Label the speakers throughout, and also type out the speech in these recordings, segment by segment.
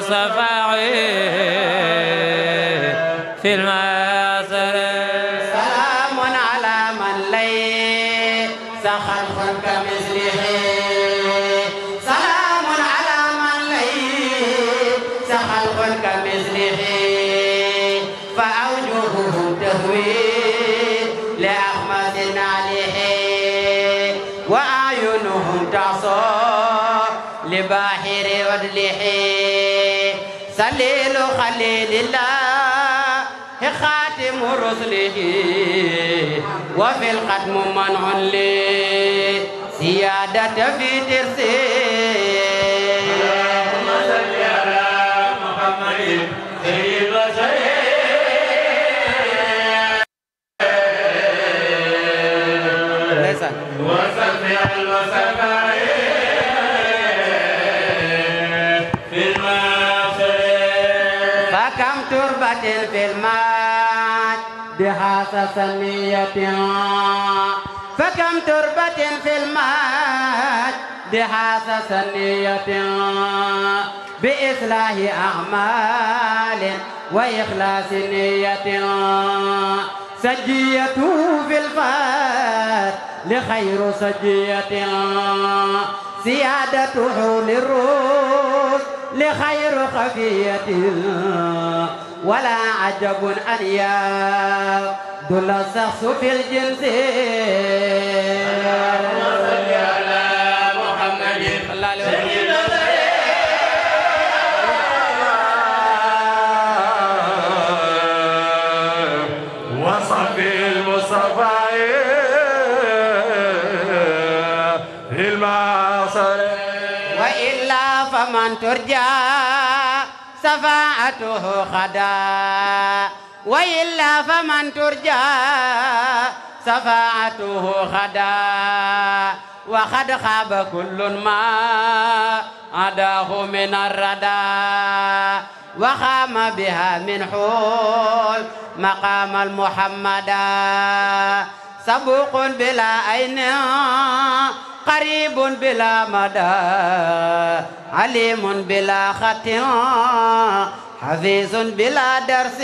Speaker 1: Mustafa رسله وفي الختم منع لي سيادة في ترسي تسمية فكم تربة في المهد دحاس سنية بإصلاح أعمال وإخلاص نية سجية في الفات لخير سجية سيادته للروح لخير خفية ولا عجب أن يبدل الشخص في الجنس اللهم صل على محمد سيدنا Torja شفاعته خدا وإلا فمن ترجى شفاعته خدا وقد خاب كل ما عداه من الردى وقام بها من حول مقام المحمدى سبوق بلا عين قريب بلا مدى عليم بلا خط حفيظ بلا درس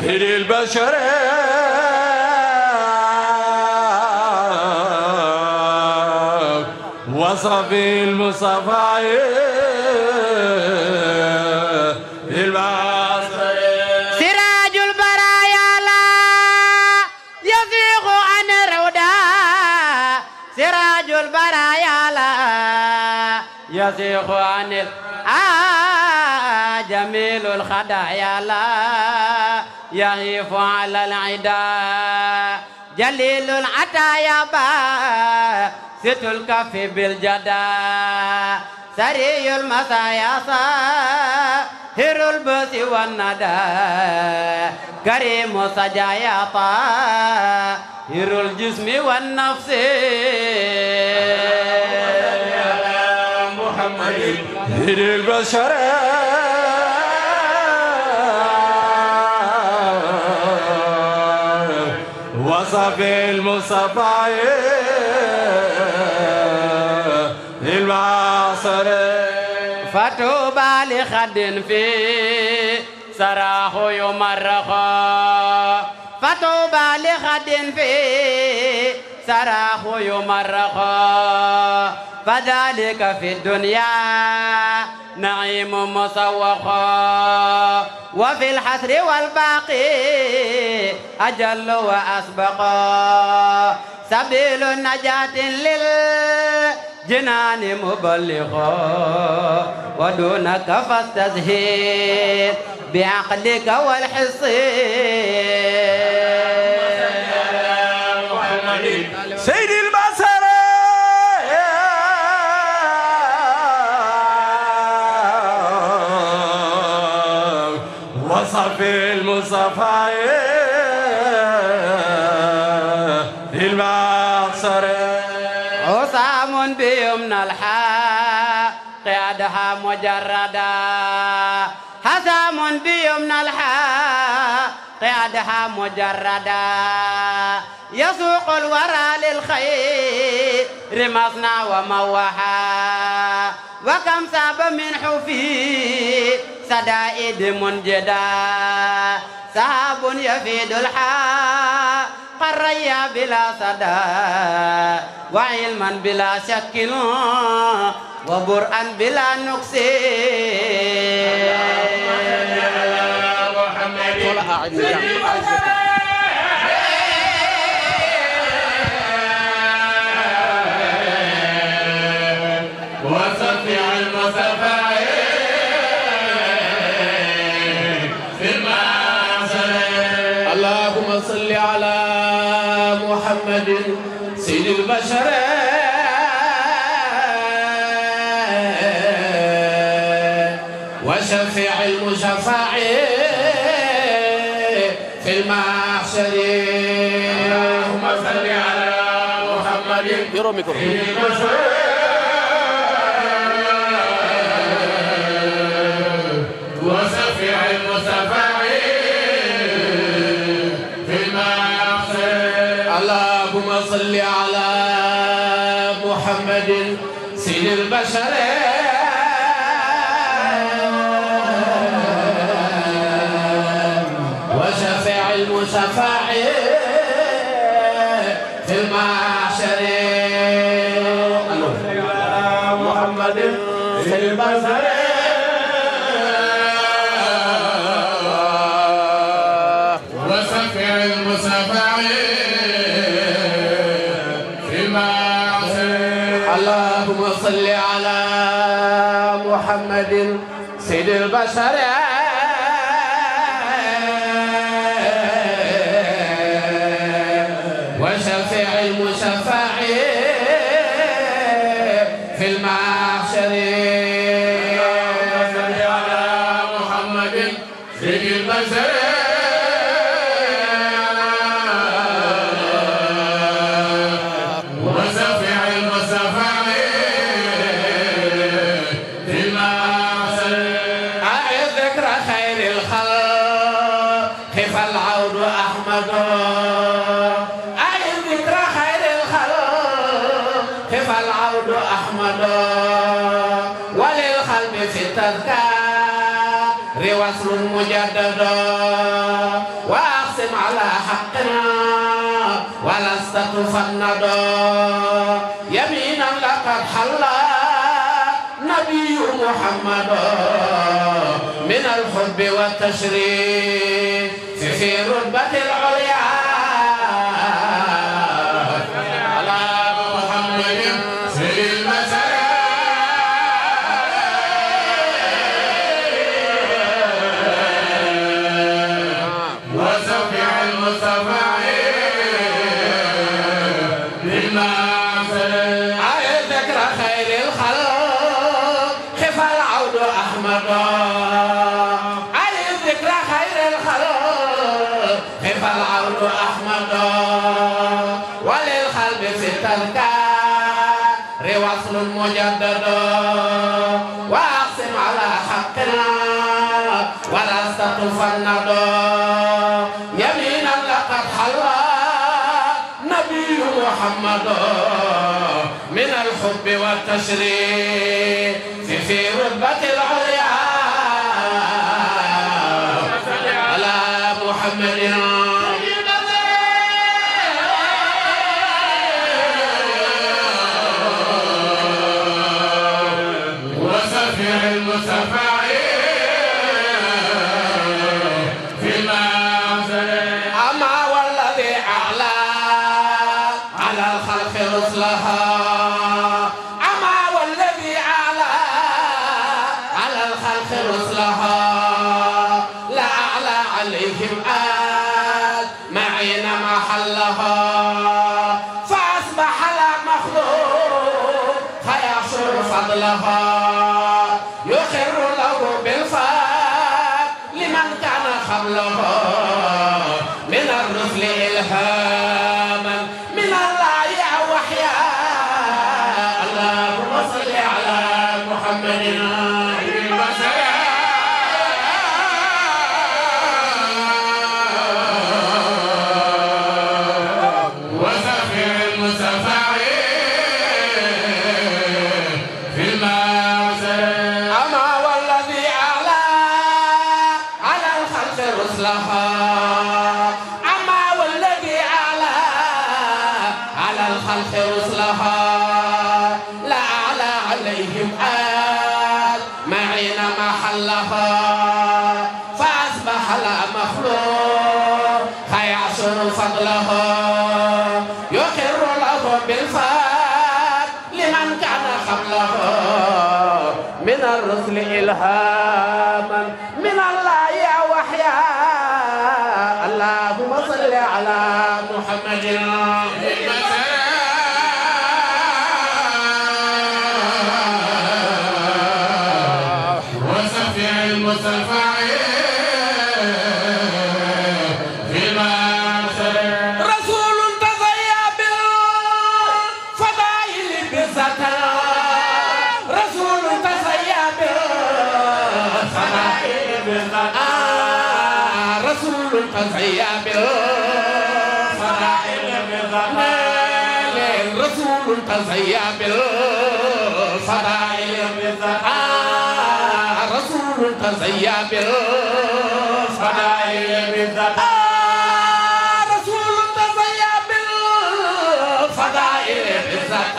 Speaker 2: سيد البشر
Speaker 3: وصفي المصطفى
Speaker 1: الفسيخ عن آه جميل الخدايا لا يهيف على العداء جليل العتايا ست الكف بالجدا سري المسايا ساهر البث والندى كريم سجايا طاهر الجسم والنفس محمد خير البشر وصف المصطفى المعاصر فتوبى لخد في سراه يمرخ فتوبى لخد في سراه يمرق فذلك في الدنيا نعيم مسوق وفي الحسر والباقي أجل وأسبق سبيل نجاة للجنان مبلغ ودونك فاستزهيد بعقلك والحصير Seydil Basara وصفي المصطفى المعصر عصام بيمنى الحق قعدها مجردا حسام بيمنى الحق قعدها مجردا يسوق الورى للخير مثنى وموحى وكم ساب من حفي سدائد منجدا ساب يفيد الحق الريا بلا صدى وعلما بلا شك وبرأا بلا نقص اللهم صل على محمد yoroo micro. allahumma salli ala basare محمدا من الحب والتشريف في رتبة العلو العضاء من الحب والتشريع في في رتبة العليا
Speaker 4: على محمد
Speaker 1: تزيا بالفضائل بالذات رسول تزيا بالفضائل بالذات رسول تزيا بالفضائل بالذات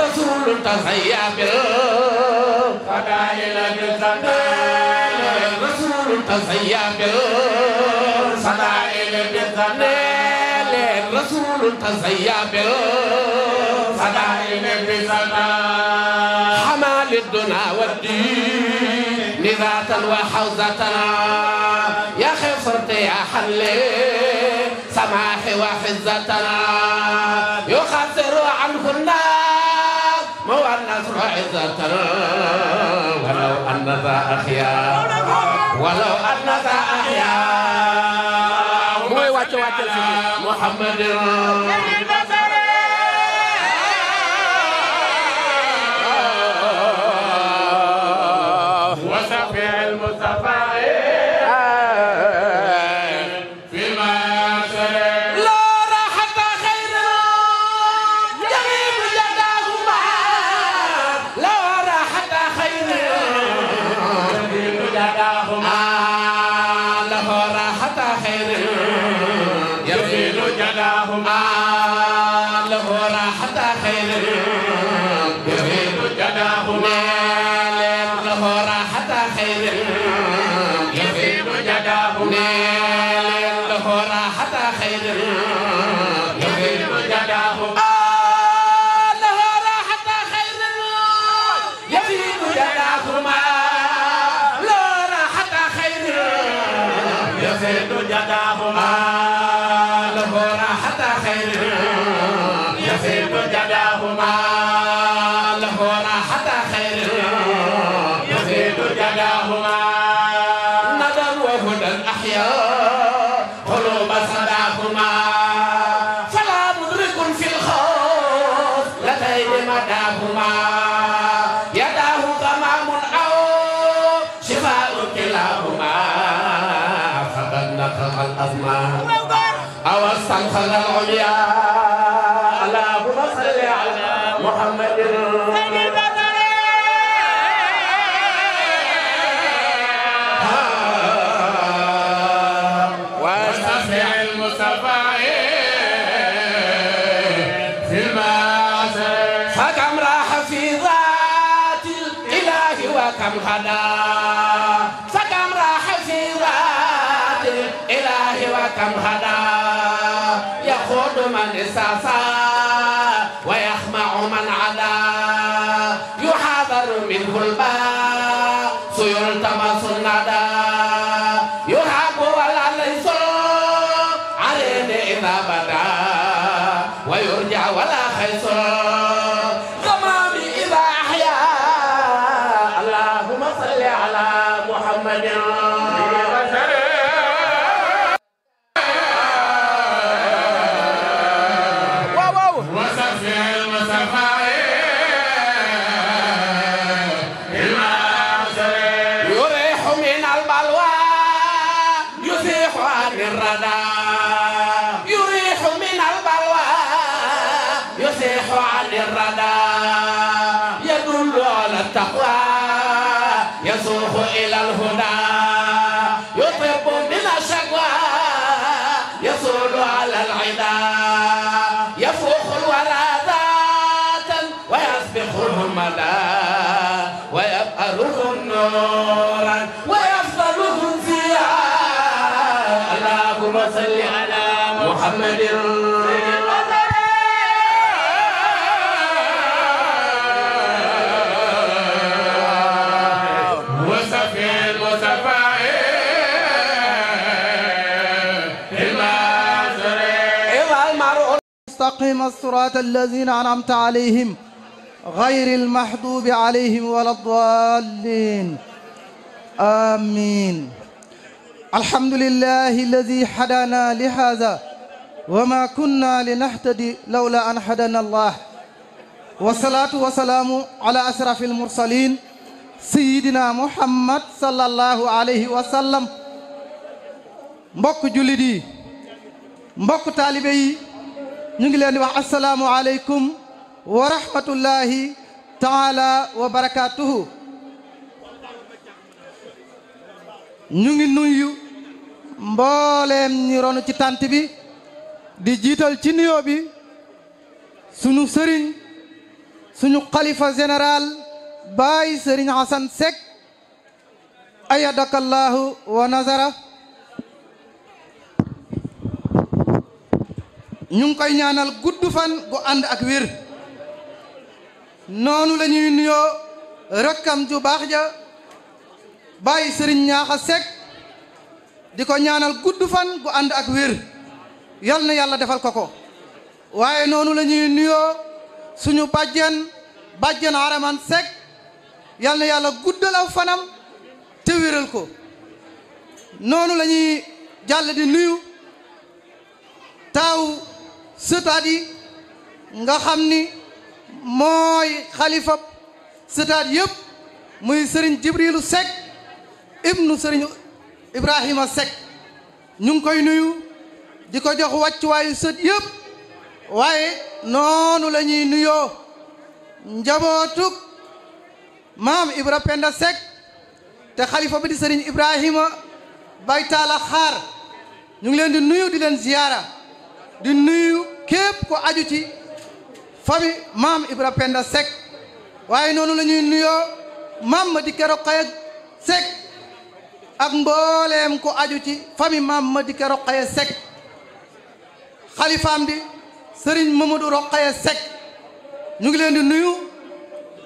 Speaker 1: رسول تزيا بالفضائل بالذات رسول تزيا بالفضائل بالذات رسول تزيا بالفضائل صدائم بزنا حمى للدنا والدين نذاتا وحوزتنا يا خسرت يا حلي سماحي وحزتنا يخسر عنه الناس مو النصر عزتنا ولو أن ذا أخيا ولو أن ذا أحيا محمد واستقم
Speaker 5: الصراط الذين أنعمت عليهم غير المحضوب عليهم ولا الضالين آمين الحمد لله الذي حدانا لهذا wa ma kunna linahtadi lawla an hadana allah wasalaatu wasalaamu ala ashrafil mursalin sayidina muhammad sallallahu alayhi wa sallam mbokk jullit yi mbokk taalibe yi ñu ngi leen di wax asalaamu aleykum wa rahmatullahi taala wa barakatuhu ñu ngi nuyu mbooleem ronu ci tant bi di jiital ci nuyoo bi sunu sëriñ suñu kalifa général baay sëriñ Hasan Seck ayadakallaahu wa nazara ñu ngi koy ñaanal gudd fan gu ànd ak wér noonu la ñuy nuyoo rakkam ju baax ja bàyyi sëriñ ñaaxa Seck di ko ñaanal gudd fan gu ànd ak wér yal na yàlla defal ko ko waaye noonu la ñuy nuyoo suñu bàjjen bàjjen Haraman Seck yal na yàlla guddal aw fanam te ko noonu la ñuy jàll di nuyu taaw sëtaat yi nga xam ni mooy xalifa sëtaat yëpp muy sëriñ Jibrilu Seck ibnu sëriñ Ibrahima Seck ñu ngi koy nuyu di ko jox wàccuwaayu sët yëpp waaye noonu la ñuy nuyoo njabootug maam Ibra Penda Seck te xalifa bi di sëriñ Ibrahima baytaala xaar ñu ngi leen di nuyu di leen ziyaara di nuyu képp ko aju ci famille maam Ibra Penda Seck waaye noonu la ñuy nuyoo maam ma di kero xaya Seck ak mbooleem ko aju ci famille maam ma di kero xaya xalifaam di sëriñ Mamadou Rokhaya Seck ñu ngi leen di nuyu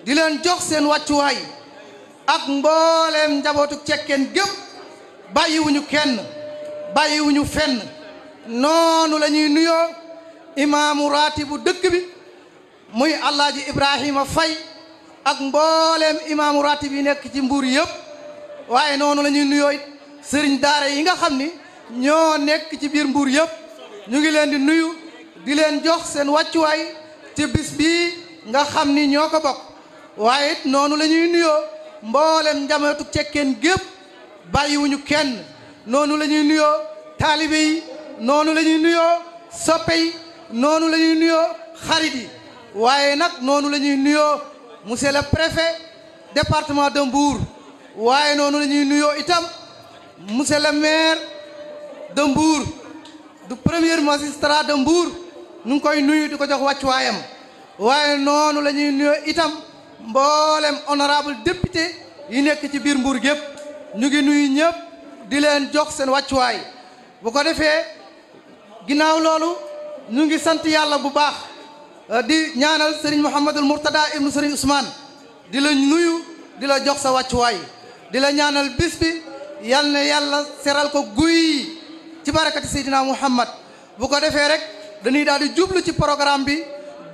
Speaker 5: di leen jox seen wàccuwaay ak mbooleem njabootu cekkeen gépp bàyyiwuñu kenn bàyyiwuñu fenn noonu la ñuy nuyoo imaamu raatibu dëkk bi muy Alaaji Ibrahima Fay ak mbooleem imaamu ratib nekk ci mbuur yëpp waaye noonu la ñuy nuyoo sëriñ daara yi nga xam ni ñoo nekk ci biir mbuur yëpp ñu ngi leen di nuyu di leen jox seen wàccuwaay ci bis nga xam ni ñoo ko bokk waaye it noonu la ñuy nuyoo mboolem njabootu cekkeen gépp bàyyiwuñu kenn noonu la ñuy nuyoo taalibe noonu la ñuy nuyoo soppe noonu la ñuy nuyoo xarit yi waaye nag noonu la ñuy nuyoo monsieur le préfet département de Mbour waaye noonu la ñuy nuyoo itam monsieur le maire de Mbour du premier magistrat de Mbour ñu koy nuyu di ko jox wàccuwaayam waaye noonu lañuy ñuy itam mboolem honorable député yi nekk ci biir Mbour gépp ñu ngi nuyu ñëpp di leen jox seen wàccuwaay bu ko defee ginnaaw loolu ñu ngi sant yàlla bu baax euh, di ñaanal Serigne Mouhamadul Mourtada ibnu Serigne Ousmane di la nuyu di la jox sa wàccuwaay di la ñaanal bis bi yal na yàlla seral ko guy ci barakati Seydina Muhammad bu ko defee rek dañuy daal di jublu ci programme bi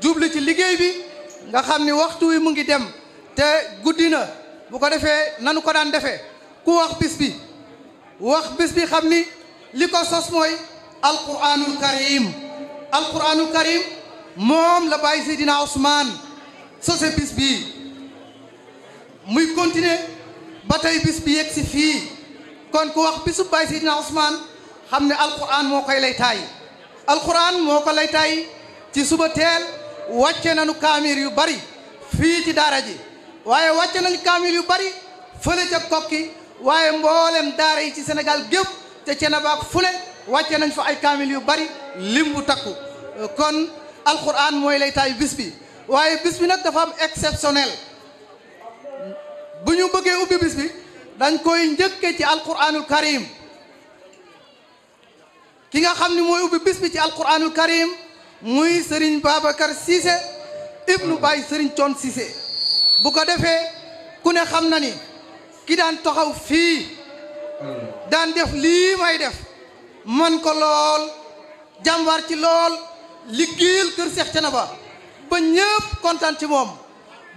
Speaker 5: jublu ci liggéey bi nga xam ni waxtu wi mu ngi dem te guddi na bu ko defee nanu ko daan defee ku wax bis bi wax bis bi xam ni li ko sos mooy alquranul karim alquranul karim moom la bàyyi Seydina Ousmane sose bis bii muy continuer ba tey bis bi yegg si fii kon ku wax bisu bàyyi Seydina Ousmane xam ne alquran moo koy lay taay moo ko lay ci suba teel wàcce nañu kaamir yu bari fii ci daara ji waaye wàcce nañu kaamir yu bari fële ca kokki waaye mboolem daara yi ci senegal gépp te Thiénaba ak fule wàcce nañ fa ay kaamil yu bari lim takku kon alquran mooy lay taay bi waaye bis bi nag dafa am exceptionnel bu ñu bëggee ubbi bis bi dañ koy njëkke ci alquranul karim ki nga xam ni mooy ubbi bis bi ci alquranul karim muy Serigne Babacar Cissé ibnu Baye Serigne Thione Cissé bu ko defee ku ne xam na ni ki daan taxaw fii daan def lii may def man ko lool jàmbaar ci lool liggéeyal kër Cheikh na ba ñëpp kontaan ci moom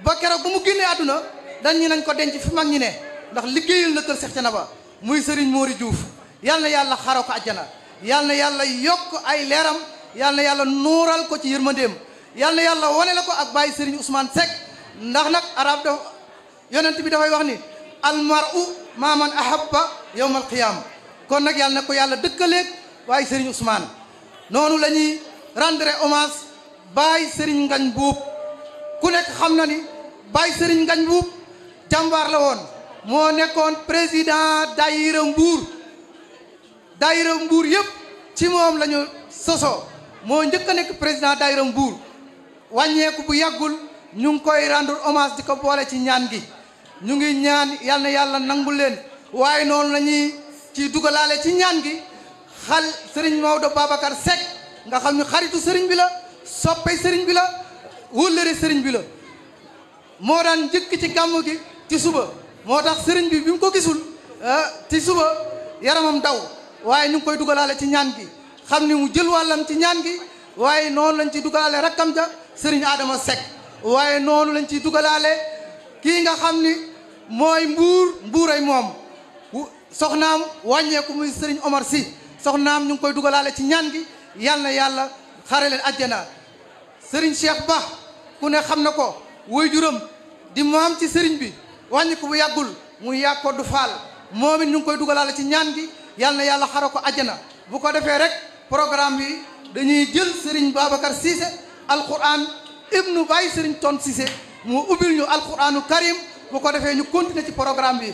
Speaker 5: ba keroog bu mu génnee àdduna dañu nañ ko denc fi mag ñi ne ndax liggéeyal na kër na Thiénaba muy sëriñ Mori Diouf yàlla yàlla xaroo ko àjjana yal na yàlla yokk ay leeram yal na yàlla nuural ko ci yërmandeem yal na yàlla wone la ko ak bàyyi Serigne Ousmane Seck ndax nag arab dafa yonent bi dafay wax ni almaru maman ahabba yawmal qiyaam kon nag yàlla na ko yàlla dëkkaleeg waaye Serigne Ousmane noonu lañuy ñuy rendre hommage bàyyi sëriñ ngañ Mboup ku nekk xam na ni bàyyi sëriñ ngañ Mboup jàmbaar la woon moo nekkoon président daayira Mbuur daayira mbuur yëpp ci moom lañu ñu sosoo moo njëkk a nekk président daayira mbuur wàññeeku bu yàggul ñu ngi koy rendre hommage di ko boole ci ñaan gi ñu ngi ñaan yal na yàlla nangu leen waaye noonu lañuy ñuy ci dugalaale ci ñaan gi xal sëriñ Maodo Babacar Seck nga xam ni xaritu sëriñ bi la soppee sëriñ bi la wóllëre sëriñ bi la moo daan njëkk ci gàmm gi ci suba moo tax sëriñ bi bi mu ko gisul ah, ci suba yaramam daw waaye ñu ngi koy dugalaale ci ñaan gi xam ni mu jël wàllam ci ñaan gi waaye noonu lañ ci dugalaale rakkam ja sëriñ Adama Seck waaye noonu lañ ciy dugalaale kii nga xam ni mooy mbuur mbuuray moom soxnaam wàññeeku muy sëriñ Omar Sy soxnaam ñu ngi koy dugalaale ci ñaan gi yal na yàlla xare leen àjjana sëriñ Cheikh Ba ku ne xam na ko woy juram di maam ci sëriñ bi wàññeeku ko bu yàggul mu yàgg ko du faal moom it ñu ngi koy dugalaale ci ñaan gi yal na yàlla xara ko ajjana bu ko defee rek programme bi dañuy jël Serigne Babacar Cissé alquran ibnu Baye Serigne Tonne Cissé mu ubbil ñu alquranu karim bu ko defee ñu continuer ci programme bi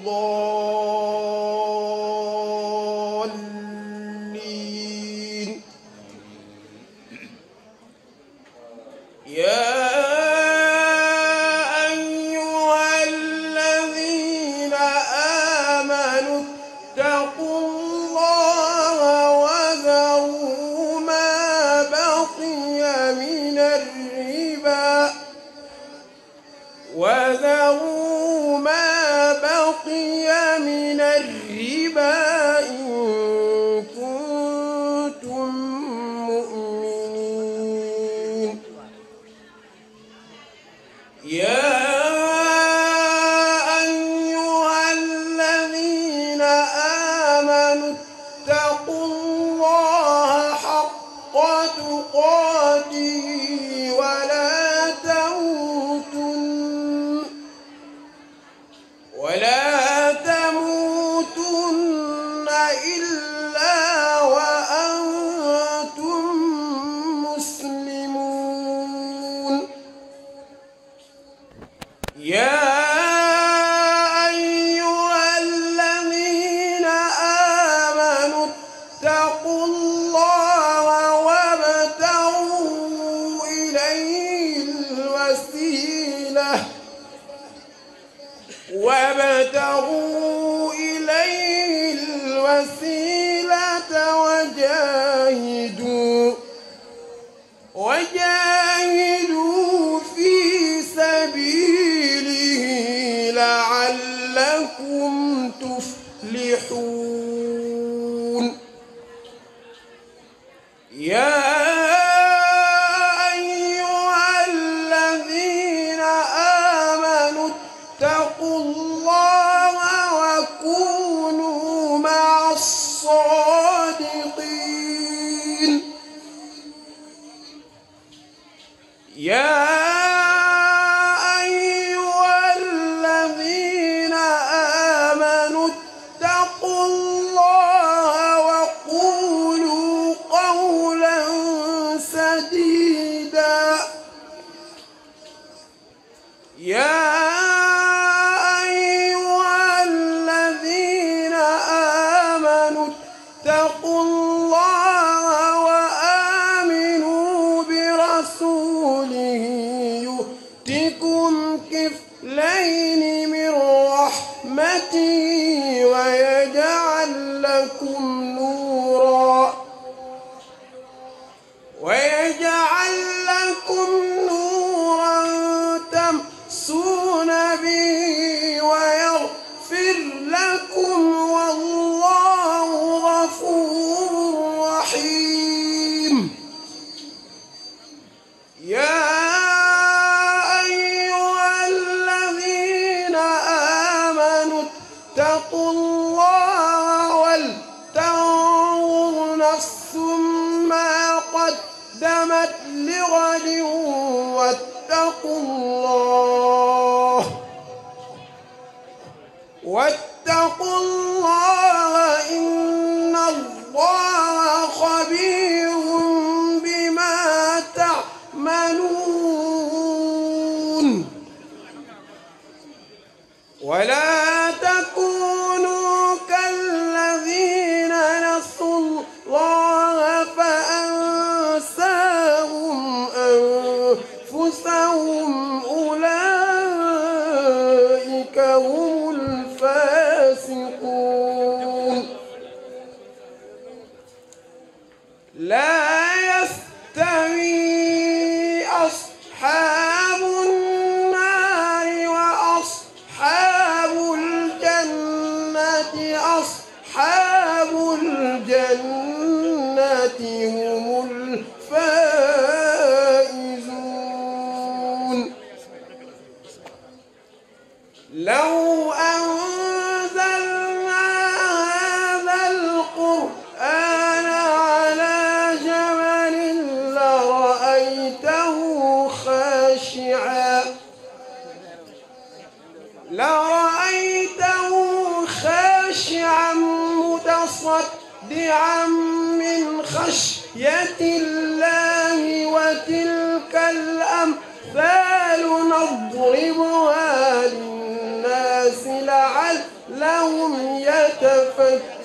Speaker 2: الضالين
Speaker 6: يا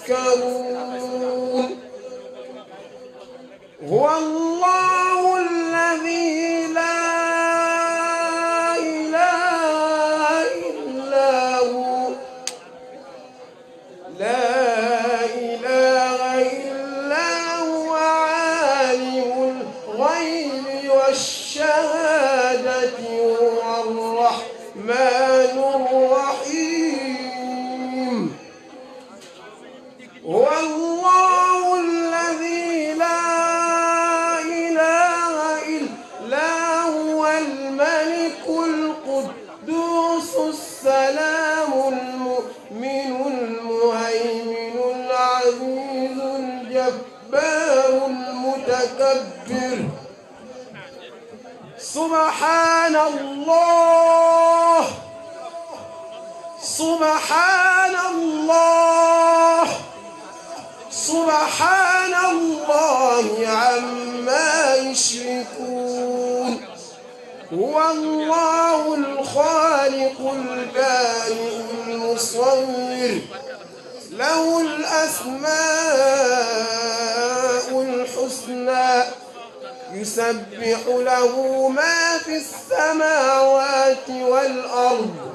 Speaker 2: que سبحان الله سبحان الله عما يشركون هو الله الخالق البارئ المصور له الأسماء الحسنى يسبح له ما في السماوات والأرض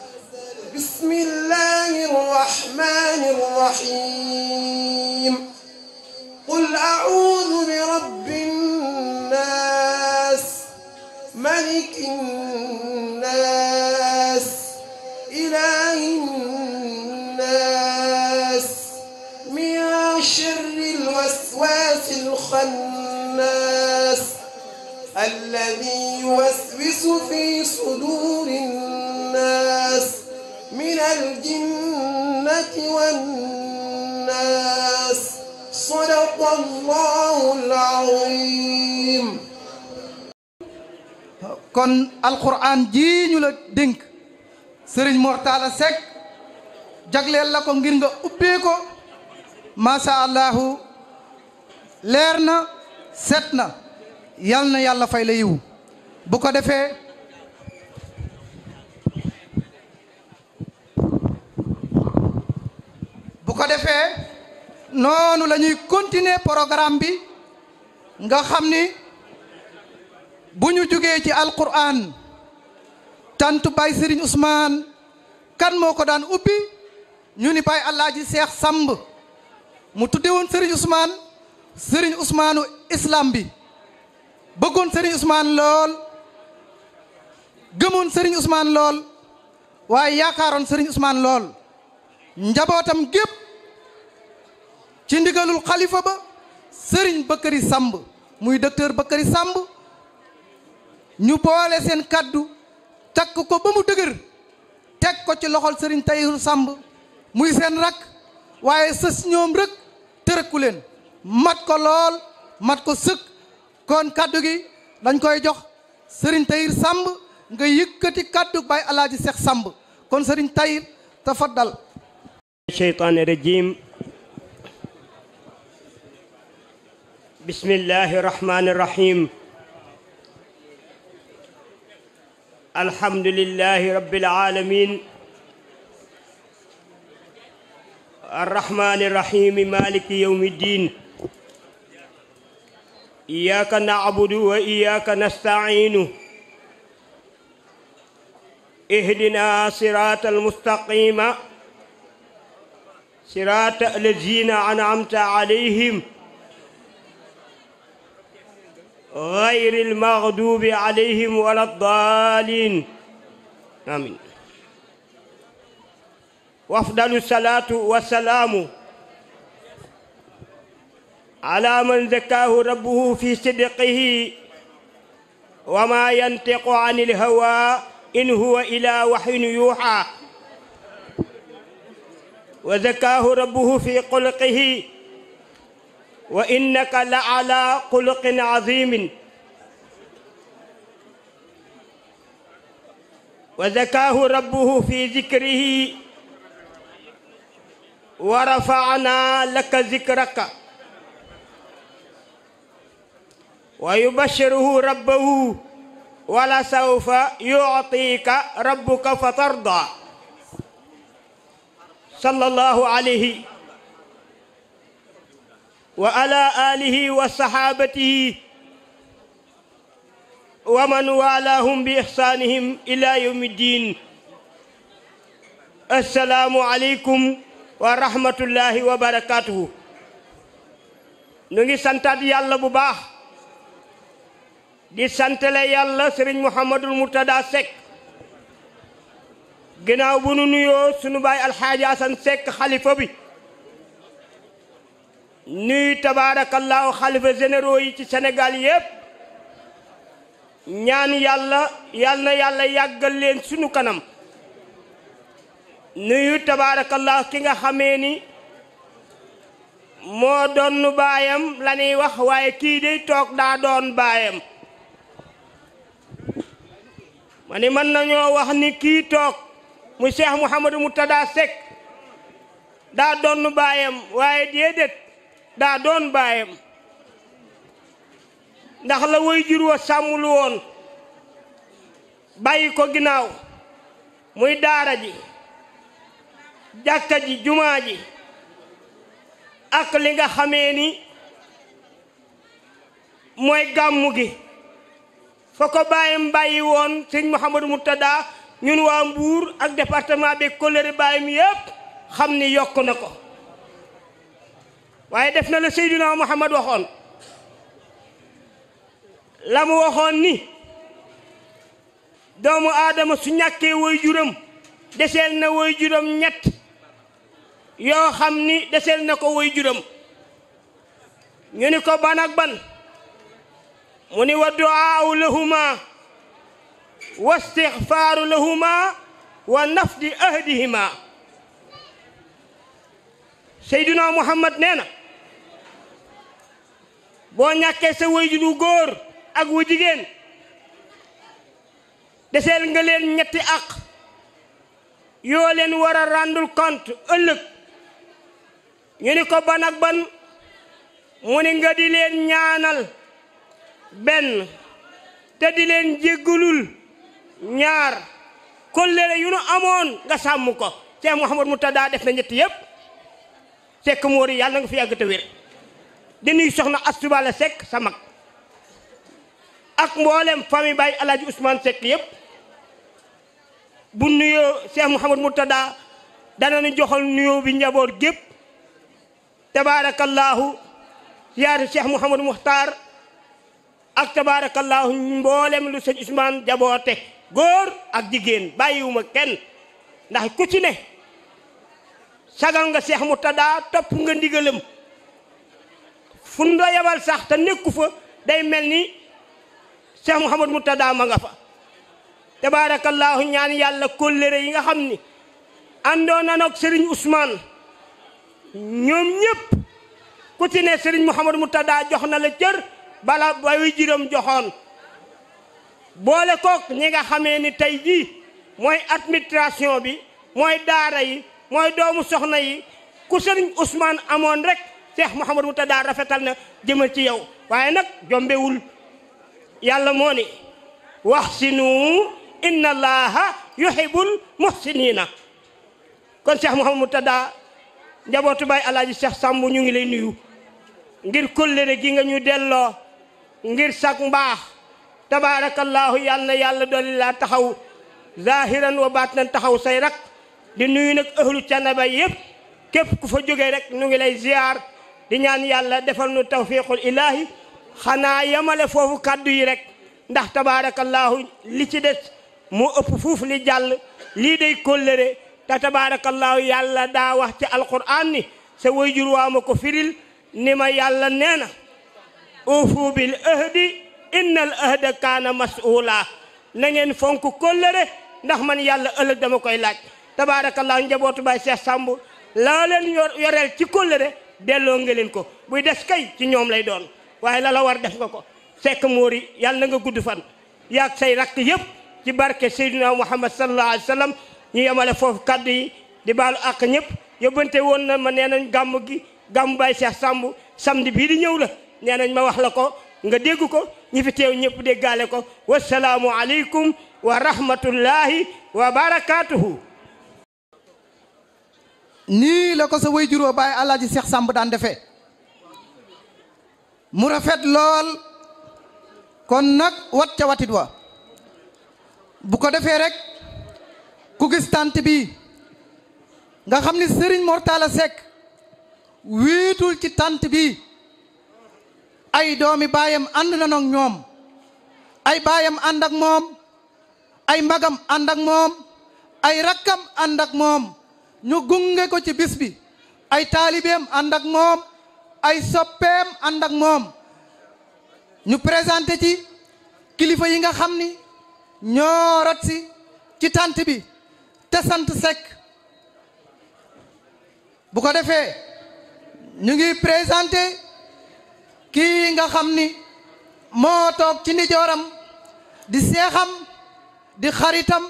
Speaker 2: بسم الله الرحمن الرحيم قل أعوذ برب الناس ملك الناس إله الناس من شر الوسواس الخناس الذي يوسوس في صدور الناس من الجنة
Speaker 5: والناس صدق الله العظيم kon alquran jii ñu la dénk sëriñ Mortala Seck jagleel la ko ngir nga ubbee ko macha allahu leer na set na yal na yàlla fay la yiw bu ko defee bu ko defee noonu la ñuy continuer programme bi nga xam ni bu ñu jógee ci alquran tantu bay Serigne Ousmane kan moo ko daan ubbi ñu ni allaaji Alaaji Seex Samb mu tudde woon Serigne Ousmane Serigne Ousmane islam bi bëggoon Serigne Ousmane lool gëmoon Serigne Ousmane lool waaye yaakaaroon Serigne Ousmane lool njabootam gépp ci ndigalul xalifa ba sëriñ Bakary Samb muy docteur Bakary Samb ñu boole seen kàddu takk ko ba mu dëgër teg ko ci loxol sëriñ Tayiru sàmb muy seen rak waaye sës ñoom rek tërëkku leen mat ko lool mat ko sëkk kon kàddu gi dañ koy jox sëriñ Tayir sàmb nga yëkkati kàddu bay alaaji Seex Samb kon sëriñ Tayir tafaddal
Speaker 7: sheytaani بسم الله الرحمن الرحيم الحمد لله رب العالمين الرحمن الرحيم مالك يوم الدين إياك نعبد وإياك نستعين اهدنا صراط المستقيم صراط الذين أنعمت عليهم gayril maxduubi alayhim wala daalin amin wafdalu salaatu wasalaamu ala man zakaahu rabbuhu fi sidqihi wa ma yantiqu anil hawa in huwa ila waxyin yuuxa wa zakaahu rabbuhu fi xulqihi wa innaka la ala xuluqin azimin wa zakaahu rabbuhu fi zikrihi wa rafa'na laka zikraka wa yubashiruhu rabbuhu wa la sawfa yu'tika rabbuka fatarda sallallahu alayhi wa ala alihi wa sahabatihi wa man waalahum bi ihsaanihim ila yawmi ddin assalaamu aleykum wa rahmatullahi wa barakatuhu ñu ngi santaat yàlla bu baax di santale yàlla sëriñ Mouhamadul Mourtada Seck ginnaaw bu nu nuyoo sunu baay alxaaji Asan Seck xalifa bi nuy tabaarakallaahu xalifa généraux yi ci Sénégal yépp ñaan yàlla yal na yàlla yàggal leen sunu kanam nuyu tabaarakallaahu ki nga xamee ni moo doon baayam la ñuy wax waaye kii day toog daa doon baayam ma ni mën nañoo wax ni kii toog mu Cheikh Mouhamadou Moutada Seck daa doon baayam waaye déedéet daa doon baayam ndax la way jur wa sàmmul woon bàyyi ko ginnaaw muy daara ji jàkka ji jumaa ji ak li nga xamee ni mooy gàmmu gi fa ko bàyyam bàyyi woon sëñ Mouhamadou Moutada ñun waa Mbuur ak département bi kóllëre bàyyam yépp xam ni yokk na ko waaye def na la Seydina Muhammad waxoon la waxoon ni doomu aadama su ñàkkee woy juram deseel na woy ñett yoo xam ni deseel na ko woy juram ñu ni ko ban ak ban mu ni wa duaawu lahuma wa istixfaaru lahuma wa nafdi ahdihima seyduna muhammad nee na boo ñàkkee sa waajur wu góor ak wu jigéen deseel nga leen ñetti àq yoo leen war a rendre compte ëllëg ñu ni ko ban ak ban mu ni nga di leen ñaanal benn te di leen jéggalul ñaar kollëre yu nu amoon nga sàmm ko Cheikh Mouhamadou Mourtada def na ñetti yëpp Seck Mori yàlla na nga fi yàgg te di nuyu soxna Astou Bala Seck sa mag ak mboolem famille Baye El Hadj Ousmane Seck yëpp bu nuyoo Cheikh Mouhamad Murtada dana ñu joxal nuyoo bi njaboot gépp tabaarakallaahu yaatu Cheikh Mouhamad Muxtaar ak tabaarakallaahu mboolem lu sëñ Ousmane jaboote góor ak jigéen bàyyiwuma kenn ndax ku ci ne sagal nga Cheikh Murtada topp nga ndigalam fu ñu la yebal sax te nekku fa day mel ni Cheikh Mouhamad Moutada ma nga fa tabaarakallaahu ñaan yàlla kóllëre yi nga xam ni àndoon na nag Serigne Ousmane ñoom ñëpp ku ci ne Serigne Mouhamad Moutada jox na la cër bala bayu jiram joxoon boole kook ñi nga xamee ni tey jii mooy administration bi mooy daara yi mooy doomu soxna yi ku Serigne Ousmane amoon rek Cheikh Mouhamadou Moutada rafetal na jëmal ci yow waaye nag jombewul yàlla moo ni wax si nu inna allaha yuhibbul kon Cheikh Mouhamadou Moutada njabootu baay alaaji Cheikh Samb ñu ngi lay nuyu ngir kóllëre gi nga ñu delloo ngir sag mbaax tabaarakallaahu yàlla na yàlla dolli laa taxaw zahiran wa baatinan taxaw say rak di nuyu nag ahlu canaba yëpp képp ku fa jógee rek ñu ngi lay ziar di ñaan yàlla defal nu tawfiqul ilahi xanaa yamale foofu kàddu yi rek ndax tabaarakallaahu li ci des mu ëpp fuuf li jàll lii day kóllëre te tabaarakallaahu yàlla daa wax ci alquran ni sa wayjur ko firil ni ma yàlla nee na ufu innal ahda kaana mas'uula na ngeen fonk kóllëre ndax man yàlla ëllëg dama koy laaj tabaarakallaahu njabootu baay Cheikh Samb laa leen yoreel ci kóllëre delloo nga leen ko buy des kay ci ñoom lay doon waaye la la war def nga ko sekk moori yàlla na nga gudd fan yaag say rakk yëpp ci barke Seydina Muhammad sallallahu alayhi wa sallam ñu yemale foofu kaddu yi di baalu àq ñëpp yóbbante woon na ma nee nañ gàmm gi gàmm Baye Cheikh Samb bii di ñëw la nee nañ ma wax la ko nga dégg ko ñi fi teew ñëpp déggaale ko wasalaamu aleykum wa rahmatullahi wa
Speaker 5: barakaatuhu nii la ko sa way juróo bàyyi alaaji Seex Sàmb daan defe mu rafet lool kon nag wat ca watit wa bu ko defee rek ku gis tànt bi nga xam ni Serigne Mor Talla Seck wiitul ci tànt bi ay doomi baayam ànd na noog ñoom ay baayam ànd ak moom ay mbagam ànd ak moom ay rakkam ànd ak moom ñu gunge ko ci bis bi ay taalibeem ànd ak moom ay soppeem ànd ak moom ñu présenté ci kilifa yi nga xam ni ñoo rot si ci tant bi te sant Seck bu ko defee ñu ngi présenté kii nga xam ni moo toog ci ndijooram di seexam di xaritam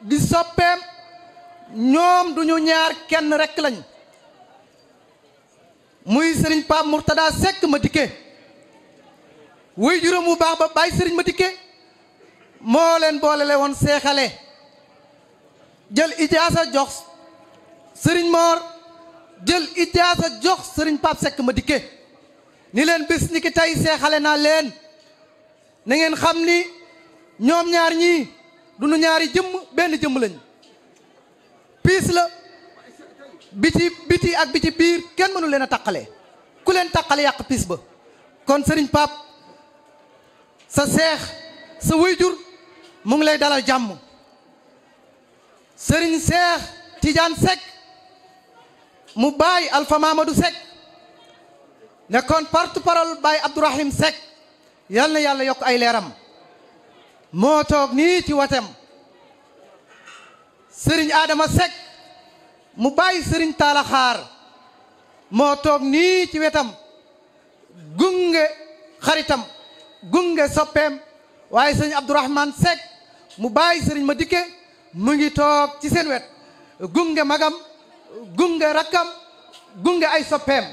Speaker 5: di soppeem ñoom duñu ñaar kenn rekk lañ muy sëriñ Pape Mourtada Seck ma dikke wuy juróom bu baax ba bàyyi sëriñ ma dikke moo leen boolele woon seexale jël ijaasa jox sëriñ Mor jël ijaasa jox sëriñ Pape Seck ma dikke ni leen bis ni ki tey seexale naa leen na ngeen xam ni ñoom ñaar ñii duñu ñaari jëmm benn jëmm lañ piis la bi ci biti ak bi ci biir kenn mënu leen a taqale ku leen taqale yàq piis ba kon sëriñ Pap sa seex sa wayjur mu ngi lay dalal jàmm sëriñ seex Tidiane Seck mu baay Alpha Mamadou Seck nekkoon porte-parole baay Abdourahim Seck yal na yàlla yokk ay leeram moo toog nii ci watem sëriñ Adama Seck mu bàyyi sëriñ Talla Xaar moo toog nii ci wetam gunge xaritam gunge soppeem waaye sëriñ Abdourahman Seck mu bàyyi sëriñ ma dikke mu ngi toog ci seen wet gunge magam gunge rakkam gunge ay soppeem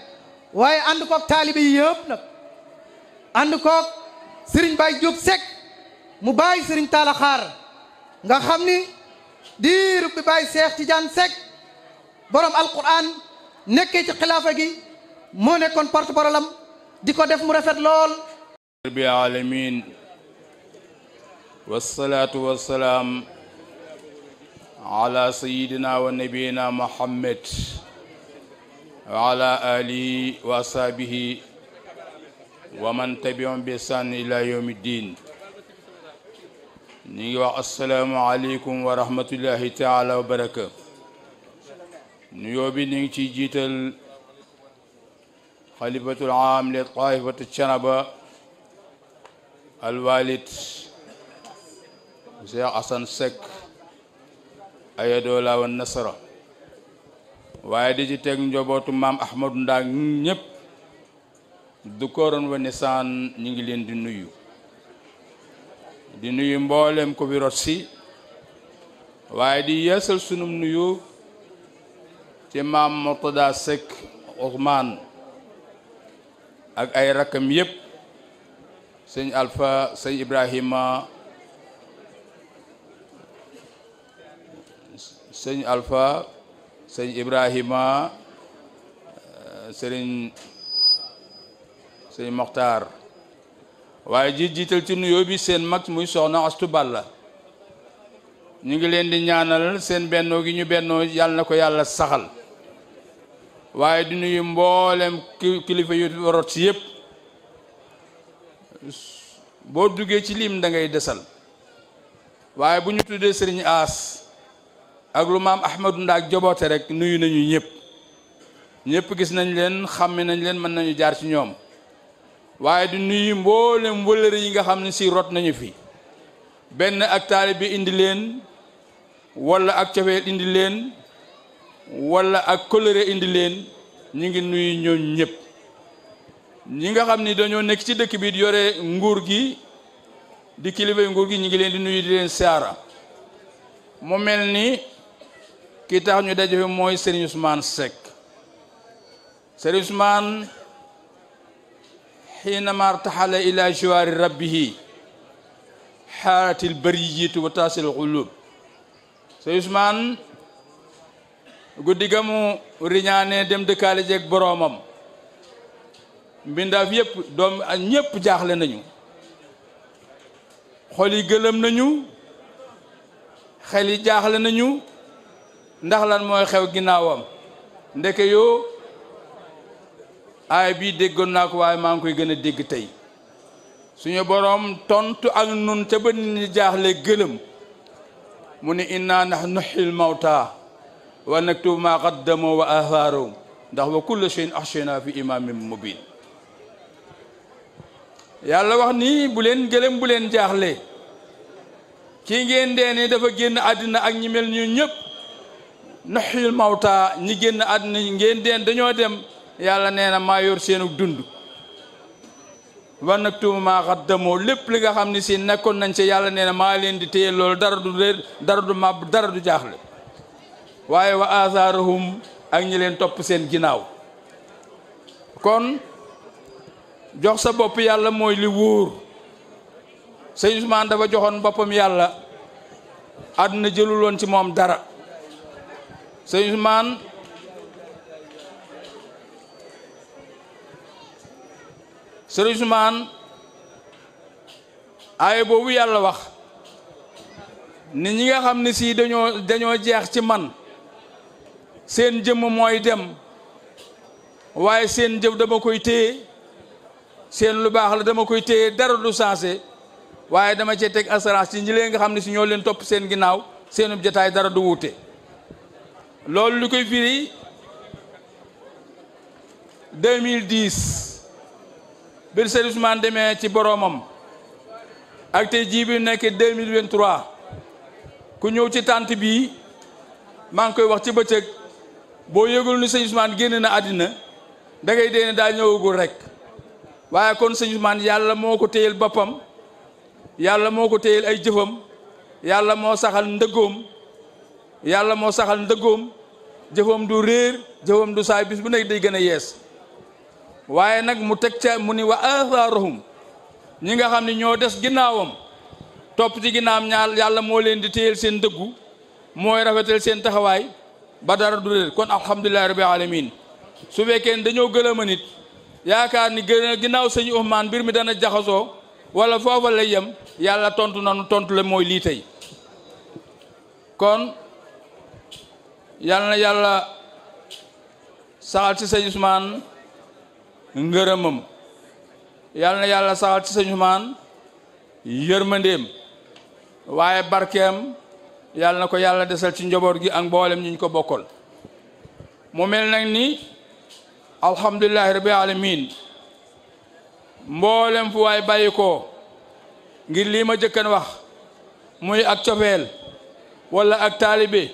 Speaker 5: waaye ànd koog taalibe yi yëpp nag ànd koog sëriñ Baye Diop Seck mu bàyyi sëriñ Talla Xaar nga xam ni diirub bi bàyyi Seex Tijaan Seck borom alquran nekkee ci xilaafa gi moo nekkoon porte parole am di ko def mu rafet lool
Speaker 8: rabbil alamin wasalaatu wasalaam ala sayidina wa nabiyina muhammad wa ala alihi wa asaabihi wa man tabi'um bi ihsan ila yawmi ddin ñu ngi wax asalaamaaleykum wa rahmatullahi taala wa baraka nuyoo bi ñu ngi ciy jiital xalifatul aam li taifatu canaba alwalid Cheikh Assane Seck ayadoola wa nasara waaye di ci teg njobootu maam ahmadou ndaa ñëpp du koroon wa nisaan ñu ngi leen di nuyu di nuyu mboolem ko bi rot si waaye di yeesal sunum nuyu ci maam Mortada Seck Ousmane ak ay rakkam yépp sëñ alfa sëñ Ibrahima sëñ alfa sëñ Ibrahima sëriñ Mokhtar waaye ji jiital ci nuyoo bi seen mag muy soxna Astu la ñu ngi leen di ñaanal seen bennoo gi ñu bennoo yàlla na ko yàlla saxal waaye di nuyu mboolem kilifa yu rot si yëpp boo duggee ci lim dangay ngay desal waaye bu ñu tuddee sëriñ aas ak lu maam Ahmadou Ndaak joboote rek nuyu nañu ñëpp ñëpp gis nañ leen xàmme nañ leen mën nañu jaar ci ñoom waaye di nuyu mboolem wëllëre yi nga xam ne si rot nañu fi benn ak bi indi leen wala ak cofeel indi leen wala ak kóllëre indi leen ñu ngi nuyu ñoom ñëpp ñi nga xam ni dañoo nekk ci dëkk bii di yore nguur gi di kilifa nguur gi ñu ngi leen di nuyu di leen saara mu mel ni ki tax ñu daje fi mooy Serigne Ousmane Seck حينما ارتحل إلى جوار ربه حارت البرية وتاس القلوب Sëñ Usmaan guddi ga mu dem dëkkaale jeek boroomam mbindaaf yëpp doom ñëpp jaaxle nañu xol yi gëlëm nañu xel yi jaaxle nañu ndax lan mooy xew ginnaawam ndeke yoo aay bii déggoon naa ko waaye maa ngi koy gën a dégg tey suñu boroom tontu ak nun ca ba jaaxle gëlëm mu ne inna nax nuxil mawta wa naktubu maa qaddamoo wa athaaroom ndax wa kulla shay'in ahshaynaa fi imaamin mubin yàlla wax ni bu leen gëlëm bu leen jaaxle kii ngeen dee dafa génn àddina ak ñi mel ñu ñëpp nuxil mawta ñi génn àddina ngeen deen dañoo dem yàlla nee na maa yor seenu dund war nag tuuma maa xaddamoo lépp li nga xam ne si nekkoon nañ si yàlla nee na maa leen di téye loolu dara du réer dara du màbb dara du jaaxle waaye wa asaarahum ak ñi leen topp seen ginnaaw kon jox sa bopp yàlla mooy li wóor sëñ Ousmane dafa joxoon boppam yàlla àdduna jëluloon ci moom dara sëñ Ousmane Sëriñ Usmaan aaya boobu yàlla wax ni ñi nga xam ne sii dañoo dañoo jeex ci man seen jëm mooy dem waaye seen jëf dama koy téye seen lu baax la dama koy téye dara du saase waaye dama cee teg assurance ci ñi leen nga xam ne si ñoo leen topp seen ginnaaw seenub jataay dara du wuute loolu li koy firi bir Serigne Ousmane demee ci boroomam ak tey jii bi nekk 2023 ku ñëw ci tànt bii maa ngi koy wax ci bëccëg boo yëgul ni Serigne Ousmane génn na àddina da ngay dee ne daa ñëwagul rek waaye kon Serigne Ousmane yàlla moo ko téyel boppam yàlla moo ko téyel ay jëfam yàlla moo saxal ndëggoom yàlla moo saxal ndëggoom jëfam du réer jëfam du saay bis bu nekk day gën a yees waaye nag mu teg ca mu ni wa atharuhum ñi nga xam ne ñoo des ginnaawam topp ci ginnaawam ñaar yàlla moo leen di téyel seen dëggu mooy rafetal seen taxawaay ba dara du réer kon alhamdulilahi rabbil alamin su fekkee ne dañoo gëlëm a nit yaakaar ni ginnaaw sëñ Ousmane mbir mi dana jaxasoo wala foofa lay yem yàlla tontu nanu tontu la mooy lii tey kon yal yàlla saxal ci sëñ Ousmane ngërëmam yal na yàlla saxal ci sëñ Ousmane yërmandeem waaye barkeem yal na ko yàlla desal ci njaboot gi ak mboolem ñi ko bokkal mu mel nag ni alhamdulilahi rabbil alamin mboolem fu waay bàyyi ko ngir lii ma jëkkan wax muy ak cofeel walla ak taalibe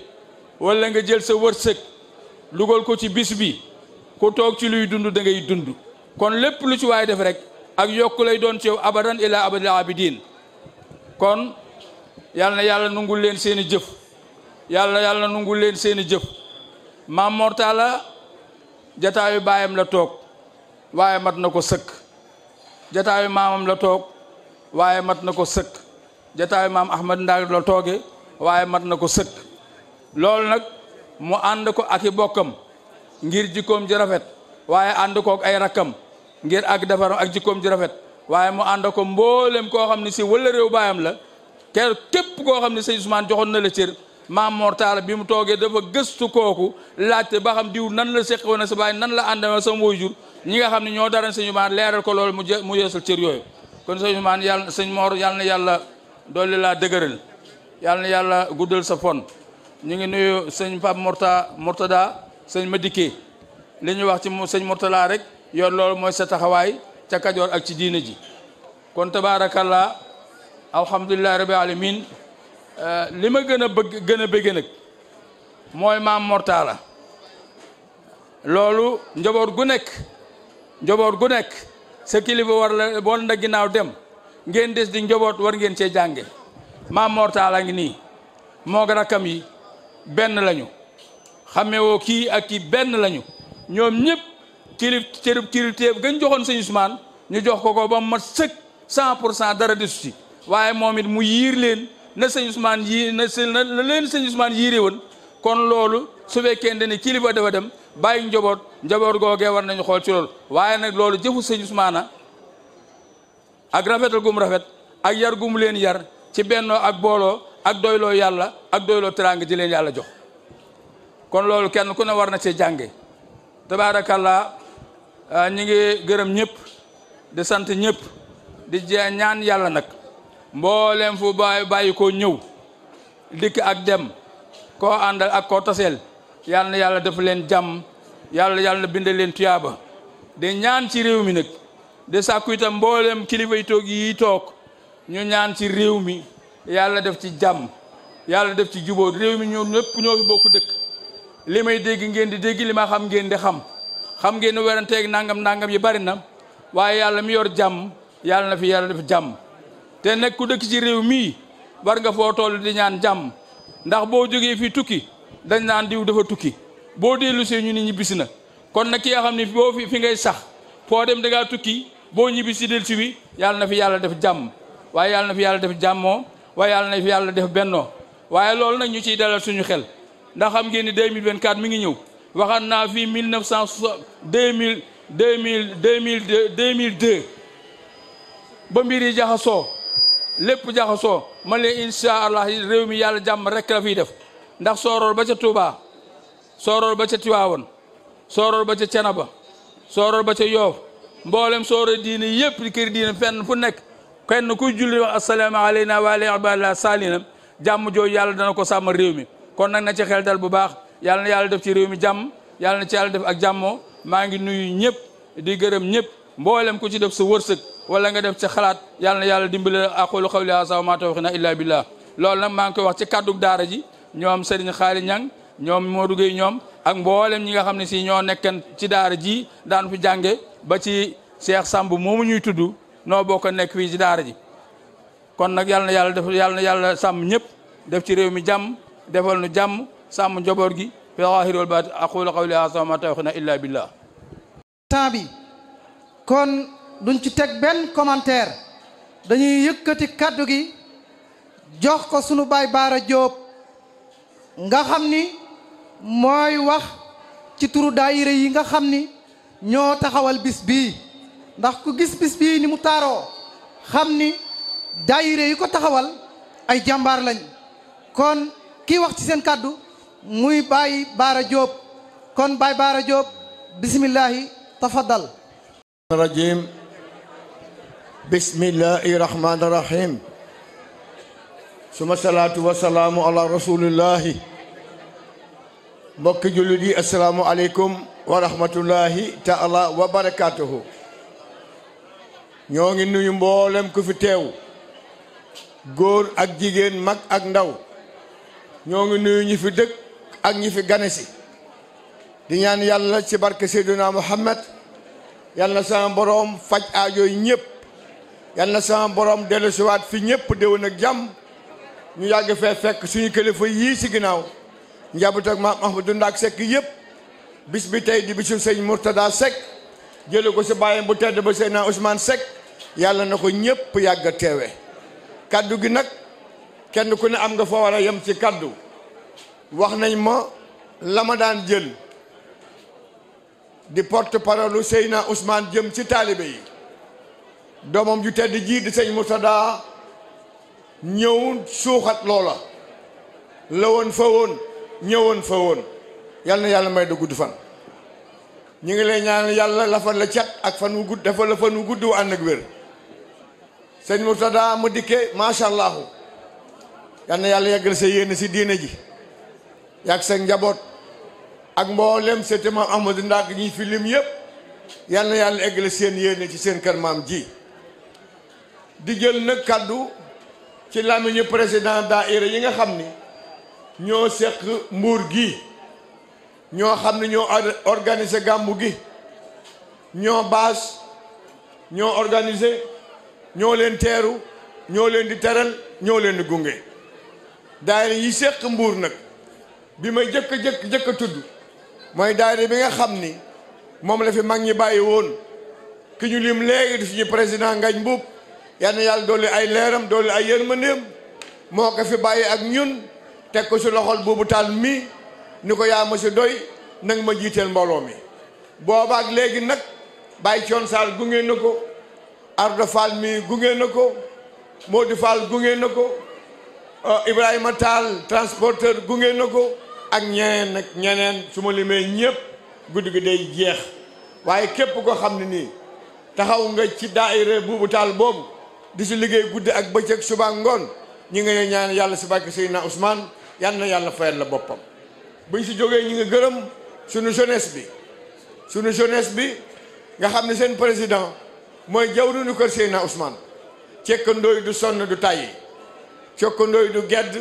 Speaker 8: wala nga jël sa wërsëg lugal ko ci bis bi ku toog ci luy dund dangay dund kon lépp lu ci waay def rek ak yokk lay doon ci yow abadan ila abadil abidin kon yàlla na yàlla nungul leen seen i jëf yàlla yàlla nungul leen seeni jëf maam mortala jataayu baayam la toog waaye mat na ko sëkk jataayu maamam la toog waaye mat na ko sëkk jataayu maam ahmad ndaag la tooge waaye mat na ko sëkk loolu nag mu ànd ko ak i bokkam ngir jikkoom ji rafet waaye ànd kook ay rakkam ngir ak defaram ak jikkoom ju rafet waaye mu ànd ko mboolem koo xam ne si wala réew baayam la ker képp koo xam ne sëñ Ousmane joxoon na la cër maam Mor Talla bi mu toogee dafa gëstu kooku laajte ba xam diw nan la seqoon na sa baay nan la àndama sama waajur ñi nga xam ne ñoo dara sëñ Ousmane leeral ko loolu mu jë mu yeesal cër yooyu kon sëñ Ousmane yàlla sëñ Mor yàlla na yàlla dolli laa dëgëral yàlla na yàlla guddal sa fon ñu ngi nuyu sëñ Pape Morta Mortada sëñ Madické li ñu wax ci sëñ Mortala rek yoon loolu mooy sa taxawaay ca kajoor ak ci diina ji kon tabaarakallaa alhamdulilahi rabbi alamin eh, li ma gën a bëgg gën a bëgg nag mooy maam mortaala loolu njaboot gu nekk njaboot gu nekk sa kilifa war la war na ginnaaw dem ngeen des di njaboot war ngeen cee jànge maam laa ngi nii moog rakkam yi benn lañu xamewoo kii ak kii benn lañu ñoom ñëpp kilif cërub kilifteef gañ joxoon sëñ Ousmane ñu jox ko ko ba mu mat sëkk cent pour cent dara desu si waaye moom it mu yiir leen na sëñ Ousmane yi na na leen sëñ Ousmane yiire woon kon loolu su fekkente ni kilifa dafa dem bàyyi njaboot njaboot googee war nañu xool ci loolu waaye nag loolu jëfu sëñ Ousmane ak rafetal gum rafet ak yar gum leen yar ci bennoo ak booloo ak doyloo yàlla ak doyloo teraanga ji leen yàlla jox kon loolu kenn ku ne war na cee jànge tabaarakallaa Ah, ñi ngi gërëm ñëpp di sant ñëpp di jee ñaan yàlla nag mboolem fu bàyyi bàyyi koo ñëw dikk ak dem koo àndal ak koo taseel yàlla na yàlla def leen jàmm yàlla yàlla na bindal leen tuyaaba di ñaan ci réew mi nag di sàkku itam mbooleem kilifa yi toog yi toog ñu ñaan ci réew mi yàlla def ci jàmm yàlla def ci jubóo réew mi ñoo ñëpp ñoo fi bokk dëkk li may dégg ngeen di dégg li xam ngeen di xam xam ngeen ne weranteeg nàngam nangam yi bari na waaye yàlla mi yor jàmm yàlla na fi yàlla def jàmm te nekk ku dëkk ci réew mii war nga foo toll di ñaan jàmm ndax boo jógee fii tukki dañ naan diw dafa tukki boo dellu see ñu ni ñibbisi na kon nag ki nga xam ne boo fi ngay sax foo dem da ngaa tukki boo ñibbisi del si wi yàlla na fi yàlla def jàmm waaye yàlla na fi yàlla def jàmmoo waaye yàlla na fi yàlla def bennoo waaye loolu nag ñu ciy dalal suñu xel ndax xam ngeen ni 2024 mi ngi ñëw waxaan naa fii mille neuf cent deux mille deux mille deux mille deux mille deux ba mbir jaxasoo lépp jaxasoo man leen incha allah réew mi yàlla jàmm rek la fiy def ndax soorool ba ca Touba soorool ba ca Tiwaawoon soorool ba ca Cenaba soorool ba ca Yoof mboolem soorool diine yëpp di kër diine fenn fu nekk kenn kuy julli wax assalaamu aleyna wa aleyna abdallah saalina jàmm jooju yàlla dana ko sàmm réew mi kon nag na ci xel dal bu baax yàlla na yàlla def ci réew mi jàmm yàlla na ci yàlla def ak jàmmoo maa ngi nuyu ñëpp di gërëm ñëpp mboolem ku ci def sa wërsëg wala nga def ci xalaat yàlla na yàlla dimbali aqulu qawli haaza wa maa tawfiiqii illaa billah loolu nag maa ngi koy wax ci kàddug daara ji ñoom Serigne Xaali Ñang ñoom moo Gueye ñoom ak mboolem ñi nga xam ne si ñoo nekkan ci daara ji daan fi jànge ba ci Cheikh Samb moomu ñuy tudd noo bokk nekk fii ci daara ji kon nag yàlla na yàlla def yàlla yàlla sàmm ñëpp ci réew mi jàmm defal sàmm njaboot gi fi zaahir wal baatin aqulu qawli haadha wa maa tawfiiqi
Speaker 5: bi kon duñ ci teg benn commentaire dañuy yëkkati kàddu gi jox ko sunu baay Baara Jóob nga xam ni mooy wax ci turu daayira yi nga xam ni ñoo taxawal bis bii ndax ku gis bis bii ni mu taaroo xam ni daayira yi ko taxawal ay jàmbaar lañ kon kii wax ci seen kàddu muy Baye Baara kon Baye Baara Diop bisimillahi tafaddal rajim bismillahi rahmani rahim
Speaker 9: suma salaatu wasalaamu ala rasulillahi mbokki jullit yi asalaamu aleykum wa rahmatullahi taala wa barakatuhu ñoo ngi nuyu mboolem ku fi teew góor ak jigéen mag ak ndaw ñoo ngi nuyu ñi fi dëkk ak ñi fi gane si di ñaan yàlla ci barke Seydina Muhammad yal na sama boroom faj aajo yi ñëpp yal na sama boroom dellusiwaat fi ñëpp déwén ak jàmm ñu yàgg fee fekk suñu kilifa yii ci ginnaaw njaboot ak maam Ahmadou Ndaak Seck yëpp bis bi tey di bisu sëñ Mourtada Seck jële ko si bàyyam bu tedd ba Seydina Ousmane Seck yàlla na ko ñëpp yàgg teewe kaddu gi nag kenn ku ne am nga fa war a yem ci kàddu wax nañ ma la ma daan jël di porte parole Seyna Ousmane jëm ci taalibe yi doomam ju tedd ji di sëñ Mourtada ñëw suuxat loola la woon fa woon ñëwoon fa woon yal yàlla may da gudd fan ñu ngi lay ñaan yàlla lafal la cat ak fan wu gudd dafa la fan wu gudd wu ànd ak wér sëñ Mourtada mu dikke macha allahu yal na yàlla yeggal sa yéene si diine ji yàgg seen njaboot ak mboolem seeti maam Ahmadou Ndak ñi fi lim yëpp yàlla na yàlla eggale seen yéene ci seen kër maam ji di jël nag kàddu ci làmmiñu daa daayira yi nga xam ni ñoo seq mbuur gi ñoo xam ne ñoo organiser gàmmu gi ñoo baas ñoo organise ñoo leen teeru ñoo leen di teral ñoo leen di gunge daayira yi seq mbuur nag bi ma jëkk jëkk jëkk tudd mooy daayira bi nga xam ni moom la fi mag ñi bàyyi woon ki ñu lim léegi di suñu président Ngagne Mboup yal na yàlla dolli ay leeram dolli ay yërmandeem moo ko fi bàyyi ak ñun teg ko si loxol buubu taal mi ni ko yaa ma si doy nanga ma jiiteel mbooloo mi boobaak léegi nag bàyyi coon saal gunge na ko Ardo mii mi na ko moo Fall gunge na ko euh, Ibrahima Tall transporteur gunge na ko ak ñeneen ak ñeneen su ma limee ñëpp guddi gi day jeex waaye képp koo xam ne nii taxaw nga ci daa daayira buubu taal boobu di si liggéey guddi ak bëccëg suba ngoon ñi nga ñaan yàlla si barke Seydina Ousmane yal na yàlla fayal la boppam buñ si jógee ñi ngi gërëm suñu jeunesse bi sunu jeunesse bi nga xam ne seen président mooy jawriñu kër Seydina Ousmane cekkandooy du sonn du tàyyi cekkandooy du gedd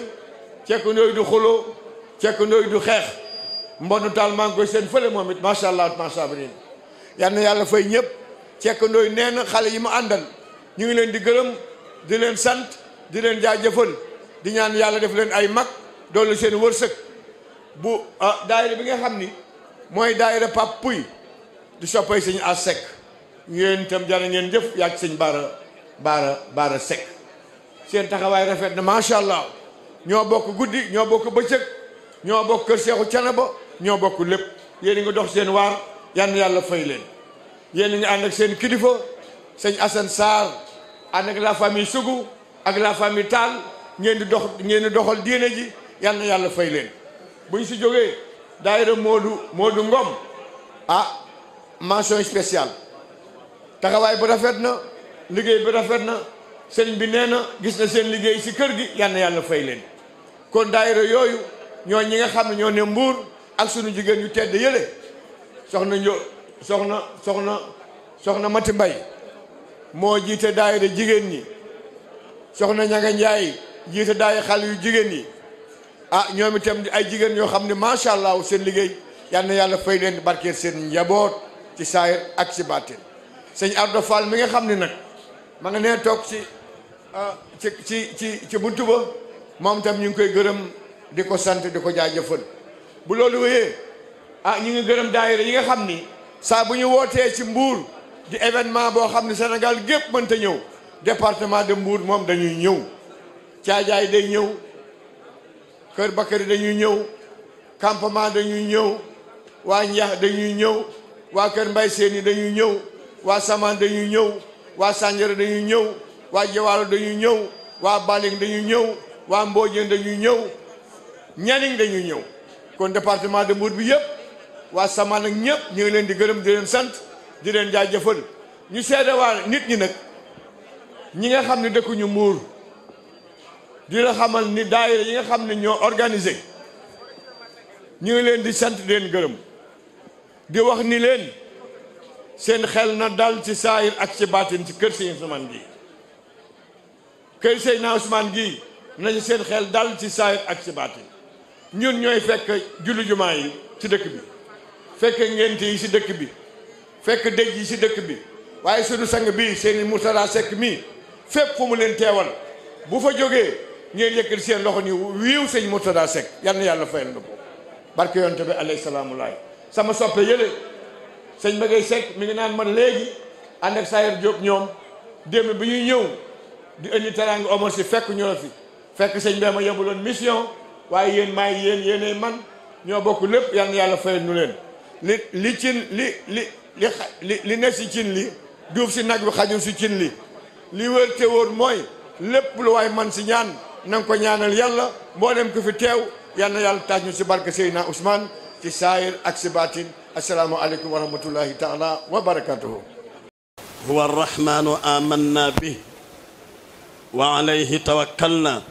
Speaker 9: cekkandooy du xuloo cekk ndooy du xeex mbonu taal maa koy seen fële moom it macha allah maasabrin yal na yàlla fay ñëpp cekk ndooy nee na xale yi mu àndal ñu ngi leen di gërëm di leen sant di leen jaajëfal di ñaan yàlla def leen ay mag doolu seen wërsëg bu ah, daayira bi nga xam ni mooy daayira Pape di soppay sëñ a Seck ñu leen itam ngeen jëf yàgg sëñ Baara Baara Baara Seck seen taxawaay rafet na macha allah ñoo bokk guddi ñoo bokk bëccëg ñoo bokk kër Seexu Canaba ñoo bokk lépp yéen nga dox seen waar yan yàlla fay leen yéen nga ànd ak seen kilifa sëñ Assane Sarr ànd ak la famille Sougou ak la famille Tall ngeen di dox ngeen di doxal diine ji yan yàlla fay leen bu ñu si jógee daayira Moodu Moodu Ngom ah mention spéciale taxawaay bu rafet na liggéey bi rafet na sëriñ bi nee na gis na seen liggéey si kër gi yan yàlla fay leen kon daayira yooyu ñooy ñi nga xam ne ñoo ne mbuur ak sunu jigéen yu tedd yële soxna njo soxna soxna soxna Mati Mbay moo jiite daayira jigéen ñi soxna Ñaga Njaay jiite daayira xal yu jigéen ñi ah ñoom itam ay jigéen yoo xam ne macha allah seen liggéey yal na yàlla fay leen barkeel seen njaboot ci saayir ak ci baatin sëñ Ardo Fall mi nga xam ni nag ma nga nee toog ah, ci ci ci ci buntu ba moom itam ñu ngi koy gërëm. di ko sant di ko jaajëfal bu loolu wéyee ah ñu ngi gërëm daayira yi nga xam ni saa bu ñu wootee ci Mbour di événement boo xam ne Sénégal gépp mënta ñëw département de Mbour moom dañuy ñëw caajaay day ñëw Kër Bakary dañuy ñëw campement dañuy ñëw waa Njax dañuy ñëw waa Kër Mbay Seeni dañuy ñëw waa Saman dañuy ñëw waa Sanjara dañuy ñëw waa Jawaalo dañuy ñëw waa Baling dañuy ñëw waa Mboojen dañuy ñëw ñaniñ dañu ñëw kon département de Mbour bi yëpp waa Samane ak ñëpp ñu ngi leen di gërëm di leen sant di leen jaajëfal ñu seede waa nit ñi nag ñi nga xam ne dëkkuñu Mbour di la xamal ni daayira yi nga xam ne ñoo organisé ñu ngi leen di sant di leen gërëm di wax ni leen seen xel na dal ci saayir ak ci baatin ci kër Sëñ Ousmane gi kër Sëñ Ousmane gi nañu seen xel dal ci saayir ak ci baatin ñun ñooy fekk julli jumaa yi ci dëkk bi fekk ngénte yi ci dëkk bi fekk dëj yi ci dëkk bi waaye suñu sang bii seeni Mourtada Seck mii fépp fu mu leen teewal bu fa jógee ngeen yëkkati seen loxo ni wiiw sëñ Mourtada Seck yal na yàlla fayal na ko barke yonte bi alayhi salaamu laay sama soppe yële sëñ Mbagay Seck mi ngi naan man léegi ànd ak Sayer Diop ñoom démb bi ñuy ñëw di indi teraanga Omar si fekk ñoo fi fekk sëñ bee ma yebuloon mission waaye yéen maay yéen yéenay man ñoo bokk lépp yal na yàlla fayal ñu leen li li cin li li si cin li duuf si nag wi xajul ci cin li li wër te mooy lépp lu waay man si ñaan na ko ñaanal yàlla mboolem ko fi teew yal na yàlla taaj ñu si barke Seydina Ousmane ci saayir ak si baatin asalaamualeykum wa rahmatullahi taala wa barakatuhu
Speaker 10: huwa arrahmanu amanna bih wa alayhi tawakkalna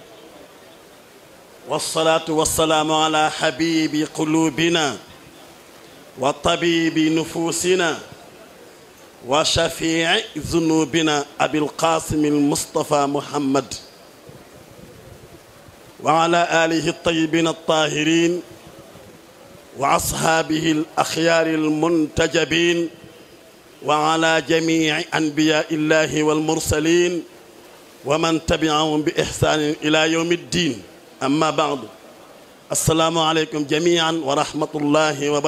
Speaker 10: wasalaatu wasalaamu ala xabibi quluubina wa tabibi nufuusina wa shafiici zunuubina abilqaasimi almustafa muhammad wa ala aalihi altayibiina altaahiriin wa ashaabihi alaxyaari almuntajabiin wa ala jamiici anbiyaa illaahi walmursaliin wa man tabiahum bi ixsaanin ila yowmi ddiin amma baadu asalaamualeykum jamian wa rahmatullahi wa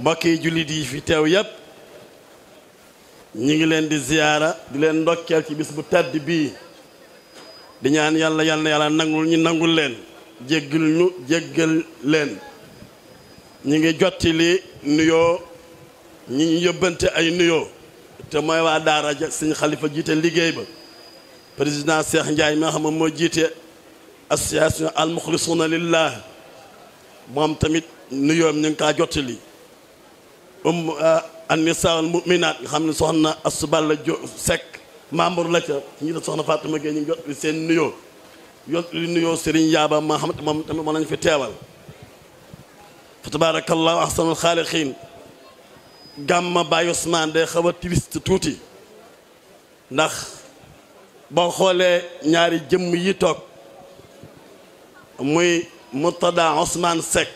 Speaker 10: mbokki jullit yi fi teew yépp ñi ngi leen di ziyaara di leen ndokkeel ci bis bu tedd bii di ñaan yàlla yàlla na yàlla nangul ñu nangul leen jéggal ñu jéggal leen ñi ngi jotti li nuyoo ñi ñu yóbbante ay nuyoo te mooy waa daara ja xalifa jiite liggéey ba président Cheikh Ndiaye mi nga moo jiite association almuxlisuna lillah moom tamit nuyoom ñu ngi kaa jottali um uh, annisa al muminat nga xam ne soxna asubal la jo sekk membre la ca ñi da soxna Fatima Gueye ñu ngi jottali seen nuyoo jottali nuyoo Serigne Yaaba ma xam tamit moo lañ fi teewal fa tabarakallahu ahsanul xaaliqin gàmma Baye Ousmane day xaw triste tuuti ndax boo xoolee ñaari jëmm yi toog muy Murtada Ousmane Seck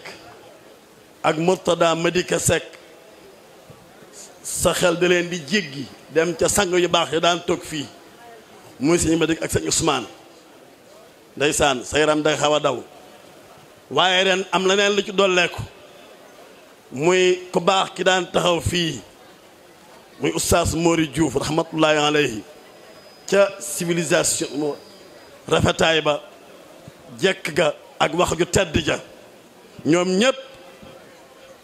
Speaker 10: ak Murtada Madika Seck sa xel da leen di jéggi dem ca sang yu baax ya daan toog fii muy sëñ Madika ak sëñ Ousmane ndeysaan sa yaram day xaw a daw waaye ren am la neen lu ci dolleeku muy ku baax ki daan taxaw fii muy oustaz Mori Diouf rahmatullahi alayhi ca civilisation rafetaay ba jekk ga ak wax ju tedd ja ñoom ñépp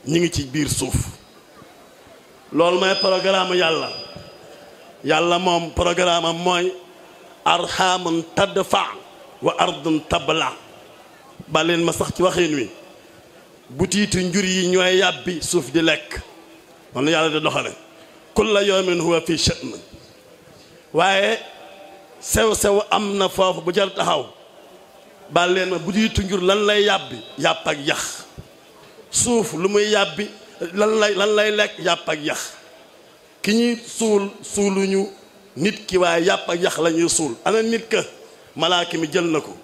Speaker 10: ñu ngi ci biir suuf loolu mooy programme yàlla yàlla moom programme am mooy arxamun tadfa wa ardun tabla baleen ma sax ci waxin wi butiitu njur yi ñooy yàbbi suuf di lekk noonu yàlla di doxale kulla yawmin waaye sew-sew am na foofu bu jar taxaw baal leen ma bu ñuy tunjur lan lay yàbbi yàpp ak yax suuf lu muy yàbbi lan lay lan lay lekk yàpp ak yax ki ñuy suul suuluñu nit ki waaye yàpp ak yax la suul ana nit ka malaaka mi jël na ko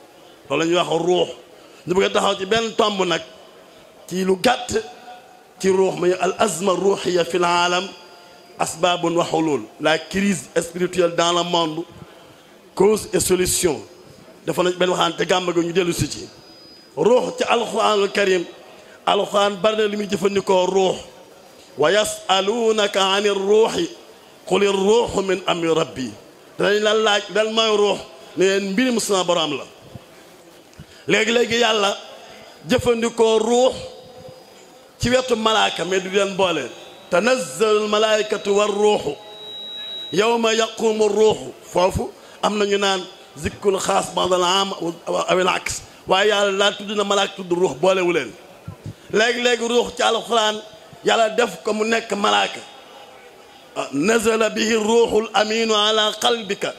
Speaker 10: loolu la ñuy ruux ñu bëgg taxaw ci benn tomb nag ci lu gàtt ci ruux muy al azma ruuxiya fi l aalam asbabun wa xulul la crise spirituelle dans le monde cause et solution dafa nañ benn waxaan te gàmm ga ñu dellu ci ruux ci alquranul karim alquran bari na li muy jëfandikoo ruux wa yasaluunaka ani ruuxi quli ruuxu min amri rabbi danañ la laaj dal mooy ruux ne leen mbirum sama borom la léegi-léegi yàlla jëfandikoo ruux ci wetu malaaka mais du leen boole tanazzalu almalaikatu war ruuxu yawma yaqumu ruuxu foofu am nañu naan zikkun xaas badal am awil aks waaye yàlla laa tudd malaak tudd ruux boolewu leen léegi-léegi ruux ci alxuraan yàlla def ko mu nekk malaaka nazala bihi ruuxul aminu ala qalbika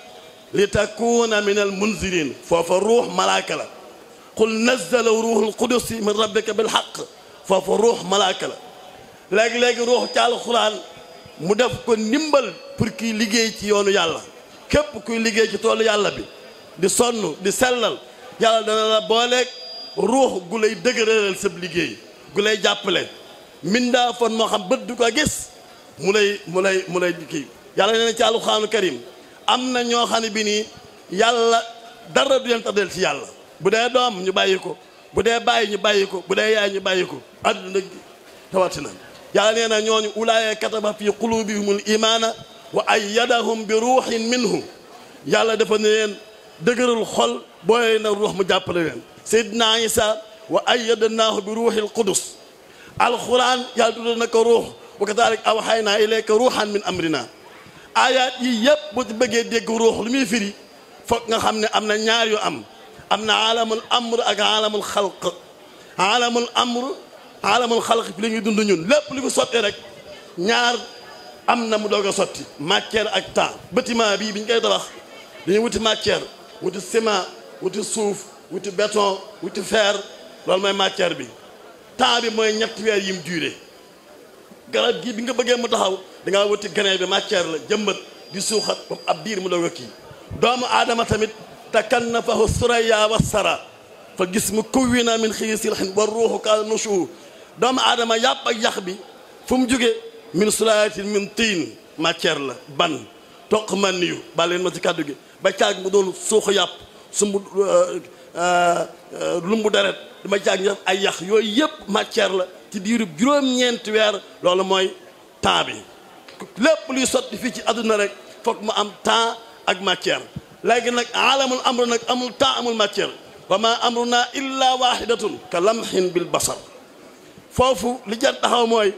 Speaker 10: li takuna min al munzirin foofa ruux malaaka la qul nazala ruuxul qudusi min rabbika bil xaq foofa ruux malaaka la léegi-léegi ruux ci mu def ko ndimbal pour liggéey ci yoonu yàlla képp kuy liggéey ci toolu yàlla bi di sonn di sellal yàlla dana la booleeg ruux gu lay dëgëralal sab liggéey gu lay jàppale mindaa fon moo xam bët du ko gis mu lay mu lay mu lay kii yàlla nee na ci alxuraanu karim am na ñoo xam bi nii yàlla dara du leen del ci yàlla bu dee doom ñu bàyyi ko bu dee bàyyi ñu bàyyi ko bu dee yaay ñu bàyyi ko àdduna tawatina yàlla nee na ñooñu ulaaya kataba fi qulubihimul imaana wa ayyadahum bi ruuxin minhu yàlla dafa ne dëgëral xol booy na ruux mu jàppale leen seydina isa wa ayyadnaahu bi ruuxil qudus alquran yàlla tudd na ko ruux wa kadalik awxaynaa ilayka ruuxan min amrina aayaat yi yëpp bu ci bëggee dégg ruux lu muy firi foog nga xam ne am na ñaar yu am am na alamul amr ak alamul xalq alamul amr alamul xalq fi li ñuy dund ñun lépp li fi sotti rek ñaar am na mu doog a sotti matière ak temps bâtiment bii bi ñu koy tabax dañuy wuti matière wuti ciment wuti suuf wuti beton wuti fer loolu mooy matière bi temps bi mooy ñetti weer yim duré garab gi bi nga bëggee mu taxaw danga wuti grain bi matière la jëmbat di suuxat ba ab diir mu la wëkk doomu aadama tamit takannafahu suraya wa sara fa gis mu kuwina min xiisil xin war ruuxu ka nushuu doomu aadama yàpp ak yax bi fu mu jóge min sulaayatin min tiin matière la ban toq man niyu baal leen ma ci kàddu gi ba caag mu doon suuxu yàpp sumbu euh, euh, lumbu deret dama caag ñu def ay yax yooyu yëpp matière la ci diirub juróom-ñeenti weer loola mooy temps bi lépp luy sotti fii ci àdduna rek foog mu am temps ak matière léegi nag alamul amru nag amul temps amul matière wa ma amruna illa wahidatun ka lamhin bil basar foofu li jar taxaw mooy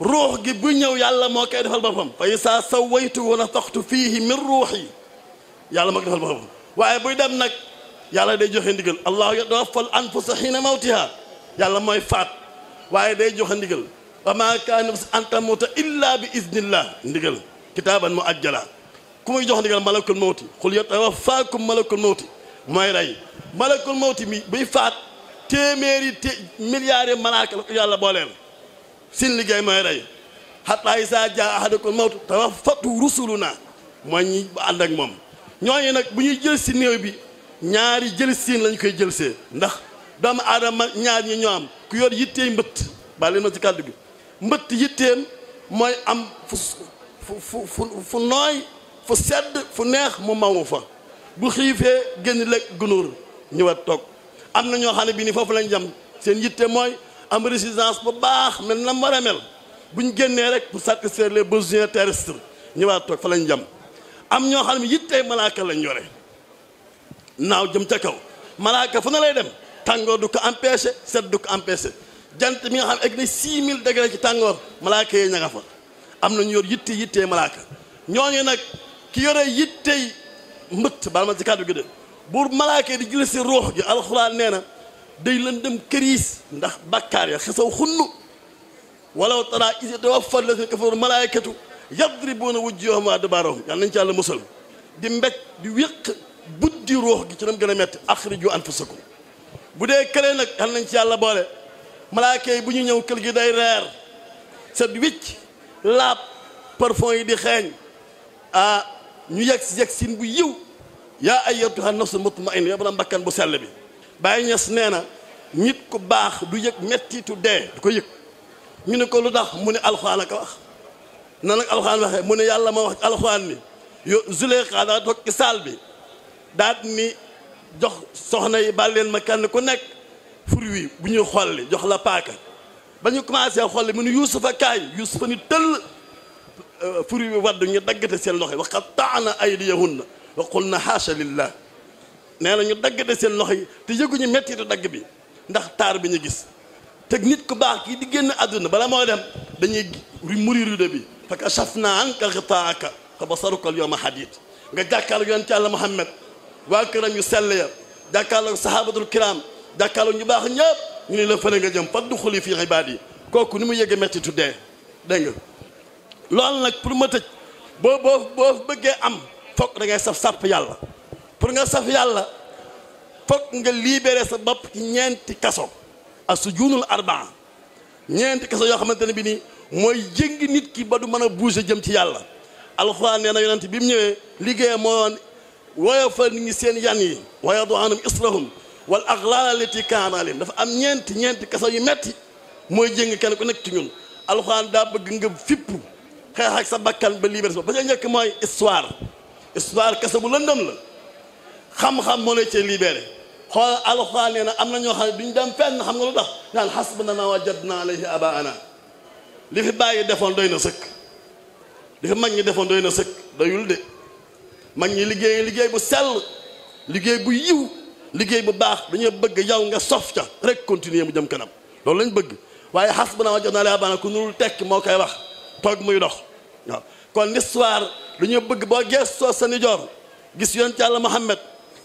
Speaker 10: ruux gi bu ñëw yàlla moo kay defal boppam fa isaa sawaytu wala taxtu fiihi min ruuxi yàlla moo koy defal boppam waaye buy dem nag yàlla day joxe ndigal allahu yatawaffal anfusa xiina mawtiha yàlla mooy faat waaye day joxe ndigal wa maa kaana nafsin an tamuuta illa bi iznillah ndigal kitaaban mu ajjala ku muy jox ndigal malakul mawti xul yatawaffaakum malakul mawti mooy rey malakul mawti buy faat téeméeri té milliards yàlla booleel seen liggéey mooy rey xataa isa jaa ahadakum mawtu tawaffatu rusuluna mooy ñi ànd ak moom ñooñu nag bu ñuy jël si néew bi ñaari jël siin lañ koy jël see ndax doomu aadama ñaar ñi ñoo am ku yor yitteey mbëtt bàyyi leen ci kàddu gi mbëtt yitteem mooy am fu fu fu fu nooy fu sedd fu neex mu mawu fa bu xiifee génn lekk gunóor ñëwaat toog am na ñoo xam ne bii nii foofu lañ jam seen yitte mooy am résistance bu baax mel na war a mel bu ñu génnee rek pour satisfaire les besoins terrestres ñëwaat toog fa lañ jëm am ñoo xam ne yittey malaaka lañ yore naaw jëm ca kaw malaaka fu na lay dem tàngoor du ko empêché sedd du empêché jant mi nga xam ne egg na 6000 degré ci tàngoor malaaka yee ña fa am nañu yor yitte yittee malaaka ñooñu ki yore yittey mbëtt bala ma ci kàddu gi de bu malaaka di jël si ruux gi alxuraan nee na day lëndëm këriis ndax bàkkaar ya xesaw xunnu walaw taraa iz yatawaffaa allaziina kafaruu malaaykatu yadribuuna wujuuhahum wa adbaarahum yàlla nañ ci yàlla musal di mbéj di wéq buddi ruux gi ci nam gën a métti axriju anfusakum bu dee këlee nag yàlla nañ ci yàlla boole malaaka bu ñu ñëw kël gi day reer set wicc laab parfum yi di xeeñ a ñu yegg si yegg sin bu yiw yaa ayyatuha nafsul mutmainna yow bana mbakkan bu sell bi Baye Niass nee na nit ku baax du yëg mettitu dee du ko yëg ñu ne ko lu tax mu ne alxuraan a ko wax nan ak alxuraan waxee mu ne yàlla ma wax alxuraan ni yo Zuleyxa daa toog ci saal bi daat ni jox soxna yi bàl leen ma kenn ku nekk fur wi bu ñuy xolli jox la paaka ba ñu commencé xolli mu ne Yuusufa kaay Yuusufa ni tëll euh, fur wi wadd ñu daggate seen loxo yi wa qata'na na wa qulna na lillah nee na ñu dagg de seen loxo yi te yëguñu mettitu dagg bi ndax taar bi ñu gis te nit ku baax kii di génn àdduna bala moo dem dañuy muri rude bi fa kashafnaa anka xitaaka fa basaruka al yawma hadiid nga jàkkaarloo yonent Yàlla Muhammad waa këram yu sell ya jàkkaarloo sahabatul kiram jàkkaarloo ñu baax ñëpp ñu ne la fële nga jëm fadxuli fii ibaad yi kooku ni mu yëge metti tuddee dégg nga nag pour ma tëj boo boo boo bëggee am foog da ngay saf sàpp yàlla pour nga saf yàlla foog nga libéré sa bopp ci ñeenti kaso ak su juunul arbaa ñeenti kaso yoo xamante ne bi nii mooy yëngi nit kii ba du mën a bouger jëm ci yàlla alxuraan nee na yonent bi mu ñëwee liggéey moo woon woyofal nit ñi seen yan yi waaye du anum israhum wal aglaala allati kaanat alayhim dafa am ñeenti ñeenti kaso yu metti mooy jëng kenn ku nekk ci ñun alxuraan daa bëgg nga fipp xeex ak sa bakkan ba libéré sa bopp ba ca njëkk mooy histoire histoire kaso bu lëndëm la xam-xam moo la cee libéré xool alxuraan na am na ñoo xam ne duñ dem fenn xam nga lu tax naan xasbanaa wajadnaa alayhi abaana li fi bàyyi defoon doy na sëkk mag ñi defoon doy na sëkk doyul de ñi liggéey liggéey bu sell liggéey bu yiw liggéey bu baax dañoo bëgg yow nga sof ca rek continuer mu jëm kanam loolu lañ bëgg waaye xasbanaa wajadnaa alayhi abaana ku nurul tekki moo koy wax toog muy dox waaw kon l'histoire dañoo bëgg boo gees soo sa nijoor gis yoon ci Yàlla Muhammad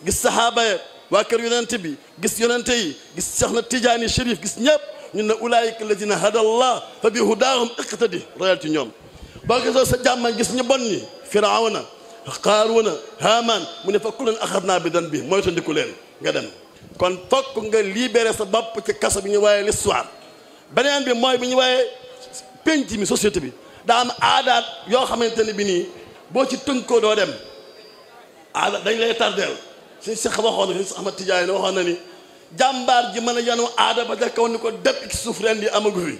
Speaker 10: gis sahaaba ya waa kër yonente bi gis yonente yi gis Seexna Tijaani Chérif gis ñëpp ñun ne ulaayika lazina hadallah fa bi hudaahum iqtadi royal ci ñoom boo sa jàmman gis ñu bon ñi firawna xaaruna haaman mu ne fa kullan axadnaa bi dan bi mooy tandiku leen nga dem kon fokk nga libéré sa bopp ci kaso bi ñu waaye l'histoire beneen bi mooy bi ñu waaye penc mi société bi daa am aadaat yoo xamante ne bi nii boo ci tënkoo doo dem dañ lay suñ sax waxoon na suñ Ahmad Tidiane ne waxoon na ni jàmbaar ji mën a yanu aada ba ca kaw ni ko dëpp ci suuf ren yi amagu fi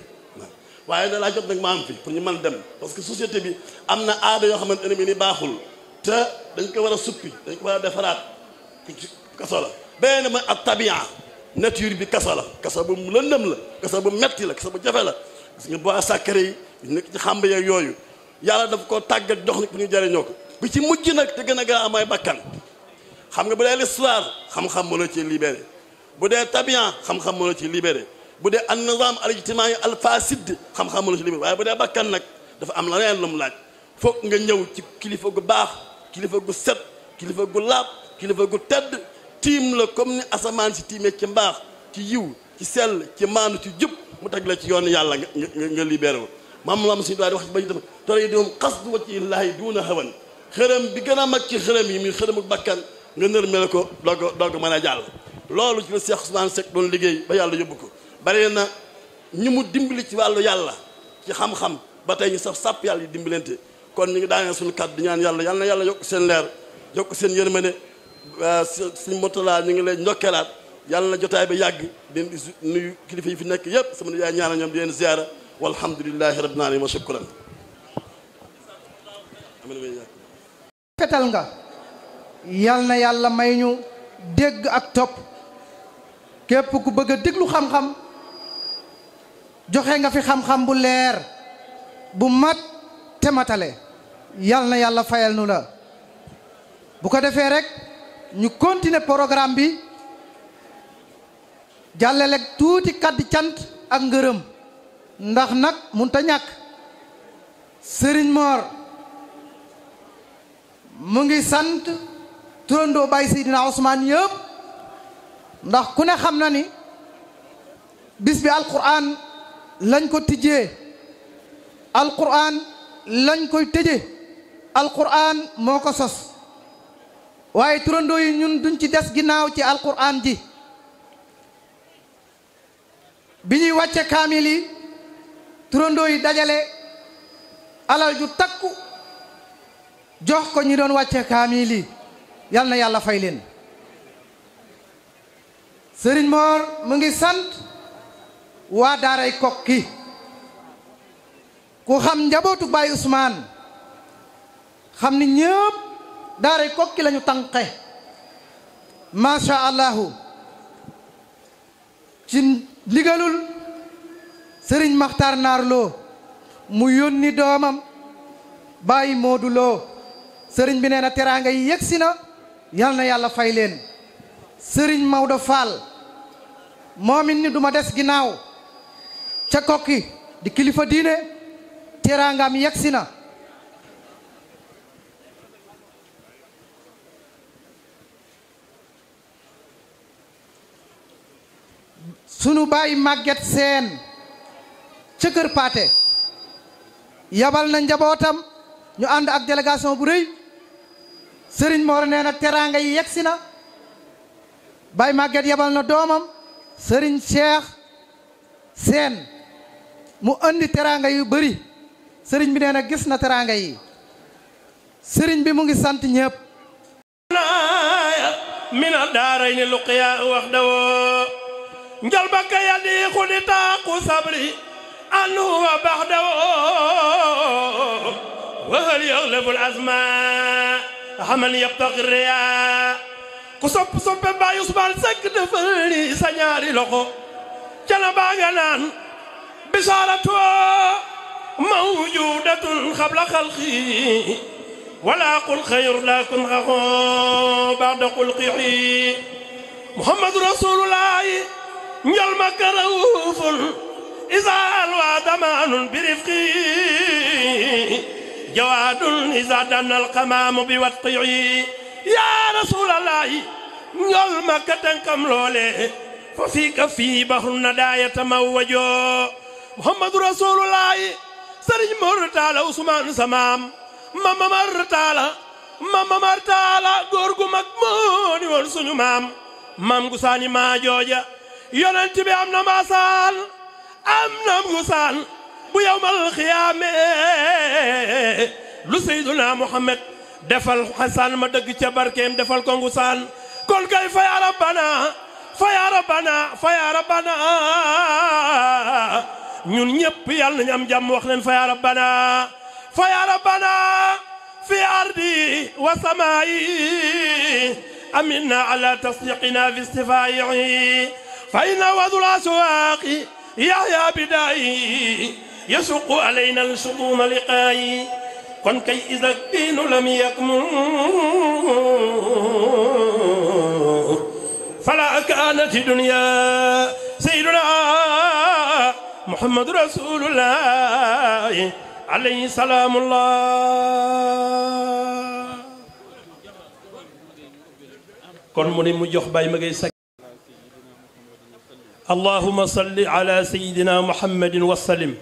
Speaker 10: waaye na laa jot nag ma am fi pour ñu mën dem parce que société bi am na aada yoo xamante ne bi nii baaxul te dañ koy war a suppi dañ ko war a defaraat kaso la beneen mooy ak tabian nature bi kaso la kaso bu mu lëndëm la kaso bu metti la kaso bu jafe la gis nga bois sacré yi ñu nekk ci yooyu yàlla daf koo tàggat jox ni pour ñu jëriñoo ko bi ci mujj nag te gën a gaaw bakkan xam nga bu dee l'histoire xam-xam moo la ci libéré bu dee tabian xam-xam moo la ci libéré bu dee an nizam al ijtimaai al fasid xam-xam moo la ci libéré waaye bu dee bakkan nag dafa am leneen lu mu laaj foog nga ñëw ci kilifa gu baax kilifa gu set kilifa gu laab kilifa gu tedd tiim la comme ni asamaan si tiimee ci mbaax ci yiw ci sell ci maanu ci jub mu teg la ci yoon yàlla nga nga nga libéré wu maam la am suñu daal di wax ci bañ def tora yi doom xas du wacci illaahi duuna hawan xërëm a mag ci xërëm yi muy xërëmu bakkan nga nërmeel ko doog a doog a mën a jàll loolu ci la Cheikh Ousmane Seck doon liggéey ba yàlla yóbbu ko bare na ñi mu dimbali ci wàllu yàlla ci xam-xam ba tey ñu saf sàpp yàlla yi dimbalante kon ñu ngi daaneel suñu kàddu di ñaan yàlla yal na yàlla yokk seen leer yokk seen yërmande euh, suñu motolaa ñu ngi lay ndokkeelaat yàlla na jotaay bi yàgg di nuyu kilifa yi fi nekk yëpp sama yaay ñaana ñoom di leen ziara walhamdulilahi rabbil alamin wa shukran
Speaker 5: fetal nga yal na yàlla may ñu dégg ak topp képp ku bëgg a déglu xam-xam joxe nga fi xam-xam bu leer bu mat te matale yal na yàlla fayal nu la bu ko defee rekk ñu continuer programme bi jàllale tuuti kaddi cant ak ngërëm ndax nag mun ñàkk Serigne Mor mu ngi sant turandoo bàyyi Seydina Ousmane yëpp ndax ku ne xam na ni bis bi alquran lañ ko tijjee alquran lañ koy tëjee alquran moo ko sos waaye turandoo yi ñun duñ ci des ginnaaw ci alquran ji bi ñuy wàcce kaamil yi turandoo yi dajale alal ju takku jox ko ñi doon wàcce kaamil yi yal yàlla fay leen sëriñ Mor mu ngi sant waa daaray kokki ku xam njabootu Baye Ousmane xam ni ñëpp daaray kokki lañu tànqe masha allahu ci ndigalul sëriñ Maxtaar mu yónni doomam bàyyi Modou sëriñ bi nee na teraanga yi yegsi na yal na yàlla fayleen leen sëriñ Maodo Fall moom it ni du ma des ginnaaw ca kokki di kilifa diine teraangaam yegsi na sunu baay màgget seen ca kër paate yabal na njabootam ñu ànd ak délégation bu rëy sëriñ Mor nee na teraanga yi yegsi na Baye Maguette yebal na doomam sëriñ Cheikh Sène mu andi teraanga yu bëri sëriñ bi nee na gis na teraanga yi sëriñ bi mu ngi sant ñëpp
Speaker 11: min a daaray ni luqiya wax dawoo njal bakka yaddi xudi taaku sabri anu wa bax dawoo
Speaker 3: wa hal yaghlabul asmaa xamal yabtaqi riyaa
Speaker 11: ku sopp soppe Baay Usmaan Sekk defal ni sa ñaari loxo cana baa naan bisaaratu mawjudatun xabla xalqi wala qul xayru laa kun xaqo baada xulqihi muhammadu rasulullahi njol ma karawufun isa alwa damaanun bi rifqi جواد إذا دنا القمام بوطعه يا رسول الله نيول مكة تنكم لولي ففيك في بحر الندى يتموج محمد رسول الله سرج مرتالا عثمان سمام ماما مرتالا ماما مرتالا غورغو مكموني وون سونو مام مام غساني ما جوجا يونت بي امنا ما سال امنا غسان bu yowmal xiyaame lu seyduna muhammad defal xasaan ma dëgg ca barkeem defal ko ngusaan kon kay fa yaa rabbana fa yaa rabbana fa yaa rabbana ñun ñëpp yàlla nañu am jàmm wax leen fa yaa rabbana fa yaa rabbana fi ardi wa samaayi aminna ala tasdiqina fi istifaayi fa inna wadul aswaaqi yahya bidaayi يسوق علينا الشؤون لقاي كن كي إذا الدين لم يكمل فلا كانت دنيا سيدنا محمد رسول الله عليه سلام الله كن مني مجوخ باي مغي سك اللهم صل على سيدنا محمد وسلم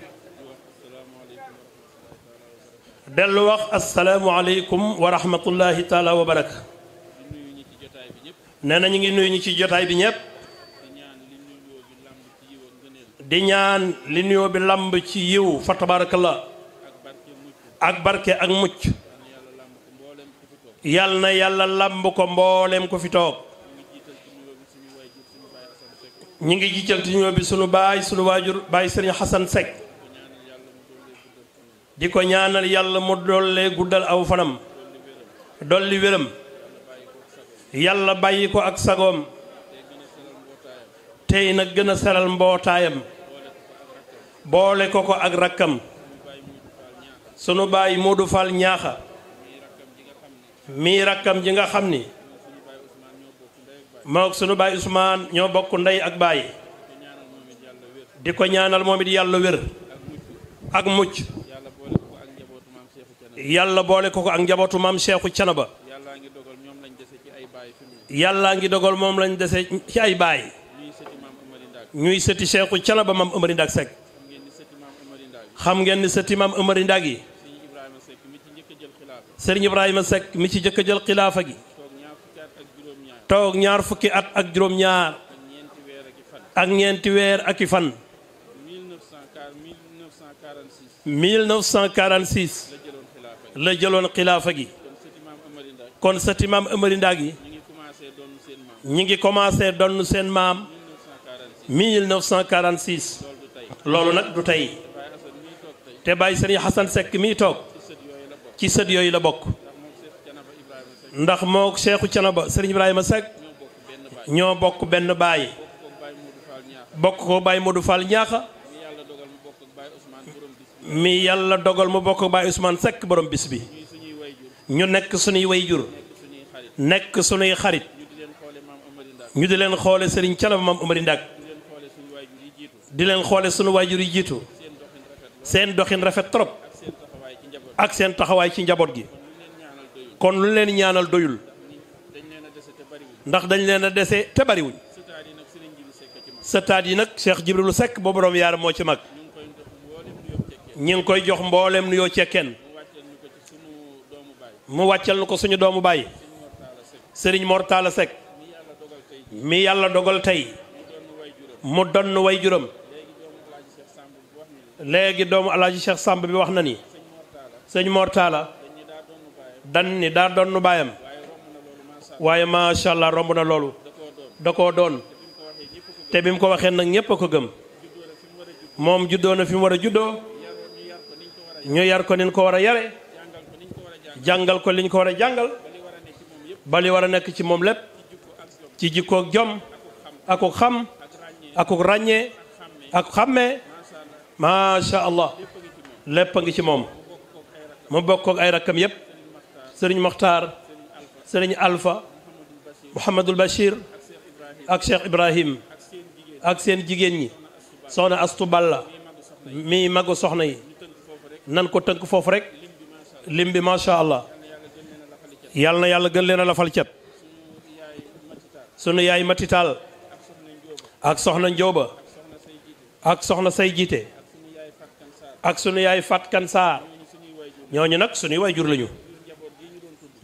Speaker 11: dellu wax asalaamualeykum wa rahmatullahi wa baraka nee na ñu ngi nuyu ñi ci jotaay bi ñëpp di ñaan li nuyoo bi lamb ci yiw fa tabarakallah ak barke ak mucc yal na yàlla lamb ko mbooleem ko fi toog ñu ngi jiital ci nuyoo bi sunu baay sunu waajur baay sëriñ Xasan Seck di ko ñaanal yàlla mu dollee guddal aw fanam dolli wéram yàlla bàyyi ko ak sagoom tey nag gën a seral mbootaayam boole ko ko ak rakkam sunu baay Modou Fall ñaaxa mii rakkam ji nga xam ni mook sunu baay Ousmane ñoo bokk ndey ak baay di ko ñaanal moom it yàlla wér ak mucc yàlla boole ko ko ak njabootu maam Seexu Canaba yàllaa ngi dogal moom lañ dese ci ay baay yàllaa ngi dogal moom lañ dese ci ay baay ñuy sëti Seexu Canaba maam Amari Ndak Seck xam ngeen ni sëti maam Amari Ndak yi sëriñ Ibrahima Seck mi ci jëkk jël xilaafa gi toog ñaar fukki at ak juróom-ñaar ak ñeenti weer ak i fan 1946 la jëloon xilaafa gi
Speaker 4: kon sëti maam Amari Ndak yi
Speaker 11: ñi ngi commencé donn seen maam 1946 loolu nag du tey te bàyyi sëriñ Xasan Seck mii toog ci sët yooyu la bokk ndax moo Seexu Canaba sëriñ Ibrahima Seck ñoo bokk benn baay bokk ko Baye Modou Fall ñaaxa mi yàlla dogal mu bokk baay Ousmane sekk borom bis bi ñu nekk suñuy wayjur nekk suñuy xarit ñu di leen xoole sëriñ Calab maam Amari Ndak di leen xoole suñu jur yi jiitu seen doxin rafet trop ak seen taxawaay ci njaboot gi kon lu leen ñaanal doyul ndax dañ leen a dese te bariwuñ sëtaat yi nag Cheikh Jibrilu sekk boo borom yaara moo ci mag ñi ngi koy jox mboolem nuyoo cee kenn mu wàccel nu ko suñu doomu baay sëriñ Mortala Seck mi yàlla dogal tey mu donn way juram léegi doomu alaaji Cheikh Samb bi wax na ni sëñ Mortala dan ni daa donn baayam waaye macha allah romb na loolu da koo doon te bi mu ko waxee nag ñépp a ko gëm moom juddoo na fi mu war a juddoo ñu yar ko niñ ko war a yare jàngal ko liñ ko war a jàngal bali war a nekk ci moom lépp ci jikkook jom akuk xam akuk ràññee ak xàmmee macha allah lépp a ngi ci moom mu bokkoog ay rakkam yépp sëriñ Mokhtar sëriñ alfa Mouhamadul Bachir ak Cheikh Ibrahim ak seen jigéen ñi soxna Astu Balla mii magu soxna yi nan ko tënk foofu rek lim bi macha allah yàlla na yàlla gën leen a lafal cat sunu yaay matitaal ak soxna Njóoba ak soxna say jiite ak sunu yaay Fat Kan ñooñu nag sunuy way jur lañu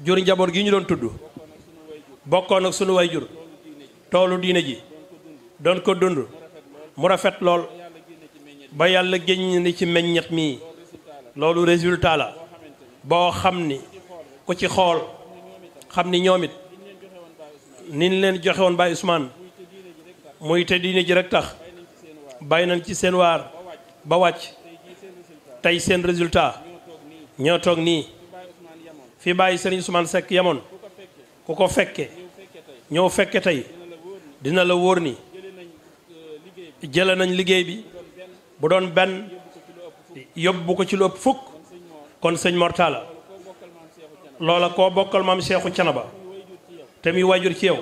Speaker 11: jur njaboot gi ñu doon tudd bokkoon ak sunu way jur toolu diine ji doon ko dund mu rafet lool ba yàlla génn ni ci meññet mii loolu résultat la boo xam ni ku ci xool xam ni ñoom it niñ leen joxe woon Baye Ousmane muy te diine ji rek tax bàyyi nañ ci seen waar ba wàcc tey seen résultat ñoo toog nii fi bàyyi Serigne Ousmane Seck yamoon ku ko fekke ñëw fekke tey dina la wóor ni jële nañ liggéey bi bu doon benn yóbbu ko ci lu fukk kon sëñ Mortalla loola koo bokkal maam Seexu Canaba te muy waajur ci yow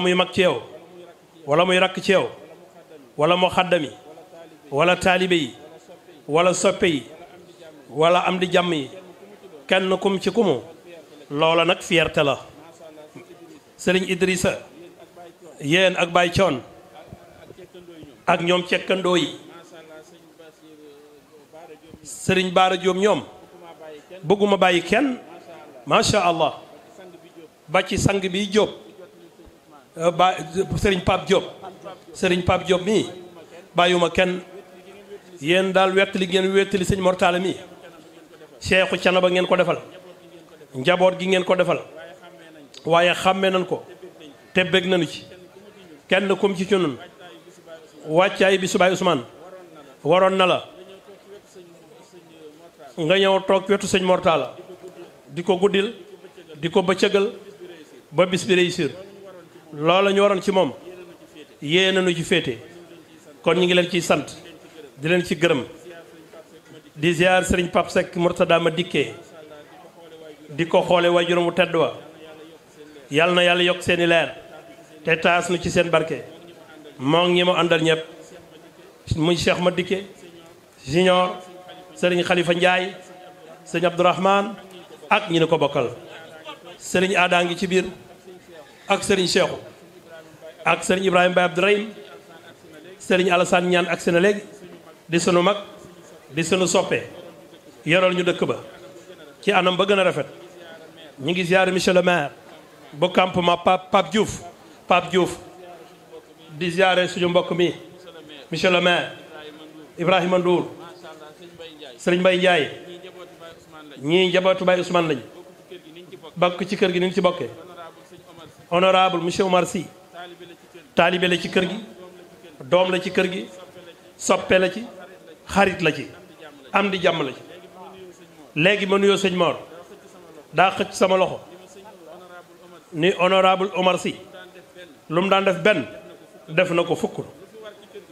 Speaker 11: muy mag ci yow wala muy rakk ci yow mu xaddami wala taalibe yi wala soppe yi wala am di jàmm yi kenn kum ci kumu loola nag fierté la sëriñ Idrissa yéen ak Baye Thion ak ñoom cekkandoo yi sëriñ Baara jóob ñoom bëgguma bàyyi kenn macha allah ba ci sang bi Diop euh, ba sëriñ Pape Diop sëriñ Pape Diop mii bàyyiwuma kenn yéen daal wettali ngeen wettali sëñ Mortale mii Seexu ba ngeen ko defal njaboot gi ngeen ko defal waaye xàmmee nañ ko te bég nañu ci kenn kum ci ci nun wàccaay bi subaay Ousmane waroon na la nga ñëw toog wetu sëñ Mortalla di ko guddil di ko bëccëgal ba bis bi réussir loola ñu waroon ci moom yéena nu ci féete kon ñu ngi leen ciy sant di leen ci gërëm di ziar sëriñ Pape Seck Mourtada ma dikkee di ko xoole waajuram wu tedd wa yàlla na yàlla yokk seeni leer te taas nu ci seen barke moo ngi ma àndal ñëpp muy Cheikh ma dikke junior sëriñ Khalifa Ndiaye sëriñ Abdourahman ak ñi ne ko bokkal sëriñ Aada ngi ci biir ak sëriñ Cheikhou ak sëriñ Ibrahima Baye Abdourahim sëriñ Alassane ñaan ak seen léegi di sënu mag di sënu soppe yoral ñu dëkk ba ci anam ba gën a rafet ñu ngi ziare monsieur le maire bu campement Pape Pape Diouf Pape Diouf di ziare suñu mbokk mi monsieur le maire Ibrahima Ndour sëriñ Mbaye Ndiaye ñii njabootu Baye Ousmane lañ bokk ci kër gi ni ñu ci bokkee honorable monsieur Omar Sy taalibe la ci kër gi doom la ci kër gi soppe la ci xarit la ci am di jàmm la ci léegi ma nuyoo sëñ Mor daa xëcc sama loxo ni honorable Omar Sy lu mu daan def benn def na ko fukk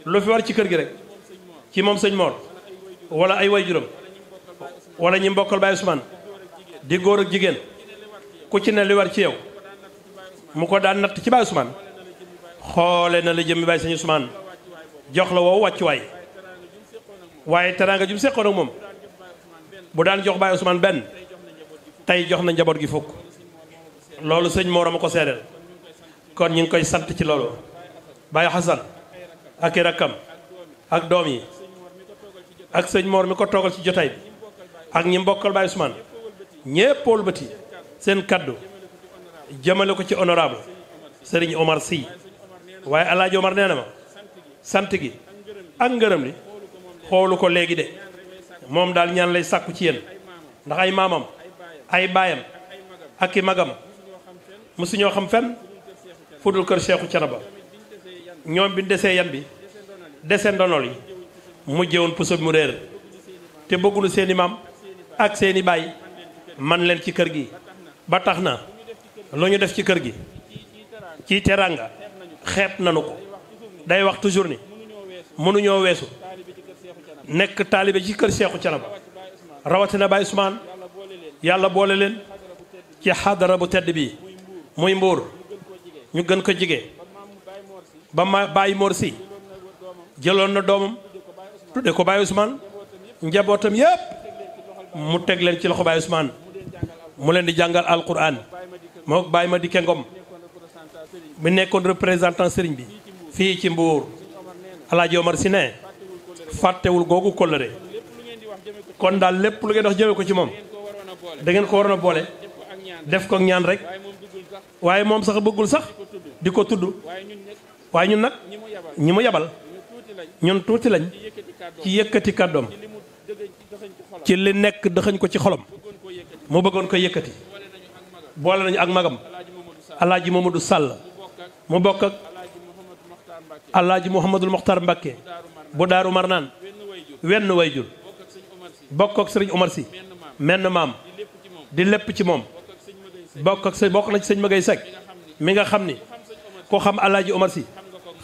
Speaker 11: lu fi war ci kër gi rek ci moom sëñ Mor wala ay juróom wala ñi mbokkal Baye Ousmane di góor ak jigéen ku ci ne li war ci yow mu ko daan natt ci Baye Ousmane xoole na la jëmmi Baye Sëñ Ousmane jox la woowu wàccuwaay waaye teraanga jum seqoon moom bu daan jox Baye Ousmane benn tey jox na njaboot gi fukk loolu sëñ Mor ma ko seedeel kon ñu ngi koy sant ci loolu Baye Xasan ak i rakkam ak doom yi ak sëñ moor mi ko toogal ci jotaay bi ak ñi mbokkal Baye Ousmane ñépp wëlbati seen kàddu jëmale ko ci honorable Serigne Omar Sy waaye alaaji Omar nee na ma sant gi ak ngërëm li xoolu ko léegi de moom daal ñaan lay sàkku ci yéen ndax ay maamam ay baayam ak i magam ñoo xam fenn fudul kër Cheikhou Thiénaba ñoom bi ñu desee yan bi desee ndonol yi mujje woon puso bi mu réer te bëgguñu seeni maam ak seeni i baay man leen ci kër gi ba tax na lu ñu def ci kër gi ci teraanga xeeb nanu ko day wax toujours ni mënuñoo weesu nekk taalibe ci kër Seexu ba rawatina Baay Usmaan yàlla boole leen ci xadara bu tedd bi muy mbuur ñu gën ko jige ba ma Baay Mor jëloon na doomam tudde ko Baye Ousmane njabootam yëpp mu teg leen ci loxo Baye Ousmane mu leen di jàngal alquran moo di Madické Ngom mi nekkoon représentant sëriñ bi fii ci Mbour alaajoo Omar si ne fàttewul googu kóllëre kon daal lépp lu ngeen dox jëme ko ci moom da ngeen ko waroon a boole def ko ñaan rek waaye moom sax bëggul sax di ko tudd waaye ñun nag
Speaker 4: ñi mu yabal ñun tuuti lañ ki yëkkati kàddoom
Speaker 11: ci li nekk dëxëñ ko ci xolam mu bëggoon ko yëkkati boole nañu ak magam alaaji Mamadou Sall mu bokk ak alaaji Mouhamadul Mokhtar Mbakke bu daaru Marnaan wenn wayjur bokk ak sëriñ Omar si menn maam di lépp ci moom bokk ak sa bokk na ci sëñ Magay Seck mi nga xam ni ku xam alaaji si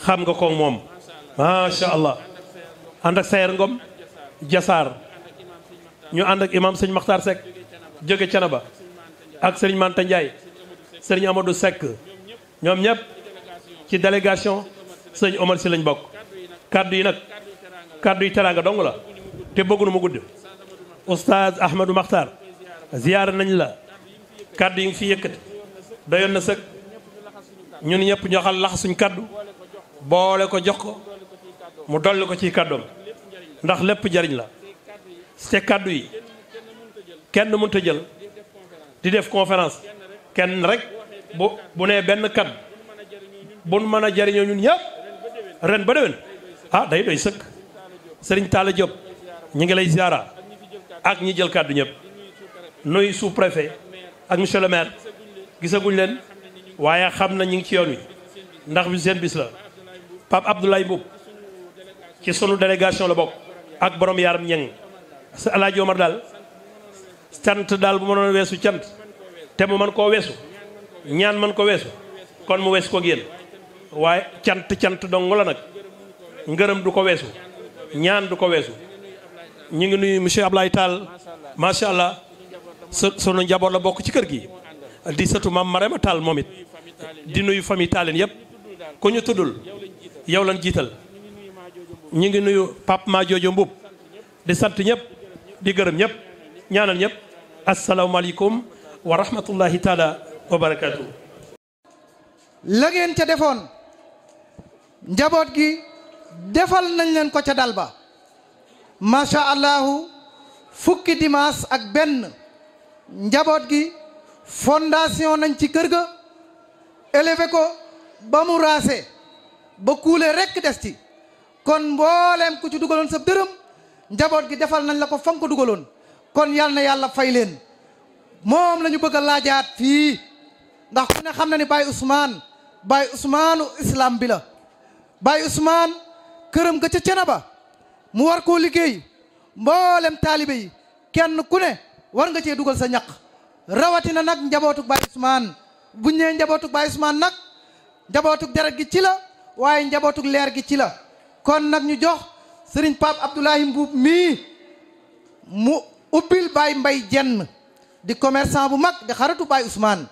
Speaker 11: xam nga ko moom macha allah. ànd ak Sayer Ngom Jasaar ñu ànd ak imam sëñ Makhtar Seck jóge Canaba ak sëriñ Manta Ndiaye sëriñ Amadou Seck ñoom ñëpp ci délégation sëñ Omar si lañ bokk kàddu yi nag kàddu yi teraanga dong la te bëggunu mu gudd oustaz Ahmadou Makhtar ziyaara nañ la kàddu yi nga fi yëkkati doyoon na sëg ñun ñëpp ñoo xam lax kàddu boole ko jox ko mu dolli ko ciy kàddoom ndax lépp jariñ la te kàddu yi kenn mënta jël di def conférence kenn rek bu bu nee benn kàddu bu mën a jariñoo ñun ñëpp ren ba ah day doy sëkk sëriñ Talla Diop ñu ngi lay ziara ak ñi jël kàddu ñëpp nuyu sous ak monsieur maire gisaguñ leen waaye xam na ñu ngi ci yoon wi ndax bi seen bis la Pape Abdoulaye Mboub ci sunu délégation la bokk ak borom yaaram ñeng sa alaaji Omar daal sant daal bu ma doon weesu cant te mu man koo weesu ñaan man ko weesu kon mu weesu ko génn waaye cant cant don la nag ngërëm du ko weesu ñaan du ko weesu ñu ngi nuyu monsieur Ablaye Tall macha allah sa sunu njaboot la bokk ci kër gi di sëtu maam Marema Tall moom it di nuyu famille Tallin yëpp ku ñu tuddul yow lan jiital ñu ngi nuyu Pape Madiodio Mbuub di sant ñëpp di gërëm ñëpp ñaanal ñëpp asalaamaaleykum wa rahmatullahi taala wa barakaatu.
Speaker 5: la ca defoon njaboot gi defal nañ leen ko ca dal ba macha allahu fukki dimaas ak benn njaboot gi fondation nañ ci kër ga élevé ko ba mu raase ba kuule rekk des ci kon mbooleem ku ci dugaloon sa dërëm njaboot gi defal nañ la ko fa ko dugaloon kon yal na yàlla fay leen moom lañu ñu bëgg a laajaat fii ndax ku ne xam na ni Baye Ousmane Baye Ousmane islam bi la Baye Ousmane këram ga ca Cenaba mu war koo liggéey mboolem taalibe yi kenn ku ne war nga cee dugal sa ñaq rawatina nag njabootuk Baye Ousmane buñ nee njabootuk Baye Ousmane nag njabootuk deret gi ci la waaye njabootuk leer gi ci la kon nag ñu jox sëriñ Pape Abdoulaye Mbuub mii mu ubbil Baye Mbaye jenn di commerçant bu mag di xaritu Baye Ousmane.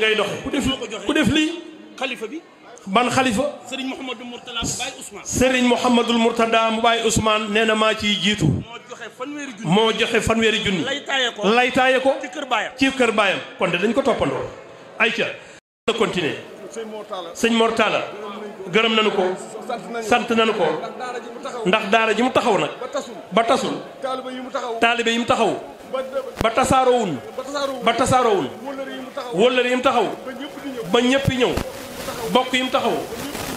Speaker 11: ngay dox ku def ku def lii
Speaker 12: xalifa bi. ban xalifa Serigne Mouhamadul Mourtada mu bàyyi Ousmane. Serigne
Speaker 5: Mouhamadul Mourtada
Speaker 11: mu bàyyi Ousmane nee na maa ciy jiitu. moo
Speaker 12: joxe fanweeri
Speaker 11: junni moo joxe fanweeri junni. lay
Speaker 12: taaye ko lay taaye
Speaker 11: ko. ci kër baayam ci kër baayam kon de dañ ko toppandoo. ayca. la continuer sëñ Mortala gërëm nañu ko. sant nañu ko ndax daara ji mu taxaw nag ba tasul taalibe yi mu taxaw ba tasaaroowun ba tasaaroowun wóllëre yi mu taxaw ba ñëpp yi ñëw bokk yi mu taxaw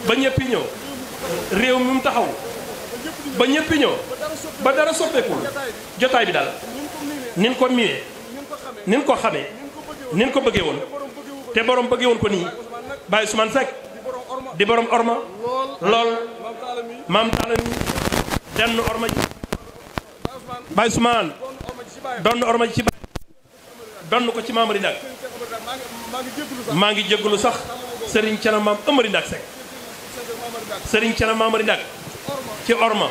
Speaker 11: ba ñëpp ñëw réew mi mu taxaw ba ñëpp ñëw ba dara soppeekul jotaay bi daal nin ko miwee nin ko xamee nin ko bëggee woon te borom bëggee woon ko nii su man Seck di borom orma lool maam taala denn orma ji
Speaker 9: Baye Souman
Speaker 11: orma ji ci baay donn ko ci maam Rindaak maa ngi jégalu sax sëriñ Cana maam Amari Ndaak ci orma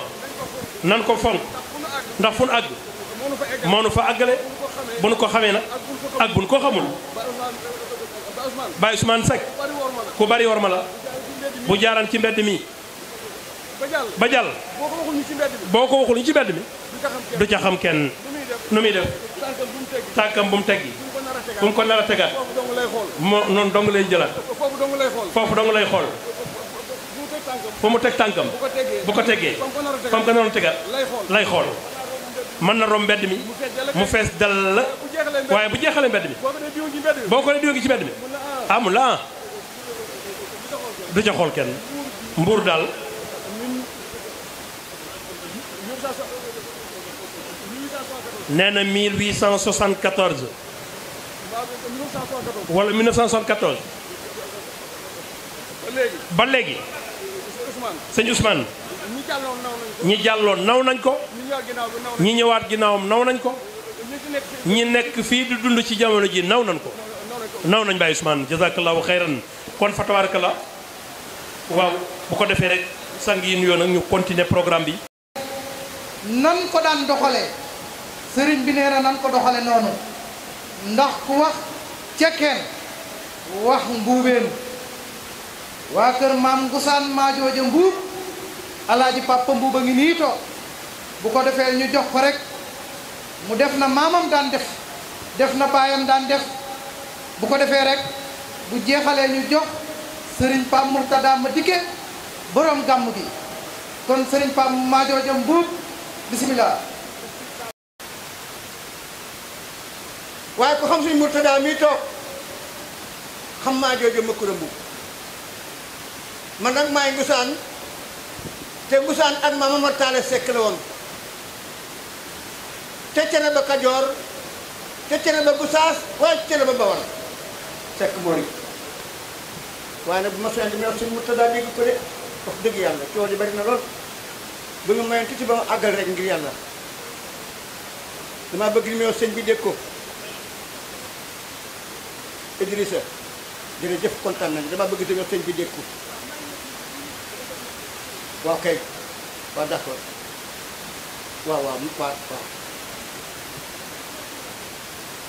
Speaker 11: nan ko fonk ndax fu nu àgg moo nu fa àggale bu nu ko xamee nag ak bu nu ko xamul Baye Ousmane ku bari worma la bu jaaral ci mbedd mi ba jàll boo ko waxul ñu ci mbedd mi du ca xam kenn
Speaker 13: nu muy def tànkam
Speaker 11: bu mu teggi bu mu ko nar a tegaat moo lay jëlaat foofu lay xool fu mu teg tànkam bu ko teggee fam ko naroon tegaat lay xool man na rom mbedd mi mu fees dal la waaye bu jeexalee mbedd mi boo ko ne diw ngi ci mbedd mi amul du ca xool kenn mbuur daal nee na cent 1874 wala 1974 ba léegi sëñ Ousmane ñi jàlloon naw nañ ko ñi ñëwaat ginnaawam naw nañ ko ñi nekk fii du dund ci jamono ji naw nañ ko naw nañ Baye Ousmane jazakallahu xayran kon fa tabaaraka la waaw bu ko defee rek sang yi nuyoo nag ñu continuer programme bi.
Speaker 5: nan ko daan doxalee sëriñ bi nee na nan ko doxale noonu ndax ku wax cekkeen wax mbuubeen waa kër maam ngusaan maajooja mbuub alaaji papa mbuub a ngi nii toog bu ko defee ñu jox ko rek mu def na maamam daan def def na baayam daan def bu ko defee rek bu jeexalee ñu jox sëriñ Pape Mourtada ma dikke borom gàmm gi kon sëriñ Pape Maajooja Mbuub bisimilah.
Speaker 14: waaye ku xam suñ Mourtada mi toog xam Maajooja Makura Mbuub man nag maay ngusaan te ngusaan ak ma Mamar Taale Sekk la woon te cene ba Kajoor te cene ba Gusaas waaye cene ba Bawol Sekk Mori waaye nag bu ma soññ dama wax suñu ko de wax dëgg yàlla coow li bari na lool ba nga mayoon tuuti ba ma àggal rek ngir yàlla damaa bëgg li may wax sëñ bi dégg ko Idrissa jërëjëf kontaan nañu damaa bëgg li may wax sëñ bi dégg ko waaw kay waaw d'accord waaw waaw waaw waaw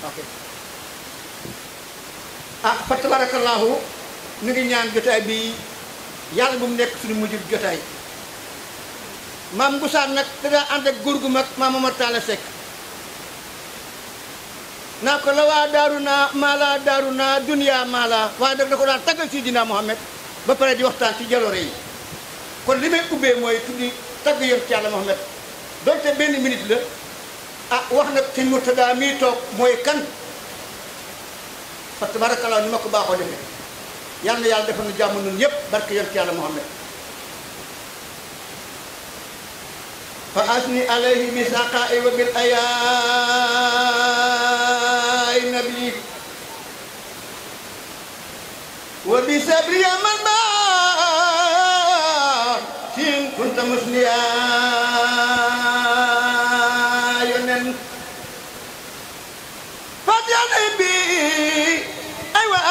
Speaker 5: ok ah fa
Speaker 14: ñu ngi ñaan jotaay bi yàlla bu mu nekk suñu mujjub jotaay maam Ngoussane nag danaa ànd ak góor gu mag maam Momar Talla Seck naa ko la waa daaru naa maala daaru naa duniya maala waaye da ko daan taggal Sidina Muhammad ba pare di waxtaan ci jaloore yi kon li may ubbee mooy tuddi tagg yoon ci yàlla Muhammad benn minute la ah wax nag sëñ Murtada mii toog mooy kan fa tabarakallaa ni ma ko baaxoo demee yal na yàlla defal nu jàmm nun ñëpp barke yonent yàlla Muhammad fa asni alayhi misaqa wa bil ayaay nabi wa bi sabri man ba sin kunta musliya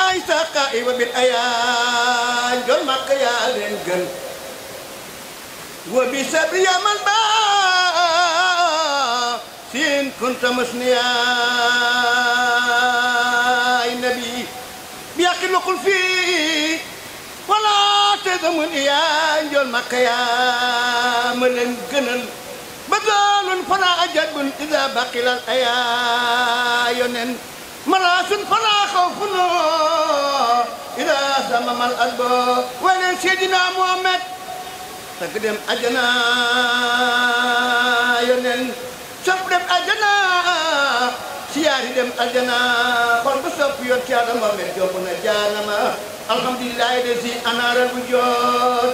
Speaker 14: ay saqa iba bil ayaan doon màkk yaa leen gën wa bi sabri ya man ba siin kunta musniyaay nabi bi yaqin waqul fii wala te damun iyaan doon màkk yaa ma leen gënal ba doonun fara ajabun ida baqilal ayaa yonen مراس فلا خوف إذا سمم الأسباب ولن سيدنا محمد تقدم أجنا ينن سبدم أجنا siyaari dem aljana kon ba sopp yoon ci yàlla Muhammad jopp na jaanama alhamdulilahi de si anaaral bu jot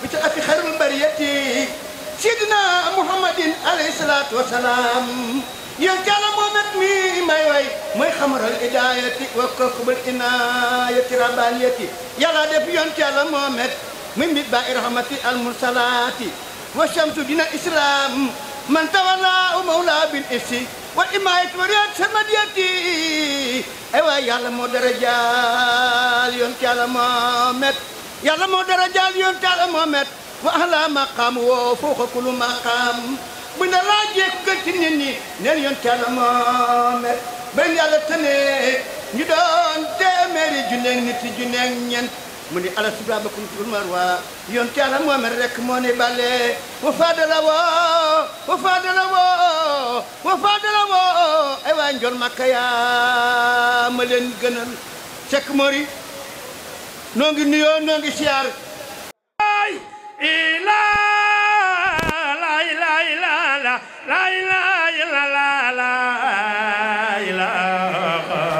Speaker 14: bi ci afi bariyati sidina muhammadin alayhi salaatu wasalaam yow jàlla moomet mi may way mooy xamaral idaayati wa kokubal inaayati rabbaniyati yàlla def yoon jàlla moomet muy mbit ba irhamati almursalaati wa shamsu dina islam man tawalla u mawla bil issi wa imaayati wa riyaat samadiyati ay waay yàlla moo dara jaal yoon jàlla moomet wa ala maqaam woo fooqa kulu maqaam bu ñu la laajee ku gën ci neen yoon Yàlla Muhammad benn yàlla tane ñu doon téeméeri junneeg nit yi junneeg ñeent mu ni ala subra bakum turmar waa yoon Yàlla Muhammad rek moo ne bale wa faadala woo wa faadala woo woo ay waa njool Makka yaa ma cek mori noo ngi nuyoo noo
Speaker 3: ngi siyaar ilaa la la la la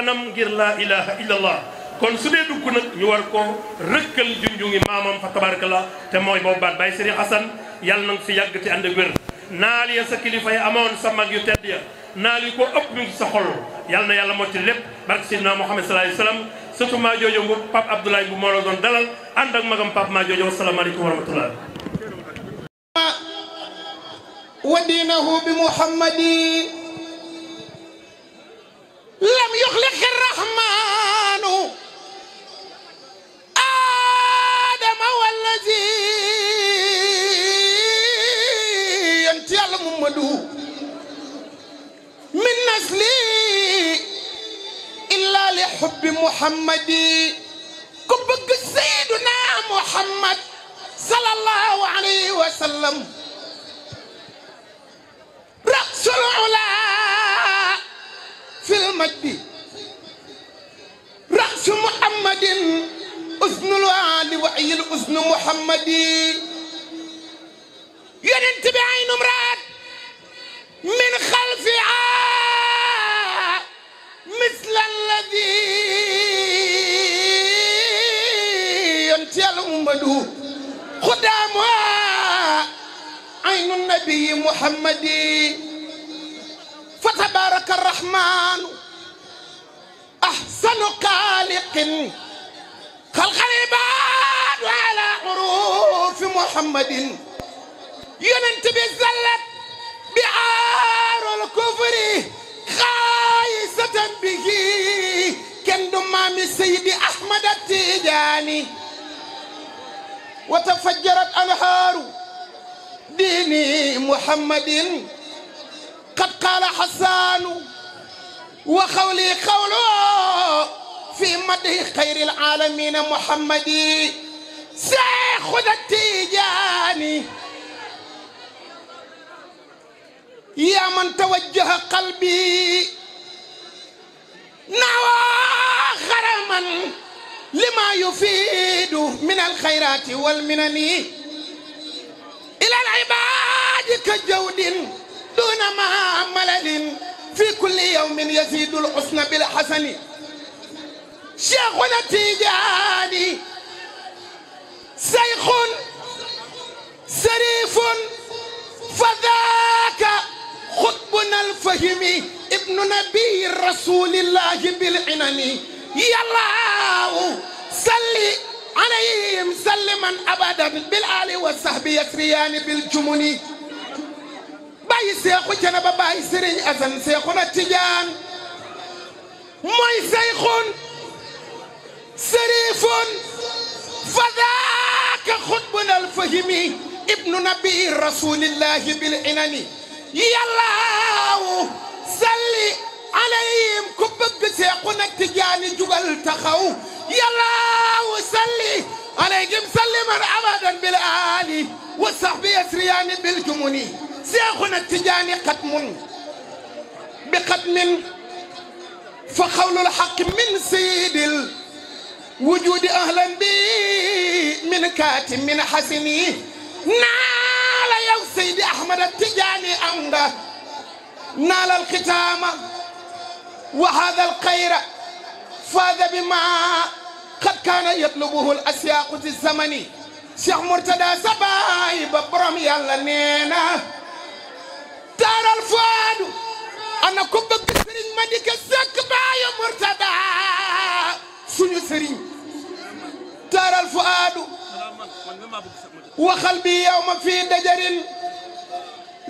Speaker 11: kanam ngir laa ilaha illallah kon su dee dugg nag ñu war ko rëkkal junjungi maamam fa tabarakallah te mooy boobu baat Baye Serigne Assane yàlla na nga fi yàgg te ànd ak naal ya sa kilifa ya amoon sa yu tedd ya naal yu ko ëpp mi sa xol yàlla na yàlla motti lépp barke Seydina Muhammad sallallahu alayhi wa sallam surtout maa joojo bu Pape Abdoulaye bu moo la doon dalal ànd ak magam Pape maa joojo wasalaamaaleykum wa rahmatullah
Speaker 12: wa diinahu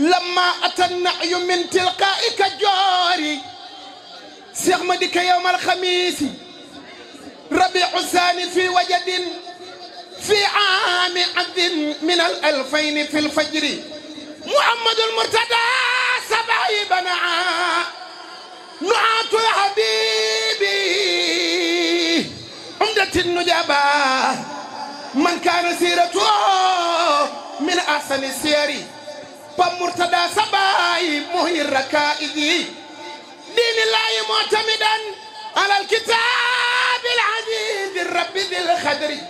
Speaker 12: لما أتى النعي من تلقاء كجوري سيغمدك يوم الخميس ربيع الثاني في وجد في عام عبد من الألفين في الفجر محمد المرتدى سبعي بنعا نعات الحبيب عمدة النجابة من كان سيرته من أحسن السير Pam Murtada Sabaay muhir rakaidi diini laayi mu'tamidan alal kitaabil aziz bi rabbi dil xadri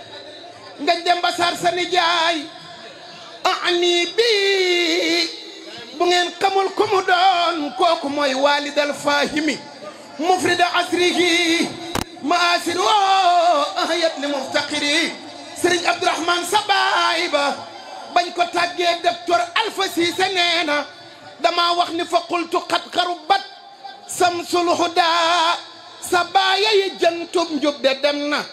Speaker 12: nga jëm ba sa nijaay ani bi bu ngeen xamul ku mu doon kooku mooy walidal fahimi mufrida asrihi maasir woo ahayat li muftaqiri Serigne Abdourahmane Sabaay ba bañ ko tàggee docteur Alpha Cissé dama wax ni fa qultu xat xaru bat samsul huda sa baaya njub de dem na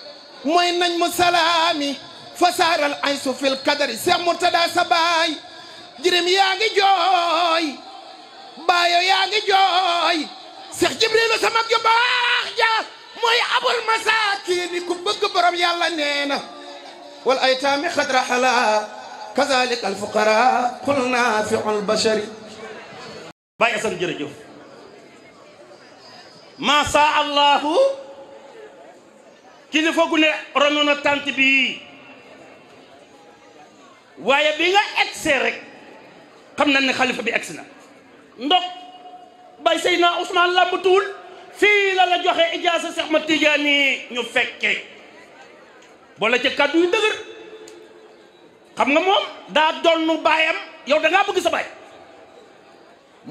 Speaker 12: nañ mu salaami fa saaral aysu fil kadari Seex Murtada sa jirim yaa ngi jooy baayo yaa ngi jooy Seex Jibrilu sama ju baax ja mooy abul masaakiini ku bëgg borom yàlla wal aytaami xadra xalaa kazaalika alfuqaraa qul naafiul bashari Baye Assane jërëjëf maasa allahu kilifa gu ne ronoon a tànt bi waaye bi nga egsee rek xam na ne xalifa bi egsi na ndox Baye Seydina Ousmane làmbatuwul fii la la joxe ijaasa Seex Ahmad Tijaani ñu fekke boole ca kàddu yu dëgër xam nga moom daa donnu baayam yow da ngaa bëgg sa baay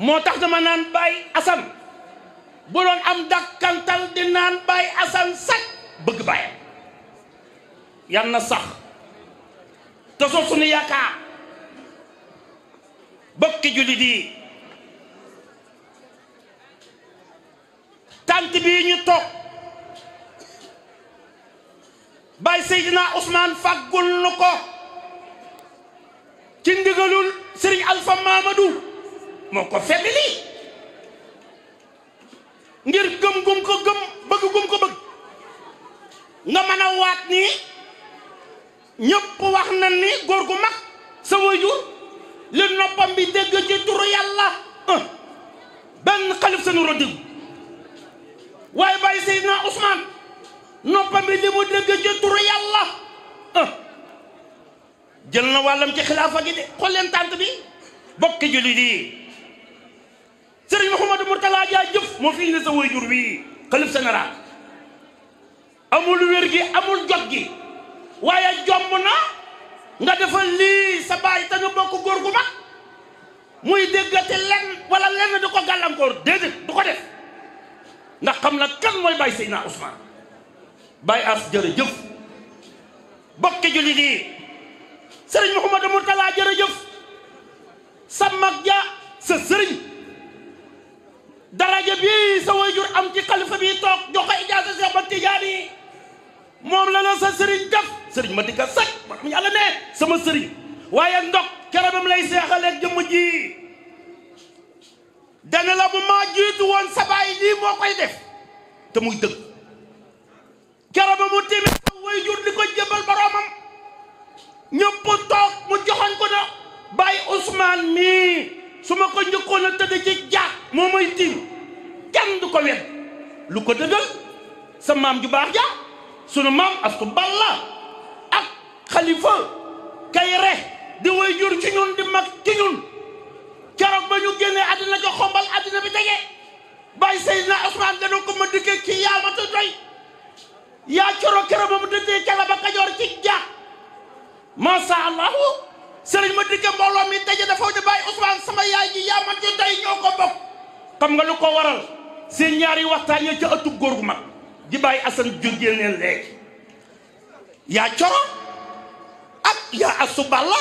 Speaker 12: moo tax dama naan baay asan bu doon am dakkantal di naan baay asan sax bëgg baayam yal na sax te soo suñu yaakaar bëkki jullit yi tant bii ñu toog baay Seydina Ousmane fàggul nu ko ci ndigalul sëriñ Alpha Mamadou moo ko fedd lii ngir gëm gum ko gëm bëgg gum ko bëgg nga mën a waat ni ñëpp wax na ni góor gu mag sa wajur li noppam bi dégg ci turu yàlla benn xalif sanu rodiw waaye bàyyi Seydina Ousmane noppam bi li mu dégg ci turu yàlla jël na wàllam ci xilaafa gi de xool leen tànt bi bokki jullit yi sëriñ Mouhamadou Mourtala Dia jëf moo fi ne sa waajur wii xalif général amul wér gi amul jot gi waaye jomm na nga defal lii sa baay te nga bokk góor gu mag muy déggate lenn wala lenn di ko gàllankoor déedéet du ko def ndax xam na kan mooy Baye Seydina Ousmane Baye as jërëjëf bokki jullit yi sëriñ Mouhamadou Mourtala jërëjëf sa mag ja sa sëriñ daraja bi sa wayjur am ci xalifa bi toog jox ijaasa Seex Ahmad Tijaani yi moom la la sa sëriñ def sëriñ ma digga saj maanaam yàlla ne sama sëriñ waaye ndok kerabam lay seexaleeg jëmm ji dana la bu maa jiitu woon sabaay lii moo koy def te muy dëgg keraba timit sa wayjur di ko jëmbal boroomam ñëpp toog mu joxoon ko na bàyyi Ousmane mii su ma ko njëkkoon a tëdd ci jaag moo may kenn du ko wet lu ko dëggal sa maam ju baax ja sunu maam astu balla ak xalifa kayre di way jur ci ñun di mag ci ñun keroog ba ñu génnee àddina ko xombal àddina bi tege bàyyi Seydina Ousmane dana ko ma dikkee ci yaamata doy yaa coro kero ba mu dëddee kala ba kajoor ci jaag macha allahu sëriñ ma digg mbooloo mi daje dafa ñu bàyyi Ousmane sama yaay ji yaa tey ñoo ko bokk xam nga lu ko waral seen ñaari waxtaan ya ca ëttub góor gu mag di bàyyi Assane jógee leen léegi yaa coro ak yaa asuballa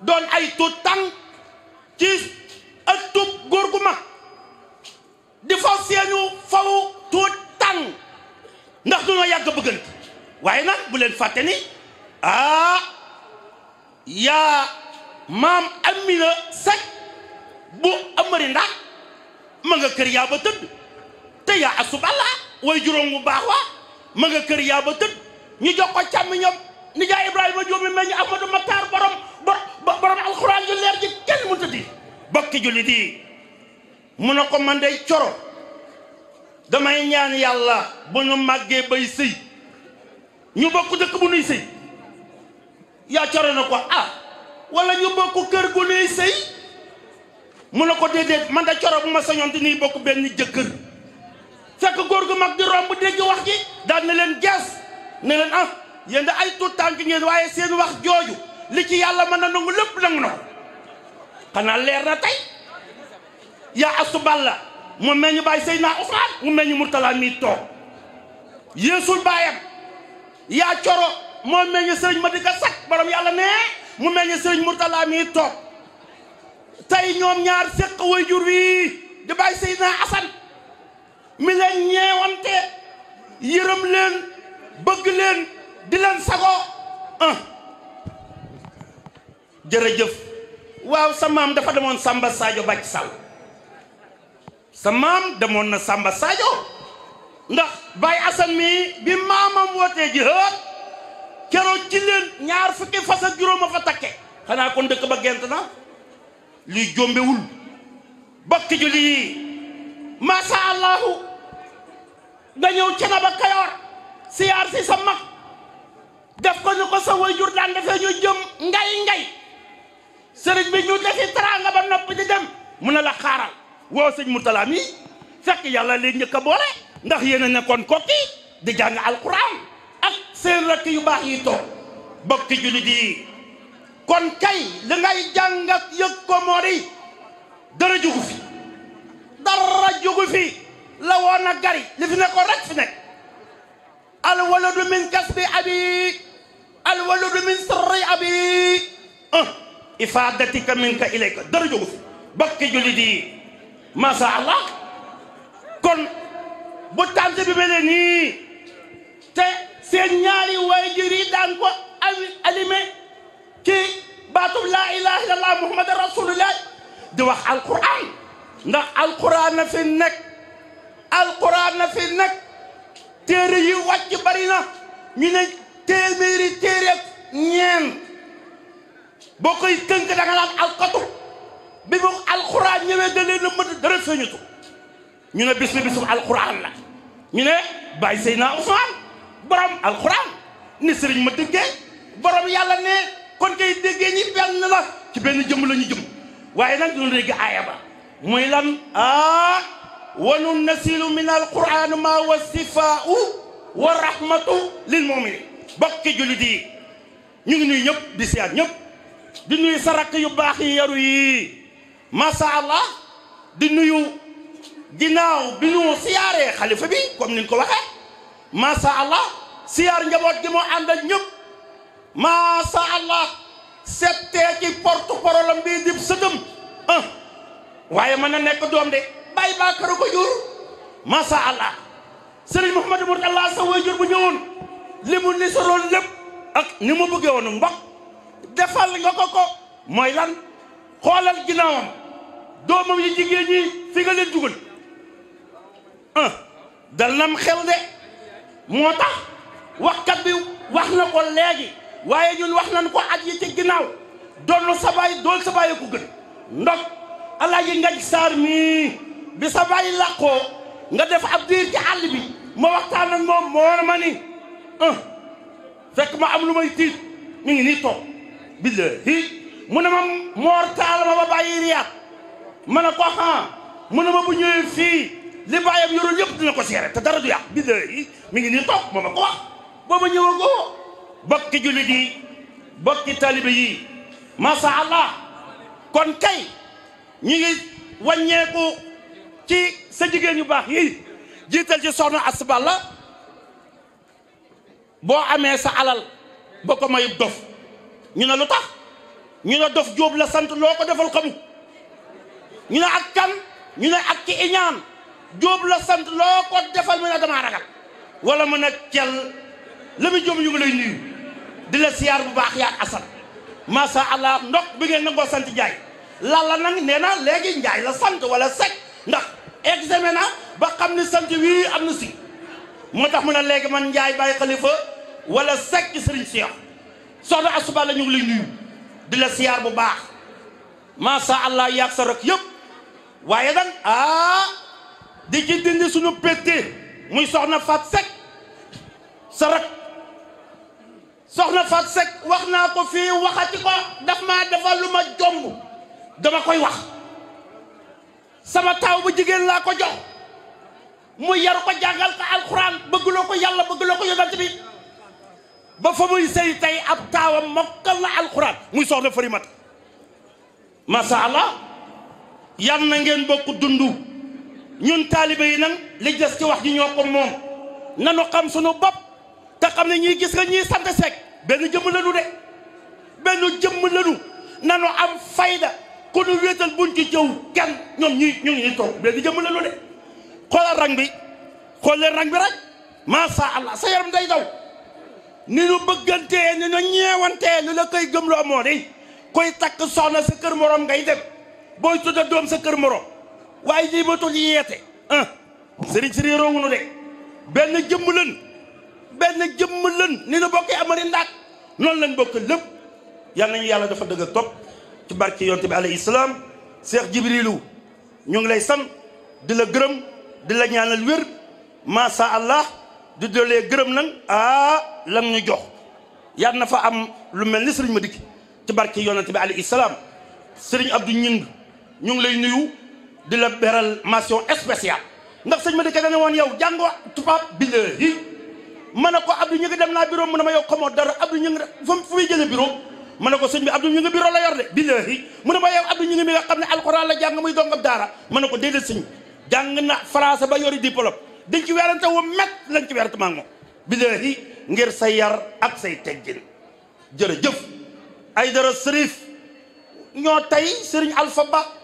Speaker 12: doon ay tuut tànk ci ëttub góor gu mag di faw seenu faw tuut tànk ndax du ñoo yàgg bëggante waaye nag bu leen fàtte ni ah yaa maam Amina Seck bu amari ndax ma nga kër yaa ba tëdd te yaa asubala way juróom bu baax mëng kër yaa ba tëdd ñu jox ko càmmiñam nijaay Ibrahima Diop mi meññ Ahmadou Makhtar borom borom alxuraan yu leer ji kenn mu bokki julli di mu ne ko man day coro damay ñaan yàlla bu ñu màggee bay sëy ñu bokk dëkk bu nuy sëy yaacooro na ko ah wala ñu bokk kër gu nuy sëy mu ne ko déedéet man da coro bu ma sañoon di nuy bokk benn jëkkër fekk góor gu mag di romb dégg wax ji daan na leen gees ne leen ah yéen ay tuut tànk ngeen waaye seen wax jooju li ci yàlla mën na nangu lépp nangu na ko xanaa leer na tey yaa astu balla mu meññ bàyyi sëy naa Usmaan mu meññ Murtala mii toog yéesul bàyyam yaa coro moo meññ sëriñ Madika Sak borom yàlla ne mu meññ sëriñ Murtala mii toog tey ñoom ñaar séq way jur wi di bàyyi Seydina Asan mi leen ñeewante yërëm leen bëgg leen di leen sago ah jërëjëf waaw sa maam dafa demoon Samba Sadio bàcc Sall sa maam demoon na Samba Sadio ndax Baye Asan mi bi maamam wootee ji hëët keroog ci leen ñaar fukki fas ak juróom fa takke xanaa kon dëkk ba gent na luy jombewul bokki julli yi maasa allahu nga ñëw cana kayoor siyaar si sa mag def ko ñu ko sa waajur daan defee ñu jëm ngay ngay sëriñ bi ñu defi teraanga ba noppi di dem mun a la xaaral woo sëñ Murtala mi fekk yàlla leen njëkk boole ndax yéen a nekkoon kokki di jàng alquran seen rakk yu baax yi toog bokki kon kay li ngay jàngat yëg ko dara jugu fi dara jugu fi la woon a gari li fi nekkoon rek fi nekk al waladu min kasbi abi al waladu min sirri abi ah ifaadatika minka dara jugu fi bokki jullit yi allah kon bu tànt bi mel te seen ñaari waajur yi daan ko alime ci baatub laa ilaha illallah muhammadu di wax alquran ndax alquran na fi nekk alquran na fi nekk téere yi wàcc bari na ñu ne téeméeri téere ñeent boo koy tënk da nga naan bi mu alquran ñëwee da leen a mën dara ñu ne bis bisum alquran la ñu ne bàyyi Seydina Ousmane borom alxuraan ni sëriñ ma déggee borom yàlla ne kon kay déggee ñi benn la ci benn jëmm la ñu jëm waaye nag dina dégg aaya ba muy lan ah wanu nasilu min alquraan ma wa sifaau wa rahmatu lil muminin bokki jullit yi ñu ngi nuyu ñëpp di siyaat ñëpp di nuyu sarak yu baax yi yaru yi masha di nuyu ginnaaw bi ñu siyaaree xalifa bi comme ni ko waxee macha allah siyaar njaboot gi moo ànd ak ñëpp macha allah settee ci bii dib sëtëm waaye mën na nekk doom de bàyyi baa këru ko jur macha allah sëriñ Mouhamadou Mourtalla sa way bu ñëwoon li mu li soloon lépp ak ni mu bëggee woon mbokk defal nga ko ko mooy lan xoolal ginnaawam doomam yi jigéen ñi fi nga leen dugal dal nam xew de moo tax waxkat bi wax na ko léegi waaye ñun wax nañ ko at yi ci ginnaaw doon sa baay dool sa baay ko gën ndox alaaji Ngagne Sarr mii bi sa baay làqoo nga def ab diir ci àll bi ma waxtaan ak moom moo ma ni fekk ma am lu may tiit mi ngi nii toog billahi mu ne ma moor taal ma ba riyaat ma ne ko han mu ne ma bu ñëwee fii li bàyyam yoroon yëpp dina ko seere te dara du yàq bi yi mi ngi nii toog moom a ko wax booba ñëwa ko bokki jullit yi bokki talibe yi masha kon kay ñu ngi wàññeeku ci sa jigéen ñu baax yi jiital ci soxna asbal la boo amee sa alal ba ko mayub dof ñu ne lu tax ñu ne dof jóob la sant loo ko defal xamu ñu ne ak kan ñu ne ak ci iñaan jóob la sant loo ko defal mu ne damaa ragal wala mu a cel la mu jóob ñu ngi lay nuyu di la siyaar bu baax yaag asan macha allah ndox bi ngeen nangoo sant Njaay la nag nee na léegi Njaay la sant wala sec ndax examen na ba xam ni sant wii am na si moo tax mun a léegi man Njaay bàyyi xalifa wala sec ci sëriñ Seex soxna asuba la ñu ngi lay nuyu di la siyaar bu baax macha allah yaag sa rek yëpp waaye nag ah, di ci dindi suñu pété muy soxna Fat Seck sa rak soxna Fat Seck wax naa ko fii waxati ko daf maa defal ma jomb dama koy wax sama taaw bu jigéen laa ko jox mu yar ko jàngal ko alxuraan bëgguloo ko yàlla bëgguloo ko yonent bi ba fa muy sëy tey ab taawam mokkal na alxuraan muy soxna Farimata masha Allah yal na ngeen bokk dund ñun taalibe yi nag li des ci wax ji ñoo ko moom nanu xam suñu bopp te xam ne ñii gis nga ñii sant Seck benn jëmm lanu de benn jëmm lanu nanu am fayda ku nu wéetal buñ ci jëw kenn ñoom ñuy ñu ngi toog benn jëmm lanu de xoolal rang bi xool leen rang bi rek macha allah sa yaram day daw ni nu bëggantee ni nu ñeewantee lu la koy gëmloo moo di koy takk soxna sa kër moroom ngay dem booy tudda doom sa kër moroom waaye lii ba tol yeete ah sëriñ si réeroo wu de benn jëmm lën benn jëmm lën ni nu bokkee amari ndaat noonu lañ bokk lépp yal nañu yàlla dafa dëgg topp ci barke yonte bi alayhi salaam Cheikh Jibrilu ñu ngi lay san di la gërëm di la ñaanal wér maasa allah di doolee gërëm nan ah lam ñu jox yal na fa am lu mel ni sëriñ ma dikk ci barke yonante bi alayhi salaam sëriñ Abdou Ñing ñu ngi lay nuyu di la beral espécial ndax sëñ ma di ka nga ne woon yow jàngoo tubaab bi la yi ko ne ko ñu ngi dem naa bureau mu ne ma yow xamoo dara Abdou ñu ngi fu fu muy jëlee bureau ma ne ko sëñ bi Abdou ñu ngi bureau la yor de billahi mu ne ma yow Abdou ñu ngi mi nga xam ne alxuraan la jàng muy dongab daara ma ne ko déedéet sëñ jàng na français ba yori diplôme dañ ci werante wu met lañ ci werante maa moom billahi ngir sa yar ak say teggin jërëjëf dara sërif ñoo tey sëriñ Alpha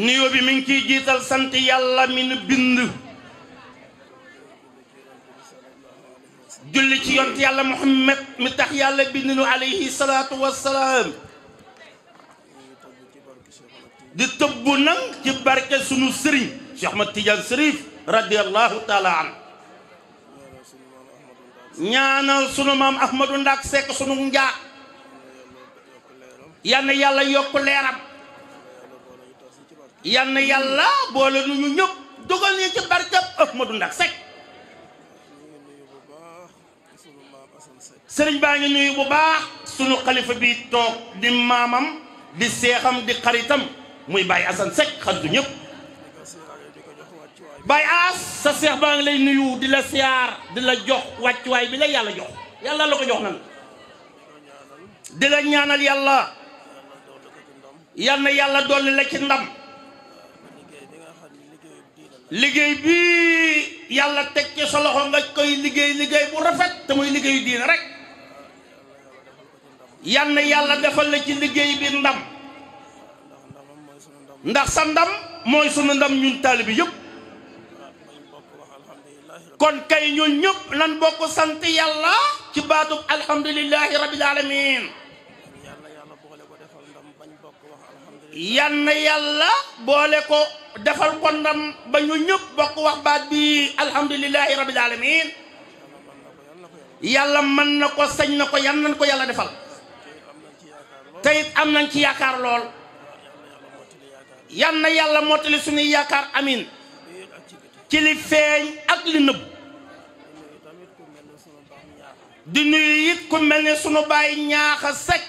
Speaker 12: nuyoo bi mi ngi ciy jiital sant yàlla mi nu bind julli ci yont yàlla muhammad mi tax yàlla bind nu alayhi salaatu wassalaam di tëbb nag ci barke sunu sëriñ Cheikh Ahmad Tidiane Sërif radiallahu taala an ñaanal sunu maam ahmadou ndaak sekk sunu njaa yal na yàlla yokk yal na yàlla boole nu ñu ñëpp dugal ñu ci barkab Ahmadou Ndack Seck sëriñ baa ngi nuyu bu baax sunu xalifa bi toog di maamam di seexam di xaritam muy Baye Assane Seck xaritu ñëpp Baye Ass sa seex baa ngi lay nuyu di la siyaar di la jox wàccuwaay bi la yàlla jox yàlla la ko jox nan di la ñaanal yàlla yal na yàlla dolli la ci ndam liggéey bii yàlla teg ci sa loxo nga koy liggéey liggéey bu rafet te muy liggéeyu diine rek yal na yàlla defal la ci liggéey bi ndam ndax sa ndam mooy sunu ndam ñun taalibi yëpp kon kay ñun ñëpp lan bokk sant yàlla ci baatub alhamdulillahi rabbil alamin yal yàlla boole ko defal ko ndam ba ñu ñëpp bokk wax baat bi alhamdulilahi rabil alamin yàlla mën na ko sañ na ko yan nañ ko yàlla defal te it am nañ ci yaakaar lool yan na yàlla mottali suñuy yaakaar amin ci li feeñ ak li nëbb di nuyu it ku mel ne sunu bàyyi ñaaxa sekk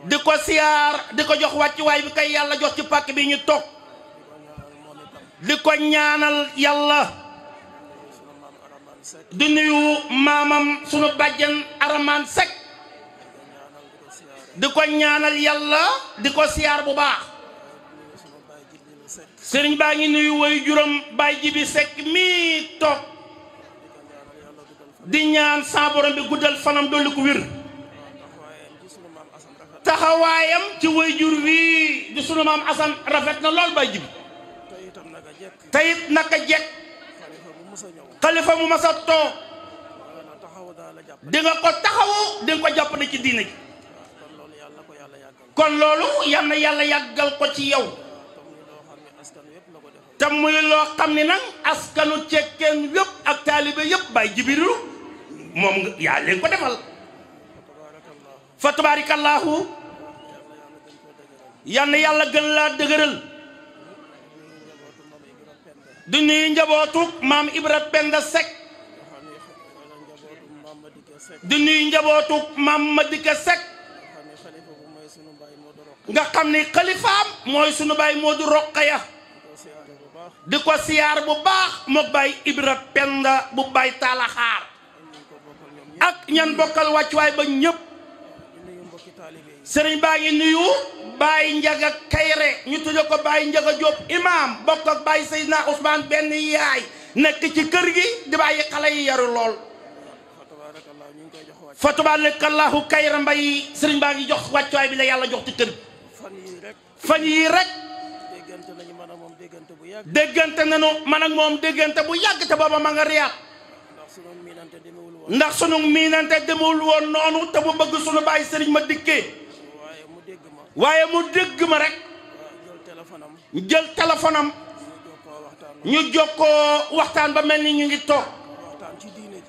Speaker 12: di ko siyaar di ko jox wàccuwaay bi kay yàlla jox ci pàkk bi ñu toog di ko ñaanal yàlla di nuyu maamam sunu bàjjen Araman Seck di ko ñaanal yàlla di ko siyaar bu baax sëriñ baa ngi nuyu woy juróom baay ji bi mii toog di ñaan saa borom bi guddal fanam dolli ko taxawaayam ci wayjur wii di sunu maam Assane rafet na lool bay jib teyit naka jekk xalifa mu mas a toog di nga ko taxawu di nga ko jàppale ci diina ji kon loolu yal na yàlla yàggal ko ci yow te muy loo xam ni nag askanu cekkeen yëpp ak taalibe yëpp bay jibiriru moom yaa leen ko defal fa tabaarakallaahu yann yàlla gën laa dëgëral di nuyu njabootuk maam Ibra Penda Seck
Speaker 6: di nuyu njabootuk
Speaker 12: maam Madika Seck nga xam ni xalifaam mooy sunu baay Moodu Roqaya di ko siyaar bu baax moo baay Ibra Penda bu baay taalaxaar ak ñan bokkal wàccuwaay ba ñëpp sëriñ baa nuyu Baye Njaga Kayre ñu tudde ko Baye Njaga Diop imam bokk ak Baye Seydina Ousmane benn yaay nekk ci kër gi di bàyyi xale yi yaru lool fa tabarakallahu Kayre Mbay sëriñ baa ngi jox wàccuwaay bi la yàlla jox ci kër fan yii rek déggante nañu man ak moom déggante bu yàgg te booba ma nga riyaat ndax sunu miinante demewul woon noonu te bu bëgg sunu bàyyi sëriñ ma dikkee waaye mu dégg ma rek jël téléphone am ñu jokkoo waxtaan ba mel ni ñu ngi toog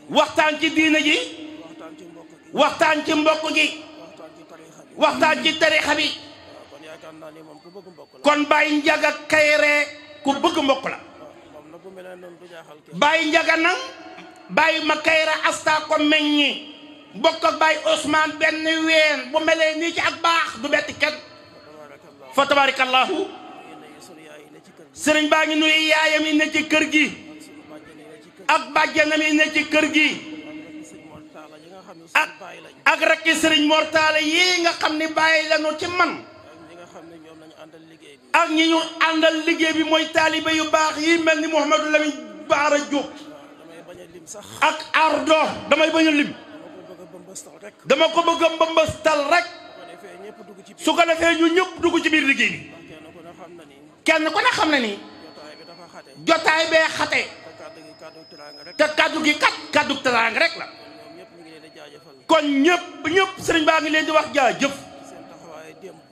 Speaker 12: waxtaan ci diina ji waxtaan ci mbokk gi waxtaan ci tarixa bi kon Baye Ndiaga Kairé ku bëgg mbokk la Baye Ndiaga nag Baye ma Kairé asta ko meññi bokk baay osmaan Ousmane benn ween bu melee nii ci ak baax du bett kenn fa tabarakallahu sëriñ baa ngi nuyu yaayam yi ne ci kër gi ak bàjjanam yi ne ci kër gi ak ak rakki sëriñ mortaale yi nga xam ni bàyyi lañu ci man ak ñi ñu àndal liggéey bi mooy taalibe yu baax yi mel ni Mouhamadou Lamine Baara Diop ak ardo damay bañ a lim dama ko bëgg a mbambastal rek su ko defee ñu ñëpp dugg ci biir liggéey bi kenn ku ne xam na ni jotaay bee xate te kàddu gi kat kaddu teraanga rek la kon ñëpp ñëpp sëriñ baa ngi leen di wax jaajëf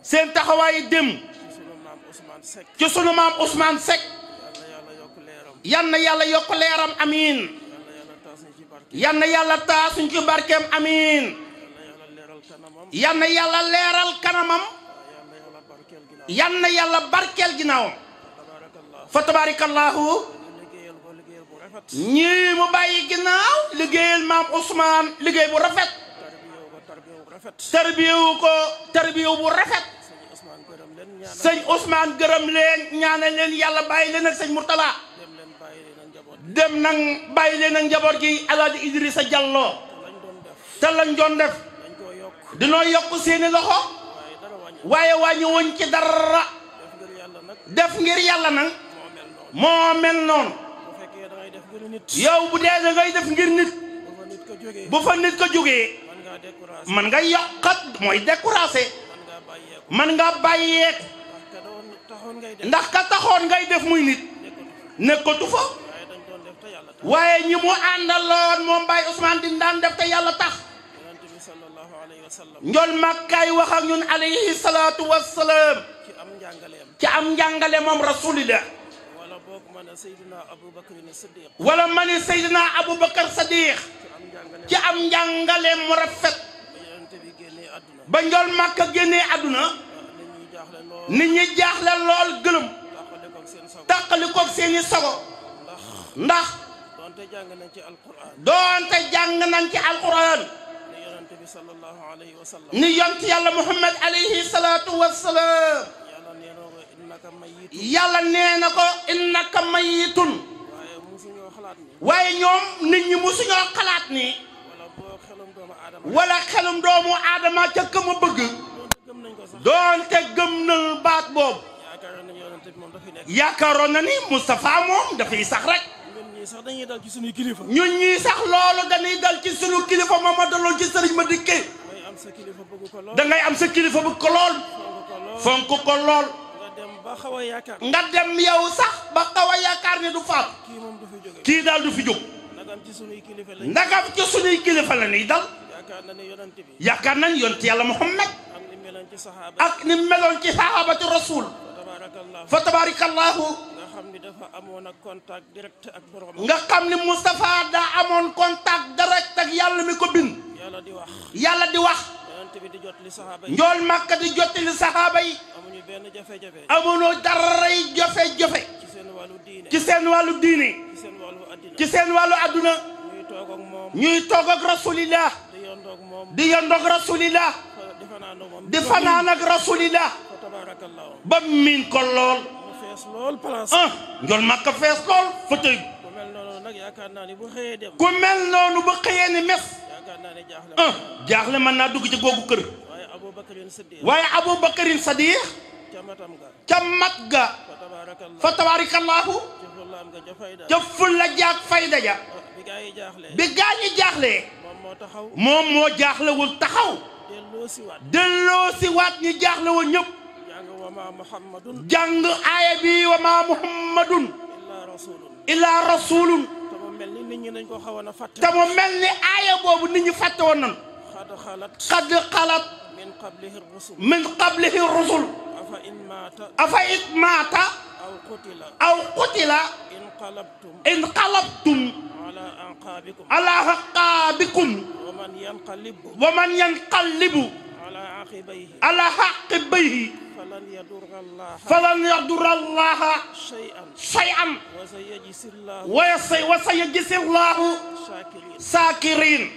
Speaker 12: seen taxawaay dem ci sunu maam Ousmane Seck yan na yàlla yokk leeram amiin yan na yàlla taasuñ ci barkeem amiin yal na yàlla leeral kanamam yal na yàlla barkeel ginnaawam fa tabarakallahu ñii mu bàyyi ginnaaw liggéeyal maam Ousmane liggéey bu rafet tarbiyewu ko tarbiyewu bu rafet sëñ Ousmane gërëm leen ñaanal leen yàlla bàyyi leen ak sëñ Mourtala dem nag bàyyi leen ak njaboot gi El Hadj Idrissa Diallo te lañ doon def dinoo yokk seeni loxo waaye wàññiwuñ ci dara def ngir yàlla nag moo mel noonu yow bu dee da ngay def ngir nit bu fa nit ko jógee man nga yokkat mooy découragé man nga bàyyeek ndax ka taxoon ngay def muy nit nekkatu fa. waaye ñi mu àndaloon moom Baye Ousmane di daan def te yàlla tax njol makkaay wax ak ñun alayhi wassalaam ci am njàngaleem ci am njàngale moom rasulillah
Speaker 6: wala boog ma ne Seydina Aboubacar Sadiq
Speaker 12: ma ne Seydina Aboubacar Sadiq ci am njàngaleem mu rafet ba njol makka génnee àdduna nit ñi jaaxle lool gëlëm tàqali koog seeni sago ndax
Speaker 6: doonte jàng nañ ci alquran.
Speaker 12: doonte jàng nañ ci alquran.
Speaker 6: ni yonent bi sallallahu alayhi wa sallam. ni yonent yàlla
Speaker 12: Muhammad alayhi salaatu wa salaam. yàlla nee na ko innaka mayitun. yàlla nee na ko innaka mayitun. waaye musuñoo xalaat ni. waaye ñoom nit ñi musuñoo xalaat ni. wala xelum doomu aadama ca ka ma bëgg. doonte gëm nañ baat boobu. yaakaaroon na ni Moustapha moom dafay sax rek.
Speaker 6: ñii sax dañuy dal ci suñu kilifa.
Speaker 12: ñun ñii sax loolu dañuy dal ci suñu kilifa moom ma daloon ci sëriñ ma dikke. dangay
Speaker 6: am sa kilifa bëgg ko lool. dangay am sa
Speaker 12: kilifa bëgg ko lool. fonk ko lool. nga
Speaker 6: dem ba a yaakaar. nga dem yow sax ba xaw a yaakaar ne
Speaker 12: du faam. kii
Speaker 6: moom du fi jóge. kii daal du fi jóg. ndagam ci suñuy kilifa la ndagam ci suñuy kilifa la ñuy dal. yaakaar nañ yonent bi.
Speaker 12: yaakaar nañ yonent yàlla Muhammad. ak ni meloon ci saxaabati rasuul. fa tabaarakallahu bi dafa amoon ak contact direct ak borom. nga xam ni Moustapha da amoon contact direct ak yàlla mi ko bind. yàlla di wax. yàlla di wax.
Speaker 6: yonent di jot li saxaaba yi. njool Makka di jot li saxaaba yi. amuñu benn jafe-jafe. amuñu dara
Speaker 12: jafe-jafe. ci seen wàllu diine. ci seen wàllu diine. ci seen wàllu adduna. ci seen wàllu adduna. ñuy toog ak moom. ñuy toog ak rasulillah. di yondoog moom. di yondoog rasulillah. di fanaan ak rasulillah. ba miin ko lool. fees lool place. ah njool màkka fees lool fa tey. ku mel noonu nag yaakaar naa ne bu xëyee dem. ku mel noonu bu xëyee ni mes. yaakaar naa ne jaaxle. ah jaaxle mën naa dugg ci googu kër. waaye
Speaker 6: Aboubacarin Sadiq.
Speaker 12: waaye Aboubacarin Sadiq. ca matam ga. ca mat ga. fa tabaarakallaahu. jëful la jaag fayda ja. Ah, bi gaa yi jaaxle. bi gaa yi jaaxle. moom moo taxaw. moom moo jaaxlewul taxaw. delloo si waat. delloo si waat ñi jaaxle woon ñëpp.
Speaker 6: jàng aaya bi wa maa muhammadun
Speaker 12: illaa rasulun te
Speaker 6: mu mel ni nit ñi dañ ko xawoon a fàtte te mu mel ni aaya
Speaker 12: boobu nit ñi fàtte woon nan
Speaker 6: xad xalat xad xalat min qablihi rusul min qablihi rusul
Speaker 12: afa in maata afa in maata aw qutila aw qutila inqalabtum inqalabtum ala anqaabikum ala anqaabikum wa man yanqalibu wa man yanqalibu ala عقبيه فلن يضر الله فلن يضر الله
Speaker 6: شيئا شيئا وسيجزي الله وسيجزي الله
Speaker 12: شاكرين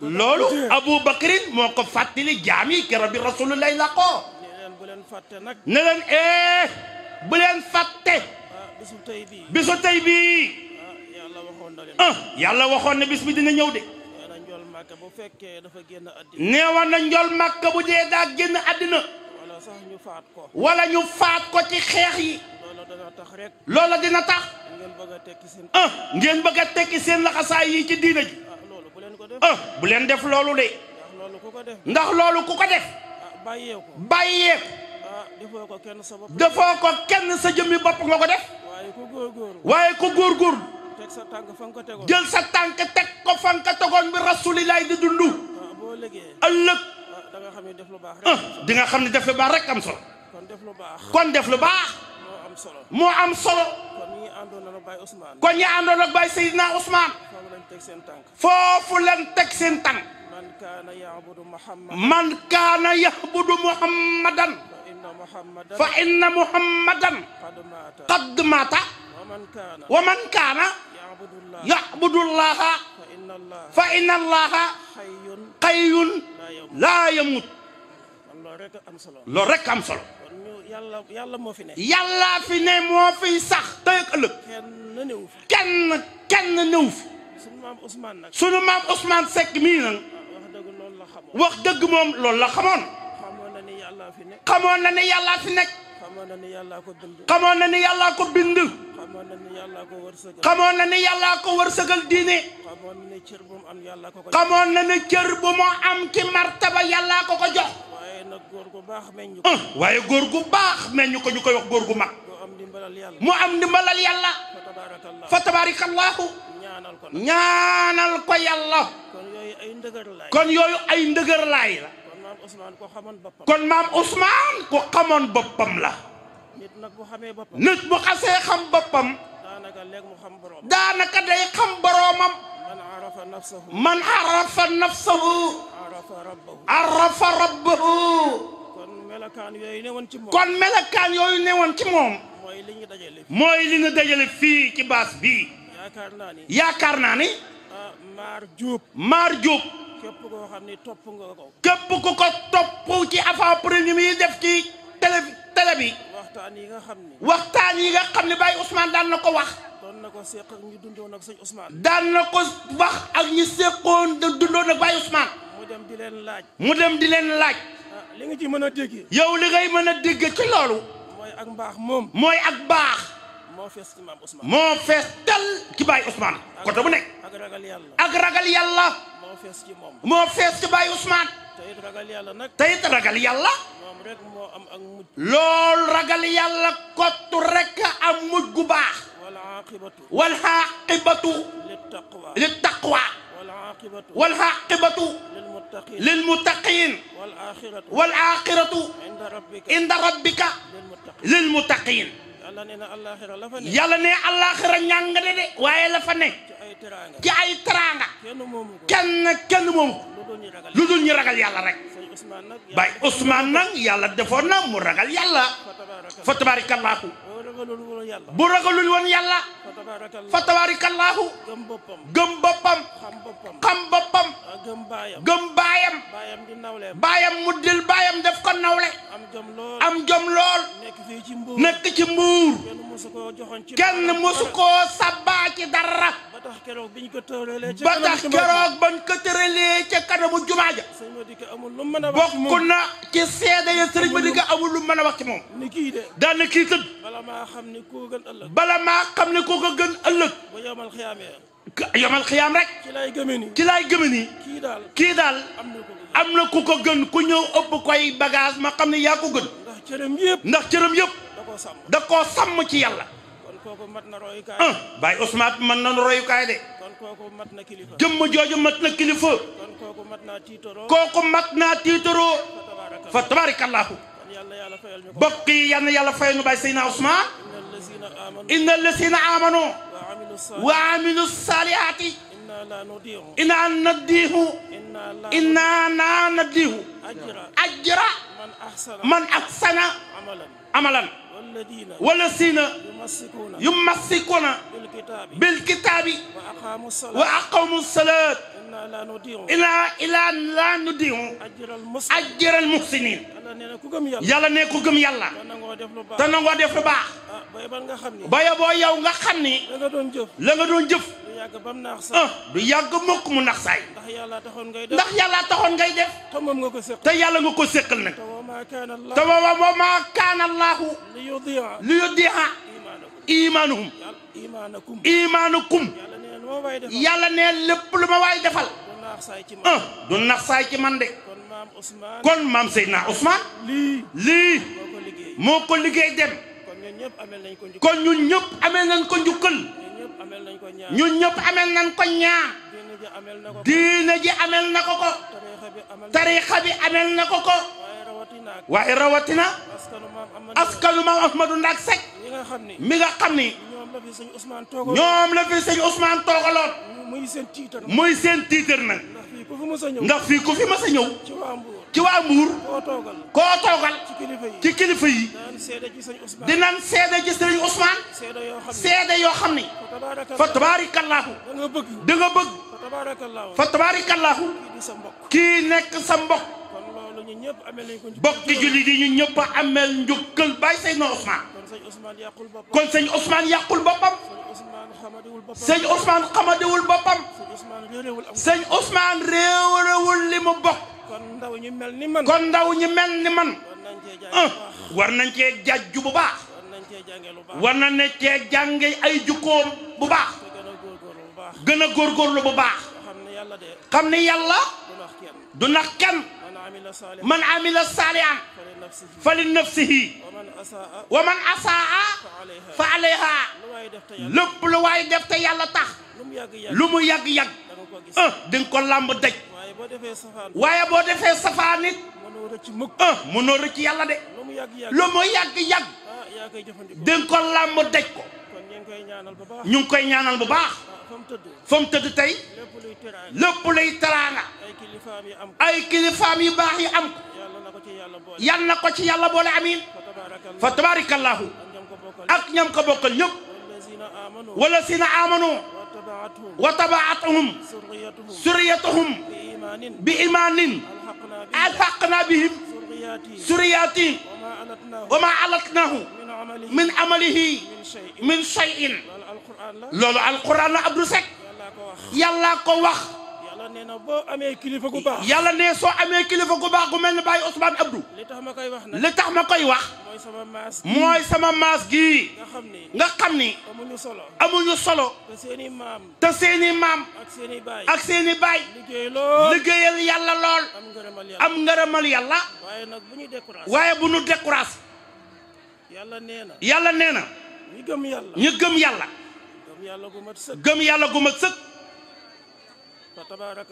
Speaker 6: loolu Abu
Speaker 12: Bakrin moo ko fàttali jaam yi keroog bi Rasulullahi la ko ne leen eh bu leen fàtte ah, bisu tey bii ah, ah yàlla waxoon na bis bi dina ñëw de. neewoon na njol màkka bu dee daa génn àddina wala ñu faat ko
Speaker 7: ci xeex yi
Speaker 12: loola dina tax ah ngeen bëgg a tekki seen laxasaay yi ci diina ji ah, ah bu leen def loolu de
Speaker 6: ndax loolu ku ko def ah,
Speaker 12: bàyyeeku
Speaker 6: ah, defoo ko
Speaker 12: kenn sa jëmmi bopp nga ko def waaye ku góorgóorlu
Speaker 6: teg sa tànk fa nga ko tegoon jël
Speaker 12: sa tànk teg ko fa nga ko tegoon bi rasulilaay di dund. waaw
Speaker 6: ah, boo liggéey ëllëg. Ah, da nga xam ne def lu baax rek. Ah,
Speaker 12: di nga xam ne def lu baax rek am solo.
Speaker 6: kon def lu baax.
Speaker 12: kon def lu baax.
Speaker 6: moo am solo. moo am solo. kon ñi àndoon ak Baye Ousmane. kon ñi àndoon ak Baye Seydina Ousmane. foofu lañ teg seen tànk.
Speaker 12: foofu lañ teg seen tànk. man
Speaker 6: kaana ya'budu Muhammadan. man
Speaker 12: kaana ya'budu Muhammadan.
Speaker 6: fa inna Muhammadan. fa inna Muhammadan.
Speaker 12: qad maata. wa man kaana ya'budullaha fa inna allaha xayyun laa yamut wax
Speaker 6: dëgg
Speaker 12: la xamoon. wax dëgg moom loolu la xamoon. xamoon na ni yàlla fi ne. ni yàlla fi nekk.
Speaker 6: xamoon na ni yàlla ko na ni yàlla xamoon na ni yàllaa ko ko wërsëgal diine.
Speaker 12: xamoon na ni cër bu mu am ko ko ci martaba yàllaa ko ko jox. waaye góor gu baax meññ ko. góor gu baax meññ ko ñu koy wax góor gu mag. mu am ndimbalal yàlla. mu am ndimbalal yàlla. ñaanal ko ñaanal ko yàlla. kon yooyu ay ndëgërlaay. ay ndëgërlaay la.
Speaker 6: kon maam Ousmane
Speaker 12: ko xamoon boppam la.
Speaker 6: nit nag bu xamee boppam. nit bu xasee xam boppam. daanaka léegi mu xam boroomam. daanaka day xam boroomam. man arafa nafsahu. man arafa nafsahu.
Speaker 12: arafa rabbahu. arafa
Speaker 6: kon melokaan yooyu newoon ci moom.
Speaker 12: newoon ci moom. mooy li ñu dajale. mooy li ñu dajale fii ci baas bii. yaakaar naa ni. yaakaar naa ni.
Speaker 6: Ah, maar
Speaker 12: Diop. maar Diop.
Speaker 6: képp xam ni topp nga ko.
Speaker 12: képp ku ko topp ci avant-première yi def ci télé télé
Speaker 6: waxtaan yi nga xam ni.
Speaker 12: waxtaan yi xam ni Baye Ousmane daan na ko wax.
Speaker 6: daan na ko seq ak ñi dundoon ak sëñ Ousmane. daan na
Speaker 12: ko wax ak ñi seqoon dundoon ak Baye Ousmane.
Speaker 6: mu dem di leen laaj. mu
Speaker 12: dem di leen laaj. Ah, li nga ci mën a déggee. yow li ngay mën a déggee ci loolu. mooy ak mbaax moom. mooy ak baax.
Speaker 6: moo fees ci maam moo
Speaker 12: fees dal ci Baye Ousmane. côté bu nekk.
Speaker 6: ak ragal yàlla. moo fees ci moom. moo fees ci Baye Ousmane. teyit ragal yàlla nag. teyit ragal yàlla. moom rek moo am ak mujj.
Speaker 12: lool ragal yàlla kottu rek am mujj gu baax. wal aaqibatu. wal aaqibatu. li taqwa li taqwa. wal aaqibatu. wal aaqibatu. lil muttaqiin lil muttaqiin.
Speaker 6: wal aaxiratu. wal aaxiratu.
Speaker 12: inda rabbika inda rabbika. lil muttaqiin.
Speaker 6: yàlla ne àllaaxira la fa ne. yàlla ne àllaaxira ñàng de de. waaye la fa ne. ci ay teraanga. ci ay teraanga. kenn moomu ko kenn kenn lu
Speaker 12: dul ñu ragal yàlla rek bay Ousmane nag yàlla defoon na mu ragal yàlla fa tabaarakallaahu
Speaker 6: bu ragalul woon yàlla fa tabaarakallaahu
Speaker 12: gëm boppam xam boppam gëm baayam
Speaker 6: baayam mu dil baayam def ko nawle am jom lool nekk ci mbuur kenn mosu koo
Speaker 12: sabbaa ci dara
Speaker 6: tax keroog biñ ko tëralee ba tax keroog
Speaker 12: bañ ko tëralee ca kanamu jumaa ja
Speaker 6: sëñ Madické amul lu mën a wax ci moom bokk na
Speaker 12: ci seede ya sëriñ Madické amul lu mën a wax ci moom ni kii de daan na kii tëdd
Speaker 6: bala maa xam ne koo gën ëllëg bala maa xam ne koo ko gën ëllëg ba yomal xiyaamee
Speaker 12: yomal xiyaam rek ci laay gëme nii ci laay gëme nii kii daal kii daal am na ku ko gën ku ñëw ëpp koy bagage ma xam ne yaa ko gën ndax cëram yëpp ndax cëram yëpp da koo sàmm ci yàlla
Speaker 6: kooku mat na royukaay
Speaker 12: Baye Ousmane mën na royukaay de kon kooku mat na kilifa jëmm jooju mat na kilifa kon
Speaker 6: kooku mat naa tiitaroo
Speaker 12: kooku mat naa tiitaroo fa tabarakallahu bokk yi yal na yàlla fayal ñu Baye Seydina Ousmane
Speaker 6: inna lasina amanu
Speaker 12: wa amilu salihaati inna nadihu inna na nadihu ajra
Speaker 6: man ahsana
Speaker 12: amalan na والذين يمسكون بالكتاب وأقاموا الصلاة
Speaker 6: إلا إلا
Speaker 12: لا نضيع أجر المحسنين
Speaker 6: yàlla ne ku gëm yàlla te nangoo def lu baax baya ah, boo
Speaker 12: yow nga xam ni la nga doon jëf ah, du yàgg mukk mu nax saay ndax yàlla taxoon ngay def te yàlla nga ko séqal nag te booba wa maa kaana Allahu li yudii'a iimaanuhum iimaanukum
Speaker 6: yàlla ne lépp lu ma waay defal a
Speaker 12: du nax saay ci man de
Speaker 6: kon maam Seydina Ousmane
Speaker 12: lii moo ko liggéey dem kon ñun ñëpp amel nañ ko njukkal ñun ñëpp amel nañ ko ñaar diina ji amel na ko ko tariixa bi amel na ko ko waa waaye rawatina askanu maam Ahmadou Ndak Seck
Speaker 6: mi nga xam ni ñoom la fi sëñ Ousmane toogaloon muy seen tiitar nag ndax fii ku fi mas a ñëw ci waa Mbuur koo toogal ci kilifa yi dinañ seede ci sëñ Ousmane seede yoo xam ni fa tabaarakallaahu da nga bëgg fa tabaarakallaahu
Speaker 12: kii nekk sa mbok
Speaker 6: bokki jullit
Speaker 12: yi ñu ñëpp a amel njukkal bàyyi a
Speaker 6: Ousmane kon sëñ Ousmane yàqul boppam sëñ Ousmane xamadewul boppam sëñ Ousmane réewalewul li mu bokk kon ndaw ñi mel
Speaker 12: ni man kon ndaw ñi mel ni man war nañ cee ah, jàjju bu baax war nañ ne cee jànge ay jukkoom bu baax
Speaker 6: gën a góorgóorlu bu baax xam ne yàlla du nax man amila saalihan fali nafsihi wa man a
Speaker 12: fa alayha lépp lu waay def te yàlla tax
Speaker 6: lu mu yàgg-yàgg
Speaker 12: ah di nga ko làmb daj waaye boo defee safaan it ah mënoo rëcc yàlla de lu mu yàgg-yàgg ah, di nga ko làmb daj ko ñu ngi koy ñaanal bu baax ah, fa mu tëdd tey
Speaker 6: lépp luy teraanga
Speaker 12: ay kilifaam yu baax yi am ko yal na ko ci yàlla boole amiin fa tabarakallahu ak ñam ko bokkal ñëpp wala sina amanu wa tabaatuhum suriyatuhum bi imaanin alxaqna bihim suriyatin wa ma alatnahu min amalihi min shay'in loolu alquran la
Speaker 6: Abdou Seck yàllaa ko wax yàlla nee na boo amee kilifa gu baax yàlla nee soo
Speaker 12: amee kilifa gu baax gu mel ne Baye Ousmane Abdou li tax ma koy wax nag li tax ma koy wax
Speaker 6: mooy sama maas gi nga xam ni amuñu solo amuñu solo te seeni maam te seeni maam ak seeni baay liggéeyal yàlla lool am ngërëmal yàlla waaye bu ñu décourage yàlla nee na
Speaker 12: yàlla nee na ñu gëm yàlla ñu gëm yàlla
Speaker 6: gëm gu mat sëkk gëm yàlla gu mat sëkk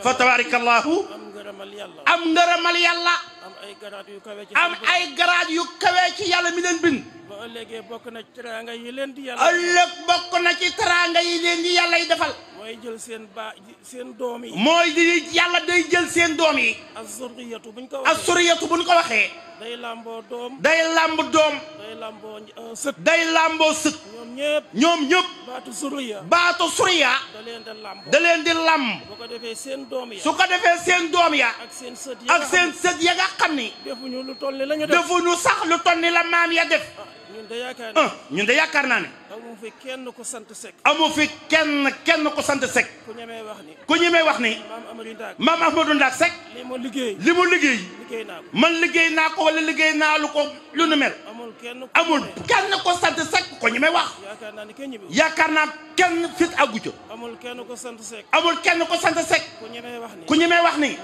Speaker 6: fa tabarakallahu am ngërëmal yàlla am ngërëmal yàlla am ay garaat yu kawe ci garaat yu
Speaker 12: kawe ci yàlla mi leen bind
Speaker 6: ba bokk na ci teraanga leen di yàlla yi leen di yàlla yi defal mooy jël seen ba seen doom yi. mooy li yàlla day jël seen doom yi. asuriyatu buñ ko waxee asuriyatu buñ ko waxee. day làmboo doom. day làmb doom. day làmboo
Speaker 12: euh, day làmboo sët. ñoom ñëpp. ñoom ñëpp. baatu suriya. da
Speaker 6: leen di làmb. da leen di làmb. su ko defee seen doom ya. su ko defee seen doom ya. ak seen sët ya ak seen sët
Speaker 12: ya nga xam ni. defuñu lu toll la ñu def. defuñu sax lu toll la maam ya def.
Speaker 6: Ah, ah,
Speaker 12: ñun de yaakaar naa naa ne.
Speaker 6: amu fi kenn ko sant Seck.
Speaker 12: amu fi kenn kenn ko sant Seck.
Speaker 6: ku ñemee wax ni.
Speaker 12: ku ñemee wax ni.
Speaker 6: maam Amadou Ndak maam Amadou Ndak
Speaker 12: Seck. li mu liggéey li mu liggéey. man liggéey naa ko wala liggéey naa lu ko lu nu mel.
Speaker 6: amul kenn ko sant sekk ko ñi may wax. yaakaar naa
Speaker 12: kenn fit àggu ca.
Speaker 6: amul kenn ko sant sekk. amul kenn ko sant sekk. ku ñi wax ni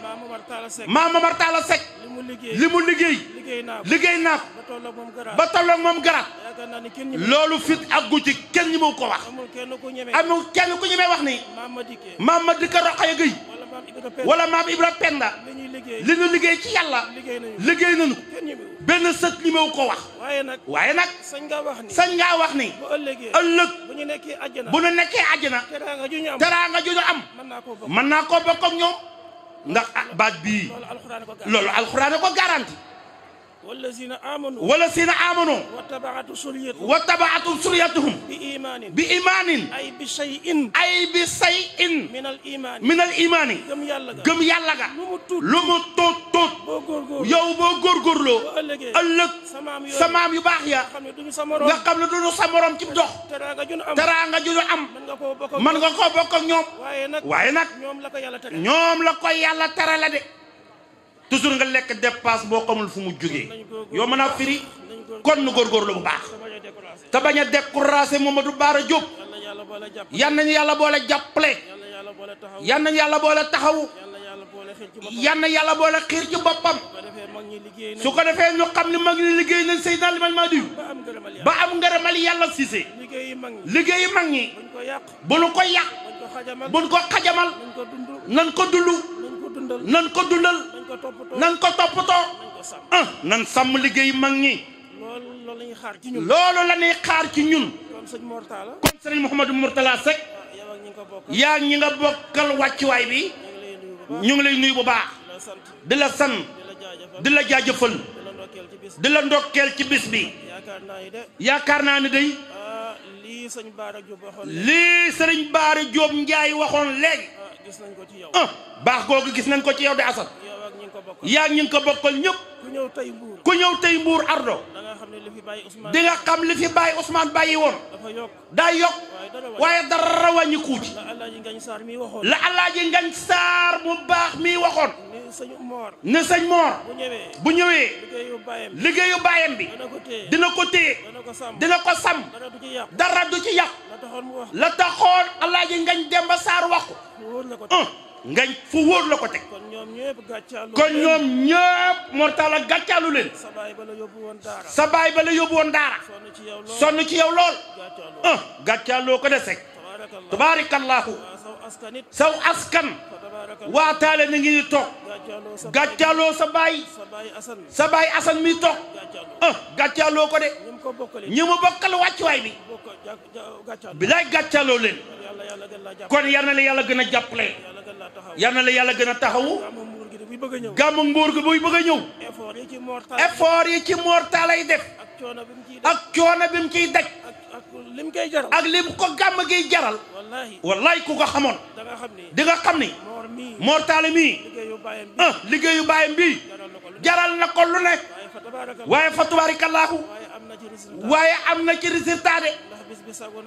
Speaker 6: maam Momar Talla Seck. li mu liggéey. liggéey naa ko. ba tolloog moom garaat. loolu fit
Speaker 12: àggu ci kenn ñi mu ko
Speaker 6: wax. amul kenn ko ñi may wax ni
Speaker 12: maam ma a dikkee roqaya gëy.
Speaker 6: wala maam Ibra Penda li ñu liggéey ci yàlla liggéey nañu ko
Speaker 12: benn sët li ma ko wax
Speaker 6: waaye nag sañ ngaa wax ni sañ ngaa wax ni ëllëg bu ñu nekkee àjjana bu ñu nekkee àjjana teraanga ju ñu am mën naa koo
Speaker 12: bokk ak ñoom ndax a ah, baat bii
Speaker 6: loolu alxuraan ko garanti wallazina amanu wallazina amanu wattabaatu
Speaker 12: suriyatuhum wattabaatu suriyatuhum bi
Speaker 6: imanin bi imanin
Speaker 12: ay bi shay'in ay bi shay'in
Speaker 6: min al min al iman gëm yàlla ga gëm yàlla ga
Speaker 12: lu mu tuut lu mu tuut tuut boo góorgóorloo yow boo góorgóorloo ëllëg sa maam yu baax ya nga xam ne duñu sa morom ci dox teraanga ju ñu am teraanga ju ñu am mën nga koo bokk ak waaye nag ñoom la ko yàlla tere yàlla tere de toujours nga lekk dépasse boo xamul fu mu jógee yow mën a firi kon nu góorgóorlu bu baax te bañ a découragé Mamadou Bara Diop yan nañu yàlla boole jàppale yan nañu yàlla boole taxaw yan na yàlla boole xiir ci boppam su ko defee ñu xam ne mag ñi liggéey nañ Seydina Limamou Mahdi ba am ngërëmal yàlla Cissé
Speaker 6: liggéeyu mag ñi
Speaker 12: bu nu ko yàq
Speaker 6: bu nu ko xajamal nan ko
Speaker 12: dund nan ko dundal nan ko toppatoo ah nan sàmm liggéey mag ñi
Speaker 6: loolu lañuy xaar ci ñun loolu la xaar ci ñun kon sëñ Mourtala kon
Speaker 12: sëñ Mouhamadou Mourtala Seck ah, yaa ñi nga bokkal wàccuwaay bi ñu ngi lay nuyu bu baax di la san di la jaajëfal di la ndokkeel ci bis bi yaakaar naa ni day
Speaker 6: ah, lii
Speaker 12: sëñ Baara Jóob Njaay waxoon léegi ah, ah baax googu gis nañ ko ci yow di asal yaa ngi ko bokkal ñëpp.
Speaker 6: ku ñëw tey mbuur
Speaker 12: ku ñëw tey mbuur Ardo.
Speaker 6: da nga xam ne li fi bàyyi Ousmane. di nga xam li fi bàyyi
Speaker 12: Ousmane bàyyi woon. dafa
Speaker 6: yokk daa yokk. waaye dara wàññi kuuti. la Alaaji Ngañ Saar mi waxoon. la Alaaji
Speaker 12: Ngañ Saar mu baax mi waxoon.
Speaker 6: ne sëñ Moor. ne sëñ Moor. bu ñëwee bu ñëwee. liggéeyu bàyyam bi liggéeyu bàyyam bi. dina ko téye dina ko sàmm dina ko sàmm. dara du ci yàq dara du ci yàq. la taxoon mu wax la
Speaker 12: taxoon Alaaji Ngañ Demba Saar wax ko. nga fu wóor la ko teg
Speaker 6: kon ñoom ñëpp gàccaalu kon ñoom
Speaker 12: ñëpp mortala gàccaalu leen sa
Speaker 6: baay ba la yóbbu woon daara
Speaker 12: sa baay ba la yóbbu woon daara
Speaker 6: sonn ci yow lool
Speaker 12: ah gàccaaloo ko de sek tabaarakallahu saw askan waa taale ni ngi toog gàccaaloo sa baay sa baay asan mi toog ah gàccaaloo ko de ñi mu bokkal wàccuwaay bi bilaay gàccaaloo leen kon yal na la yàlla gën a jàppale yal na la yàlla gën a taxawu gàmmu nguur gi buy bëgg a ñëw effort yi ci morta lay def ak coono bi mu ciy daj ak lim ko gàmm giy jaral wallaay ku ko xamoon di nga xam ni mortaale mii ah liggéeyu bàyyam bii jaral na ko lu ne waaye fa tubaarikallaahu waaye am na ci résultat de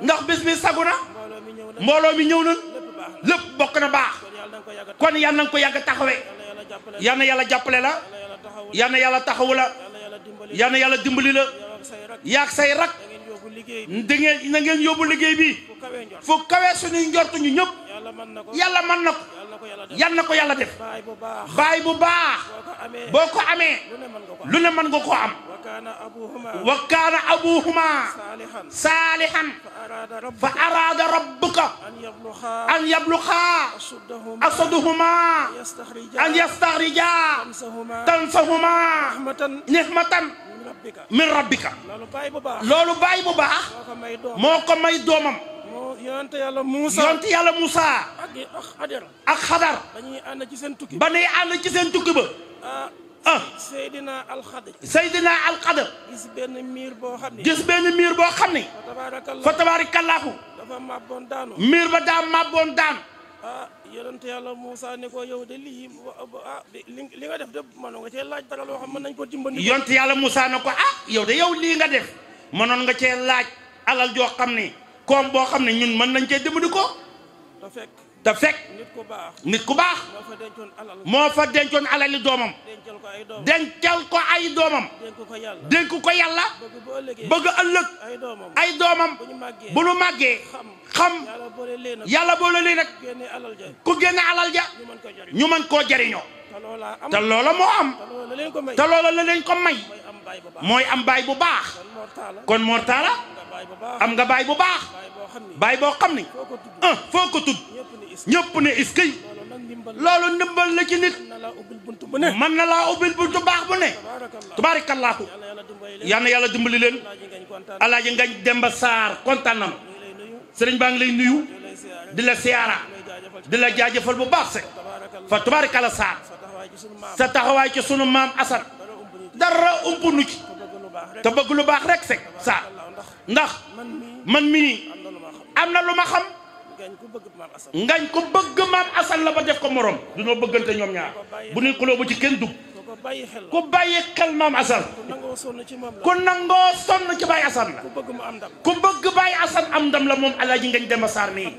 Speaker 12: ndax bis bi sagu na mbooloo mi ñëw na lépp bokk na baax kon yal na nga ko yàgg a taxawee yal na yàlla jàppale la yal na yàlla taxawu la yal na yàlla dimbali la yaag say rak da ngeen na ngeen yóbbu liggéey bi fu kawee suñuy njortu ñu ñëpp yàlla mën na ko yal na ko yàlla def baay bu baax boo ko amee lu ne mën nga ko am
Speaker 6: wa
Speaker 12: kaana abuuhumaa saalihan
Speaker 6: fa araada rabbuka
Speaker 12: an yabluxaa
Speaker 6: asdahumaa an yastaxrijaa kansahumaa nixmatan min rabbika loolu baay bu baax moo ko may doomam yonent yàlla Moussa yonent yàlla Moussa. ak xadar ak xadar. ba ñuy ànd ci seen tukki ba ñuy ànd ci seen tukki ba.
Speaker 12: Ah ah. Seydina Alxadir. Seydina Alxadir.
Speaker 6: gis benn miir boo xam ne. gis benn miir boo xam ne. fa tabaarakallaahu dafa mabboon daanu.
Speaker 12: miir ba daa mabboon daanu.
Speaker 6: ah yonent yàlla Moussa ne ko yow de ah, li nga def de mënoon nga cee laaj dara loo xam mën nañ ko dimbali. yonent
Speaker 12: yàlla Moussa ne ko ah yow de yow lii nga def mënoon nga cee laaj alal joo xam ne koom boo xam ne ñun mën nañ cee dimbali ko.
Speaker 4: te fekk nit ku baax moo fa dencoon alali doomam dencal ko ay doomam dénk ko yàlla bëgg
Speaker 12: ëllëg ay doomam bu nu màggee xam yàlla boole leen nag
Speaker 6: ku génne alal ja ñu
Speaker 12: mën koo jariñoo te loola moo am te loola la leen ko may mooy am baay bu baax kon Mor Talla am nga baay bu baax baay boo xam ni foo ko tudd
Speaker 6: ah, ñëpp ne iskay loolu
Speaker 12: ndimbal la ci nit mën na laa ubbil buntu baax bu ne
Speaker 6: tubaarakallaahu yal na yàlla dimbali leen
Speaker 12: alaaji ngañ demba saar kontaan na ma sëriñ baa ngi lay nuyu di la siyaara di la jaajëfal bu baax se fa tubaarakalla saar sa taxawaay ci sunu maam asan dara ump nu ci te bëgg lu baax rek se saar ndax man mi am na lu ma xam
Speaker 6: ngañ ku bëgg maam
Speaker 12: Assane. ngañ ku bëgg maam Assane la ba def ko morom. dunoo bëggante ñoom ñaar bu nuy xuloo bu ci kenn dugg. ku bàyyi xel maam Assane.
Speaker 6: ku nangoo sonn ci moom la la.
Speaker 12: ku bëgg mu am am ndam la moom alaaji ngañ dem Sarr mii.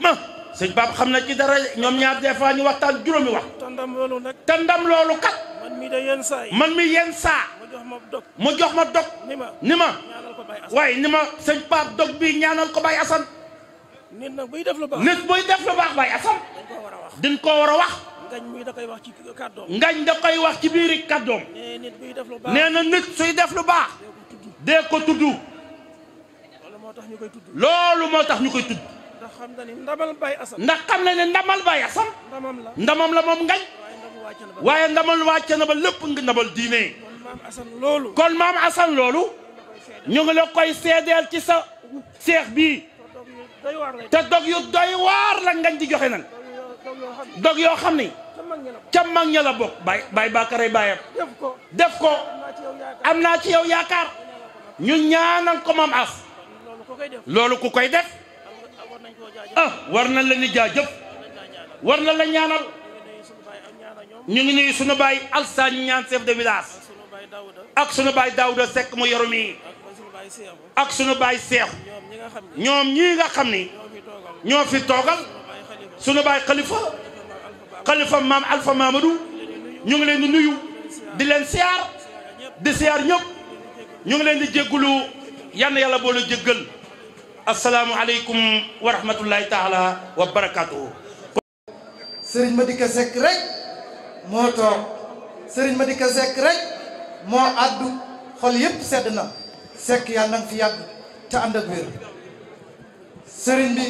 Speaker 12: ma sëñ Pape xam na ci dara ñoom ñaar des fois ñu waxtaan juróomi wax. te ndam loolu kat. man mi yenn saa mu jox ma dog ni ma waaye ni ma sëñ Pape dog bii ñaanal ko Baye Assane. nit nag buy def lu baax nit def lu baax bay asam. dañ koo war a wax dañ koo war wax.
Speaker 6: ngañ da koy wax ci kàddoom. ngañ da
Speaker 12: koy ci biir kàddoom.
Speaker 6: nee nit def lu baax nee na nit
Speaker 12: suy def lu baax. dee ko tudd. loolu moo tax ñu koy tudd. loolu moo tax ñu koy tudd.
Speaker 6: ndax xam na ne ndamal bay asam. ndax xam na ne ndamal bay asam. ndamam la ndamam la moom ngañ. waaye ndamal wàcc
Speaker 12: na ba lépp nga ndamal diine. kon maam asan loolu. kon maam asan ñu ngi la koy seedeel ci sa seex bi te dog yu doy waar la ngañ di joxe nag
Speaker 6: dog yoo xam ni
Speaker 12: ca mag ña la bokk bay bay bàkkaray bàyyam def ko am naa ci yow yaakaar ñu ñaanal ko moom as loolu ku koy def ah war na la ni jaajëf war na la ñaanal ñu ngi nuyu sunu baay Alsaan ñaan chef de village ak sunu baay Daouda Seck mu yoru mi ak sunu baay Seexu ñoom ñii nga xam ni ñoo fi toogal sunu baay xalifa xalifa maam Alpha Mamadou ñu ngi leen di nuyu di leen siyaar di siyaar ñëpp ñu ngi leen di jéggulu yann yàlla boolu jéggal asalaamu aleykum wa rahmatullahi taala wa
Speaker 5: barakaatuhu sëriñ Madika Seck rek moo toog sëriñ Madika Seck rek moo àddu xol yépp sedd na Seck yàlla nga fi yàgg te ànd ak wér sëriñ bi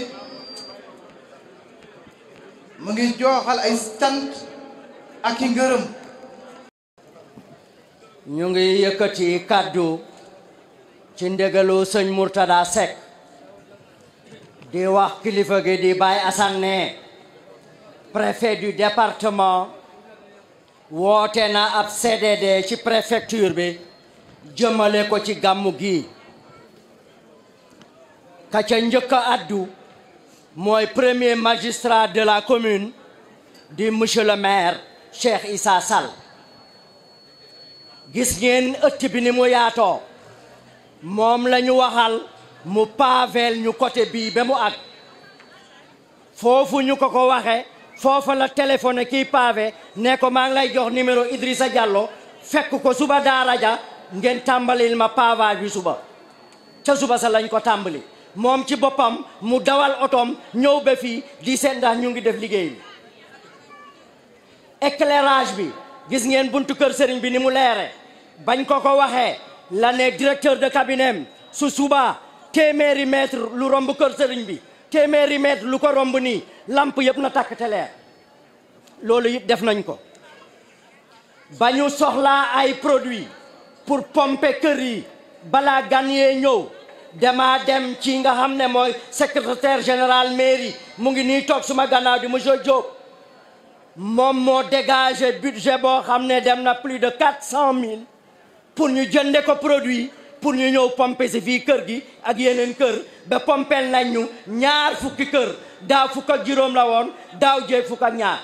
Speaker 5: mu ngi jooxal ay cant ak i ngërëm ñu ngi yëkkati kàddu ci
Speaker 15: ndégalu sëñ Mourtada Seck di wax kilifa gi di Baye Assane ne préfet du département woote na ab CDD ci préfecture bi jëmale ko ci gàmmu gi ka ca njëkk addu mooy premier magistrat de la commune di monsieur le maire Cheikh Issa Sall gis ngeen ëtt bi ni mu yaatoo moom lañu waxal mu pavel ñu côté bii ba mu àgg foofu ñu ko ko waxe foofa la téléphoné kii pavé ne ko maa ngi lay jox numéro Idrissa Diallo fekk ko suba daara ja ngeen tàmbalil ma pavage bi suba ca suba sa lañ ko tàmbali moom ci boppam mu dawal otoom ñëw ba fii di seet ndax ngi def liggéey bi bi gis ngeen buntu kër sëriñ bi ni mu leere bañ ko ko waxee la ne directeur de cabinet su suba téeméeri mètre lu romb kër sëriñ bi téeméeri mètre lu ko romb nii lamp yëpp na takk te leer loolu yëpp def nañ ko ba ñu soxlaa ay produit pour pomper kër yi balaa gan yee ñëw dama dem ci nga xam ne mooy secrétaire général mairie mu ngi nii toog suma gannaaw di monsieur Diop moom moo dégagé budget boo xam ne dem na plus de quatre cent mille pour ñu jënde ko produit pour ñu ñëw pompe si fii kër gi ak yeneen kër ba pompeel nañ ñu ñaar fukki kër daaw fukk ak juróom la woon daaw jéeg fukk ak ñaar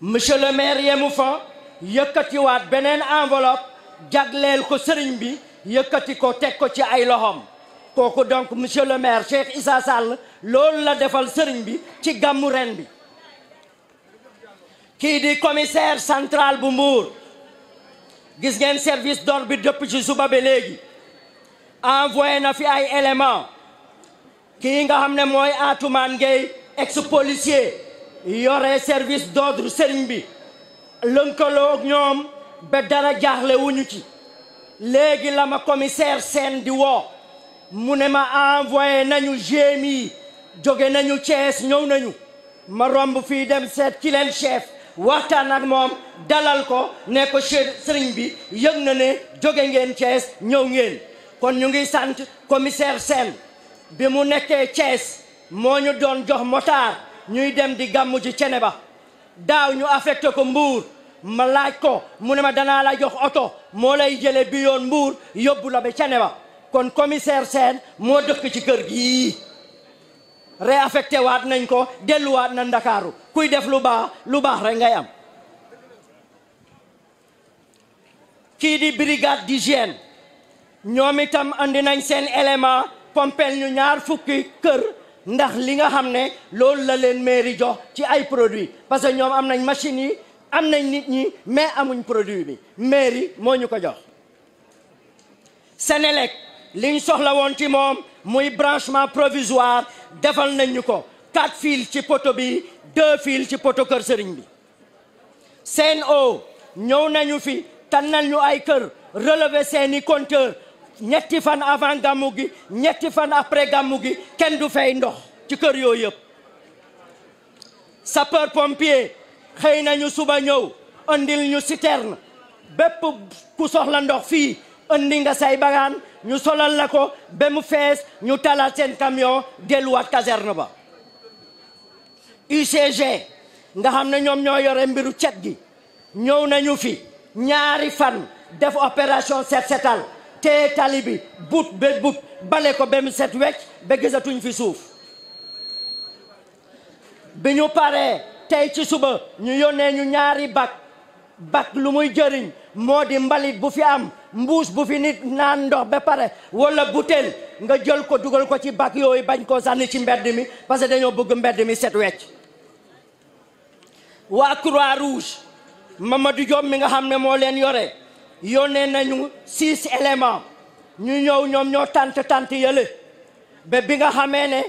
Speaker 15: monsieur le maire yemu fa yëkkatiwaat beneen enveloppe jagleel ko sëriñ bi yëkkati ko teg ko ci ay loxoom kooku donc monsieur le maire Cheikh Issa Sall loolu la defal sëriñ bi ci gàmmu bi kii di commissaire central bu Mbour gis ngeen service d'ordre bi dëpp ci suba ba léegi envoyé na fi ay éléments kii nga xam ne mooy Atoumane Gueye ex policier yore service d'ordre sëriñ bi lënkaloo ñoom ba dara jaaxle wuñu ci léegi la ma commissaire Sène di woo mu ne ma envoyé nañu GMI jóge nañu Thiès ñëw nañu ma romb fii dem seet ci leen waxtaan ak moom dalal ko ne ko sëriñ bi yëg na ne joge ngeen Thiès ñëw ngeen kon ñu ngi sant commissaire Sène bi mu nekkee Thiès moo ñu doon jox motard ñuy dem di gàmmu cene ba daaw ñu affecté ko Mbour ma laaj ko mu ne ma danaa la jox oto moo lay jële bi yoon mbuur yóbbu la ba cene ba kon commissaire seen moo dëkk ci kër gi réaffecté waat nañ ko delluwaat na ndakaaru kuy def lu baax lu baax rek ngay am kii di brigade d'hygiène ñoom itam andi nañ seen élément pompel ñu ñaar fukki kër ndax li nga xam ne loolu la leen mairie jox ci ay produits parce que ñoom am nañ machines yi am nañ nit ñi mais amuñ produit bi mairie moo ñu ko jox Senelec liñ soxla woon ci moom muy branchement provisoire defal nañ ñu ko quatre fils ci poto bi deux ci poto kër sëriñ bi seen o ñëw nañu fi tànnal ñu ay kër relever seeni compteur ñetti fan avant gàmmu gi ñetti fan après gàmmu gi kenn du fay ndox ci kër yooyu yëpp sapeur pompier xëy nañu suba ñëw andil ñu citerne bépp ku soxla ndox fii ëndi nga say bagaan ñu solal la ko ba mu fees ñu talaat seen camion delluwaat caserne ba UCG nga xam ne ñoom ñoo yore mbiru cet gi ñëw nañu fi ñaari fan def opération set setal te tali but ba but bale ko ba mu set wecc ba gisatuñ fi suuf bi ñu paree tey ci suba ñu yónnee ñu ñaari bac bac lu muy jëriñ moo di mbalit bu fi am mbuus bu fi nit naan ndox ba pare wala butéel nga jël ko dugal ko ci bac yooyu bañ koo sànni ci mbedd mi parce que dañoo bëgg mbedd mi set wecc waa croix rouge Mamadou Diop mi nga xam ne moo leen yore yónnee nañu six éléments ñu ñëw ñoom ñoo tant tant yële ba bi nga xamee ne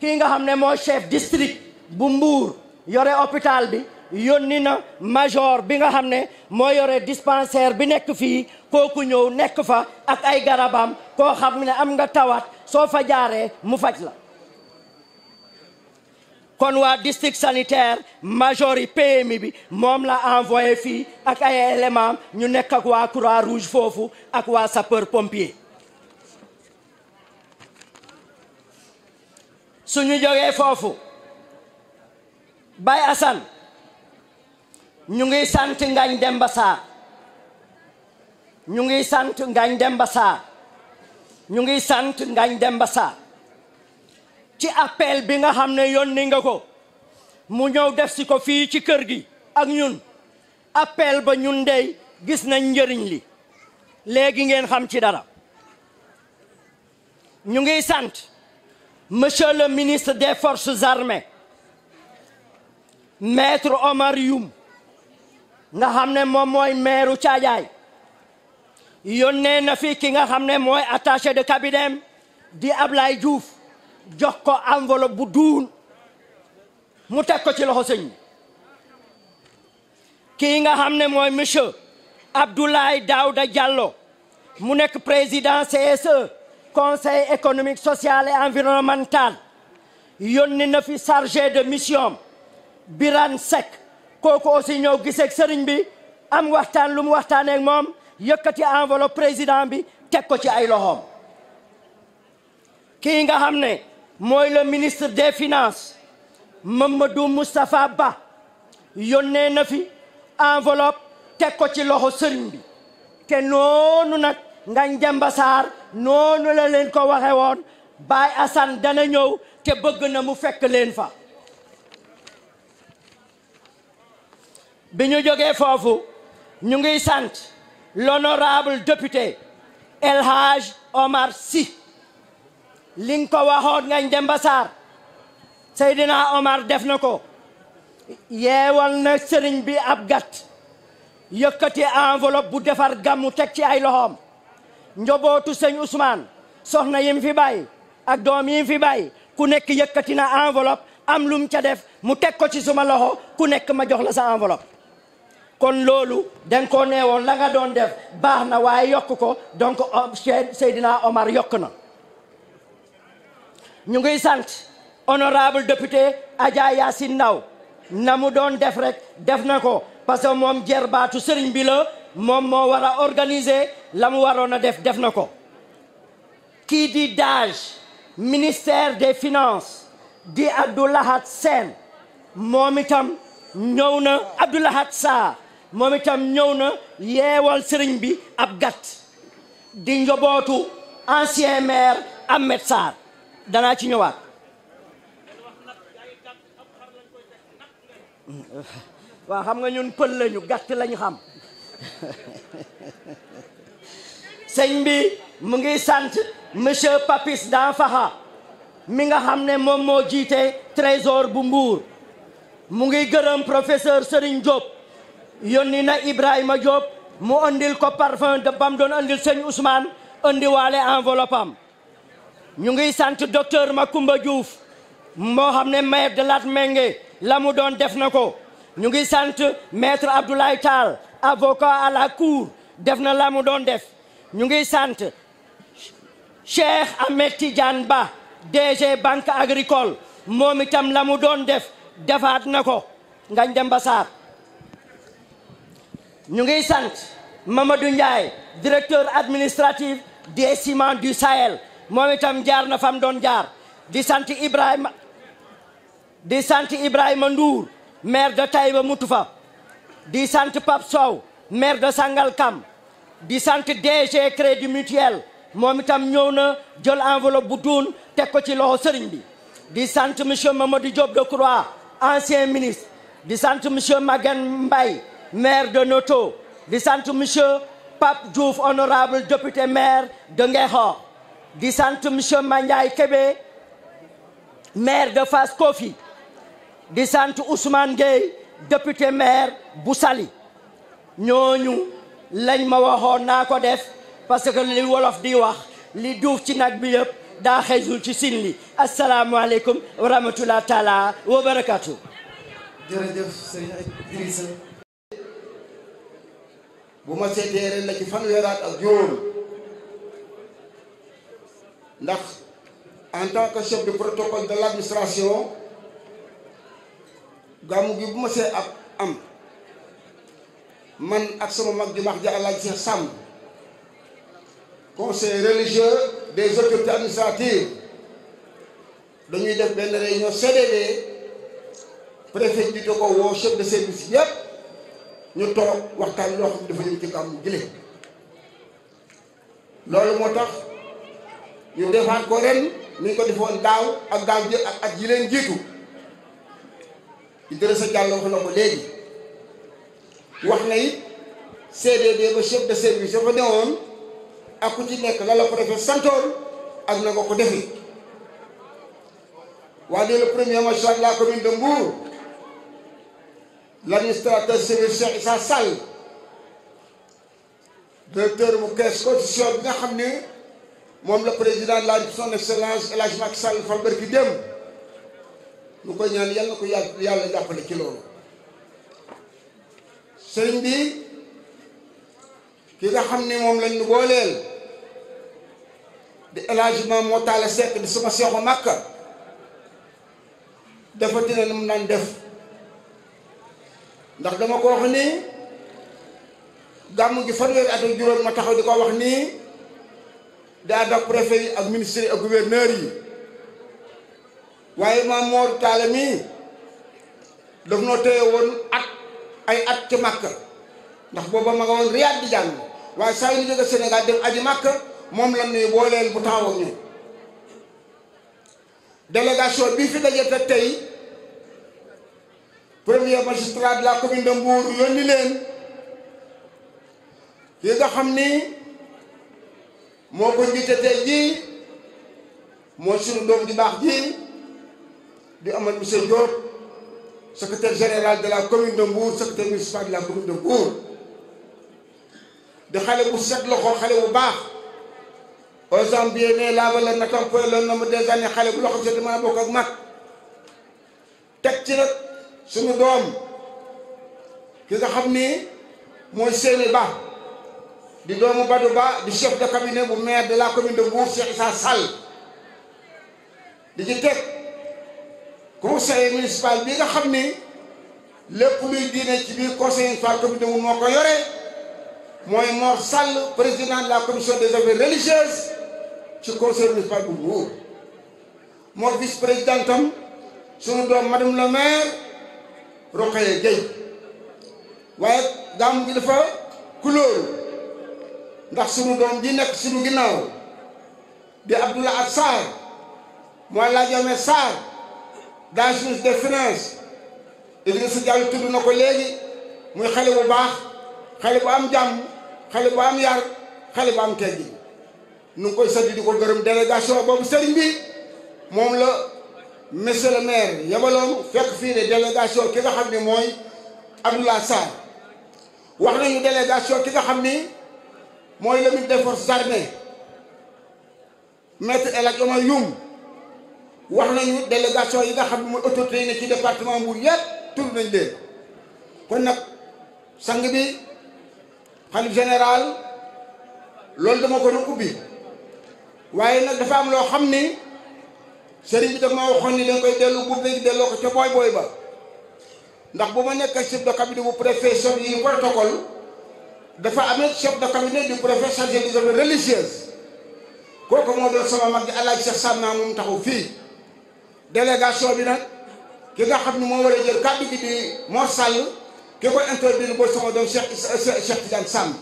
Speaker 15: kii nga xam ne moo chef district bu Mbour yore hôpital bi yónni na major bi nga xam ne moo yore dispensaire bi nekk fii kooku ñëw nekk fa ak ay garabam koo xam ne am nga tawat soo fa jaaree mu faj la kon waa district sanitaire major yi PMI bi moom la envoyé fii ak ay éléments ñu nekk ak waa croix rouge foofu ak waa sapeur su ñu jógee foofu Baye Assane ñu ngi sant Ngagne Demba Sarr ñu ngi sant Ngagne Demba Sarr ñu ngi sant Ngagne Demba ci appel bi nga xam ne yónni nga ko mu ñëw def si ko fii ci kër gi ak ñun appel ba ñun dey gis nañ njëriñ li léegi ngeen xam ci dara ñu ngiy sant monsieur le ministre de force armées maître Omar Youm nga xam ne moom mooy maire Thiadiaye yónnee na fi ki nga xam ne mooy attaché de cabinet di Ablaye Diouf jox ko enveloppe bu duun mu teg ko ci loxo si bi kii nga xam ne mooy monsieur Abdoulaye Daouda Diallo mu nekk président CSE conseil économique social et environnemental yónni na fi sarge de mission Birane Seck kooku aussi ñëw giseeg sëriñ bi am waxtaan lu mu moom yëkkati enveloppe président bi teg ko ci ay loxoom kii ngaxam ne mooy le ministre des finances Mamadou Moustapha Ba yónnee na fi enveloppe teg ko ci loxo sëriñ bi te noonu nag Ngagne Demba noonu la leen ko waxe woon Baye Assane dana ñëw te bëgg na mu fekk leen fa bi ñu jógee foofu ñu ngi sant l'honorable député El Hadj Omar si li nga ko waxoon ngañ Demba Sarr Seydina Omar def na ko yeewal na sëriñ bi ab gàt yëkkati enveloppe bu defar gàmmu teg ci ay loxoom njobootu sëñ Ousmane soxna yim fi bàyyi ak doom yim fi bàyyi ku nekk yëkkati na enveloppe am lum ca def mu teg ko ci suma loxo ku nekk ma jox la sa enveloppe kon loolu da nga koo la doon def baax na waaye yokk ko donc Seydina Omar yokk na ñu ngiy sant honorable député Adja Yacine naw na mu doon def rek def na ko parce que moom jerbaatu sëriñ bi moom moo war a organiser la mu waroon a def def na ko kii di DAGE ministère des finance di Abdoulahat Sène moom itam ñëw na Abdoulahat Sarr moom itam ñëw na yeewal sëriñ bi ab gàtt di njobootu ancien maire Ahmed Sarr danaa ci ñëwaat waaw xam nga ñun pël lañu gàtt lañu xam sëñ bi mu ngi sant monsieur Papis Danfaha mi nga xam ne moom moo jiite trésor bu mbuur mu ngi gërëm professeur Serigne Diop yónni na Ibrahima Diop mu andil ko parfum de doon andil sëñ Ousmane andi waale ñu ngi sant docteur Macoumba Diouf moo xam ne maire de Latmingué lamu doon def na ko ñu ngi sant maître Abdoulaye Tall avocat à la def na la mu doon def ñu ngi sant Cheikh Ahmed Tidiane Ba DG banque agricole moom itam la mu doon def defaat na ko ngañ dem ba saar ñu ngi sant Mamadou Ndiaye directeur administratif des ciments du Sahel moom itam jaar na fam doon jaar di sant Ibrahima di sant Ibrahima Ndour maire de Taïba Moutoufa di sant Pape Sow maire sangal Sangalkam di sant DG Crédit Mutuel moom itam ñëw na jël enveloppe bu duun teg ko ci loxo sëriñ bi di sant monsieur Mamadou Diop de Croix ancien ministre di sant monsieur Maguen Mbaye maire de Noto di sant monsieur Pape Diouf honorable député maire de Ngexor di sant monsieur Mandiaye Kébé maire de Fass Kofi di sant Ousmane Gueye député maire bu sali ñooñu lañ ma waxoon naa ko def parce que li wolof di wax li duuf ci nag bi yëpp daa xëyul ci sin li asalaamaaleykum wa rahmatullah taala wa barakaatu
Speaker 5: jërëjëf sëriñ Idrissa
Speaker 12: bu ma seetee ren la ci fanweeraat ak juróom ndax en tant que chef de protocole de l'administration gàmmu gi bu ma see ab am man ak sama mag ju baax ja Alaaji Seex Sàmb conseil religieux des autorités administratives dañuy def benn réunion CDD préfet bi da chef de service yépp ñu toog waxtaan loo xam ne dafa ñëw ci gàmmu jële loolu moo tax ñu defaat ko ren ni ko defoon daaw ak daaw jël ak at yi leen jiitu Idrissa Diallo wax na ko léegi wax na it CDD ba chef de service dafa newoon ak ku ci nekk lala la préfet santoon ak na nga ko defi waa ne le premier magistrat de la commune de Mbour l'administrateur civil Cheikh Issa Sall directeur bu caisse constitution bi nga xam ni moom la président de la son excellence El Hadj Macky Sall fal barki dem lu ko ñaan yàlla na ko yàlla jàppale ci loolu sëriñ bi ki nga xam ni moom lañ nu booleel di El Hadj Moo Taala Seck di sama seexu Makka dafa dina nu mu naan def ndax dama ko wax nii gàmm gi fanweeri at ak juróom ma taxaw di ko wax nii daa dog préfet yi ak ministre yi ak gouverneur yi waaye maam Mor Talla mii daf noo téye woon at ay at ci Makka ndax booba ma nga woon Riyad di jàng waaye saa yu ñu jóge Sénégal dem aji Makka moom lan nuy booleel bu taxaw ak bii fi daje te tey premier magistrat de la commune yónni leen ki nga xam ni moo ko njiite jii moo suñu doom di baax ji di amal monsieur Diop secrétaire général de la commune de Mbour secrétaire municipal de la commune de di xale bu set loxo xale bu baax ausam bie ne laaba la na tam poy loon na mu des années xale bu loxo set mën a bokk ak mag teg ci nag suñu doom ki nga xam ni mooy Seyni Ba di doomu Badou Ba di chef de cabinet bu maire de la commune de Mbour Cheikh Issa Sall di ci teg conseil municipal bi nga xam ni lépp luy diine ci biir conseil municipal commune de Mbour moo ko yore mooy Mor Sall président la commission des affaires religieuses ci conseil municipal bu Mbour moo vice président Rokhaya Gueye waaye gàmm bi dafa kulóoru ndax sumu doom ji nekk sunu ginnaaw di Abdoulaye ak Sarr mooy laa joome Sarr dans ministre des finances Idrissa Diallo tudd na ko léegi muy xale bu baax xale bu am jàmm xale bu am yar xale bu am teggi nu ngi koy sant di ko gërëm délégation boobu sëriñ bi moom la monsieur le maire yabaloon fekk fii de ki nga xam ne mooy Abdoulaye Sarr wax nañu délégation ki nga xam ni mooy le ministre des forces armées maître El Hadj ñu Youm wax nañu yi nga xam ne mooy autorité yi ne ci département Mbour yëpp tudd nañ leen kon nag sang bi xalif général loolu dama ko doon ubbi waaye nag dafa am loo xam ni. sëriñ bi daf ma waxoon ni dañ koy dellu bu bëgg delloo ko ca booy booy ba ndax bu ma nekk chef de cabinet bu préfet chef yi protocole dafa amee chef de cabinet du préfet chargé des affaires religieuses kooku moo doon sama mag ji Alaaji Cheikh Sàmm naa moom taxaw fii délégation bi nag ki nga xam ne moo war a jël kàddu gi di Mor Sall ki koy introduire boo sama doom Cheikh Cheikh Tidiane Sàmm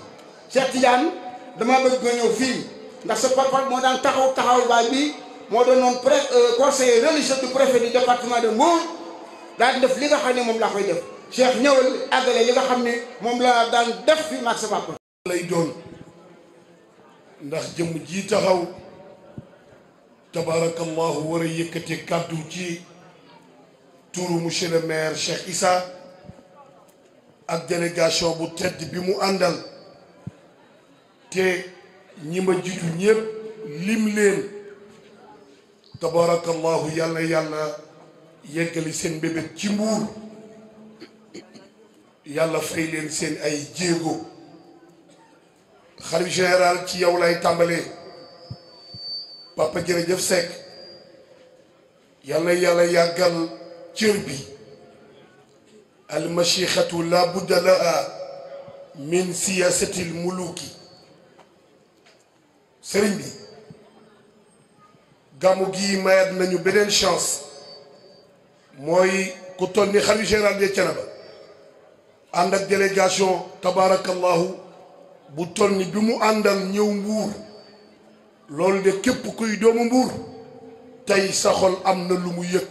Speaker 12: Cheikh Tidiane dama bëgg nga ñëw fii ndax sa papa moo daan taxaw taxaw baay moo doon noon pré euh, conseiller religieux du préfet du département de Mbour daal di def li nga xam ne moom laa koy def Cheikh ñëwal àggale li nga xam ne moom laa daan def fi maag sa lay doon
Speaker 16: ndax jëmm ji taxaw tabarakallahu war yëkkate kàddu ci turu monsieur le maire Cheikh Issa ak délégation bu tedd bi mu àndal te ñi ma jiitu ñëpp lim leen tabarakallahu yàlla yàlla yeggali seen bébét ci mbuur yàlla fay leen seen ay jéego xalif général ci yow lay tàmbalee papa jërëjëf Seck yàlla yàlla yàggal cër bi almachixatu la budda laha min siyaasati l sëriñ bi gàmmu gii mayaat nañu beneen chance mooy ku toll ni xalifa général de ànd ak délégation tabaarakallahu bu toll ni bi mu àndal ñëw mbuur loolu de képp kuy doomu mbuur tey sa xol am na lu mu yëg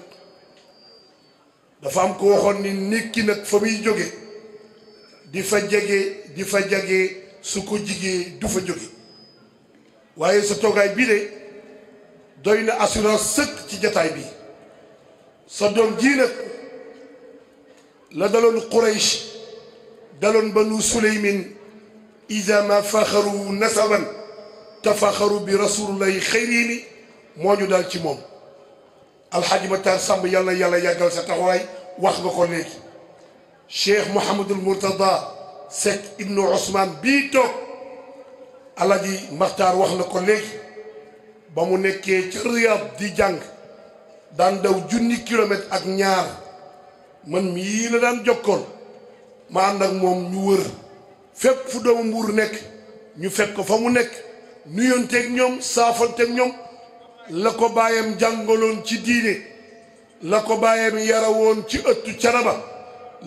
Speaker 16: dafa am ko waxoon ni nit ki nag fa muy jóge di fa jege di fa jege su ko jigee du fa jóge waaye sa toogaay bii de doy na assurance sëkk ci jataay bi sa doom jii nag la daloon Quraysh daloon banu suleymin iza ma faxaru nasaban tafaxaru bi rasulillahi xayriini moo ñu daal ci moom alxaaji Matar Samb yàlla yàlla yàggal sa taxawaay wax nga ko léegi cheikh Mouhamadul Mourtada Seck ibnu Ousmane bii toog alaaji Maxtaar wax na ko léegi ba mu nekkee ca Riyad di jàng daan daw junni kilomètre ak ñaar man mii la daan jokkoon ma ànd ak moom ñu wër fépp fu doomu nekk ñu fekk ko fa mu nekk nuyonteeg ñoom saafanteeg ñoom la ko bàyyam jàngaloon ci diine la ko bàyyam yarawoon ci ëttu canaba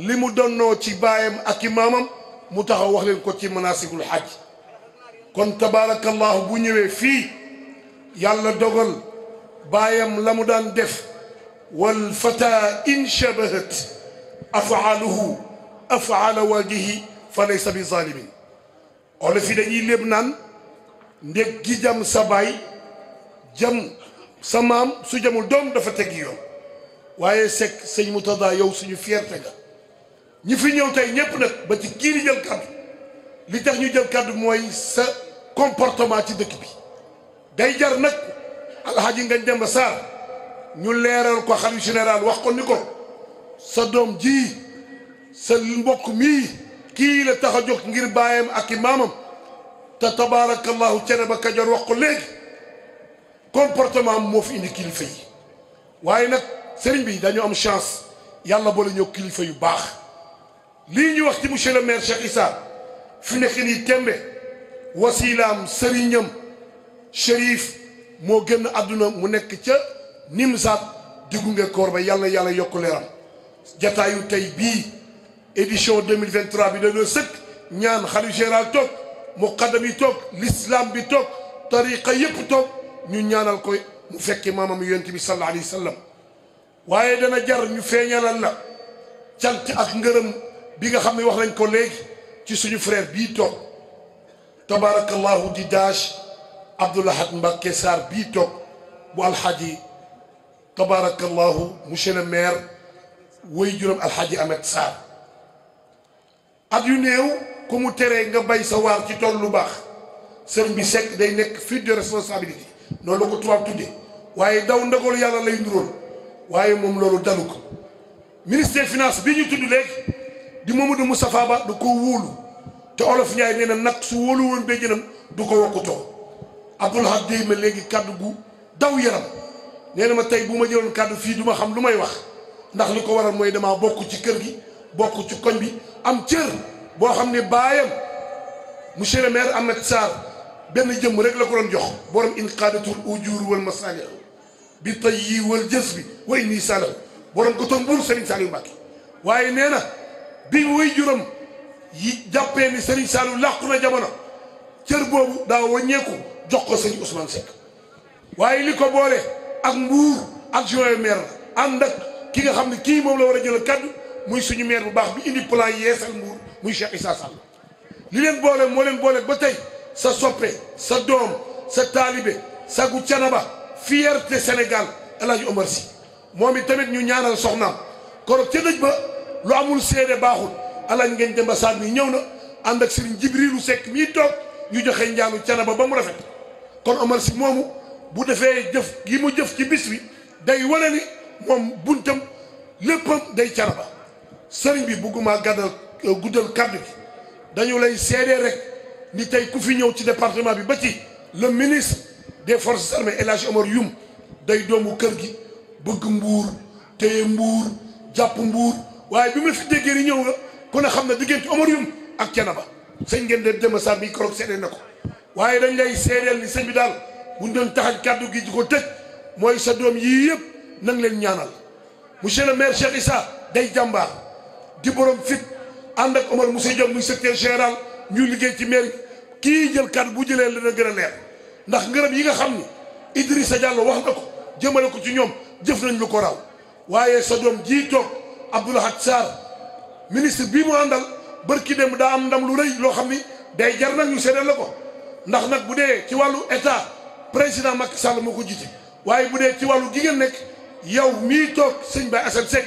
Speaker 16: li mu donnoo ci bàyyam ak i maamam mu taxaw leen ko ci manasikul xaj kon tabarakallahu bu fii yàlla dogal baayam la mu daan def wal fata in shabahat afaaluhu afaala wajihi fa laysa bi zalimin wala dañuy léeb naan ndég gi jam sa baay jam sa maam su jamul doom dafa teg yoon waaye sekk sëñ Murtada yow suñu fierté nga ñi fi ñëw tey ñépp nag ba ci kii di jël kàddu li tax ñu jël kàddu mooy sa comportement ci dëkk bi day jar nag alxaaji Ngagne Demba Sarr ñu leeral ko xalifa général wax ko ni ko sa doom ji sa mbokk mi kii la tax a jóg ngir baayam ak i maamam te tabaarakallahu cene ba Kajoor wax ko léegi comportement moo fi indi kilifa yi waaye nag sëriñ bi dañu am chance yàlla boole ñëw kilifa yu baax lii ñuy wax ci monsieur le maire Cheikh Issa fi nekk nii tembe wasiilaam sëriñam Chérif moo génn àdduna mu nekk ca Nimzaat di gunge koor ba yàlla yàlla yokk leeram jataayu tey bii édition 2023 bi dañoo sëkk ñaan xalifa général toog muqaddam yi toog l'islam bi toog tariqa yépp toog ñu ñaanal ko mu fekki maamam yonent bi sallallahu alayhi wa waaye ñu feeñalal la cant ak bi nga xam ne wax nañ ko léegi ci suñu frère bii toog tabarakallahu di daaj abdoulahat mbàkke sarr bii toog bu alxaaji tabarakallahu monsieur le maire woy juróom alxaaji amet sarr at yu néew ku mu teree nga bay sa waar ci tool lu baax sëriñ bi sekk day nekk fuite de responsabilité noonu la tubaab tudde waaye daw ndogalu yàlla lay nduróol waaye moom loolu dalu ko ministère finance bi ñu tudd léegi di Mamadou Moustapha Ba du ko wóolu te olof Njaay nee na nag su wóolu woon béjjënam du ko wokkutoo Abdoul Ahad déy ma léegi kàddu gu daw yaram nee na ma tey bu ma jëloon kàddu fii du ma xam lu may wax ndax li ko waral mooy damaa bokk ci kër gi bokk ci koñ bi am cër boo xam ne baayam monsieur le maire Ahmed Sarr benn jëmm rek la ko doon jox borom inqaadatul ujur wal masalih bi tay yi wal jës bi way nii salal borom ko toon buur Serigne Saliou Mbacke waaye nee na bi way juróom yi jàppee ni Serigne Saliou làqu na jamono cër boobu daa waññeeku jox ko sëñ Ousmane Seck waaye li ko boole ak mbuur adjoint maire la ànd ak ki nga xam ne kii moom la war a jël kaddu muy suñu meer bu baax bi indi plan yeesal mbuur muy Cheikh Issa Sall li leen boole moo leen boole ba tey sa soppe sa doom sa taalibe sa gu canaba fierté Sénégal El Hadj Omar Sy moom it tamit ñu ñaanal soxnaam kon ca dëj ba lu amul seede baaxul alañ ngeen dem ba saat mi ñëw na ànd ak Serigne Jibrilu sekk mii toog ñu joxe njaalu canaba ba mu rafet kon Omar si moomu bu defee jëf gi mu jëf ci bis bi day wane ne moom buntam léppam day ba sëriñ bi bugguma gàddal euh, guddal kàdd gi dañu lay seedee rek ni tey ku fi ñëw ci département bi ba ci le ministre des forces armées El Hadj Omar day doomu kër gi bëgg mbuur téye mbuur jàpp mbuur waaye bi ma fi déggee ni ñëw nga kon a xam ne diggante Omar Youm ak Thiénaba sëñ ngeen de Demba Sarr bi keroog seede na ko waaye dañ lay seedeel ni sëñ bi daal buñ doon taxaj kàddu gi di ko tëj mooy sa doom yii yëpp nang leen ñaanal mu le maire Cheikh Issa day jàmbaar di borom fit ànd ak mu Moussa Diop muy secrétaire général ñu liggéey ci maire kii jël kàddu bu jëlee la dana gën a leer ndax ngërëm yi nga xam ni sa Diallo wax na ko jëmale ko ci ñoom jëf nañ lu ko raw waaye sa doom jii toog Abdoulahad Sarr ministre bii mu bër bërki dem daa am ndam lu rëy loo xam ni day jar nag ñu seedeel la ko ndax nag bu dee ci wàllu état président Macky Sall moo ko jiite waaye bu dee ci wàllu jigéen ngeen nekk yow mii toog sëñ Baye Assane Seck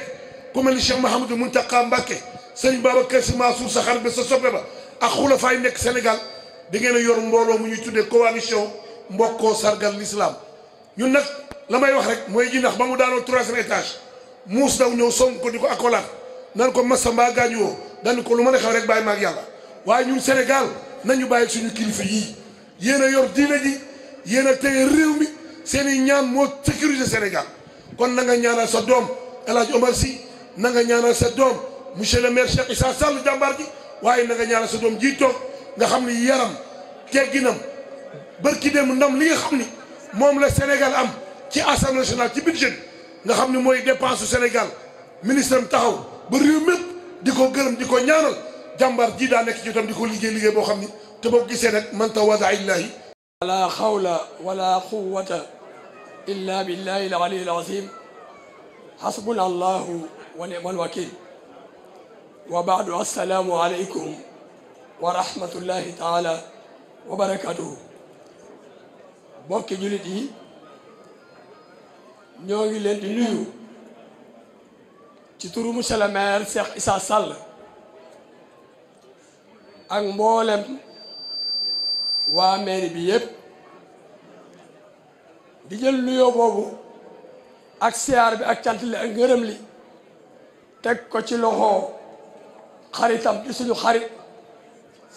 Speaker 16: ku mel ni Cheikh mu Mountakha Mbacké sëñ Babacar Sy Mansour sa xar bi sa soppe ba ak xulafaay nekk Sénégal di ngeen a yor mbooloo mu ñuy tuddee coalition mbokkoo sargal l'islam ñun nag la may wax rek mooy ji ndax ba mu daanoo troisième étage muus daw ñëw song ko di ko akolaat nan ko massa mbaa gaañu woo dañu ko lu mën a xew rek bàyyi ma yàlla waaye ñun nañu bàyyi suñu kilifa yii yéen a yor diine ji yéen a téye réew mi seen i ñaan moo sécurité Sénégal kon na nga ñaanal sa doom El Hadj Omar Sy na nga ñaanal sa doom monsieur le maire Cheikh Issa Sall jàmbaar ji waaye na nga ñaanal sa doom ji toog nga xam ni yaram tegginam bërki dem ndam li nga xam ni moom la Sénégal am ci assemblée nationale ci budget nga xam ni mooy dépense su Sénégal ministre taxaw ba réew mépp di ko gërëm di ko ñaanal jàmbaar ji daa nekk ci itam di ko liggéey liggéey boo xam ni te boo gisee nag man tawaadaa illahi
Speaker 13: la xawla wala quwata illa billahi al aliyyil azim xasbuna allahu wa ni'mal wakil wa baadu assalaamu aleykum wa rahmatullahi taala wa barakatuhu bokki julit yi ñoo ngi leen di nuyu ci turu monsieur le maire Cheikh Issa Sall ak mboolem waa mairie bi yëpp di jël nuyoo boobu ak siyaar bi ak cant li ak ngërëm li teg ko ci loxo xaritam di suñu xarit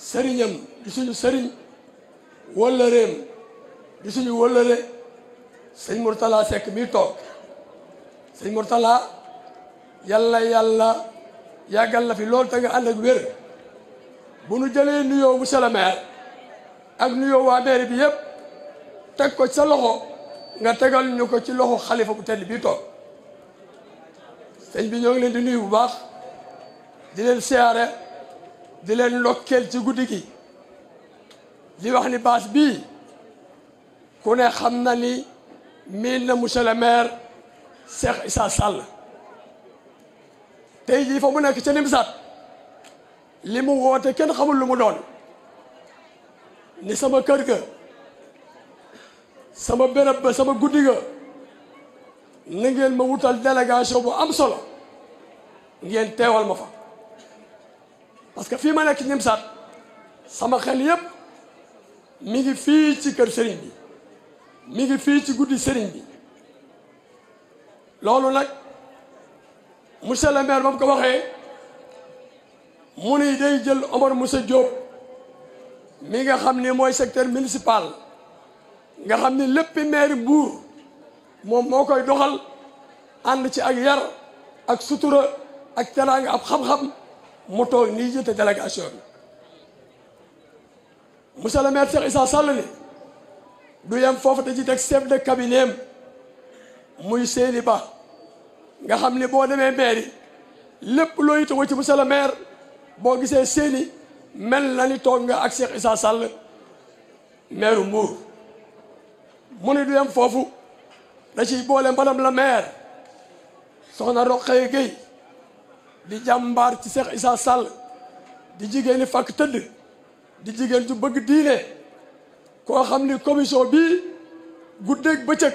Speaker 13: sëriñam di suñu sëriñ wëllëreem di suñu wëllëre sëñ Mourtala Seck mi toog sëñ Mourtala yàlla yàlla yàggal la fi loolu te nga ànd ak wér bu nu jëlee nuyoo bu le ak nuyoo waa mairie bi yëpp teg ko ci sa loxo nga tegal ñu ko ci loxo xalifa bu tedd bii toog sëñ bi ñoo ngi leen di nuyu bu baax di leen siyaare di leen ndokkeel ci guddi ki di wax ni baas bii ku ne xam na ni miin na monsieur le maire Cheikh Issa Sall tey jii fa mu nekk ca Nimsaat li mu woote kenn xamul lu mu doon ni sama kër ga sama béréb ba sama guddi ga na ma wutal délégation bu am solo ngeen teewal ma fa parce que fii ma nekk Nimsaat sama xel yépp mi ngi fii ci kër sëriñ bi mi ngi fii ci guddi sëriñ bi loolu nag monsieur le maire ba mu ko waxee mu ni day jël Omar Moussa Diop mi nga xam ni mooy secteur municipal nga xam ni lépp maire buur moom moo koy doxal ànd ci ak yar ak sutura ak teraanga ab xam-xam mu toog nii jiite délégation bi monsieur le maire Cheikh Issa Sall ni du yem foofu da ci teg chef de cabinet am muy Seyni Ba nga xam ni boo demee maire lépp loo yittewoo ci monsieur le boo gisee Seyni mel na ni toog nga ak Cheikh Issa Sall maire Mbour mu ni du foofu da ciy boole madame la maire soxna Roqaye Gueye di jàmbaar ci i Issa Sall di jigéen ñi fàkk tëdd di jigéen ju bëgg diine koo xam ni commission bii guddeeg bëccëg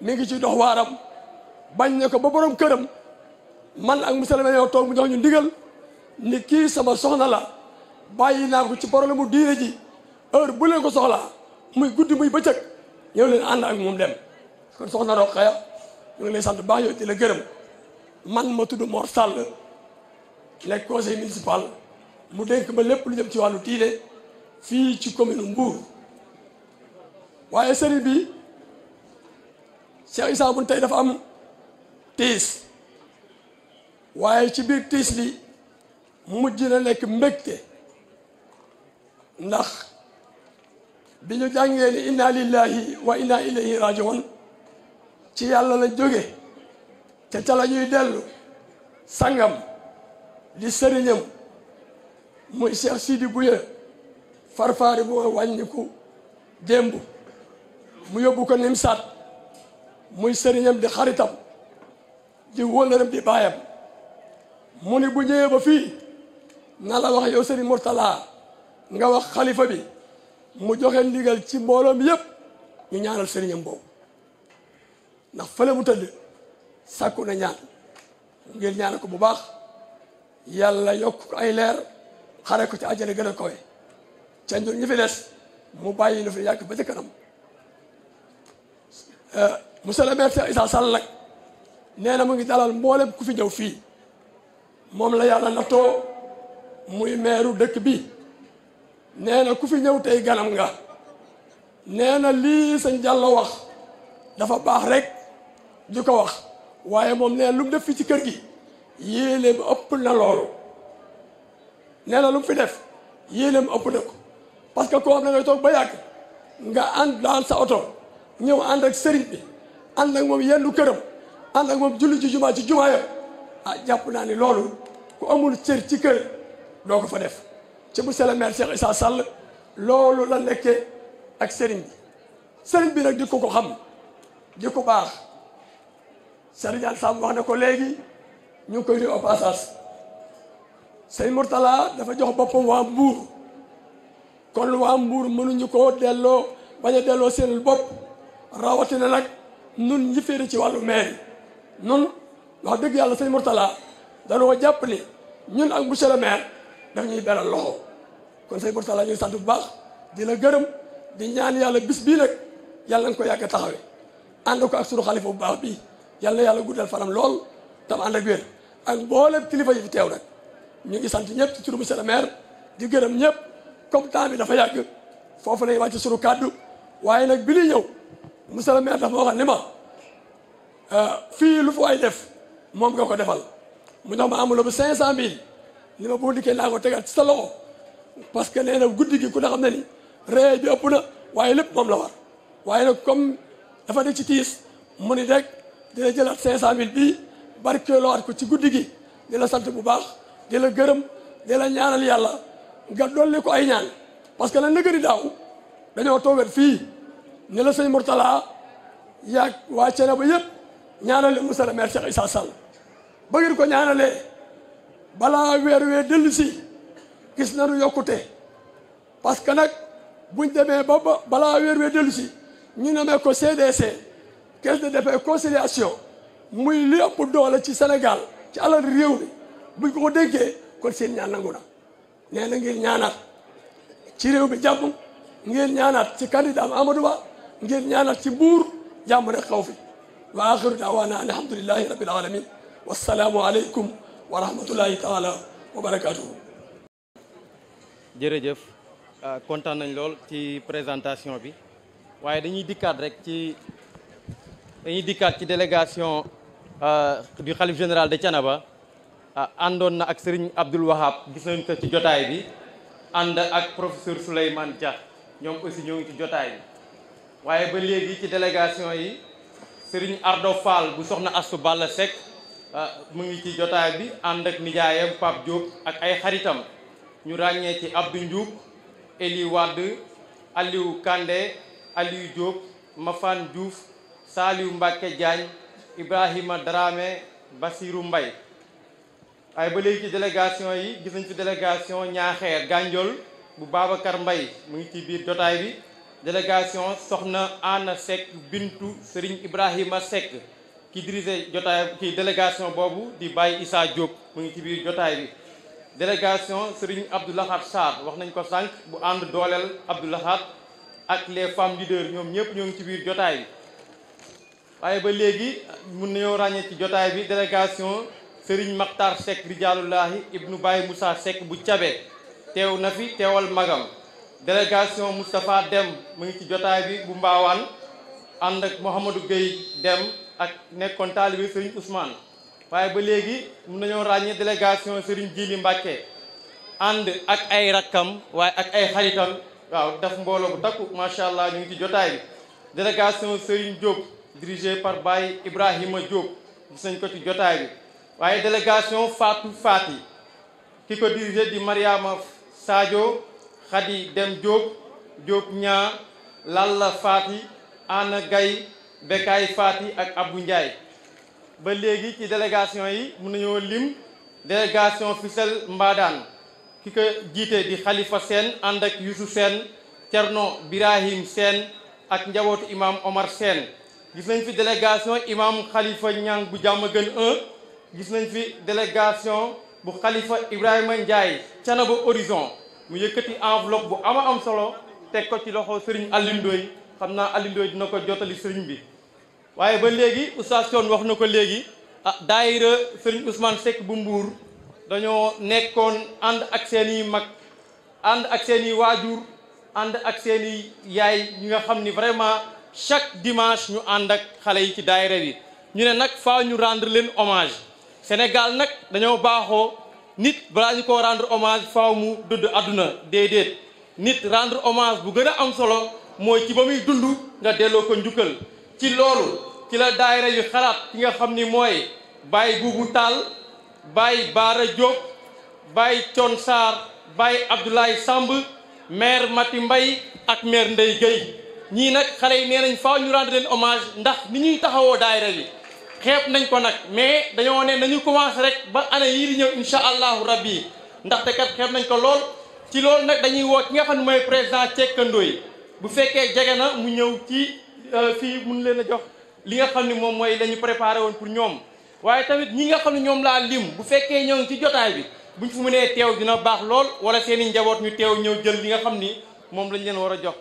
Speaker 13: mi ngi ci dox waaram bañ ne ko ba borom këram man ak monsieur le maire ñoo toog mu jox ñu ndigal ni kii sama soxna la bàyyi naa ko ci problème mu diine ji heure bule ko soxla muy guddi muy bëccëg ñëw leen ànd ak moom dem kon soxna Rokhaya ñu ngi lay sant baax yow di la gërëm man ma tudd Mor Sall nekk conseil mu dénk ma lépp lu jëm ci wàllu diine fii ci commune Mbour waaye sëri bi Cheikh Issa Bun dafa am tiis waaye ci biir tiis mu mujj na nekk mbégte ndax bi ñu jàngee ni inna lillahi wa inna ilayhi rajiun ci yàlla la jóge te ca la ñuy dellu sangam di sëriñam muy Cheikh Sidi Bouye farfaari boo wàññiku démb mu yóbbu ko Nimsaat muy sëriñam di xaritam di wóllëram di baayam mu ni bu ñëwee ba fii na la wax yow sëriñ Mourtala nga wax xalifa bi mu joxe ndigal ci mbooloom yépp ñu ñaanal sëriñam boobu ndax fële mu tëdd sàkku na ñaan ngeen ñaanal ko bu baax yàlla yokk ay leer xare ko ci àjjana gën a koy ca ñun ñu fi des mu bàyyi nu fi yàgg ba ci kanam euh, monsieur le maire Issa Sall nag nee na mu ngi dalal mboolem ku fi ñëw fii moom la yàlla nattoo muy meeru dëkk bi nee na ku fi ñëw tey ganam nga nee na lii sëñ Diallo wax dafa baax rek di ko wax waaye moom nee na lu def fii ci kër gi yéene bi ëpp na loolu nee na lu fi def yéene leen ëpp na ko parce que koo xam ne ba yàgg nga ànd daan sa oto ñëw ànd ak sëriñ bi ànd ak moom yendu këram ànd ak moom julli ci jumaa ci jumaa ya ah jàpp naa ni loolu ku amul cër ci kër doo ko fa def ci monsieur le maire Cheikh Issa Sall loolu la nekkee ak sëriñ bi sëriñ bi nag di ko ko xam di ko baax sëriñ Sam wax ne ko léegi ñu ngi koy nuyu au passage sëriñ Mourtala dafa jox boppam waa Mbour kon waa mbuur mënuñu koo delloo bañ a delloo seen bopp rawatina nag nun ñi féeri ci wàllu maire nun wax dëgg yàlla sëriñ Mourtala dañoo jàpp ni ñun ak monsieur le ñuy beral loxo kon sëñ Mourtalla ñuy sant bu baax di la gërëm di ñaan yàlla bis bii nag yàlla nañ ko yàgg a taxawee ànd ko ak sunu xalifa bu baax bii yàlla yàlla guddal fanam lool tam ànd ak wér ak mboolem kilifa yi fi teew nag ñu ngi sant ñëpp ci turu monsieur le maire di gërëm ñëpp comme temps dafa yàgg foofu lay wàcc sunu kàddu waaye nag bi li ñëw monsieur le maire dafa waxoon ni ma euh, fii lu fa waay def moom nga ko defal mu jox ma amuloo bu cinq cent mille ni ma boo dikkee naa ko tegal sa loxo parce que nee guddi gi ku ne xam ne ni ree bi ëpp na waaye lépp moom la war waaye nag comme dafa nekk ci tiis mu ni rek dina jëlaat cinq cent mille bii barkeeloowaat ko ci guddi gi di la sant bu baax di la gërëm di la ñaanal yàlla nga dolli ko ay ñaan parce que nag nëgëri daaw dañoo toogat fii ne la sëñ Mourtala yaag waa cene ba yëpp ñaanale monsieur le maire Cheikh Issa Sall ba ngeen ko ñaanalee balaa weer wee dellu si gis nañu yokkute parce que nag buñ demee ba balaa weer wee dellu si ñu nemee ko CDC caisse de dépôt et conciliation muy li ëpp doole ci Sénégal ci alal réew mi buñ ko ko dénkee kon seen ñaan nangu na nee na ngeen ñaanaat ci réew mi jàmm ngeen ñaanaat ci candidat Amadou Ba ngeen ñaanat ci buur jàmm rek xaw fi wa axiru daawaana alhamdulillahi rabbil alamin
Speaker 17: wassalaamu aleykum wa rahmatullahi taala wa barakatuhu jërëjëf ah, kontaan nañ lool ci présentation bi waaye dañuy dikkaat rek ci dañuy dikkaat ci délégation ah, du xalif général de Thiénaba ah, àndoon na ak Serigne Abdoul Wahab gis nañ ko ci jotaay bi ànd ak professeur Souleymane Dia ñoom aussi ñëw ngi ci jotaay bi waaye ba léegi ci délégation yi Serigne Ardo Fall bu soxna Astou Balla Seck mu ngi ci jotaay bi ànd ak nijaayam Pape Diop ak ay xaritam ñu ràññee ci Abdou Ndiouk Eli Wade Aliou Kandé Aliou Diop Mafane Diouf Saliou Mbacke Diagne Ibrahima Dramé Basirou mbay waaye ba léegi ci délégation yi gis ci délégation Ñaaxeer Gandiol bu Babacar mbay mu ngi ci biir jotaay bi délégation soxna Anna Seck Bintu sëriñ Ibrahima Seck ki dirige jotaay ki délégation boobu di Baye Issa Diop mu ngi ci biir jotaay bi délégation Serigne Abdou Lahad Sarr wax nañ ko sànq bu ànd dooleel Abdou Lahad ak les femmes leaders ñoom ñëpp ñoo ngi ci biir jotaay bi waaye ba léegi mun nañoo ràññee ci jotaay bi délégation Serigne Makhtar Seck rijaalullahi ibnu Baye Moussa Seck bu Cabe teew na fi teewal magam délégation Moustapha Dem mu ngi ci jotaay bi bu Mbaawaan ànd ak Mouhamadou Gueye Dem ak nekkoon taalibe Serigne usmaan waaye ba léegi mun nañoo ràññee délégation Serigne Djili Mbacke ànd ak ay rakkam waaye ak ay xaritam waaw daf mbooloo bu takku macha allah ñu ngi ci jotaay bi délégation Serigne Diop dirigé par Baye Ibrahima Diop gis nañ ko ci jotaay bi waaye délégation Fatou Fati ki ko dirigé di Mariama Sadio Khady Dem Diop Diop ñaa Lalla Fati Anna Gaye Bekay Fati ak Abou Ndiaye ba léegi ci délégation yi mun nañoo lim délégation Fissel Mbadaan ki ko jiite di Khalifa seen ànd ak seen Sène Thierno Birahim seen ak njabootu imam Omar Sène gis nañ fi délégation imam xalifa Niang bu Diamaguène 1 gis nañ fi délégation bu Khalifa Ibrahima Ndiaye Thiénaba Horizon mu yëkkati enveloppe bu ama am solo te ko ci loxo Serigne Alioune xam naa Alioune di dina ko jottali Serigne bi waaye ba léegi oustaz Thion wax na ko léegi ah daayira Serigne Ousmane Seck bu Mbour dañoo nekkoon ànd ak seen i mag ànd ak seeni waajur ànd ak seeni yaay ñi nga xam ni vraiment chaque dimanche ñu ànd ak xale yi ci daayira bi ñu ne nag faa ñu rendre leen hommage Sénégal nag dañoo baaxoo nit balaa ñu ko rendre hommage faw mu dudd àdduna déedéet nit rendre hommage bu gën a am solo mooy ci ba muy dund nga delloo ko njukkal ci loolu ci la daayira yu xalaat ki nga xam ni mooy Baye Boubou Tall Baye Baara Diop Baye Thion Sarr Baye Abdoulaye sàmb maire Mati mbay ak maire Ndeye Gueye ñii nag xale yi nee nañ faaw ñu rendre leen hommage ndax ni ñuy taxawoo daayira yi xeeb nañ ko nag mais dañoo ne nañu commencé rek ba année yii di ñëw incha allahu rabbi ndaxte kat xeeb nañ ko lool ci loolu nag dañuy woo ki nga xam ne mooy président cekkandoo yi bu fekkee jege na mu ñëw ci Euh, fii mun leen a jox li nga xam ni moom mooy la ñu préparé woon pour ñoom waaye tamit ñi nga xam ne ñoom laa lim bu fekkee ñoo ngi ci jotaay bi buñ fu mënee teew dina baax lool wala seen i njaboot ñu teew ñëw jël li nga xam ni moom lañ leen war a jox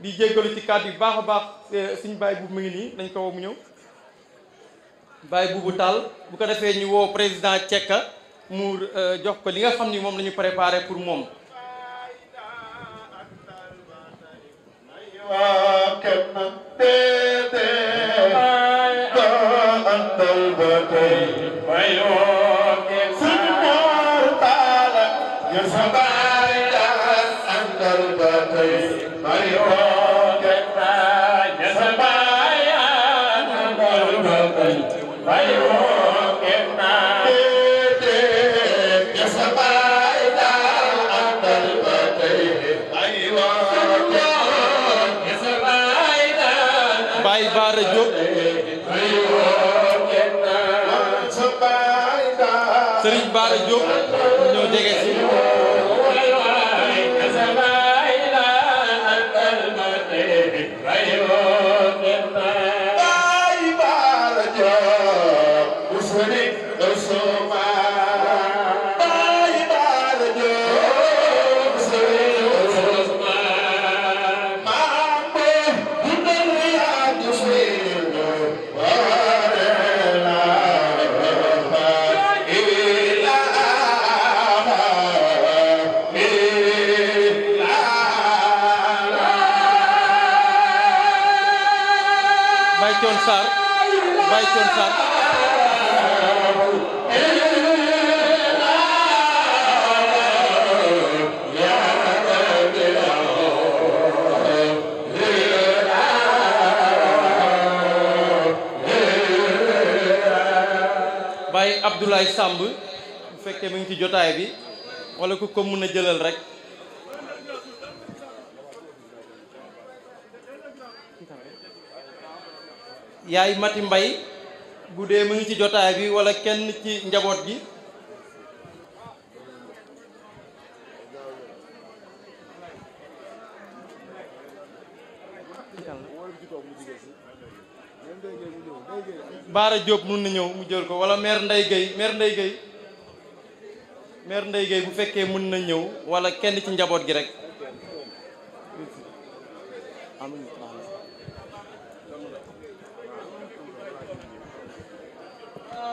Speaker 17: di jéggalu ci kàddu yi baax a baax euh, suñu baay bu mu ngi nii dañ ko woo mu ñëw baay buubu taal bu ko defee ñu woo président Cekka mu euh, jox ko li nga xam ni moom la ñu préparé pour moom Vai, Serigne Bara Diop ñoo jege si Thione Sarr Baye Thione Sarr Abdoulaye Samb bu fekkee mu ngi ci jotaay bi wala ku ko mën a jëlal rek yaay mati mbay bu dee mu ngi ci jotaay bi wala kenn ci njaboot gi Baara Diop mun na ñëw mu jël ko wala meer Ndeye Gueye maire Ndeye Gueye bu fekkee mun na ñëw wala kenn ci njaboot gi rek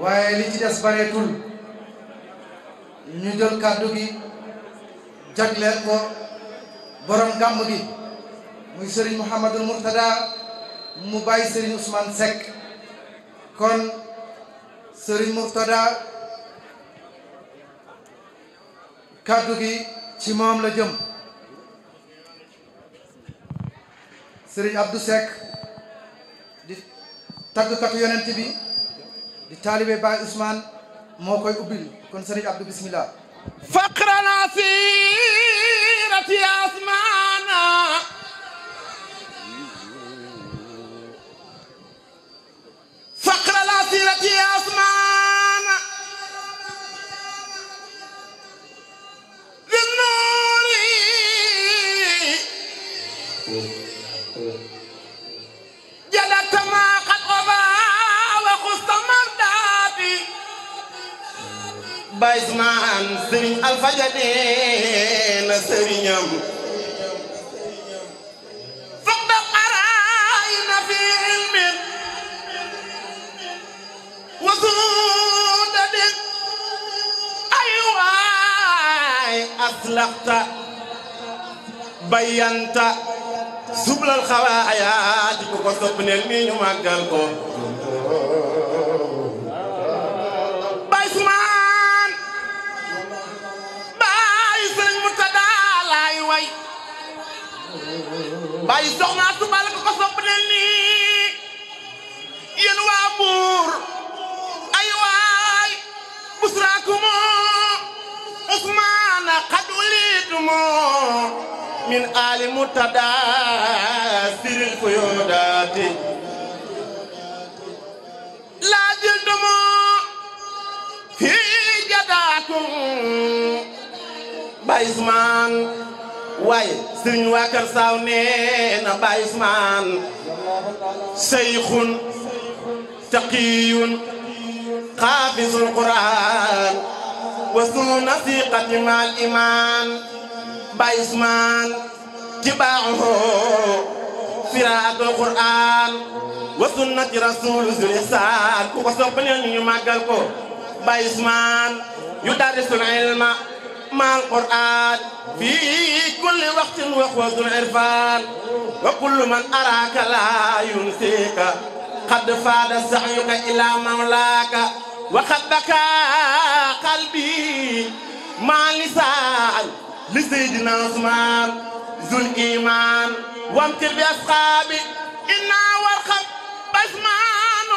Speaker 5: waaye li ci des bareetul ñu jël kàddu gi jagleel ko borom gàmm gi muy sëriñ Mouhamadul Mourtada mu bàyyi Serigne Ousmane Seck kon Serigne Mourtada kàddu gi ci moom la jëm. sëriñ Abdou Seck di taggkatu yonent bi di taalibe Baay Ousmane moo koy ubbil kon sëriñ Abdou bismillah faqran asirati asmana
Speaker 12: faqran Baye Ousmane Serigne Alpha Dia nee na sëriñam
Speaker 2: faqda qaraay na fi ilmin wasuuda dég
Speaker 12: ay waay aslaxta bayanta sublal xawaayaati ku ko sopp neel mi ñu màggal ko way bàyyi soxna su bal ko ko sopp nel nii yéen waa buur ay waay busraakumo usmaana xad ulitumo
Speaker 14: min aali murtada siril kuyoodaati
Speaker 12: laa jiltumo fii jadaakum ba ismaan waaye sëriñ waa Kër Saaw nee na Baay Usmaan seyxun taqiyun quraan wa sunu nasiqati maal imaan Baay Usmaan tibaaxo siraatul quraan wa sunnati rasuul zul ihsaan ku ko sopp ñu màggal ko Baay Usmaan yu darisul ilma مع القرآن في كل وقت وخوض العرفان وكل من أراك لا ينسيك قد فاد سعيك إلى مولاك وقد بكى قلبي مع لسان لسيدنا عثمان ذو الإيمان وامتر بأصحابي إنا والخط
Speaker 4: بسمان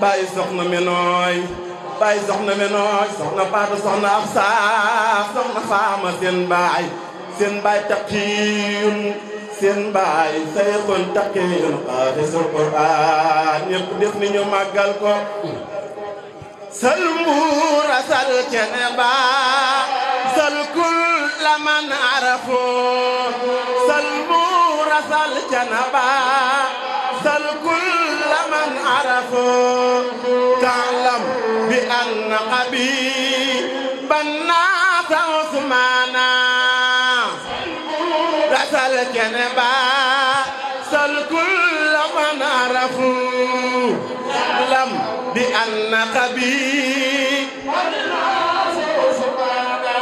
Speaker 10: باي سخن منوي baay soxna menooy soxna paatu na ab saax soxna faama seen baay seen baay taqiyun seen baay sayxun taqiyun
Speaker 12: xaatisul quraan ñëpp def ni ñu màggal ko sal mbuura sal cene ba sal kulla man arafu sal mbuura sal cene ba sal kulla man arafu taalam bi anna qabi bannaata usmaana sal mbuura sal cene ba النقبي والناس
Speaker 3: سبحانا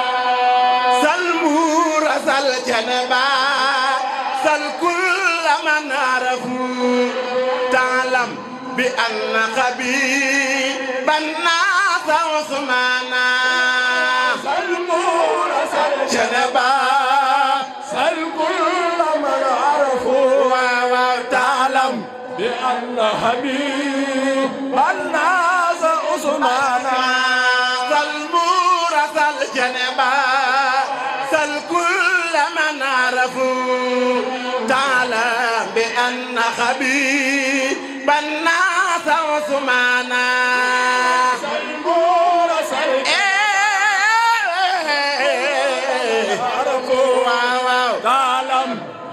Speaker 12: سالمور سالجنبا سالكل من عرفوا تعلم بأن قبي بناس عثمانا سالمور سالجنبا
Speaker 8: أن حبيب الناس
Speaker 3: عثمان
Speaker 12: سلمور سالجنبا سل كل من عرفوا تعالى بأن حبيب الناس عثمان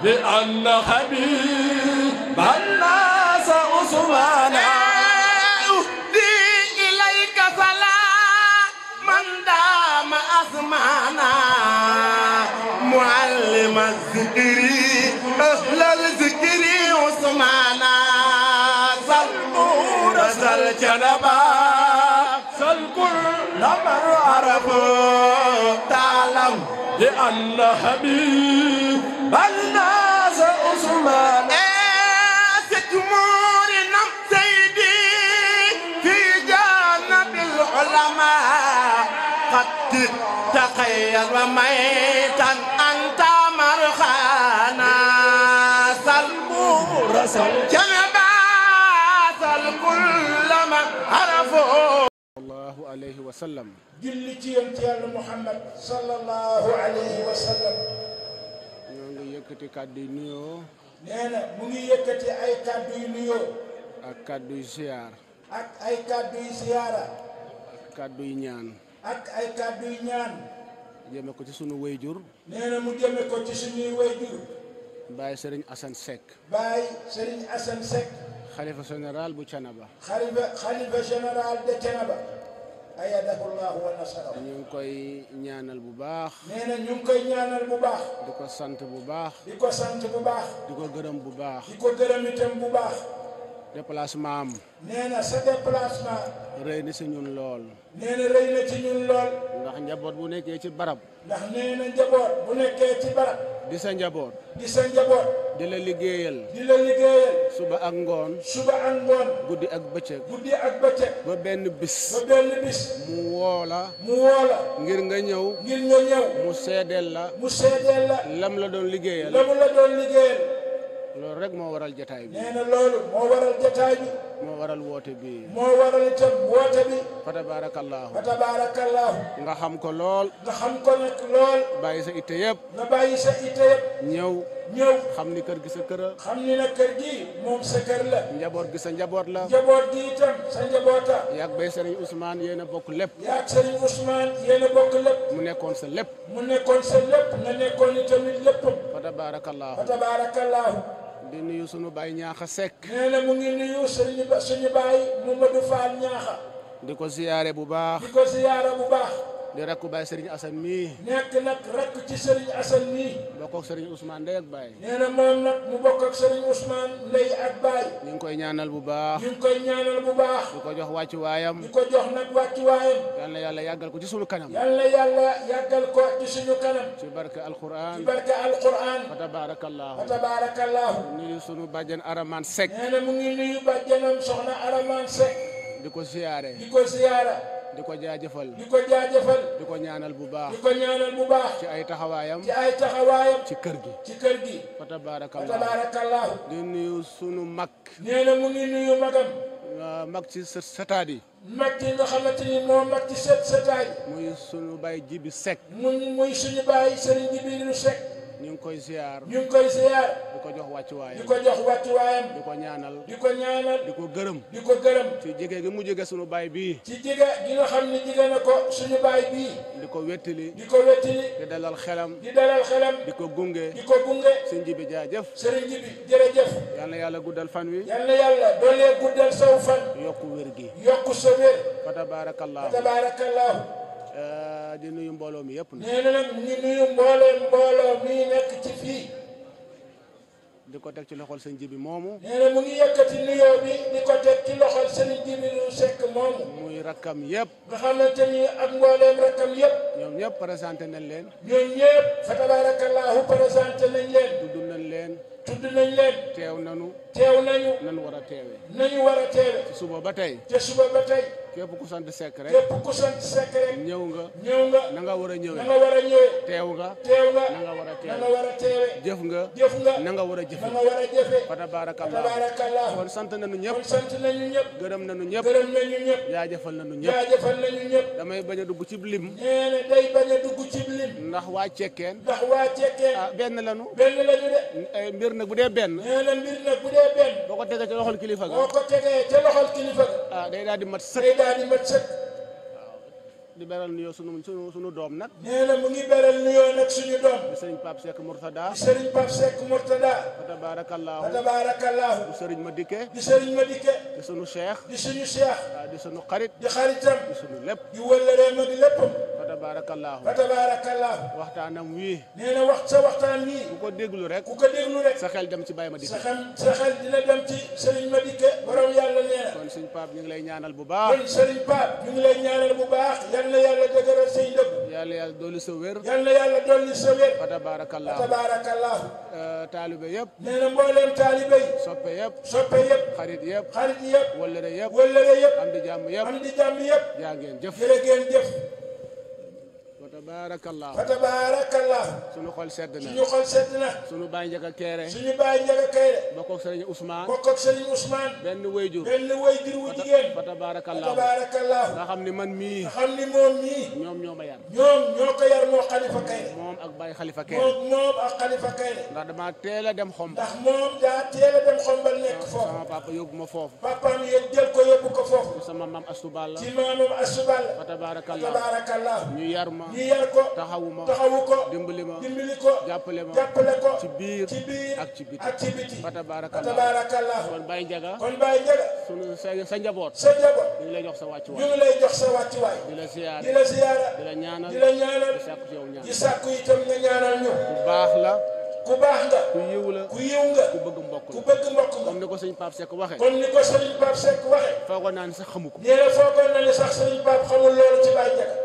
Speaker 3: بأن حبيب
Speaker 12: معنا معلم الذكر أهل الذكر عثمانا سلمون سلجنبا سلكل لمن عرفوا تعلم لأن حبيب الناس
Speaker 2: عثمان جمهور
Speaker 12: نمتيدي في جانب العلماء قد حيا وميتا أنت مرخانا سلبو رسول جنبا سلكل من عرفه الله عليه وسلم جل تيام تيام محمد صلى الله عليه وسلم ñoo ngi yëkkati kàddu yu nuyoo. nee na mu ngi yëkkati ay kàddu yu nuyoo. ak kàddu yu ziyaar. ak ay kàddu yu ziyaara. ak kàddu yu ñaan. ak ay kàddu yu ñaan. jëme ko ci sunu wayjur nee na mu jëme ko ci sunuy wayjur Baye Serigne Assane Seck Baye Serigne Assane Seck xalifa général bu Canaba xalifa xalifa de Canaba ayadahullahu wa nasara ñu koy ñaanal bu baax nee ñu koy ñaanal bu baax di ko sant bu baax di ko sant bu baax di ko gërëm bu baax di ko gërëm bu baax déplacement am nee na sa déplacement rëy na si ñun lool nee na rëy na ci ñun lool. ndax njaboot bu nekkee ci barab. ndax nee na njaboot bu nekkee ci barab. di sa njaboot. di sa njaboot. di la liggéeyal. di la liggéeyal. suba ak ngoon. suba ak ngoon. guddi ak bëccëg. guddi ak bëccëg. ba benn bis. ba benn bis. mu woo la. mu woo la. ngir nga ñëw. ngir nga ñëw. mu seedeel la. mu seedeel la. lam la doon liggéeyal. lam la doon liggéeyal. loolu rek moo waral jataay bi. nee na loolu moo waral jataay bi. moo waral woote bii
Speaker 4: moo waral itam woote bi
Speaker 12: fa tabaarakallaahu fa tabaarakallaahu nga xam ko lool nga xam ko nag lool bàyyi sa itte yëpp nga bàyyi sa itte yëpp ñëw ñëw xam ni kër gi sa kër xam ni na kër gi moom sa kër la njaboot gi sa njaboot la njaboot gi itam sa njaboota yaag bay sëriñ Ousmane yéen a bokk lépp yaag sëriñ mu nekkoon sa lépp mu nekkoon sa lépp nga nekkoon itamit lépp fa tabaarakallaahu fa tabaarakallaahu di nuyu sunu baay ñaaxa sekk. nee na mu ngi nuyu suñu ba suñu baay Mamadou Fall ñaaxa. di ko ziyaare bu baax. di ziyaare bu baax. di rakku baay Serigne Assane mii. nekk nag rakk ci Serigne Assane mii. bokk ak Serigne Ousmane Ndeye ak Baye. nee na moom nag mu bokk ak Serigne Ousmane Ndeye ak Baye. ñu ngi koy ñaanal bu baax. ñu ngi koy ñaanal bu baax. di ko jox wàccu waayam. di ko jox nag wàccu waayam. yal na yàlla yàggal ko ci suñu kanam. yal na yàlla yàggal ko ci suñu kanam. ci barke alquran. ci barke alquran. fa tabarakallahu. fa tabarakallahu. nuyu sunu bàjjen Araman Seck. nee na mu ngi nuyu bàjjenam soxna Araman Seck. di ko siyaare. di ko siyaare. di ko jaajëfal di ko di ko ñaanal bu baax di ko ñaanal bu baax ci ay taxawaayam ci ay taxawaayam ci kër gi ci kër gi fa tabaarakallaahu tabaarakallaahu di nuyu sunu mag nee na mu ngi nuyu magam mag ci sët mag yi nga xamante moo mag ci sët muy sunu baay jibi sek muy suñu baay sëriñ jibi lu sek ñu ngi koy ziar ñu koy ziar di ko jox wàccuwaayam di ko jox wàccuwaayam di ko ñaanal di ko ñaanal di ko gërëm di ko gërëm ci jege gi mu jege suñu baay bii ci jege gi nga xam ne jege na ko suñu baay bii di ko wettali di ko wettali di dalal xelam di dalal xelam di ko gunge di ko gunge sëñ ji bi jaajëf sëriñ ji bi yàlla guddal fan wi yal na yàlla doolee guddal saw fan yokku wér gi yokku sa wér fa tabaarakallaahu fa tabaarakallaahu di nuyu mbooloo yëpp nag. na nag ñu nuyu mbooloo mbooloo nekk ci fii. di ko teg ci loxol sëñ Jibi moomu. nee mu ngi yëkkati nuyoo bi di ko ci loxol sëñ Jibi lu sekk moomu. muy rakkam yëpp. nga xam xamante ni ak mbooleem rakkam yëpp. ñoom ñëpp présenté nañ leen. ñoom ñëpp fa tabaarakallaahu présenté nañ leen. tudd nañ leen. tudd nañ leen. teew nañu. teew nañu. nañ war a teewee. nañu war a teewee. suba ba tey. ci suba ba tey. képp ku sant sekk rek képp ku sant sekk rek ñëw nga ñëw nga na nga war a ñëwee na nga war a ñëwee teew nga teew nga na nga war a teewe na nga war a teewe jëf nga jëf nga na nga war a jëfe na nga war a jëfe fa tabarakallah kon sant nañu ñëpp kon sant nañu ñëpp gërëm nañu ñëpp gërëm nañu ñëpp jaajëfal nañu ñëpp jaajëfal nañu ñëpp damay bañ a dugg ci lim nee na day bañ a dugg ci lim ndax waa cekkeen ndax waa cekkeen ah benn lanu benn lañu de eh, mbir nag bu dee benn nee na mbir nag bu dee benn boo ko tegee ca loxol kilifa ga boo ko tegee ca loxol kilifa ga ah day daal di mat sëkk daal di mat sëkk di beral nuyoo sunu sunu sunu doom nag. nee mu ngi beral nuyoo nag suñu doom. di sëriñ Pape Seck Mourtada. di sëriñ Pape Seck Mourtada. fa tabaarakallaahu fa tabaarakallaahu. di sëriñ Madické. di sëriñ Madické. di sunu cheikh. di suñu di sunu xarit. di xaritam. di sunu lépp. di wëllëree ma di léppam. fa tabaarakallaahu fa tabaarakallaahu. waxtaanam wii. nee wax sa waxtaan wii. ku ko déglu rek. ku ko déglu rek. sa xel dem ci Baye ma sa xel sa xel dina dem ci sëriñ Madické borom yàlla nee kon ñu ngi lay ñaanal bu baax yal na yàlla dëgëral say dëgg. yàlla yàlla dolli sa wér. yal dolli sa wér. fa uh, taalibe yëpp. nee na mbooleem soppe yëpp. soppe yëpp. xarit yëpp. xarit yëpp. wëllëre yëpp. yaa ngeen jëf. jërë ngeen tabarakallah fa tabarakallah suñu xol sedd na suñu xol sedd na suñu baay njaga keere suñu baay njaga keere bokk ak sëriñ Ousmane bokk ak sëriñ benn wayjur benn wayjur wu jigéen fa tabarakallah tabarakallah xam ni man mii nga ñoom ñoo ma yar ñoom ñoo ko yar moo xalifa keere moom ak baay xalifa keere moom moom ak xalifa keere ndax dama teel dem xomba ndax moom daa teel dem xombal nekk foofu sama papa yóbbu ma foofu jël ko yóbbu ko foofu sama maam asubal la ci maamam ko taxawu ma taxawu ko dimbali ma dimbali ko jàppale ma jàppale ko ci biir ci biir ak ci kon Baye Ndiaga kon Baye Ndiaga sunu sa njaboot sa njaboot ñu ngi lay sa wàccuwaay ñu ngi la ziyaara di la ziyaara la ñaanal di la ñaanal di sàkku yow ñaan di sàkku itam nga ñaanal ñu bu baax la ku baax nga ku yiw la ku yiw nga ku bëgg mbokk ku bëgg mbokk mbok comme ni ko sëñ Pape Seck waxee comme ni ko sëñ Pape Seck waxee foogoon ko nee na foogoon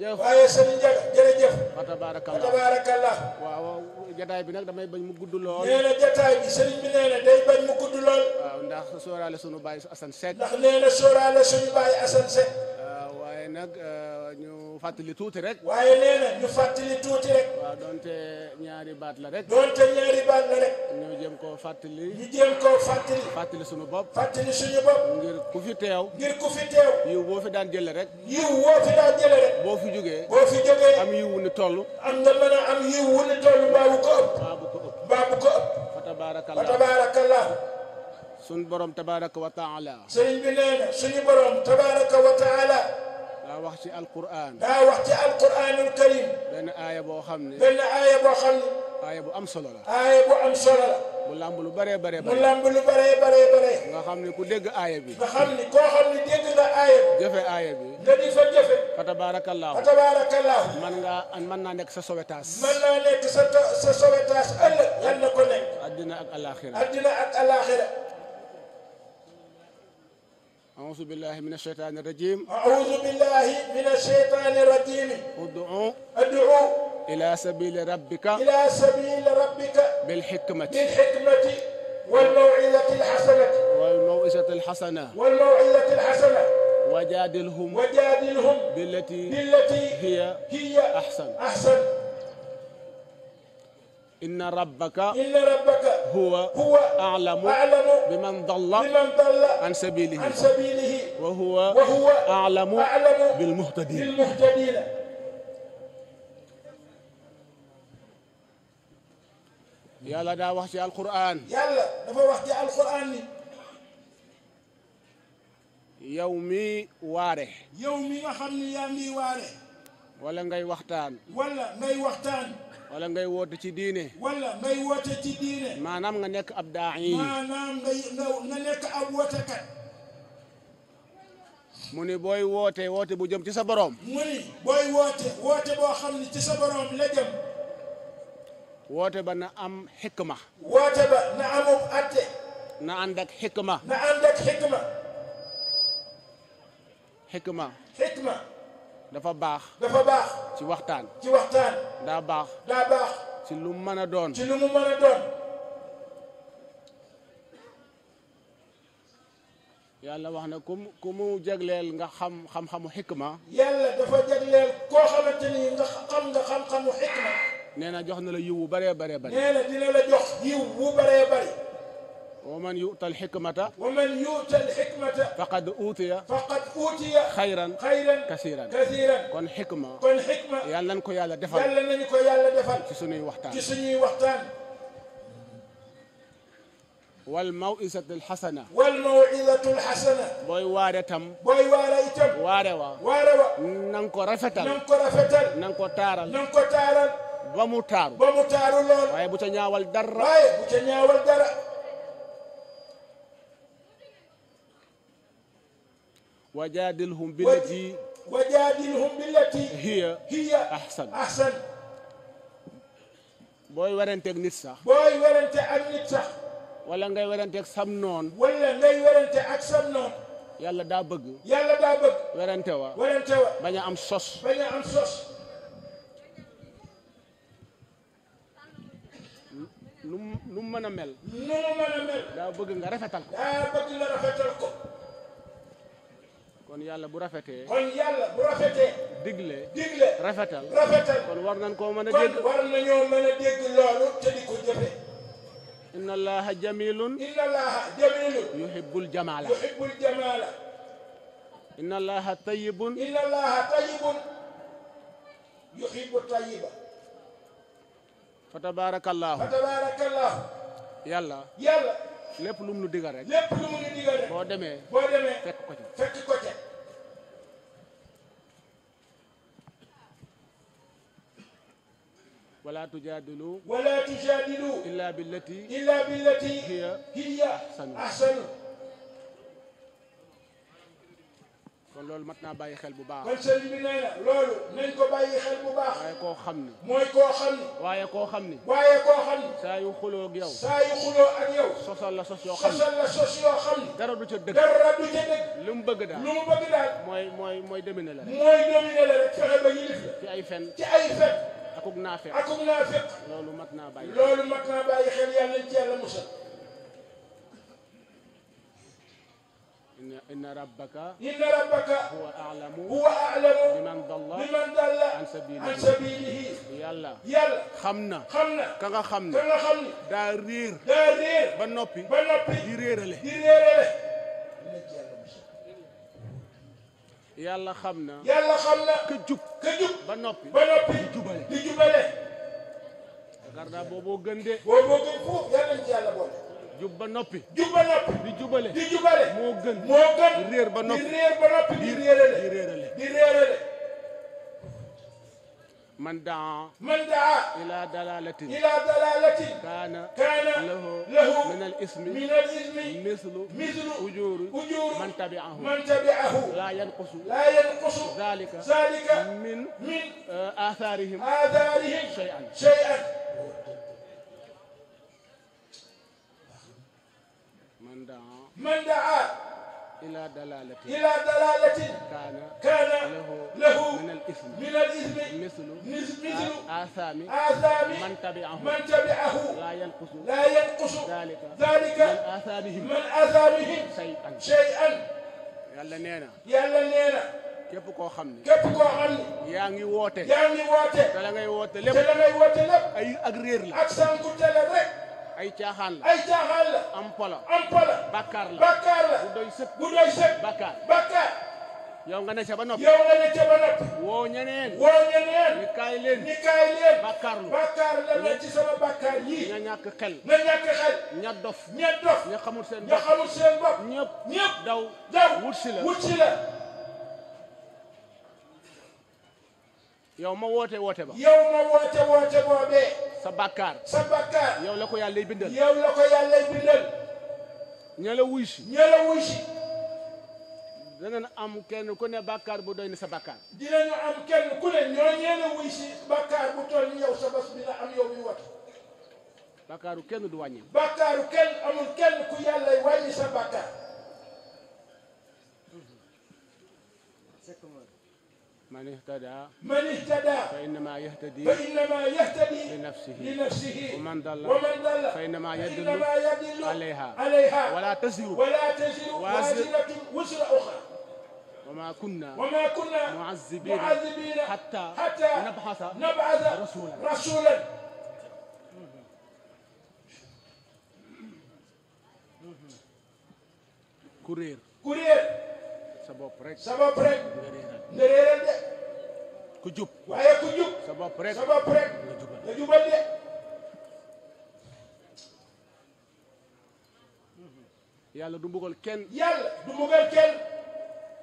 Speaker 12: jërëjëf waaye sëriñ Ndiaga jërëjëf. fa tabaarakallah fa waaw jataay bi nag damay bañ mu gudd lool. nee jataay bi sëriñ bi nee day bañ mu gudd lool. waaw ndax sóoraale sunu baay Assane Seck. ndax nee na sunu baay Assane Seck. waaye nag euh, ñu fàttali tuuti rek. waaye nee na ñu fàttali tuuti rek. waaw donte ñaari baat la rek. donte ñaari baat la rek. ñu jëm koo fàttali. ñu jëm koo fàttali. fàttali suñu bopp. fàttali suñu bopp. ngir ku fi teew. ngir ku fi teew. yiw boo fi daan jëlee rek. yiw boo fi daan jëlee rek. boo fi jógee. boo fi jógee. am yiw wu ni toll. am na mën a am yiw wu ni toll mbaa bu ko ëpp. mbaa bu ko ëpp. mbaa bu ko ëpp. fa tabaarakallah fa tabaarakallah. suñ borom tabaaraka wa taala. sëriñ bi nee na suñu borom tabaaraka wa taala. daa wax ci alqur'an.
Speaker 4: daa wax ci alqur'anul karim.
Speaker 12: benn aaya boo xam ne. benn aaya boo xam ne. aaya bu am solo la. aaya bu am solo la. mu lamb lu bëree bëree bëri. mu lamb lu bëree bëree bëri. nga xam ne ku dégg aaya bi. nga xam ne koo xam ne dégg nga aaya bi. jëfe aaya bi. nga di fa jëfe. fa tabaarakallaahu. fa tabaarakallaahu. mën ngaa mën naa nekk sa sowetaas. mën naa nekk sa sa sowetaas ëllëg. yal na ko nekk. addina ak alaaxira. addina ak alaaxira. أعوذ بالله من الشيطان الرجيم أعوذ بالله من الشيطان الرجيم ادعو ادعو إلى سبيل ربك إلى سبيل ربك بالحكمة بالحكمة والموعظة الحسنة والموعظة الحسنة والموعظة الحسنة وجادلهم وجادلهم بالتي بالتي هي هي أحسن أحسن inna rabbaka inna rabbaka huwa huwa a'lamu biman dalla an sabilihi wa huwa a'lamu bil muhtadin yàlla daa wax ci alqur'an yàlla dafa wax ci alqur'an ni yow mi waare yow mi nga xam ne yaa ngi waare wala ngay waxtaan wala ngay waxtaan wala ngay woote ci diine. wala ngay nga nekk ab daa'i. maanaam ngay nga nekk ab wootekat. mu ni booy woote woote bu jëm ci sa borom. mu ni booy woote woote boo xam ne ci sa la jëm. woote ba na am xikma. woote ba na amub atte. na ànd ak xikma. xikma. xikma. dafa baax. ci waxtaan. ci waxtaan. daa baax. daa baax. ci lu mën a doon. ci lu mu mën a doon. yàlla wax na ku mu ku mu nga xam xam-xamu xikma. yàlla dafa jagleel koo xamante ni nga xam nga xam-xamu xikma. nee na jox na la yiw wu bëree bëree bëri. nee na dina la jox yiw bu bëree bëri. ومن يؤتى الحكمة ومن يؤتى الحكمة فقد أوتي فقد أوتي خيرا خيرا كثيرا كثيرا kon xikma kon xikma yàlla nañ ko yàlla defal yàlla nañ ko yàlla defal ci suñuy waxtaan ci suñuy waxtaan wal mawisatul xasana wal mawisatul xasana booy waare tam booy waare itam waare wa waare wa na nga ko rafetal na nga ko rafetal na nga ko taaral na nga ko taaral ba mu taaru ba mu taaru lool waaye bu ca ñaawal dara waaye bu ca ñaawal dara wajaadilhum billati wajaadilhum billati hiya hiya ahsan ahsan booy werenteeg nit sax booy werante ak nit sax wala ngay werenteeg sam noon wala ngay werante yàlla daa bëgg yàlla daa bëgg werante wa werante wa bañ am sos bañ a am sos nu mën a mel nu mu mel daa bëgg nga rafetal bëgg nga rafetal ko kon yàlla bu rafetee. kon yàlla bu digle rafetal kon war nañ koo mën a dégg. kon loolu te ko jëfe. inna allaha jamilun. inna allaha jamilun. yuhibbul jamala. yuhibbul jamala. inna allaha tayyibun. inna allaha fa tabaarakallahu. yàlla. yàlla. lépp lu nu digal rek. wala tujaadilu wala tujaadilu illa billati illa billati hiya hiya ahsanu kon loolu mat naa bàyyi xel bu baax kon sëriñ bi loolu nañ ko bàyyi xel bu baax waaye koo xam ni mooy koo xam ni waaye koo xam ni waaye koo xam ni saa ak yow saa la sos yoo xam ni dara du ca dëgg lu mu bëgg daal lu mu bëgg daal mooy mooy mooy dominer la fexe ba ñu lif ci ay fen ci ay fen akuk naafeq akuk naafeq loolu mat naa bàyyi loolu mat naa bàyyi xel yàlla nañ ci yàlla musal inna rabbaka inna rabbaka huwa a'lamu huwa a'lamu biman dalla biman dalla an sabilihi an sabilihi yàlla yàlla xam na xam na ka nga xam ne ka nga xam ne daa réer daa réer ba noppi ba noppi di réerale di réerale yàlla xam na. yàlla xam na. ka jub ka jub. ba noppi ba noppi. di jubale di jubale. yaakaar naa booboo gën de. booboo gën foofu yàlla nañ boole. jub ba noppi. jub ba noppi. di jubale di jubale. moo gën di réer ba noppi di réer ba من دعا من دعا إلى دلالة إلى دلالة كان كان له له من الإثم من الإثم مثل مثل أجور أجور من تبعه من تبعه لا ينقص لا ينقص ذلك ذلك من من آثارهم آثارهم شيئا شيئا من دعا من دعا إلى دلالة إلى دلالة كان كان له له من الإثم من الإثم مثل مثل آثام آثام من تبعه من تبعه لا ينقص لا ينقص ذلك ذلك من آثامهم من آثامهم شيئا شيئا يلا نينا يلا نينا képp koo xam ne képp koo xam ne yaa ngi woote yaa ngi woote te la ngay woote lépp te la ngay woote lépp ay ak réer la ak sànku tele rek ay caaxaan la ay caaxaan la am pola am pola bàkkaar la bàkkaar la bu
Speaker 9: doy sëpp bu doy sëpp
Speaker 12: bàkkaar nga ne
Speaker 9: ca ba noppi yow nga ne ca ba noppi
Speaker 12: woo ñeneen woo ñeneen ni kaay leen ni kaay leen bàkkaarlu la ci sama bàkkaar yii ña ñàkk xel ña ñàkk xel ña dof ña dof ña xamul seen bopp ña xamul seen bopp ñëpp ñëpp daw daw wut si la wut si la yow ma woote woote ba. yow ma woote woote sa bàkkaar. sa la ko yàlla lay bindal. yow la ko yàlla lay bindal. ña la wuy si. la wuy si. danañ am kenn ku ne bàkkaar bu doy ni sa bàkkaar. dinañ am kenn ku ne ñoo ñee la wuy si bu toll yow sa bas am yow mi wat. bàkkaaru kenn du wàññi. bàkkaaru kenn amul kenn ku yàlla wàññi sa bàkkaar. من اهتدى من اهتدى فإنما يهتدي فإنما يهتدي لنفسه لنفسه ومن ضل ومن ضل فإنما يدل فإنما يدل عليها عليها ولا تزر ولا تزر وازرة وزر أخرى وما كنا وما كنا معذبين معذبين حتى حتى نبعث نبعث رسولا رسولا كرير كرير sa rek sa bopp rek nga réeral de du mbugal kenn yàlla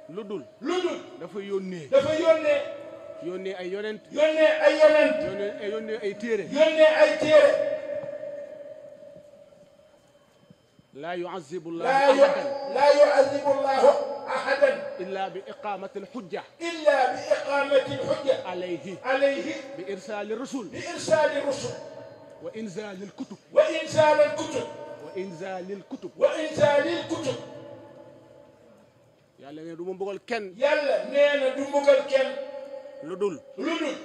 Speaker 12: du dul lu dafa yónnee dafa ay yonent ay téere yónnee ay téere laa yuazibu llahu
Speaker 4: أحدا
Speaker 12: إلا بإقامة الحجة إلا بإقامة الحجة عليه عليه بإرسال الرسل بإرسال الرسل وإنزال الكتب وإنزال الكتب وإنزال الكتب وإنزال الكتب yàlla ne du ma mbugal kenn. yàlla nee na du mbugal kenn. lu dul. lu dul.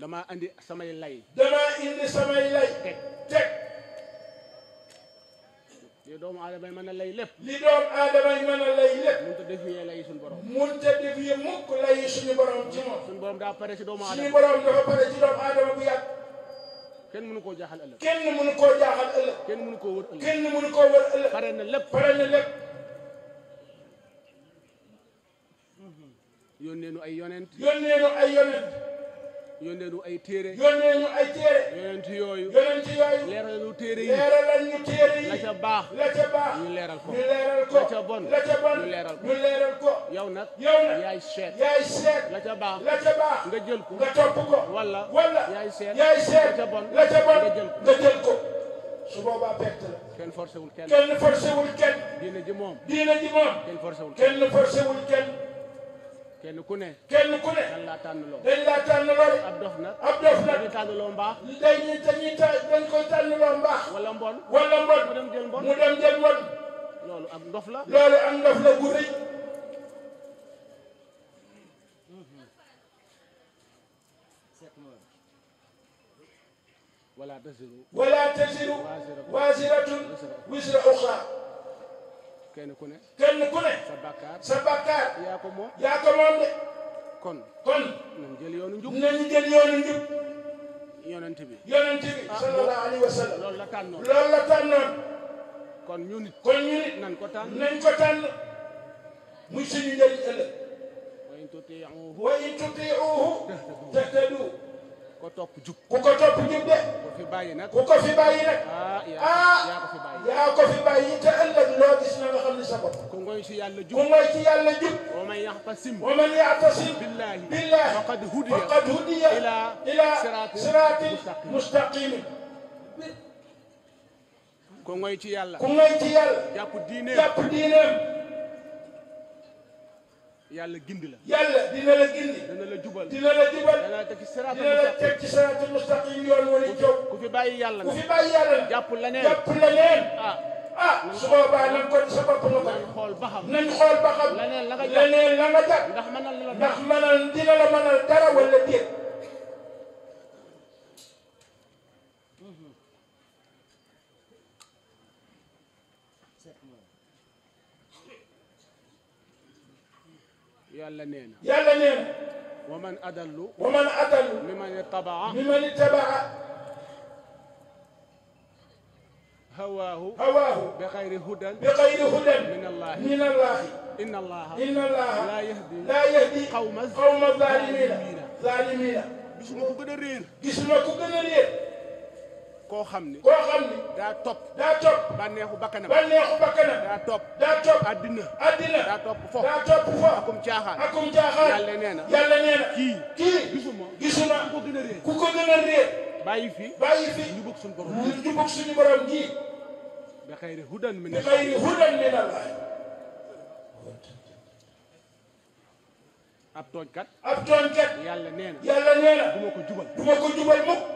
Speaker 12: damaa indi samay lay. damaa indi samay lay. teg teg. li doomu aadama yi mën a lay lépp li doomu aadama yi mën a lay lépp mun ta défier lay suñu borom mun ta défier mukk lay suñu borom ci moom borom daa pare ci doomu aadama bu yàgg kenn mënu koo jaaxal ëllëg kenn mënu koo jaaxal ëllëg kenn mënu koo wër ëllëg kenn mënu koo wër ëllëg pare na lépp pare na lépp yónnee nu ay yonent yónnee ay yonent yónnee nu ay téere yónnee ay téere yonent yooyu yonent yooyu leeral ñu téere yi leeral ñu téere yi la ca baax la ca baax ñu leeral ko ñu leeral ko la leeral ko ñu ko yow nag yow nag yaay seet la ca baax la nga jël ko nga topp ko wala yaay seet yaay seet la ca bon la ca bon nga jël ko nga jël ko su boobaa kenn forcé wul kenn kenn forcé wul kenn diina wul kenn kenn ku ne kenn ku ne dañ laa tànn loo dañ laa tànn loo ab dof nag ab dof nag dañuy tànn loo mbaax dañuy dañuy dañ koy tànn loo mbaax wala mbon wala mbon mu dem jël mbon la loolu ak ndof la kenn ku ne. kenn ku ne. sa bàkkaar sa bàkkaar. yaa ko moom yaa ko moom de. kon. kon nañ jël yoonu njub. nañ jël yoonu njub. yonent bi. yonent bi. Ah, sallallahu alayhi wa sallam. loolu la tànnoon loolu la tànnoon. kon ñu nit. kon ñu nit. nañ ko tànn nañ ko tànn. muy suñu njëriñ ëllëg.
Speaker 4: wa in tutiiuhu.
Speaker 12: wa in tutiiuhu. tahtadu. ko topp jub ku ko topp jub de. ku ko fi bàyyi nag ku ko fi bàyyi nag. ah yaa ko fi ah, bàyyi yaa ko fi bàyyi te ëllëg loo gis na nga xam ni sa bopp. ku ngoy ci yàlla jub ku ngoy ci yàlla jub. wa man yaxtasim wa man yaxtasim. billaahi billaahi faqad hudiya faqad hudiya. ilaa ilaa siraatin mustaqim ku ngoy ci yàlla ku ngoy ci yàlla. jàpp diineem jàpp diineem. yàlla gindi la. yàlla dina la gindi. dina la jubal dina la jubal. dina la teg ci siraatal mustaqim dina la teg ci siraatal yoon wala jóg. ku fi bàyyi yàlla ku fi bàyyi jàpp la neen jàpp la neen. ah ah su boobaa lan la ko. xam nañ xool ba xam. leneen la nga jàpp leneen la nga jàpp. ndax mënal la ndax mënal dina la mënal dara wala déet. yàlla nee na yàlla nee na wa man adallu wa man adallu mimman ittabaa mimman ittabaa hawaahu hawaahu bi xayri hudan bi xayri hudan min allah min allah inna allah inna allah laa yahdi laa yahdi qawma qawma zaalimiina zaalimiina gis nga ku gën a réer gis nga ku gën a réer koo xam ni. koo xam ni. daa topp. daa topp bànneexu bakkanam. bànneexu bakkanam. daa topp. daa topp addina. addina daa topp foofu. daa topp foofu. akum caaxaan. akum caaxaan. yàlla nee na. yàlla nee na. kii. kii gisuma. gisuma ku ko gën a réer. ku ko gën a réer. bàyyi fi. bàyyi fi ñu borom. ñu bëgg xayri hudan min Allah. bi xayri hudan min ab tooñkat. ab tooñkat. yàlla nee na. du ma ko jubal. du ma ko jubal mukk.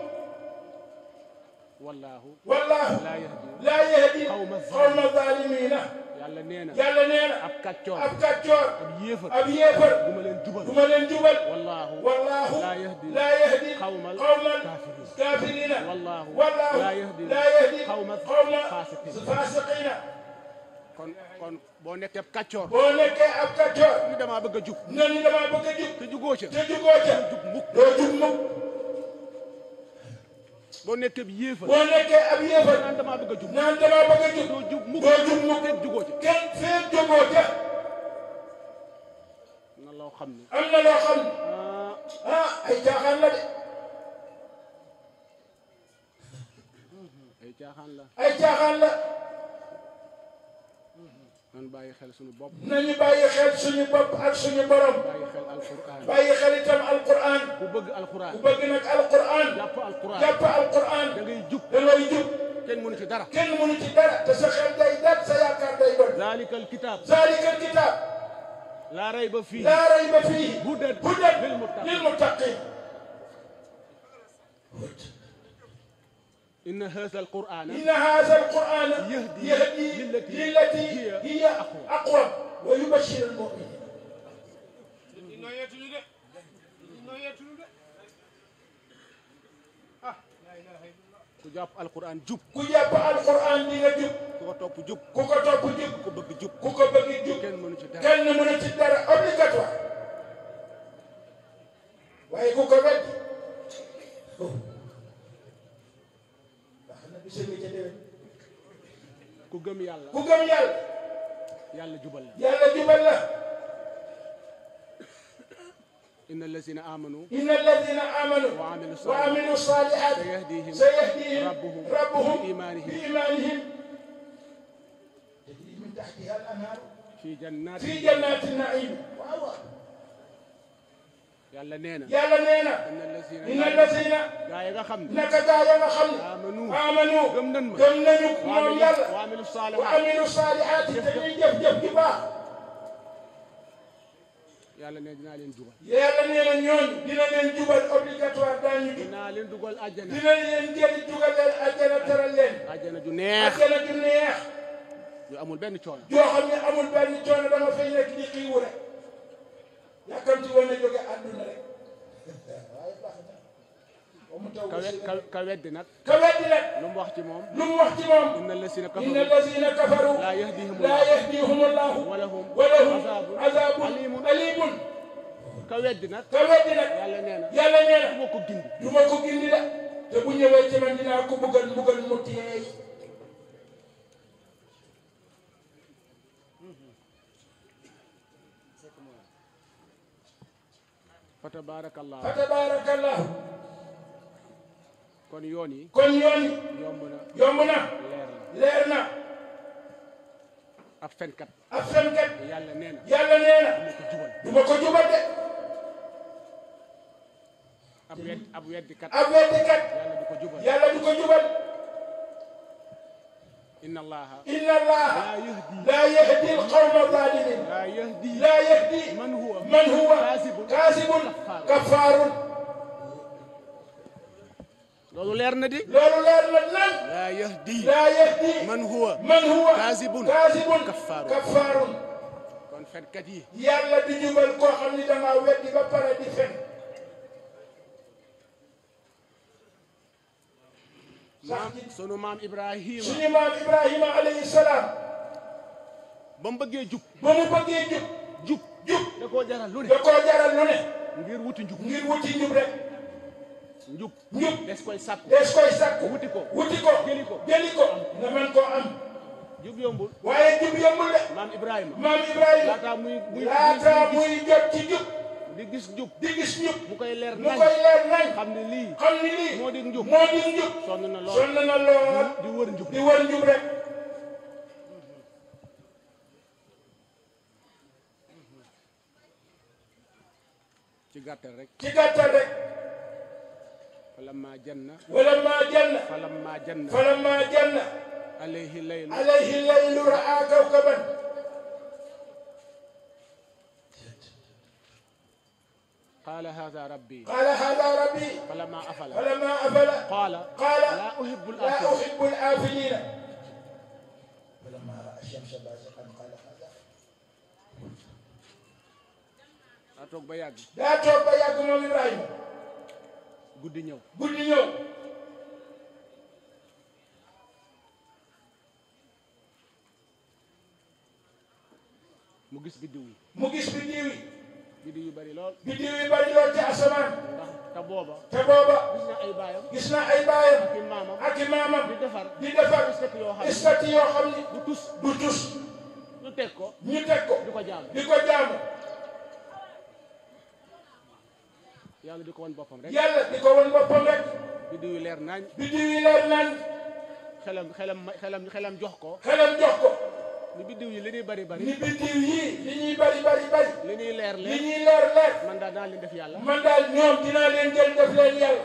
Speaker 12: wallaahu wallaahu laa yahdi xawma zaalimiina yàlla nee na yàlla nee na ab kàccoor ab kàccoor ab yéefar ab yéefar du ma leen jubal du ma leen jubal wallaahu wallaahu laa yahdi xawma kaafiriina wallaahu wallaahu laa yahdi xawma faasiqiina kon kon boo nekkee ab kàccoor boo nekkee ab kàccoor ni damaa bëgg a jub na ni damaa bëgg a jub te jugoo ca te jugoo ca doo jub mukk boo nekkee ab yéefar naan damaa bëgg a jub naan damaa bëgg a jub doo fekk jugoo ca kenn fekk jugoo ca am loo xam ni am na xam ne ah. ah ay caaxaan la de ay caaxaan la ay bàyyi xel suñu bopp nañu bàyyi xel suñu bopp ak suñu borom bàyyi xel itam alquran ku bëgg alquran ku bëgg nag alquran jàpp alquran jàpp alquran da ngay jub da looy jub kenn mënu ci dara kenn mënu ci dara te sa xel day dal sa yaakaar day doon zalikal kitab zalikal kitab laa rayba fii laa rayba fii hudan hudan lil muttaqin إن هذا القرآن إن هذا القرآن يهدي, يهدي للتي, للتي هي, هي أقوى, أقوى ويبشر المؤمنين
Speaker 17: noyeetuñu de noyeetuñu de
Speaker 4: ah la ilaha illallah
Speaker 12: ku jàpp alquran jub ku jàpp alquran di nga jub
Speaker 4: ku ko topp jub ku ko topp jub ku ko bëgg jub ku ko bëgg jub kenn mënu ci dara kenn
Speaker 12: mënu
Speaker 6: ci dara obligatoire
Speaker 4: waaye ku ko rek oh.
Speaker 12: baax na bi sëñ bi ca déwén ku gëm yàlla ku gëm yàlla yàlla jubal la yàlla jubal la إن الذين آمنوا إن الذين آمنوا وعملوا الصالحات سيهديهم سيهديهم ربهم ربهم بإيمانهم بإيمانهم تجري من تحتها الأنهار في جنات في جنات النعيم واو yàlla nee na yàlla nee na inna lazina gaa yi nga xam ne naka gaa yi nga xam ne amanu amanu gëm nañ ma gëm nañu moom yàlla wa amilu saalihaat te ñuy jëf jëf ju baax yàlla ne dinaa leen jubal yàlla nee na ñooñu dina leen jubal obligatoire daañu dugal àjjana dina leen jëli dugal leen àjjana teral leen àjjana ju ju neex yu amul benn coono yoo xam amul benn coono dama fay nekk di xiiwu rek yàkkamti woon na jóge àdduna rek kawe ka weddi nag ka weddi nag lu mu wax ci moom lu mu wax ci moom inna lazina alimun alimun ka weddi nag ka weddi nag yàlla nee na yàlla te bu ñëwee ci man ko bëggal mu teey fa fa tabaarakallah kon yoon yi. kon yoon yi. yomb na leer na leer na. ab ab fenkat. yàlla nee na. yàlla nee na. du ma ko de. ab wedd ab weddikat. du ko jubal inna allaha. inna allaha. laa yahdi al-qawma az laa yahdi. man huwa. man kaffaarun. loolu leer na di loolu leer laa yahdi man huwa kaasibun kaasibun kaffaaru kon fenkat yi yàlla di jubal koo xam ni dangaa weddi ba pare di fen sunu maam Ibrahima sunu maam Ibrahima alayhi ba mu bëggee jub ba mu bëggee jub jub jub da koo jaral lu da koo jaral lu ngir wuti njub ngir wuti rek njub njub des koy sàkku wuti ko wuti ko jëli ko jëli ko nga mën koo am jub yombul waaye jub yombul de Ibrahima maam Ibrahima muy jot ci jub di gis njub di gis njub mu koy leer nañ xam ne lii moo di njub moo di njub sonn na lool na di wër njub ci gàttal rek falamma janna falamma janna falamma janna falamma janna alayhi laylu alayhi laylu raa kawkaban قال هذا ربي قال هذا ربي فلما أفل فلما أفل قال
Speaker 4: قال لا أحب الآفلين لا أحب الآفلين
Speaker 14: فلما رأى الشمس بازغا قال هذا
Speaker 12: daa toog ba yàgg
Speaker 14: daa toog ba yàgg moom Ibrahima
Speaker 12: guddi ñëw guddi mu gis biddiw yi mu gis biddiw yi biddiw yu bari lool biddiw yu bari lool ci asamaan te booba te booba gis na ay baayam gis na ay baayam ak i maamam di defar di defar statut yoo xam ne du tus du tus ñu teg ko ñu teg ko di ko jaamu di ko jaamu yàlla di ko wan boppam rek yàlla di ko wan boppam rek jox ko xelam jox ko ni biddiw yi li ñuy bari bari ni biddiw yi li leer leer man daal dinaa leen def yàlla man daal ñoom dinaa leen def leen yàlla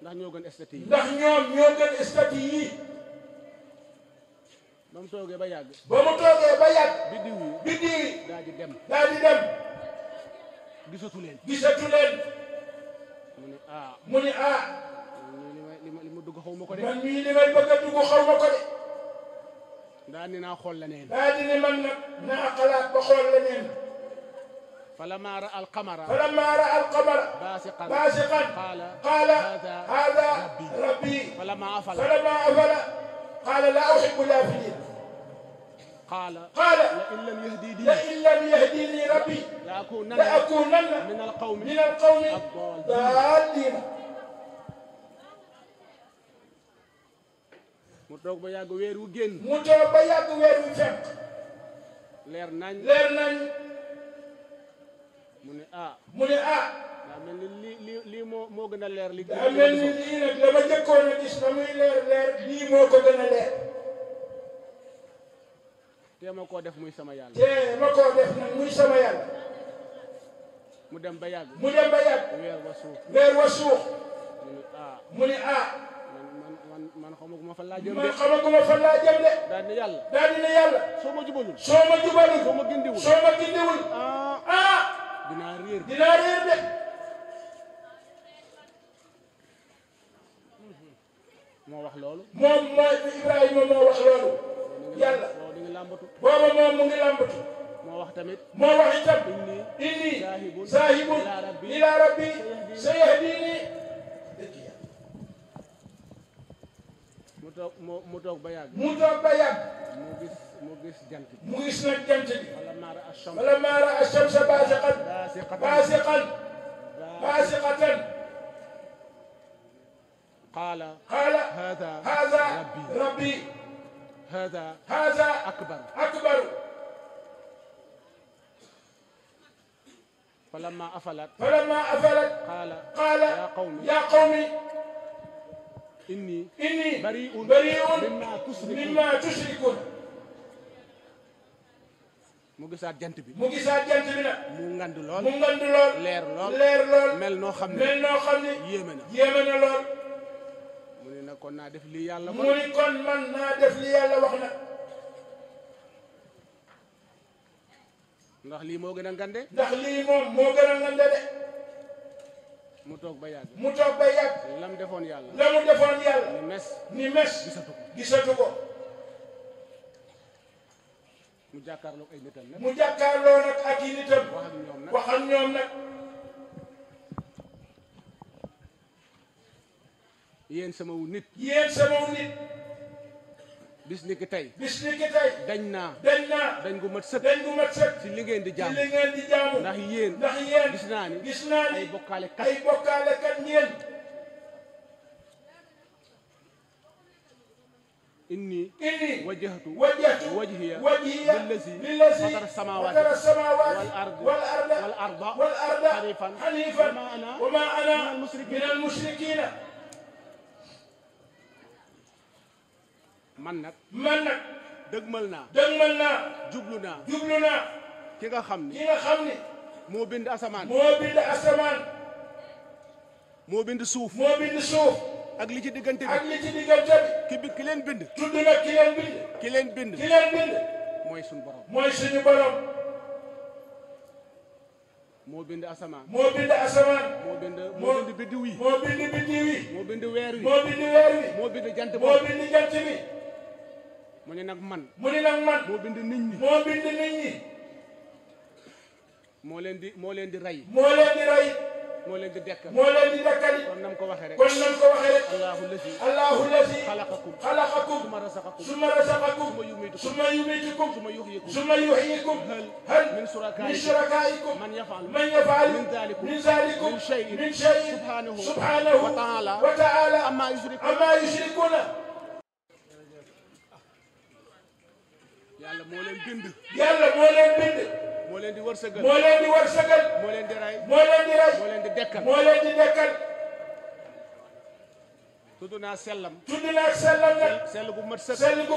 Speaker 12: ndax ñoo gën statut ndax ñoom ñoo gën statut ba mu toogee ba yàgg ba mu toogee ba yàgg biddiw yi biddiw di dem daal di dem gisatu leen gisatu leen mu ne ah mu ne ah li ma li ma dugg xaw ma ko de man mii li may bëgg a dugg xaw ma ko de ndaa ni naa xool leneen ndaa di ne man nag naa xalaat ba xool leneen فلما راى القمر فلما راى القمر باسقا باسقا قال قال هذا هذا ربي, ربي فلما افل فلما افل قال لا احب الافلين قال قال لئن لم يهديني لئن لم يهديني ربي لأكونن لأكونن من القوم من القوم الضالين mu toog ba yàgg weer wu génn. mu toog ba yàgg weer wu fekk. leer nañ. leer nañ. mu ne ah. mu ne ah. daa mel ni lii lii lii moo moo gën a leer li. daa mel ni lii nag dama jëkkoon a gis na muy leer leer lii moo ko gën a leer. te ma koo def muy sama yàlla. te ma koo def muy sama yàlla. mu dem ba yàgg. mu dem ba yàgg. weer wa suux. mu ne ah. mu ne ah. man xamaguma fan de. man xamaguma fan de. daal yàlla. soo ma jubalul. soo ma jubalul. soo ma gindiwul. soo ma gindiwul. ah ah. de. moo wax loolu. moom mooy Ibrahima moo wax loolu yàlla. làmbatu booba moom mu ngi làmbatu moo wax tamit moo wax itam inni saahibun ila rabbi sayahdini mu toog mu toog ba yàgg mu toog ba yàgg mu gis mu gis jant bi mu gis nag jant bi wala maara ashamsa baasiqan baasiqan baasiqatan qaala qaala haada rabbi rabbi هذا هذا أكبر أكبر فلما أفلت فلما أفلت قال قال يا قومي يا قومي إني إني بريء بريء مما تشركون مما تشركون mu gisaat jant bi mu gisaat jant bi nag mu ngandu lool mu ngandu lool leer lool leer lool mel noo xam ne mel noo xam ne yéeme na yéeme na lool kon naa def li yàlla mu ni kon man naa def li yàlla wax na ndax lii moo gën a ngande ndax lii moom moo gën a ngande de mu toog ba yàgg mu toog ba yàgg la defoon yàlla la mu defoon yàlla ni mes ni mes gisatu ko ko mu jàkkaarloo ak ay nitam nag mu jàkkaarloo nag ak wax ak ñoom nag yéen sama wu nit. yéen sama wu nit. bis ni ki tey. bis ni ki tey. dañ naa. dañ naa. dañ gu mat sëkk. dañ gu mat sëkk. ci li ngeen di jaamu ci li ngeen di jaamu. ndax yéen. ndax yéen gis naa ni. gis naa ni ay bokkaale kat. ay bokkaale kat ñeen. inni. inni. wajjahtu. wajjahtu wajhiya. wajhiya lillazi. lillazi fatara samaawaati. fatara samaawaati. wal ardi. wal arda. wal arda. wal arda. hanifan. hanifan. wa ma ana. wa ma ana. minal mushrikiina. man nag man nag dëgmal naa dëgmal naa jublu naa jublu ki nga xam ne nga xam ne moo bind asamaan moo bind asamaan suuf moo bind suuf ak li ci diggante bi ak li ci diggante bi ki leen bind tudd nag ki leen bind ki leen bind ki leen bind mooy suñu borom mooy suñu moo bind asamaan moo bind asamaan moo bind moo bind biddiw moo bind weer wi moo bind weer wi moo bind jant bi mu ne nag man. mu ne nag man. moo bind nit ñi. moo bind nit ñi. moo leen di moo leen di rey. moo leen di rey. moo leen di dekkal. moo leen di dekkali. kon nam ko waxee rek. kon nam ko waxee rek. allahu lazi. allahu lazi. xalaqakum. xalaqakum. suma rasaqakum. suma rasaqakum. suma yumitukum. suma yumitukum. suma yuxyikum. suma yuxyikum. hal. hal. min surakaaikum. min surakaaikum. man yafaal. man yafaal. min zaalikum. min zaalikum. min shay'in. min shay'in. subhaanahu. subhaanahu. wa taala. wa taala. amma yushrikuuna. amma yushrikuuna. yàlla moo leen bind. yàlla moo leen di wërsëgal. moo di wërsëgal. moo di rey. moo leen di rey. moo leen di dekkal. moo leen di dekkal. tudd naa sellam. tudd naa sellam nag. sell gu mat sëkk. sell gu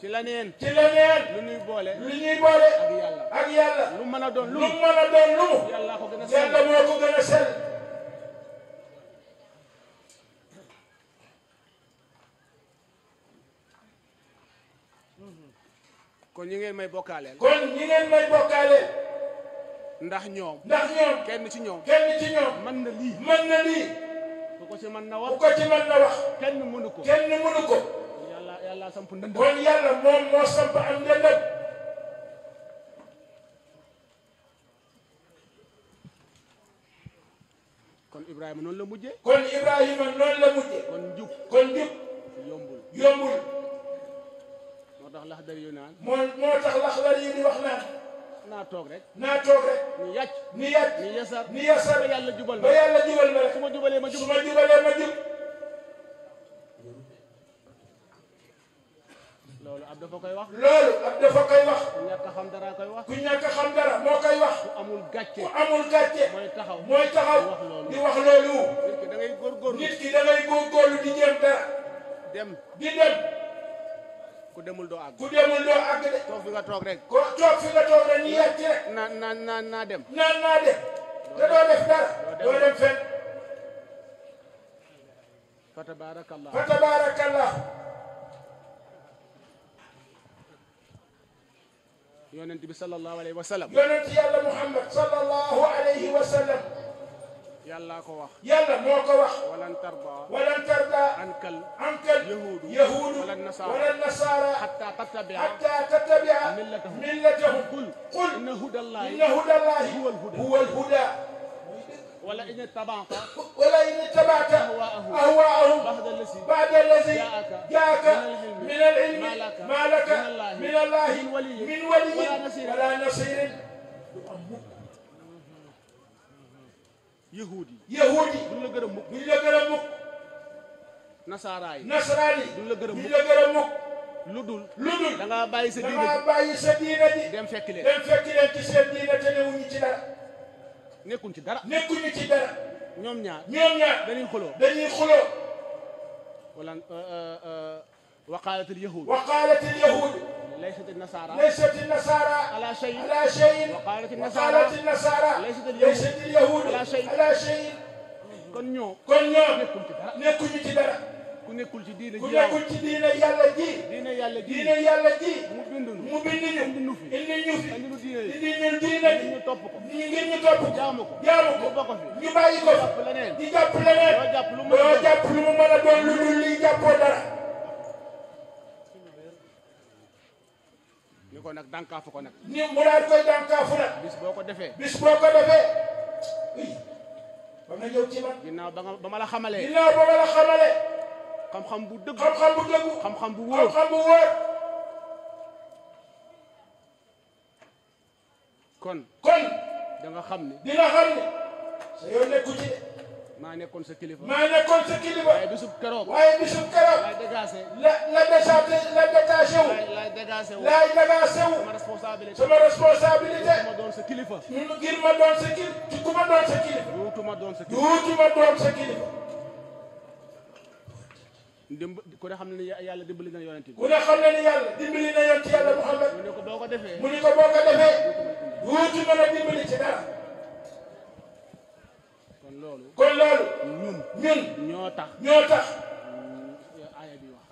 Speaker 12: ci la neen. ci la neen. lu boole. lu ñuy boole. ak yàlla. lu mën a doon lu mu. lu lu mu. ko gën a sell. kon ñi ngeen may bokkaaleel. kon ñi ndax ñoom. ndax ñoom kenn ci ñoom. kenn ci ñoom mën na lii. mën na lii. ku ko ci mën na wax. ku ko ci mën na wax. kenn mënu ko. kenn mënu ko. yàlla yàlla samp kon yàlla moom moo samp am ndëndëm. kon Ibrahima noonu la mujjee. kon Ibrahima kon jub kon jub. tax laxdar yu naan. mooy moo tax laxdar yi di wax naan. naa toog rek. naa toog rek. ni yàcc. ni yàcc ni yasar. ni yasar ba yàlla jubal ma ba yàlla jubal ma rek. su ma jubalee ma jub su ma jubalee ma jub. loolu ab dafa koy wax. loolu ab dafa koy wax. ku ñàkk a xam dara koy wax. ku ñàkk a xam dara moo koy wax. ku amul gàcce ku amul gàcce. mooy taxaw mooy taxaw di wax loolu. nit ki da ngay góorgóorlu nit ki da ngay góorgóorlu di jéem dara. dem di dem. ku demul doo àgg. ku demul doo àgg de. toog fi toog rek. ko toog rek na na naa dem. naan naa dem. te doo def dara. doo dem fenn. fa tabaarakallah fa bi sallallahu alayhi wa sallam. yonent Muhammad sallallahu alayhi wa yàlla ko wax yàlla moo ko wax walan tarda walan tarda ankal ankal yahuudu yahuudu wala nasaara wala nasaara xatta tattabia xatta tattabia millatahum millatahum qul qul inna hudallahi inna hudallahi huwa alhuda huwa alhuda ولا إن اتبعت ولا إن اتبعت أهواءهم بعد الذي
Speaker 6: جاءك من العلم ما لك من الله من ولي
Speaker 4: ولا نصير
Speaker 12: yahuud yi yahuud yi duñ la gërëm mukk duñ la lu dul lu dul da ngaa bàyyi sa diine da ngaa bàyyi dem fekk leen dem fekk leen ci seen diine te newuñu ci dara nekkuñ ci dara nekkuñu ci dara ñoom ñaar ñoom ñaar dañuy kolo dañuy xuloo wala euh, euh, euh, waqaalatil yahuud ليست النصارى ليست النصارى على شيء على شيء وقالت النصارى وقالت النصارى ليست اليهود ليست اليهود على شيء على شيء kon ñoom kon ñoom nekkuñu ci dara ku nekkul ci diine ku nekkul ci diine yàlla ji diine yàlla ji diine yàlla ji mu bind ñu mu bind ñu indi ñu fi indi ñu fi indi ñu diine indi ñu diine ñu topp ko ñu ngir ñu topp ko jaamu ko jaamu ko bokk fi ñu bàyyi ko fi di jàpp leneen di jàpp leneen doo jàpp lu mu mën a doon lu dul li jàppoo dara ko nag dànkaafu ko nag. ni mu daal koy dànkaafu nag. bis boo ko defee. bis boo defee. ba nga ñëw ci man. ginnaaw ba nga ba ma la bu dëgg. xam-xam bu dëgg. xam-xam bu wóor kon. kon. da nga xam ne. dina xam sa yoon nekku ci maa nekkoon sa kilifa maa nekkoon sa kilifa. waaye bisub keroog waaye bisub keroog. laay dégagé la la déchargé la déchargé wu. laay dégagé wu laay dégagé wu. sama responsabilité sama responsabilité. ma doon sa kilifa. ngir ma doon sa kilifa ci ku ma doon sa kilifa. duutu ma doon sa kilifa duutu ma doon sa kilifa. ndimb ku ne xam ne yàlla dimbali na yonent bi. ku ne xam ne ni yàlla dimbali na yonent yàlla Muhammad. mu ne ko boo ko defee mu ne ko boo ko defee.
Speaker 4: duutu ma la dimbali
Speaker 12: ci dara. kon loolu. ñun ñun. ñoo tax ñoo tax.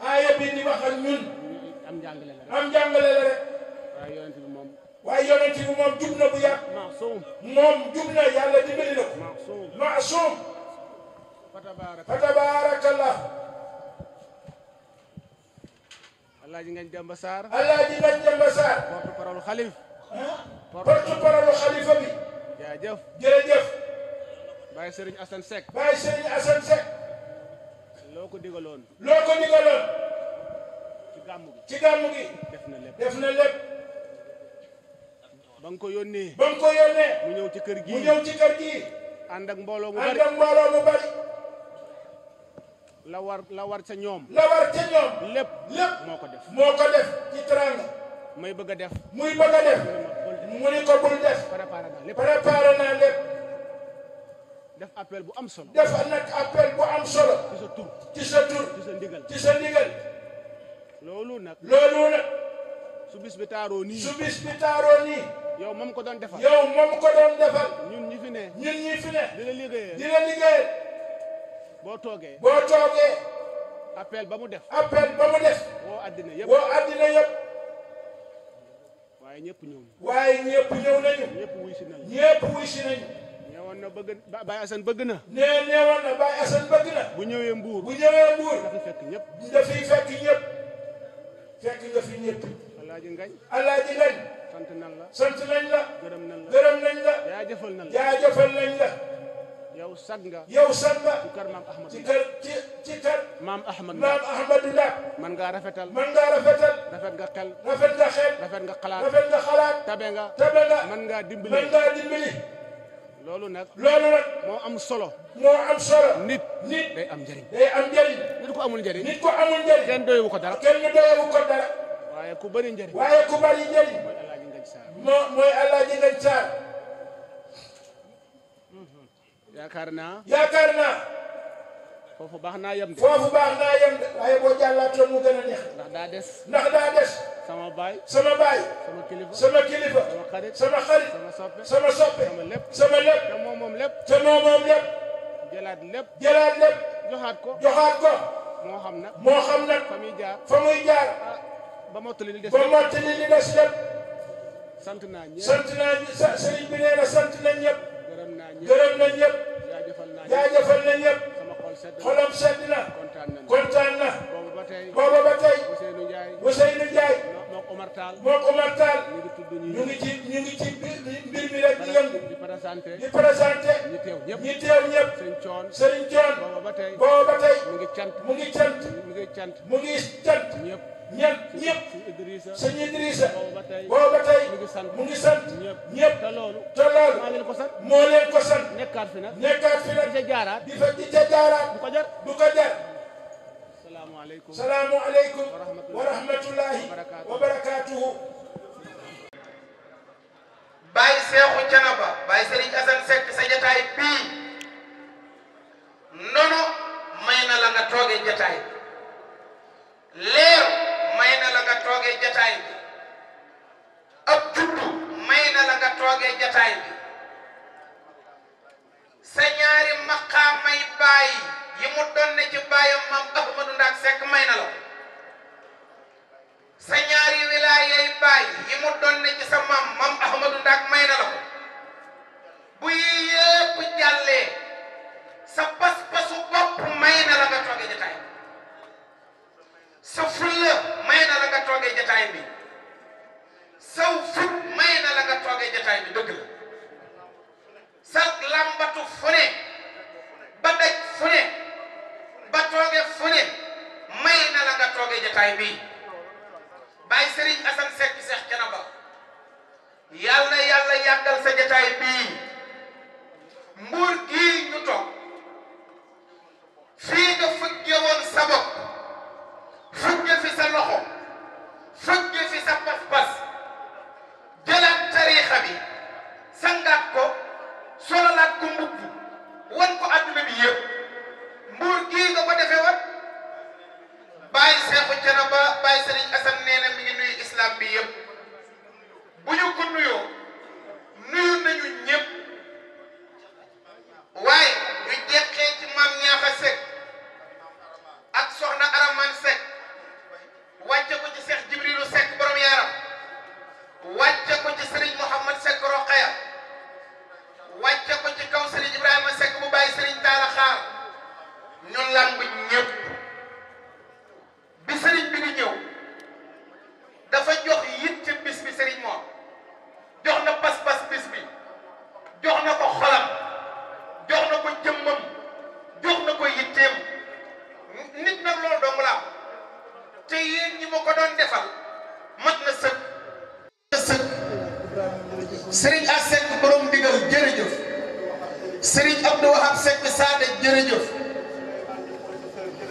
Speaker 12: aaya bi di wax ak ñun. am njàngale la rek am njàngale la rek. waaye yonent bi moom. waaye bu yàgg. maasum moom jub na yàlla dimbali na ko. maasum maasum.
Speaker 4: fa tabaarakallah.
Speaker 12: Alaaji Ngagne Demba Sarr. Alaaji Ngagne Demba Sarr. porte parole xalif.
Speaker 4: porte parole xalifa bi.
Speaker 12: Baye Serigne Assane Seck. Baye loo ko digaloon. loo ko digaloon. ci gàmm ci gàmm def na lépp def na lépp. ba ko yónnee. ba ko yónnee. mu ñëw ci kër gii mu ñëw ci kër gii. ànd ak mbooloo mu bari ànd ak mbooloo mu bari. la war ca ñoom. la lépp moo ko def. moo may bëgg a def. muy bëgg a def. mu ni ko bul def. préparé naa lépp naa lépp. def appel bu am solo. defal nag ci sa tur ci sa tur. ci sa ndigal ci sa ndigal. loolu nag. loolu nag. su bis bi taaroo nii. ma bis ko doon defal. yow moom ko doon defal. ñun ñi ñun ñi fi boo toogee. boo toogee. appel ba mu def. appel ba mu def. woo addina yëpp waaye ñëpp ñëw. waaye ñëpp nañu. ñëpp wuy si nañu. neewoon na bëgg na Baye Assane bëgg na. nee bu ñëwee Mbour bu ñëwee Mbour. dafay fekk ñëpp. dafay fekk ñëpp. fekk nga alaaji ngañ. alaaji ngañ. sant nañ la. sant nañ la. gërëm nañ la gërëm nañ la. jaajëfal nañ la jaajëfal nañ la. yow sag nga. yow sag nga. ci kër maam Ahmad. ci maam Ahmad man nga xel. rafet nga xel. rafet nga xalaat. rafet nga xalaat. tabe nga. tabe nga. man loolu nag loolu nag moo am solo moo am solo nit nit day am njëriñ day am njëriñ nit ko amul njëriñ nit ko amul njëriñ ko dara kenn doyewu ko dara waaye ku bëri njëriñ waaye ku bëri njëriñ mooy alaaji ngañ saar
Speaker 4: saar
Speaker 12: yaakaar naa yaakaar naa foofu baax naa yem de. foofu baax naa yem de waaye boo jàllaatoon mu gën a neex. ndax daa des. ndax daa des. sama baay. sama baay. sama kilifa sama kilifa. sama xarit sama xarit. sama soppe sama soppe. sama lépp sama lépp. te moom moom lépp. te moom moom lépp.
Speaker 8: jëlaat lépp. jëlaat lépp. joxaat ko joxaat ko. moo xam nag. moo xam nag. fa
Speaker 12: muy jaar fa muy jaar.
Speaker 8: Ah, ba mottali li des ba mottali li des lépp.
Speaker 12: sant naa ñëpp sant naa ñëpp sëriñ bi nee na sant na ñëpp. gërëm naa ñëpp gërëm na ñëpp. jaajëfal naa ñëpp jaajëfal na ñëpp. xolam sedd na kontaan na
Speaker 4: booba ba tey
Speaker 12: Ousseynou Ndiaye mook Omar Tall ñu ngi ci ñu ngi ci mbir mi rek di yëngu di présenté ñi teew ñëpp Serigne Thion booba ba tey mu ngi cant mu ngi cant mu ngi cant ñëpp ñëpp ñëpp sëñ Idrissa booba tey mu ngi sant ñëpp te loolu moo leen ko sant moo leen ko sant nekkaat fi nag jaaraat di fa jaaraat du ko jar du ko jar
Speaker 4: salaamaaleykum salaamaaleykum wa rahmatullahi wa
Speaker 12: Seexu Canaba Baye Serigne jataay bii nono may na nga toogee jataay leeru may na la nga toogee jataay bi ab tudd may na nga toogee jataay bi sa ñaari maqaamay baay yi mu doon ne ci baayam maam Ahmadu Ndaak Seck may na sa ñaari wilaayay baay yi mu doon ne ci sa maam maam Ahmadu may na bu yii yëpp sa pas-pasu bopp may na nga toogee jataay sa fulla may na la nga toogee jataay bi saw fut may na la nga toogee jataay bi dëgg sa làmbatu fu ba daj fu ne ba toogee fu may na la nga toogee jataay bi bàyyi Serigne Assane Seck Seex Canaba yàlla yàlla yàggal sa jataay bii mbuur gii ñu toog fii nga fëggewoon sa bopp fëgg fi sa loxo fëgg fi sa pas jëlaat tariixa bi sangaat ko solalaat ko mbubb wan ko adduna bi yëpp mbuur gii nga ko defee wat bàyyi seexu Canaba bàyyi sëriñ Asan nee na mi nuyu islam bi yëpp bu ñu ko nuyoo nuyu nañu ñëpp waaye ñu jeexee ci maam ñaaxa Seck ak soxna Araman Seck wàcce ko ci seex jibrilu sekk borom yaaram ko ci sëriñ Mouhamad sekk roqaya wàcce ko ci kaw sëriñ Ibrahima sekk bu bàyyi sëriñ Taala Xaar ñu làmb bi sëriñ bi di ñëw dafa jox yit ci bis bi moom jox na pas-pas bis bi jox na ko xolam jox na ko jëmmam jox na ko yitteem nit nag loolu dong la te yéen ñi ma ko doon defal mat na sëkk na sëkk sëriñ a jërëjëf sëriñ Abdou Wahab Seck Saade jërëjëf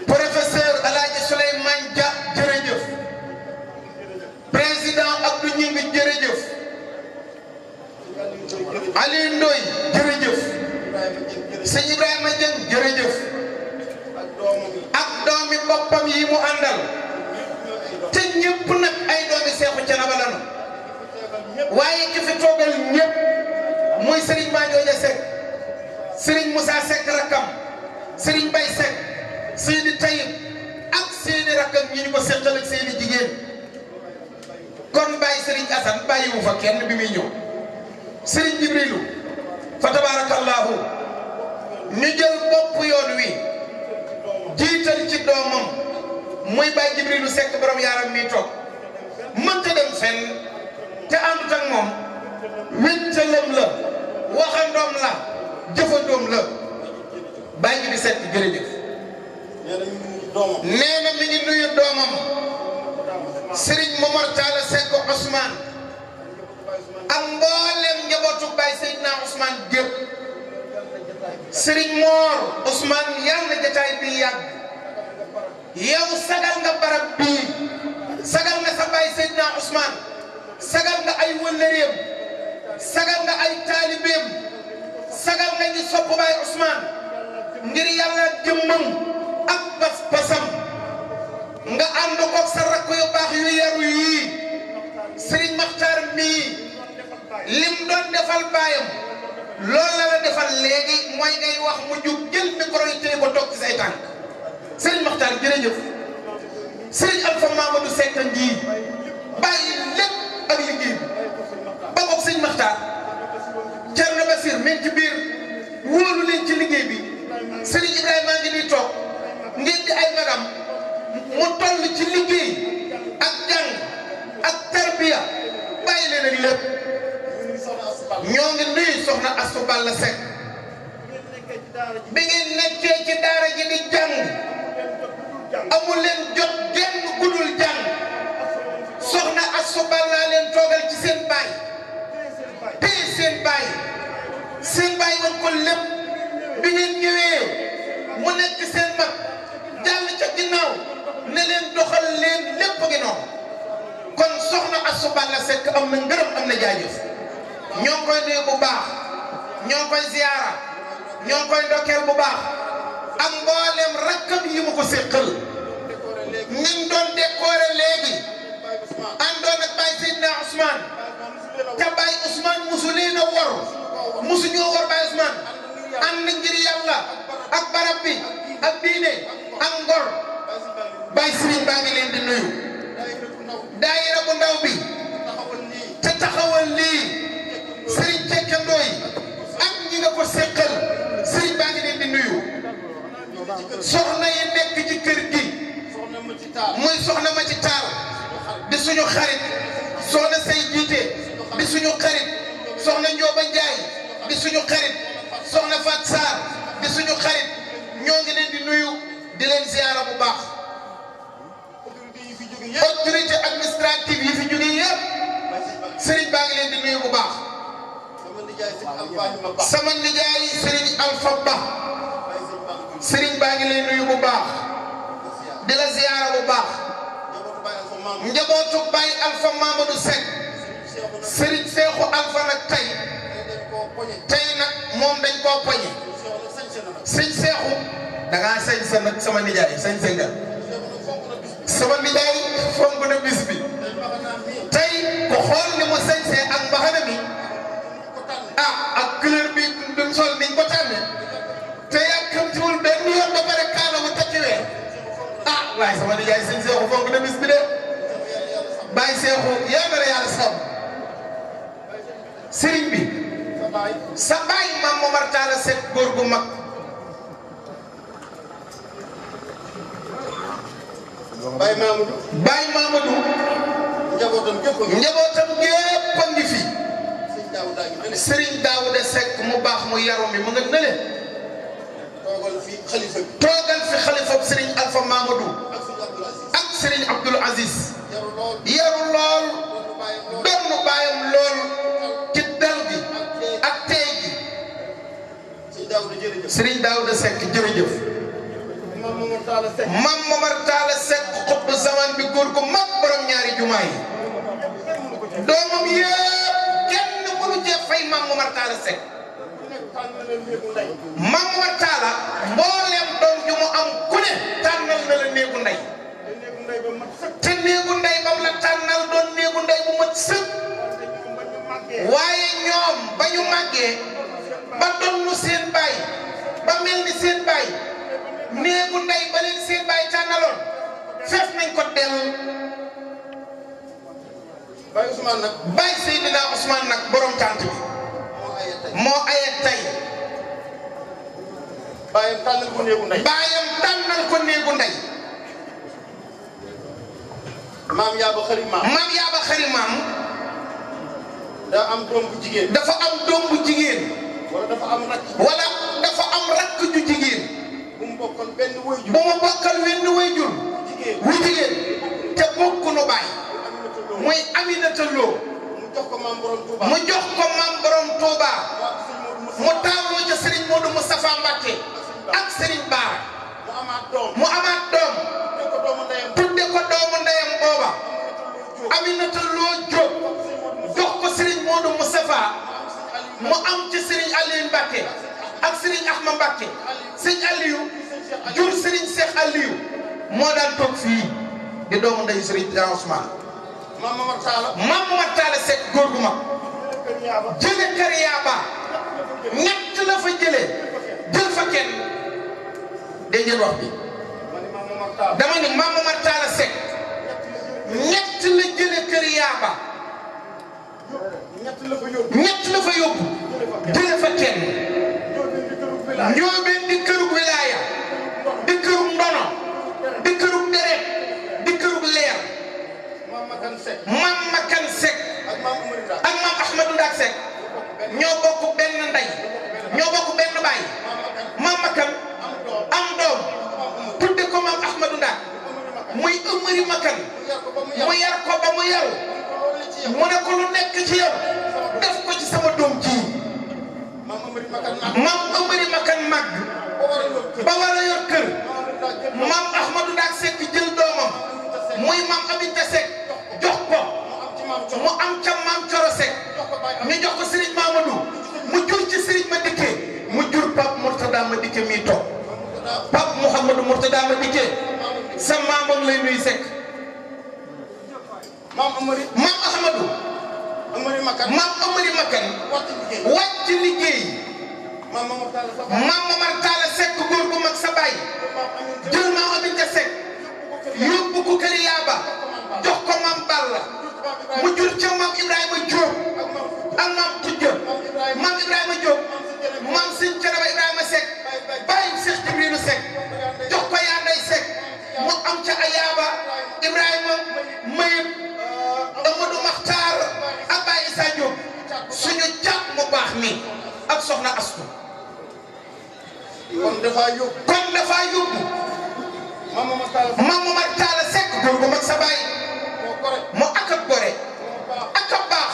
Speaker 12: professeur Alaaji Souleymane Dia jërëjëf président Abdou Ñingi jërëjëf Aliou Ndoye jërëjëf sëñ Ibrahima Dieng jërëjëf ak doomi boppam yi mu àndal te ñëpp nag ay doomi seexu Canaba lañu waaye ki fi toogal ñëpp muy Serigne Madiodia Seck Serigne Moussa Seck rakkam Serigne Bay Seck seeni Tayib ak seeni rakkam ñi ñu ko seqal ak jigéen kon bàyyi Serigne Assane bàyyiwu fa kenn bi muy ñëw Serigne fa tabarakallahu ñu jël bopp yoon wi jiital ci doomam muy Baye Jibrilu Seck borom yaaram mi toog mënta dem fenn te àndut ak moom wéccalam la waxandoom la jëfandoom la Baye Jibrilu Seck jërëjëf. nee na mi ngi nuyu doomam Serigne Momar Talla Seck Ousmane ak mboolem njabootu Baye Seydina Ousmane Diop Serigne Mor Ousmane yàlla na jataay bi yàgg. yow sagal nga barab bii sagal nga sa baay Seydina sagal nga ay wëllëreem sagal nga ay taalibeem sagal nga ñu sopp baay Ousmane ngir yàlla jëmmam ak bas basam nga ànd koog sa rakk yu baax yu yaru yii Serigne Makhtar mii lim doon defal baayam loolu la defal léegi mooy ngay wax mu jug jël micro yi téye ko toog ci sëriñ Maxtaar jërëjëf sëriñ Alfa Mamadou Seck ngii bàyyi lépp ak liggéey ba ko sëriñ Maxtaar Thierno Basir mi ci biir wóolu leen ci liggéey bi sëriñ Ibrahima ngi nii toog ngeen di ay magam mu toll ci liggéey ak jàng ak tarbiya bàyyi leen ak lépp ñoo ngi nuyu soxna Astou Balla Seck bi ngeen nekkee ci daara ji di jàng amu leen jot genn gudul jàng soxna Astou Balla leen toogal ci seen baay téye seen baay seen baay wan ko lépp bi ngeen ñëwee mu nekk seen mag jàll ca ginnaaw ne leen doxal leen lépp gi kon soxna Astou Balla Seck am na ngërëm am na jaajëf ñoo ngi koy nuyu bu baax ñoo koy ziyaara ñoo koy ndokkeel bu baax ak mboolem rakkam yi mu ko séqal ñan doon décoré léegi àndoon ak Baye Seydina Ousmane te Baye Ousmane musu leen a wor musu ñoo wor Baye Ousmane ànd ngir yàlla ak barab bi ak diine ak ngor Baye Serigne baa ngi leen di nuyu daayira bu ndaw bi te taxawal lii Serigne Cekkandoo yi ak ñi nga ko séqal Serigne baa leen di nuyu soxna yi nekk ci kër gi muy soxna ma ci taal di suñu xarit soxna say jiite di suñu xarit soxna Ndioba Ndiaye di suñu xarit soxna Fat Sarr di suñu xarit ñoo ngi leen di nuyu di leen ziyaara bu baax autorité administrative yi fi jógee yëpp sëriñ baa leen di nuyu bu baax sama nijaay sëriñ Alpha Ba sëriñ baa ngi lay nuyu bu baax di la ziyaara bu baax njabootu Baye Alpha Mamadou Seck sëriñ Seexu Alpha nag tey tey nag moom dañ koo poñe sëñ Seexu da ngaa sama nijaay sañ sa nga sama nijaay fonk na bis bi tey ku xool ni mu sañsee ak mbaxana mi ah ak couleur bi duñ sol niñ ko te yàkkamtiwul benn yoon ba pare kaala bu tëccuwee ah waaye sama nijaay sëñ Seexu fonk na bis bi de Seexu yaa ngi yàlla sàmm bi sa baay maam Momar Talla Seck góor gu mag Baye Mamadou Baye Mamadou njabootam gépp
Speaker 4: njabootam gépp a ngi fi
Speaker 12: Serigne Daouda Seck mu baax mu yaru mi mu nga nële toogal fi xalifa bi. toogal fi xalifa bi ak Serigne Abdoul Aziz. yaru benn bàyyam lool. ci dal ak tey gi. Serigne Daouda Seck jërëjëf. Mam Momar Talla Seck bi góor ko mag borom ñaari jumaa yi. doomam yëpp kenn mënu maam wa taala mbooleem doom ju am ku ne tànnal na la néegu ndey te néegu ndey ba mu la tànnal doon néegu ndey bu mat sëkk waaye ñoom ba ñu màggee ba donnu seen baay ba mel ni seen baay néegu ndey ba leen seen baay tànnaloon feef nañ ko dell moo aye tey baayam tànnal ko néegu ndey baayam tànnal ko néegu ndey maam yaa xarit maam maam yaa xarit maam daa am doom bu jigéen dafa am doom bu jigéen walla dafa am rakk ju jigéen bu mu bokkal benn wayjur bu mu bokkal te bokk nu baay mooy Aminata Lo jox ko maam borom Touba mu jox ko maam mu taawloo ca ak Serigne Bara mu amaat doom tudde ko doomu ndeyam booba Aminata Loo Jóob jox ko Serigne Modou Moustapha mu am ci Serigne Aliou ak Serigne Axma Mbacké Serigne Aliou jur Serigne Cheikh Aliou moo fii di doomu ndeyu Serigne Ousmane Mame Momar Talla. Mame Momar Talla Seck góor gu mag. jële kër yaaba ñett la fa jëlee jël fa kenn day jël bi dama ni Mame Momar Talla Seck ñett la jële kër yaaba ñett la fa yóbbu
Speaker 14: jële fa kenn
Speaker 12: ñoo benn ak maam Ahmadou Ndaak Seck ñoo bokk benn ndey ñoo bokk benn baay maam Makam am doom tudde ko maam Ahmadou Ndaak muy ëmmëri Makam mu yar ko ba mu yaru mu ne ko lu nekk ci yow def ko ci sama doom ji maam ëmmëri Makam mag ba war a yor kër
Speaker 14: maam Ahmadou
Speaker 12: Ndaak Seck jël doomam muy maam Aminta Seck jox ko mu am ca maam Coro Seck ñu jox ko Serigne Mamadou mu jur ci Serigne Madické mu jur Pape Mourtada Madické mii toog Pape Mouhamadou Mourtada Madické sa maamam lay nuyu Seck maam Amari maam Ahmadou Amari Makan maam Amari Makan wàcc maam Mamar Talla Seck góor gu mag sa baay jox ko maam Balla mu jur ca maam Ibrahima Diop ak maam Tidja maam Ibrahima Diop maam Sëñ Canaba Ibrahima Seck bàyyi Seex Jibrilu Seck jox ko yaa mu am ca Ayaaba Ibrahima Mayib Amadou Makhtar ak Baye Issa Diop suñu jàpp mu baax mi ak soxna Astu kon dafa yóbbu kon dafa yóbbu maam Momar Talla Seck góor gu mu ak gore ak a baax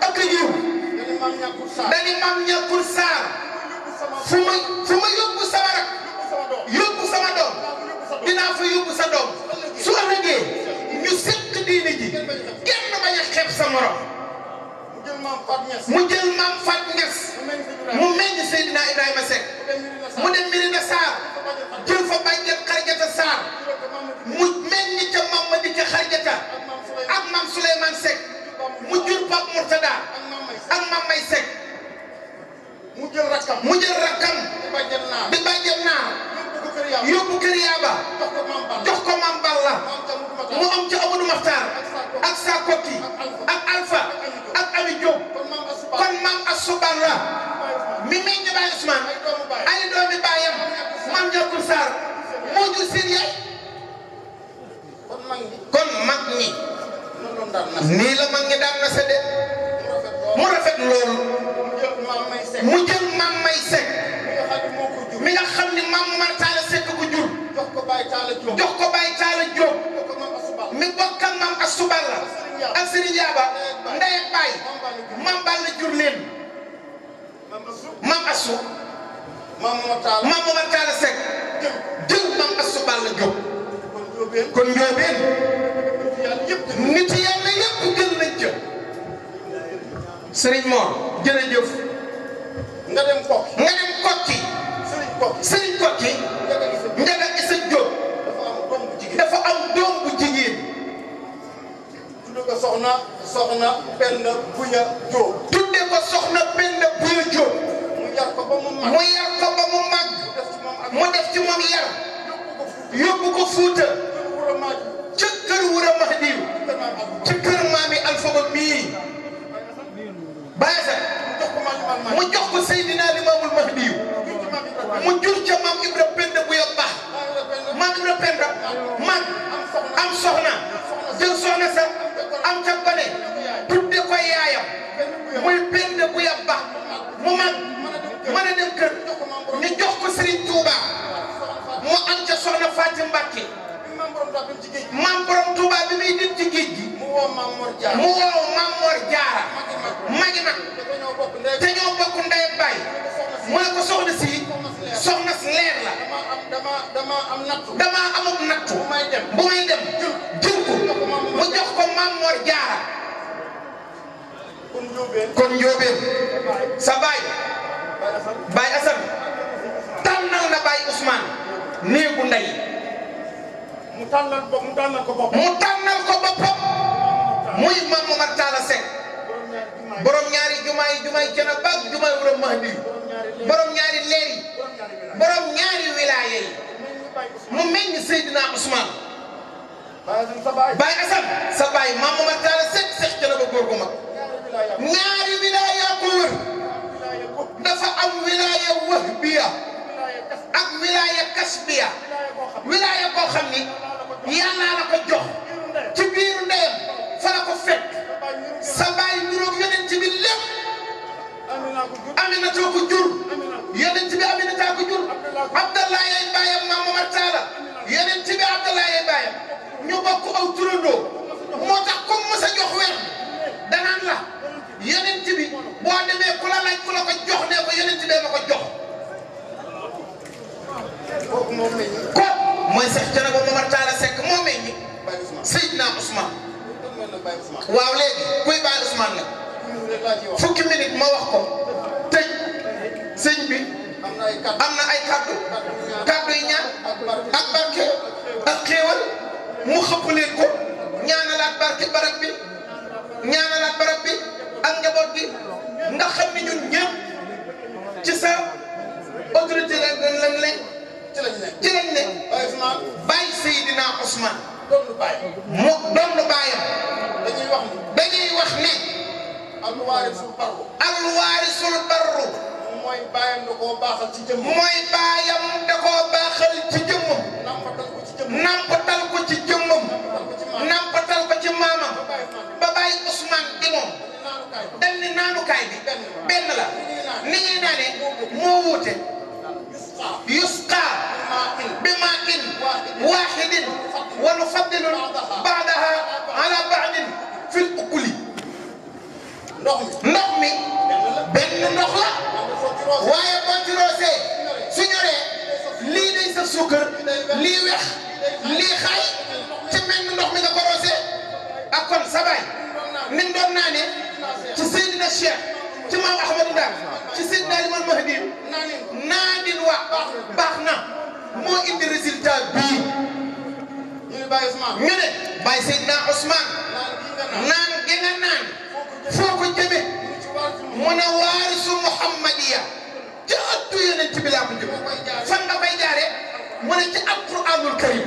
Speaker 12: ak a yiw maam ñàkkul saar fu ma fu ma yóbbu sama rak yóbbu sama doom dinaa fa yóbbu sa doom su ëllëgee ñu sëkk diine ji kenn bañ a xeeb sa morom mu jël maam Fat Nges
Speaker 6: mu meññ Seydina
Speaker 12: Ibrahima Seck mu dem a Sarr jël fa bàjjal Xarjata Sarr mu meññ ca Mamadi ca Xarjata ak maam Souleymane Seck mu jur Pape Mourtada ak May Seck mu jël rakkam bi bàjjal naa yóbbu kër yaaba jox ko maam Balla mu am ca Amadou Maxtaar ak Sakoti ak Alpha ak Ami Diop kon maam Assou Balla mi meñ ñu Baye ay doomi baayam maam Diakoul Sarr moo jur seen kon mag ñi nii la mag ñi daan na de mu rafet loolu mu jël maam may sekk mi nga xam ni maam Momar Talla Seck ko jur jox ko Baye Talla Diop mi bokk ak maam Asubal la ak baay maam Bal jur leen maam Asu maam Momar Talla Seck jël maam Asubal la Diop kon Njoobeen nit yàlla yëpp gën nañ jël sëriñ Mor jërëjëf. nga dem Kokki nga dem Kokki. sëriñ Kokki sëriñ Kokki. Ndiaga Issa Diop dafa am doom bu jigéen. tudde ko soxna soxna Penda Buya Diop. tudde ko soxna Penda Buya Diop. mu yar ko ba mu màgg mu yar ko ba mu màgg. mu def ci moom yar. yóbbu ko Fuuta. ca kër Wura Mahdiw. ca kër maami Alpha Ba mii. Baye Assane mu jox ko Seydina Limaamul Mahdi mu jur ca maam Ibra Penda bu yóbbu baax Ibra Penda mag am soxna jël soxna sa am ca bane tudde ko yaayam muy Penda bu yóbbu mu mag mën a kër ñu jox ko Serigne Touba mu am ca soxna Fatim Mbacke. maam borom Touba bi mu ci maam borom Jaara mu woo te ñoo bokk ndey baay. mu ne ko soxna si soxna si leer la. dama dama am nattu. dama amut dem bu jur ko mu jox ko maam Mor Jaara. kon njóobeen sa baay. Baay Assane tànnal na baay Ousmane néegu ndey. mu tànnal ko mu tànnal ko boppam. mu tànnal ko boppam. muy Mame Momar Talla Seck. borom ñaari jumaay jumaay Thiénaba ak jumaay Wuro Mahdi. borom ñaari leer borom ñaari wilaya mu meññ Seydina Ousmane. Baye Assane sa baay Mame Momar Talla Seck Seck Thiénaba góor gu mag. ñaari wilaya ko ak wilaaya kasbiya wilaaya boo xam ni la ko jox ci biiru ndeyam fa la ko fekk sa baay niroog yonent jur yonent bi Aminata ko jur Abdallah yaay baayam maam Omar Taala yonent bi Abdallah yaay baayam ñu bokk aw turandoo moo tax comme mos a jox danaan la yonent bi boo demee la laaj ku la ko jox nee ko kooku mooy Cheikh Thiénaba a Talla Seck moo meññ Seydina Ousmane waaw léegi kuy Baye Ousmane
Speaker 14: la fukki minute ma wax
Speaker 12: ko tëj sëñ bi am na ay kaddu kaddu yi ñaan ak barke ak xéewal mu xëpp leen ko ñaanalaat barke barab bi ñaanalaat barab bi ak njaboot bi nga xam ne ñun ñëpp ci sa. autorité lañ lañ lañ ci lañ ne ci lañ ne waaye Ousmane bàyyi Seydina Ousmane doon wax ni dañuy wax barru mooy bàyyam da koo baaxal ci jëmm mooy bàyyam da koo baaxal ci jëmmam nampatal ko ci jëmmam nampatal ko ci jëmmam nampatal ko maamam ba bàyyi Ousmane di moom dañ ni naanukaay bi benn la ni ñuy naanee يسقى بماء واحد ونفضل بعدها على بعد في الأكل ndox mi benn ndox la waaye boo ci roosee su ñoree lii day saf suukar lii weex lii xay ci benn ndox mi nga ko roosee ak kon sabaay ni mu doon naanee ci Seydina Cheikh ci man Ahmadou Ndak ci Seydina Limamou Mahdi naanin wax baax na moo indi résultat bii ñu ne bàyyi Seydina Ousmane naan gi nga naan foo ko jëme
Speaker 4: mu ne waarisu
Speaker 12: Muhammadiya ci ëttu yonent bi laa ko jëm fan nga bay jaare mu ne ci alquranul karim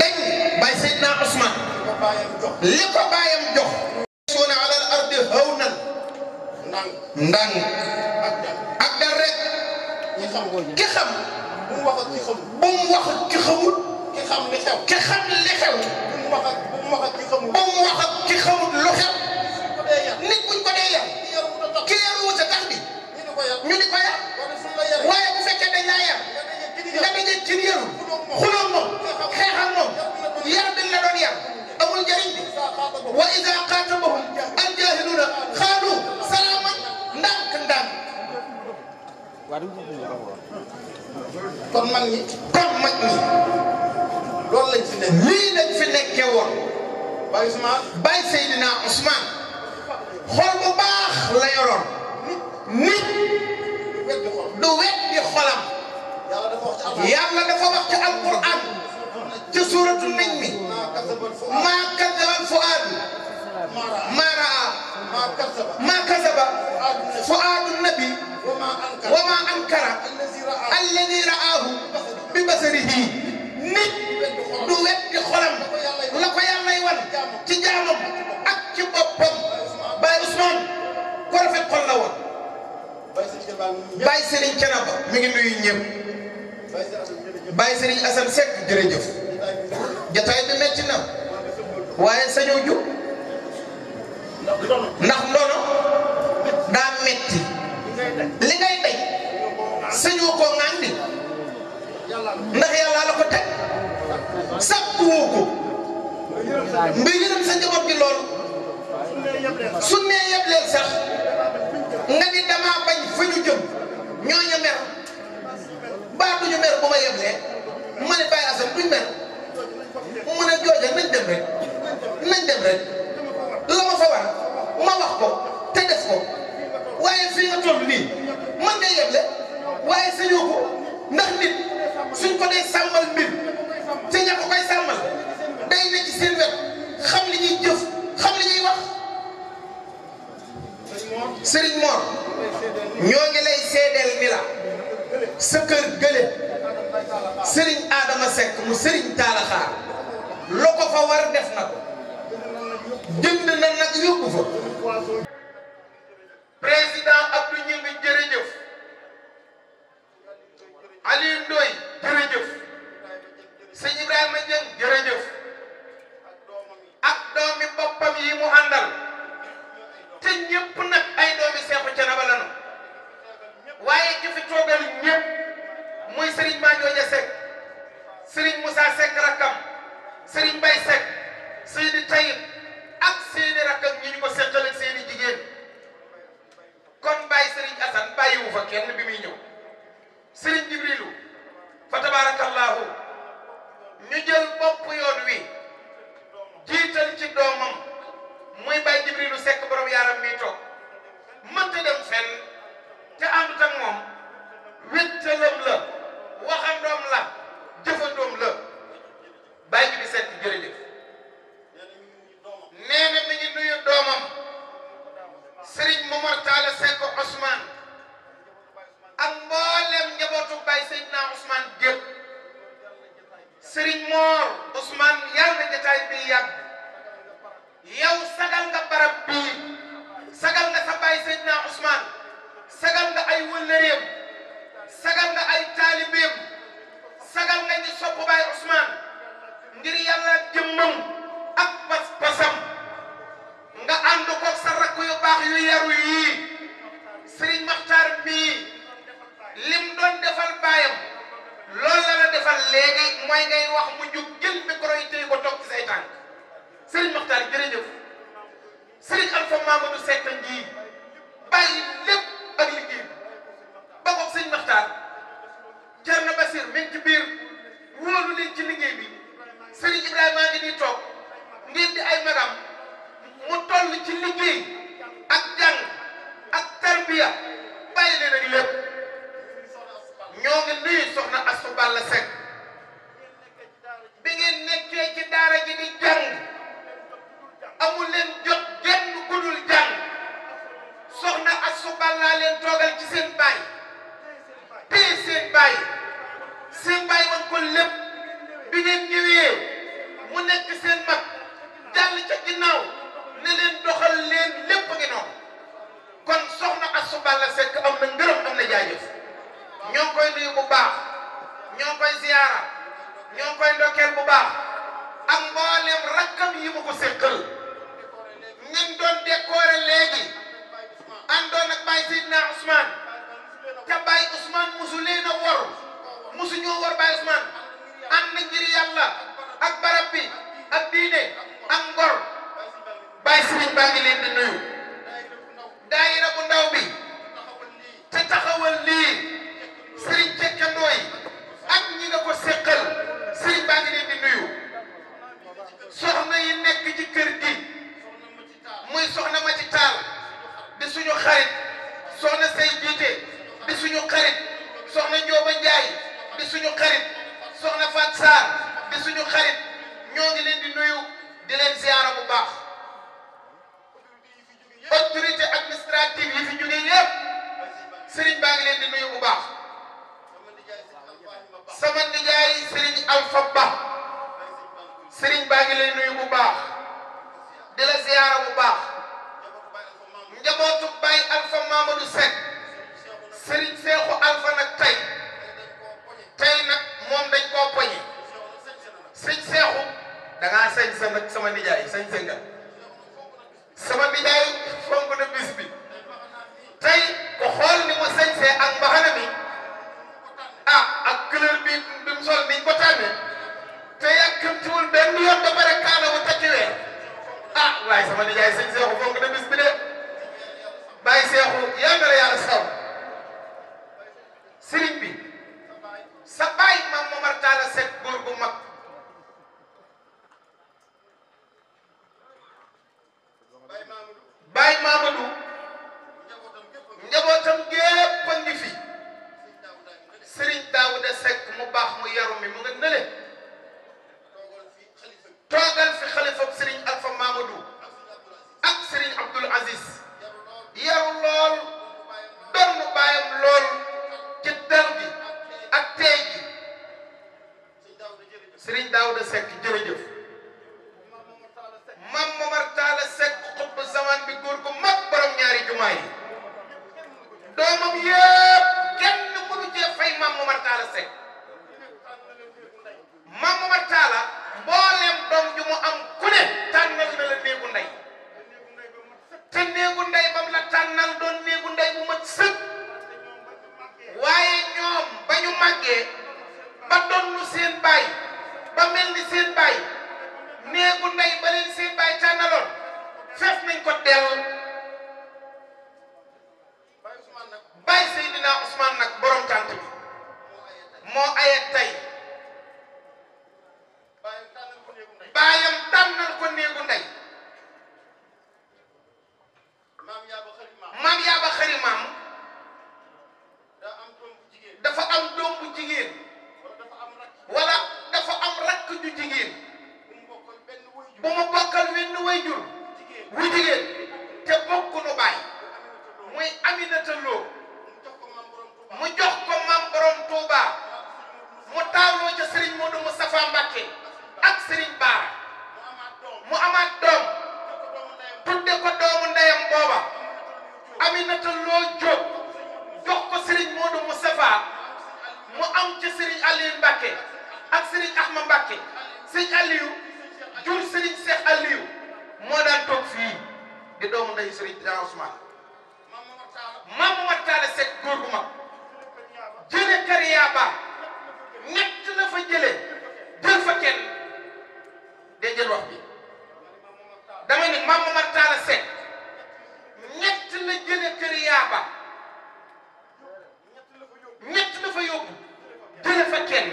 Speaker 12: dañ bàyyi Seydina Ousmane li ko bàyyam jox soona alal ardi hawnan ndànk ak dal rek ki xam bu mu wax ak ki xamul bu mu wax ak ki xamul ki xam li xew ki xam li xew bu mu wax ak bu mu wax ak ki xamul bu mu wax ak ki xamul lu xew nit buñ ko dee yar ki yaruwu sa tax bi ñu di ko yar waaye bu fekkee dañ laa yar nga daje ci yaru xuloo moom xeexal moom yar bi la doon yar amul njariñ wa iza xaatabahum al jaahiluuna xaalu salaaman ndànk ndànk kon mag ñi kon mag ñi loolu lañ fi ne lii lañ fi nekkee woon Baye Ousmane Baye Seydina Ousmane xol bu baax la yoroon nit du wet di xolam yàlla dafa wax ci alquran ci suuratu niñ mi maa kasabal fuaadu maa raa maa kasaba fuaadu nabi wa maa ankara alladi raahu bi basarihi nit du weddi xolam la ko yàllay wan ci jaamam ak ci boppam Baye Ousmane ko rafet xol la woon Baye Serigne Thiénaba mi ngi nuyu ñëpp Baye Serigne Assane Seck jërëjëf jataay bi metti na waaye sañoo jug ndax ndono daa metti li ngay day sañoo koo ŋàndi ndax yàlla la ko teg sàkku woo ko nga yërëm sa njaboot gi loolu su nee sax nga ni damaa bañ fa ñu jëm ñooñu mer baa mer bu ma yëblee ma ne bàyyi asam duñ mer mu ne jooja nañ dem rek nañ dem rek la ma fa war ma wax ko te def ko waaye fii nga toll nii man ngay yeble waaye sañoo ko ndax nit suñ ko day sàmmal mbir te ña ko koy sàmmal day ne ci seen xam li ñuy jëf xam li ñuy wax Serigne Mor ñoo lay seedeel ni sa kër gële Adama Seck mu sëriñ Talla Xaar fa war def na jënd na nag yóbbu fa. président Abdou Gningue jërëjëf Aliou Ndoye jërëjëf sëñ Ibrahima Dieng jërëjëf ak doomi boppam yi mu àndal te ñëpp nag ay doomi Seexu Canaba lañu waaye ñu fi toogal ñëpp muy Serigne Mandione Seck Serigne Moussa Seck rakkam Serigne Mbaye Seck Seydi Tayib ak seeni rakkam ñi ñu ko seqal ak seeni jigéen kon bàyyi Serigne Assane bàyyiwu fa kenn bi muy ñëw Serigne Jibrilu fa tabarakallahu ñu jël bopp yoon wi jiital ci doomam muy Baye Jibrilu Seck borom yaaram mi mënta dem fenn te àndut ak moom wéttalam la waxandoom la jëfandoom la bàyyi bi seet jërëjëf nee na mi ngi nuyu doomam Serigne Momar Talla Seck Ousmane ak mboolem njabootu Baye Seydina Ousmane gépp Serigne Mor Ousmane yàlla na jotaay bi yàgg yow sagal nga barab bii sagal nga sa Baye Seydina Ousmane. sagal nga ay wëllëreem sagal nga ay taalibeem sagal nga ñi sopp Baay Ousmane ngir yàlla jëmmam ak pas-pasam nga ànd ko sa rakk yu baax yu yaru yii Serigne Makhtar mii lim doon defal baayam loolu la la defal léegi mooy ngay wax mu jug jël micro yi téye ko toog ci say tànk Serigne Makhtar jërëjëf Serigne Alpha Mamadou Seck njii bàyyi lépp. ak liggéey ba ko sëñ Maxtaar jar na Basir mi ngi ci biir wóolu leen ci liggéey bi Serigne Ibrahima ngi nii toog ngeen di ay magam mu toll ci liggéey ak jàng ak tarbiya bàyyi leen ak ñoo ngi nuyu soxna Astou Balla Seck bi ngeen nekkee ci daara ji di jàng amul leen jot genn ku dul soxna Astou Balla leen toogal ci seen baay téye seen baay seen baay woon ko lépp bi ñëwee mu nekk seen mag jàll ca ginnaaw ne leen doxal leen lépp ngi noonu kon soxna Astou Balla Seck am na ngërëm am na jaajëf ñoo koy nuyu bu baax ñoo koy ziyaara ñoo koy ndokkeel bu baax ak mboolem rakkam yi mu ko sekkal ñun doon décorer léegi. àndoon ak Baye Seydina Ousmane te Baye Ousmane mosu leen a wor mosu wor Baye Ousmane ànd na ngir yàlla ak barab bi ak diine ak ngor Baye Serigne baa ngi leen di nuyu daayira bu ndaw bi te taxawal lii Serigne cekkandoo yi ak ñi nga ko seqal Serigne baa ngi leen di nuyu soxna yi nekk ci gi muy soxna ma ci taal. di suñu xarit soxna Sey Jiite di suñu xarit soxna Ndioba Ndiaye di suñu xarit soxna Fat Sarr di suñu xarit ñoo ngi leen di nuyu di leen ziara bu baax autorité administrative yi fi jógee yëpp Serigne baa ngi leen di nuyu bu baax sama nijaay Serigne Alpha Ba Serigne baa ngi leen nuyu bu baax di la ziara bu baax. njabootu Baye Alpha Mamadou Seck Serigne Seexu Alpha nag tey tey nag moom dañ koo poñi sëñ Seexu da ngaa sama nijaay sañ sa sama nijaay fonk na bis bi tey ko xool ni mu sañsee ak mi ah ak couleur bi bi sol niñ ko tànnee te yàkkamtiwul benn yoon ba pare kaala bu tàcciwee ah waaye sama nijaay sëñ Seexu fonk na bis bi bàyyi seexu yàlla na yàlla saw sëriñ bi sa baay maam Momar Talla Seck góor bu mag baay Mamadou njabootam gépp a ngi fi sëriñ Daouda Seck mu baax mu yaru mi mu nga nële toogal fi xalifam sëriñ Alpha Mamadou ak sëriñ Abdoul Aziz yaru lool doon nu bàyyam lool ci dal gi ak tey gi sëriñ jërëjëf mam Momar Taala Seck xutbu bi góor gu mag borom ñaari jumaa doomam yëpp kenn mënu cee fay mam Momar Taala Seck mam Momar Taala doom ju ku ne tànnal na la néegu ndey te néegu ndey bam la tànnal doon néegu ndey bu mat sëkk waaye ñoom ba ñu màggee ba donnu seen baay ba mel ni seen baay néegu ndey ba leen seen baay tànnaloon feef nañ ko dell bàyyi Seydina Ousmane nag borom tànt bi moo aye tey baayam tànnal ko néegu ndey maam yaa ba xëri maam dafa am doom bu jigéen wala dafa am rakk ju jigéen bu mu bokkal wenn wayjur wu jigéen te bokk nu baay muy Aminata Lo mu jox ko maam borom Touba mu taaloo ca Serigne Modou Moustapha Mbacké ak Serigne Bara mu amaat doom tudde ko doomu ndeyam booba Aminata Loo jox ko Serigne Modou Moustapha mu am ci Serigne Aliou Mbacke ak Serigne Ahma Mbacke Serigne Aliou jur Serigne Cheikh Aliou moo daan toog fii di doomu ndeyu Serigne Dame Ousmane maam Momar Talla Seck góor gu mag jële Kariya Ba ñett la fa jële jël fa wax bi. dama ni Mame Momar Talla Seck ñett la kër yaaba ñett la fa yóbbu jële fa kenn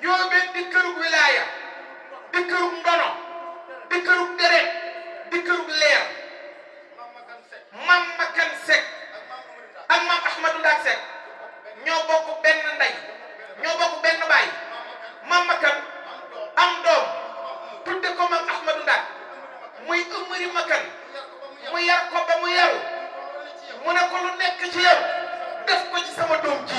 Speaker 12: njoobeen di wilaaya di ndono di kërug deret leer Mame Makan Seck ak Mame Ahmadou Ndak benn ndey ñoo benn baay Mame Makan am doom tudde ko maam Ahmadou Ndak muy ëmmëri makan mu yar ko ba mu yaru mu ne ko lu nekk ci yow def ko ci sama doom ji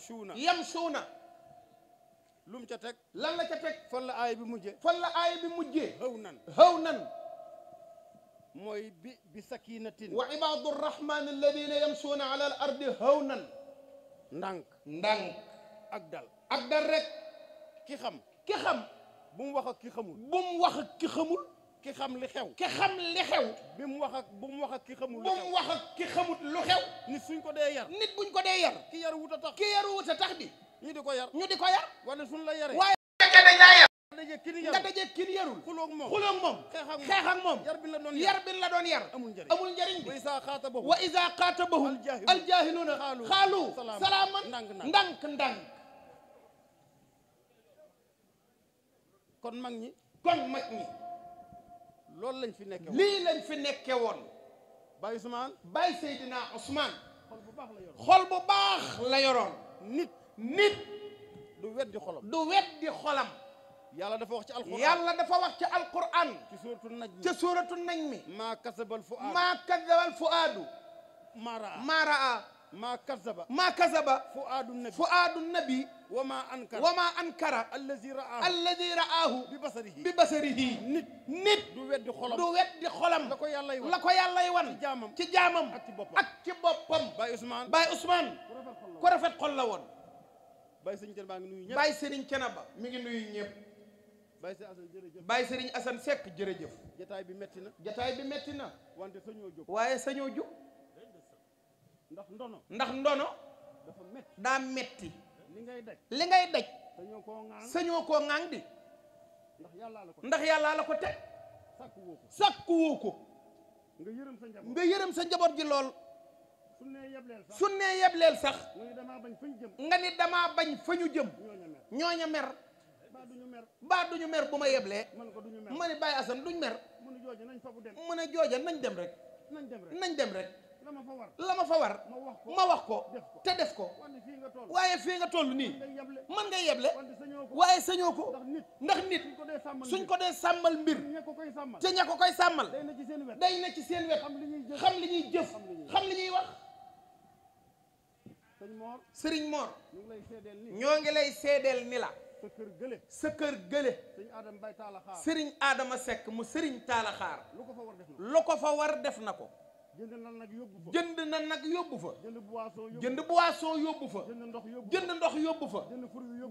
Speaker 12: yamsuuna yamsuuna lum ca teg lan la ca teg fan la aaya bi mujjee fan la aaya bi mujjee xëw nan xëw nan mooy bi bi sakinatin wa ibadu rahman alladina yamsuuna ala al ardi xëw nan ndànk ndànk ak dal ak dal rek ki xam ki xam bu mu wax ak ki xamul bu mu wax ak ki xamul ki xam li xew ki xam li xew mu wax ak bu mu wax ak ki mu wax ak ki xamut lu xew nit suñ ko dee yar nit buñ ko dee yar ki yar wut a tax ki ñu di ko yar ñu di ko yar wala suñ la yaree yar nga dajee ki ni yarul nga dajee ki ni moom xuloog moom yar bi la doon yar la doon yar amul njëriñ amul njëriñ bi wa isa xaatabahu wa isa xaatabahu aljaahiluuna xaalu salaaman ndànk ndànk kon mag ñi kon mag ñi loolu lañ fi nekke lii lañ fi nekke woon Baye Ousmane Baye Seydina Ousmane xol bu baax la yoroon la yoroon nit nit du weddi xolam du weddi xolam yàlla dafa wax ci alquran ci alquran ci suuratu naj mi ci maa kasabal fuaadu maa raa ما كذب ما adu فؤاد النبي فؤاد النبي وما أنكر وما أنكر الذي رآه الذي رآه ببصره ببصره نت نت du weddi xolam du weddi xolam la ko yàlla yi wan ko yàlla yi wan ci jaamam ak ci boppam ak ci boppam Baye Ousmane Baye Ousmane rafet xol la woon Baye Serigne Thiénaba ngi nuyu ñëpp Baye Serigne mi ngi nuyu ñëpp Baye Serigne Assane jërëjëf Baye Serigne Assane Seck jërëjëf jataay bi metti na jataay bi metti na wante sañoo jóg waaye sañoo jóg ndax ndono ndax ndono dafa metti daa metti li ngay daj li ngay daj sañoo koo ŋaang sañoo koo ŋaang di ndax yàllaa la ko ndax yàllaa la ko teg sàkkuwoo ko sàkkuwoo ko nga yërëm sa njaboot nga yërëm sa njaboot ji lool su nee yebleel sax su nee yebleel sax nga ni damaa bañ fa ñu jëm nga ni damaa bañ fa ñu jëm ñooña mer baa duñu mer baa duñu mer bu ma yeblee man ko duñu ma ni Baye Assane duñ mer mu ne jooja nañ fa bu dem mu ne jooja nañ dem rek nañ dem rek nañ dem rek la ma fa war ma wax ko te def ko waaye fii nga toll nii mën nga yeble waaye sañoo ko ndax nit suñ ko dee sàmmal mbir te ña ko koy sàmmal day na ci seen wet xam li ñuy jëf xam li ñuy wax sëriñ Mor ñoo ngi lay seedeel ni la sa kër gële sa kër gële sëriñ aadama sekk mu sëriñ Taala Xaar lu ko fa war def na ko jënd na nag yóbbu fa jënd na nag yóbbu fa jënd boisson jënd boisson yóbbu fa jënd ndox yóbbu jënd ndox yóbbu fa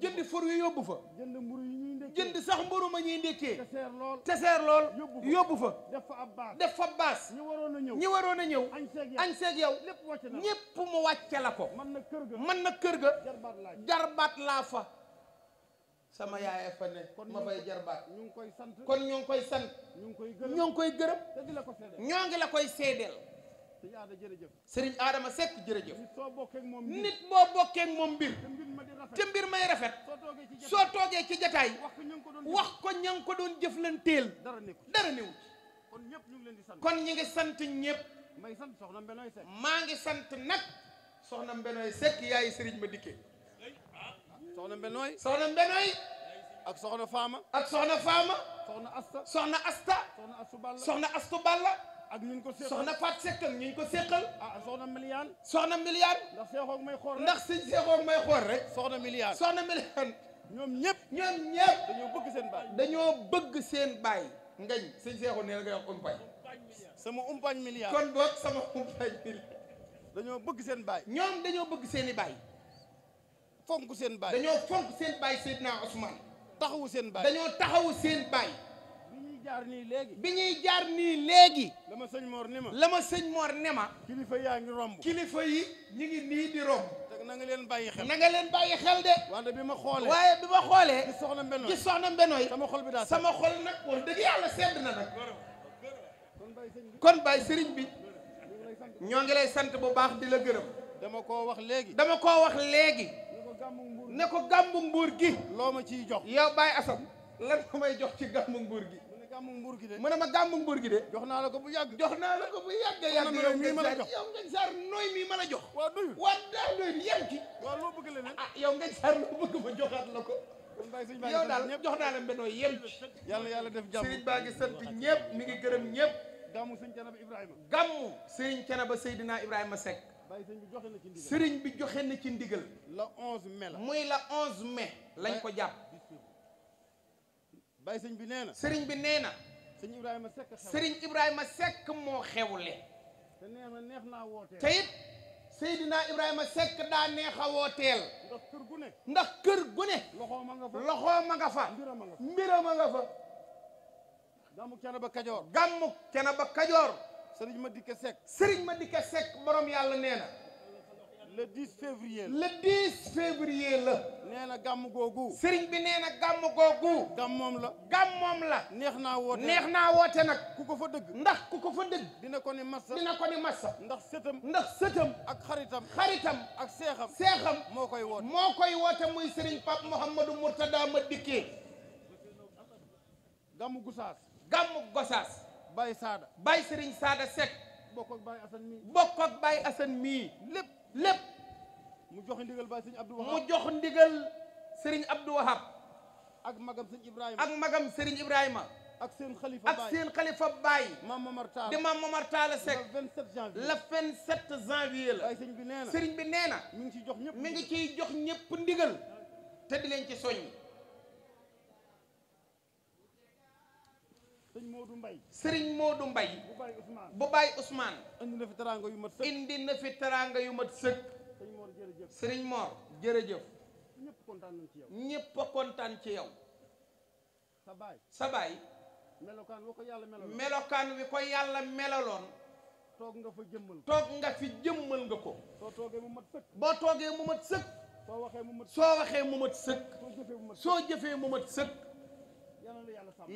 Speaker 12: jënd fur yu yóbbu fa jënd mburu yi ñuy ndékkee jënd sax mburu ma ñuy ndékkee teseer lool teseer lool yóbbu fa def fa ab baas def fa baas ñi waroon a ñëw ñi waroon a ñëw añ seeg yow ñépp mu wàcce la ko man na kër ga man na kër ga jarbaat laa fa sama yaaya fa ne ma fay jarbaat ñu ngi koy sant kon ñu ngi koy sant ñu ngi koy gërëm ñoo ngi la koy seedeel sëñ Adama jërëjëf sëriñ Adama Seck jërëjëf nit boo bokkeek moom nit boo bokkeek moom mbir te mbir may rafet soo toogee ci jataay wax ko ña nga ko doon jëflanteel dara néew kon ñi ngi sant ñëpp maa ngi sant nag soxna Mbenoy Seck yaay sëriñ ma dikke soxna Mbenoy soxna Mbenoy ak soxna Faama ak soxna Faama soxna Asta soxna Asta soxna Astu Balla soxna Astu Balla ak ñu ko seqal soxna Fatou Seck ak ñu ko seqal. ah soxna Miliane. soxna Miliane. ndax seexoog may xool rek ndax si may xool rek. soxna Miliane soxna Miliane. ñoom ñëpp ñoom ñëpp. dañoo bëgg seen baay. dañoo bëgg seen baay. ngañ sëñ seexoon nee na nga wax umpañ. sama umpañ Miliane. kon boog sama umpañ Miliane. dañoo bëgg seen baay. ñoom dañoo bëgg seen i baay. fonk seen baay. dañoo fonk seen baay Seydina Ousmane. taxawu seen baay dañoo taxawu seen baay. ñuy jaar nii léegi. bi ñuy jaar nii léegi. la ma sëñ Mor ne ma. la ma sëñ moor ne ma. kilifa yaa ngi romb. kilifa yi ñu ngi nii di na nga leen bàyyi na nga leen bàyyi xel de. ma xoolee waaye bi ma xoolee. gis soxna Mbenoy gis soxna Mbenoy. sama xol bi daal sama xol nag wax dëgg yàlla sedd na nag. kon bàyyi sëriñ bi. ñoo ngi lay sant bu baax di la gërëm. dama koo wax léegi. dama koo wax léegi. ne ko gàmmu mbuur gi. loo ma ciy jox yow Baye Assane lan ko may jox ci gàmmu mbuur gi. gàmmu mbuur gi de mu ne ma gàmmu mbuur gi de jox naa la ko bu yàgg jox naa la ko bu yàgg yàgg yow mii ma la jox yow ngañ saar nooy mii ma la jox waaw doyul waaw daa doyul yem ci waaw loo bëgg leneen ah yow ngañ saar loo bëgg ma joxaat la ko yow daal jox naa la mbenoo yem ci yàlla yàlla def jàmm sëriñ baa ngi sant ñëpp mi ngi gërëm ñëpp gàmmu sëriñ Canaba Ibrahima gàmmu sëriñ Canaba Seydina Ibrahima Seck sëriñ bi joxe na ci ndigal la 11 mai la muy la mai lañ ko jàpp bay sëñ bi nee na sëriñ bi nee na sëriñ Ibrahima Seck sëriñ Ibrahima Seck moo xewle te nee na neex naa wooteel te it Seydina Ibrahima Seck daa neex a wooteel ndax kër gu ne ndax kër gu ne ma nga fa loxoo ma nga fa mbirama nga fa nga fa gàmmuk Thiénaba Kajoor gàmmuk Thiénaba Kajoor sëriñ ma dikke Seck sëriñ ma dikke Seck borom yàlla nee le 10 février la. le 10 la. nee na gàmm googu. sëriñ bi nee na gàmm googu. gàmmoom la. gàmmoom la. neex naa woote neex naa woote nag. ku ko fa dëgg. ndax ku ko fa dëgg. dina ko ni massa dina ko ni massa. ndax sëtam. ndax sëtam. ak xaritam. xaritam ak seexam. seexam moo koy woote. moo koy woote muy sëriñ ma Mouhamadou Mourtada Madické. gàmmu Gosaas. gàmmu Gosaas. Baye Sada. Baye sëriñ saada Seck. bokk ak Baye mii. bokk ak Baye mii lépp. lépp mu jox ndigal ba sëriñ Abdou Wahab jox ndigal sëriñ Abdou Wahab ak magam sëriñ Ibrahima ak magam sëriñ Ibrahima ak seen xalifa baay xalifa baay. maam Momar Talla di maam Momar Talla Seck. le 27 janvier le 27 janvier la. waaye sëriñ bi nee na sëriñ bi nee na. mi ngi ciy jox ñëpp mi ngi ciy jox ñëpp ndigal te di leen ci soññ. sëñ Modou Mbaye sëriñ Modou Mbaye bu Baye Ousmane bu Baye Ousmane indi na fi teraanga yu mat sëkk indi na fi teraanga yu mat sëkk sëriñ Mor jërëjëf sëriñ Mor jërëjëf ñëpp kontaan nañ ci yow ci yow sa baay sa baay melokaan wi ko yàlla melaloon melokaan wi ko yàlla melaloon toog nga fa jëmmal toog nga fi jëmmal nga ko soo toogee boo toogee mu mat sëkk soo waxee mu mat sëkk soo waxee mu mat sëkk soo jëfee mu mat sëkk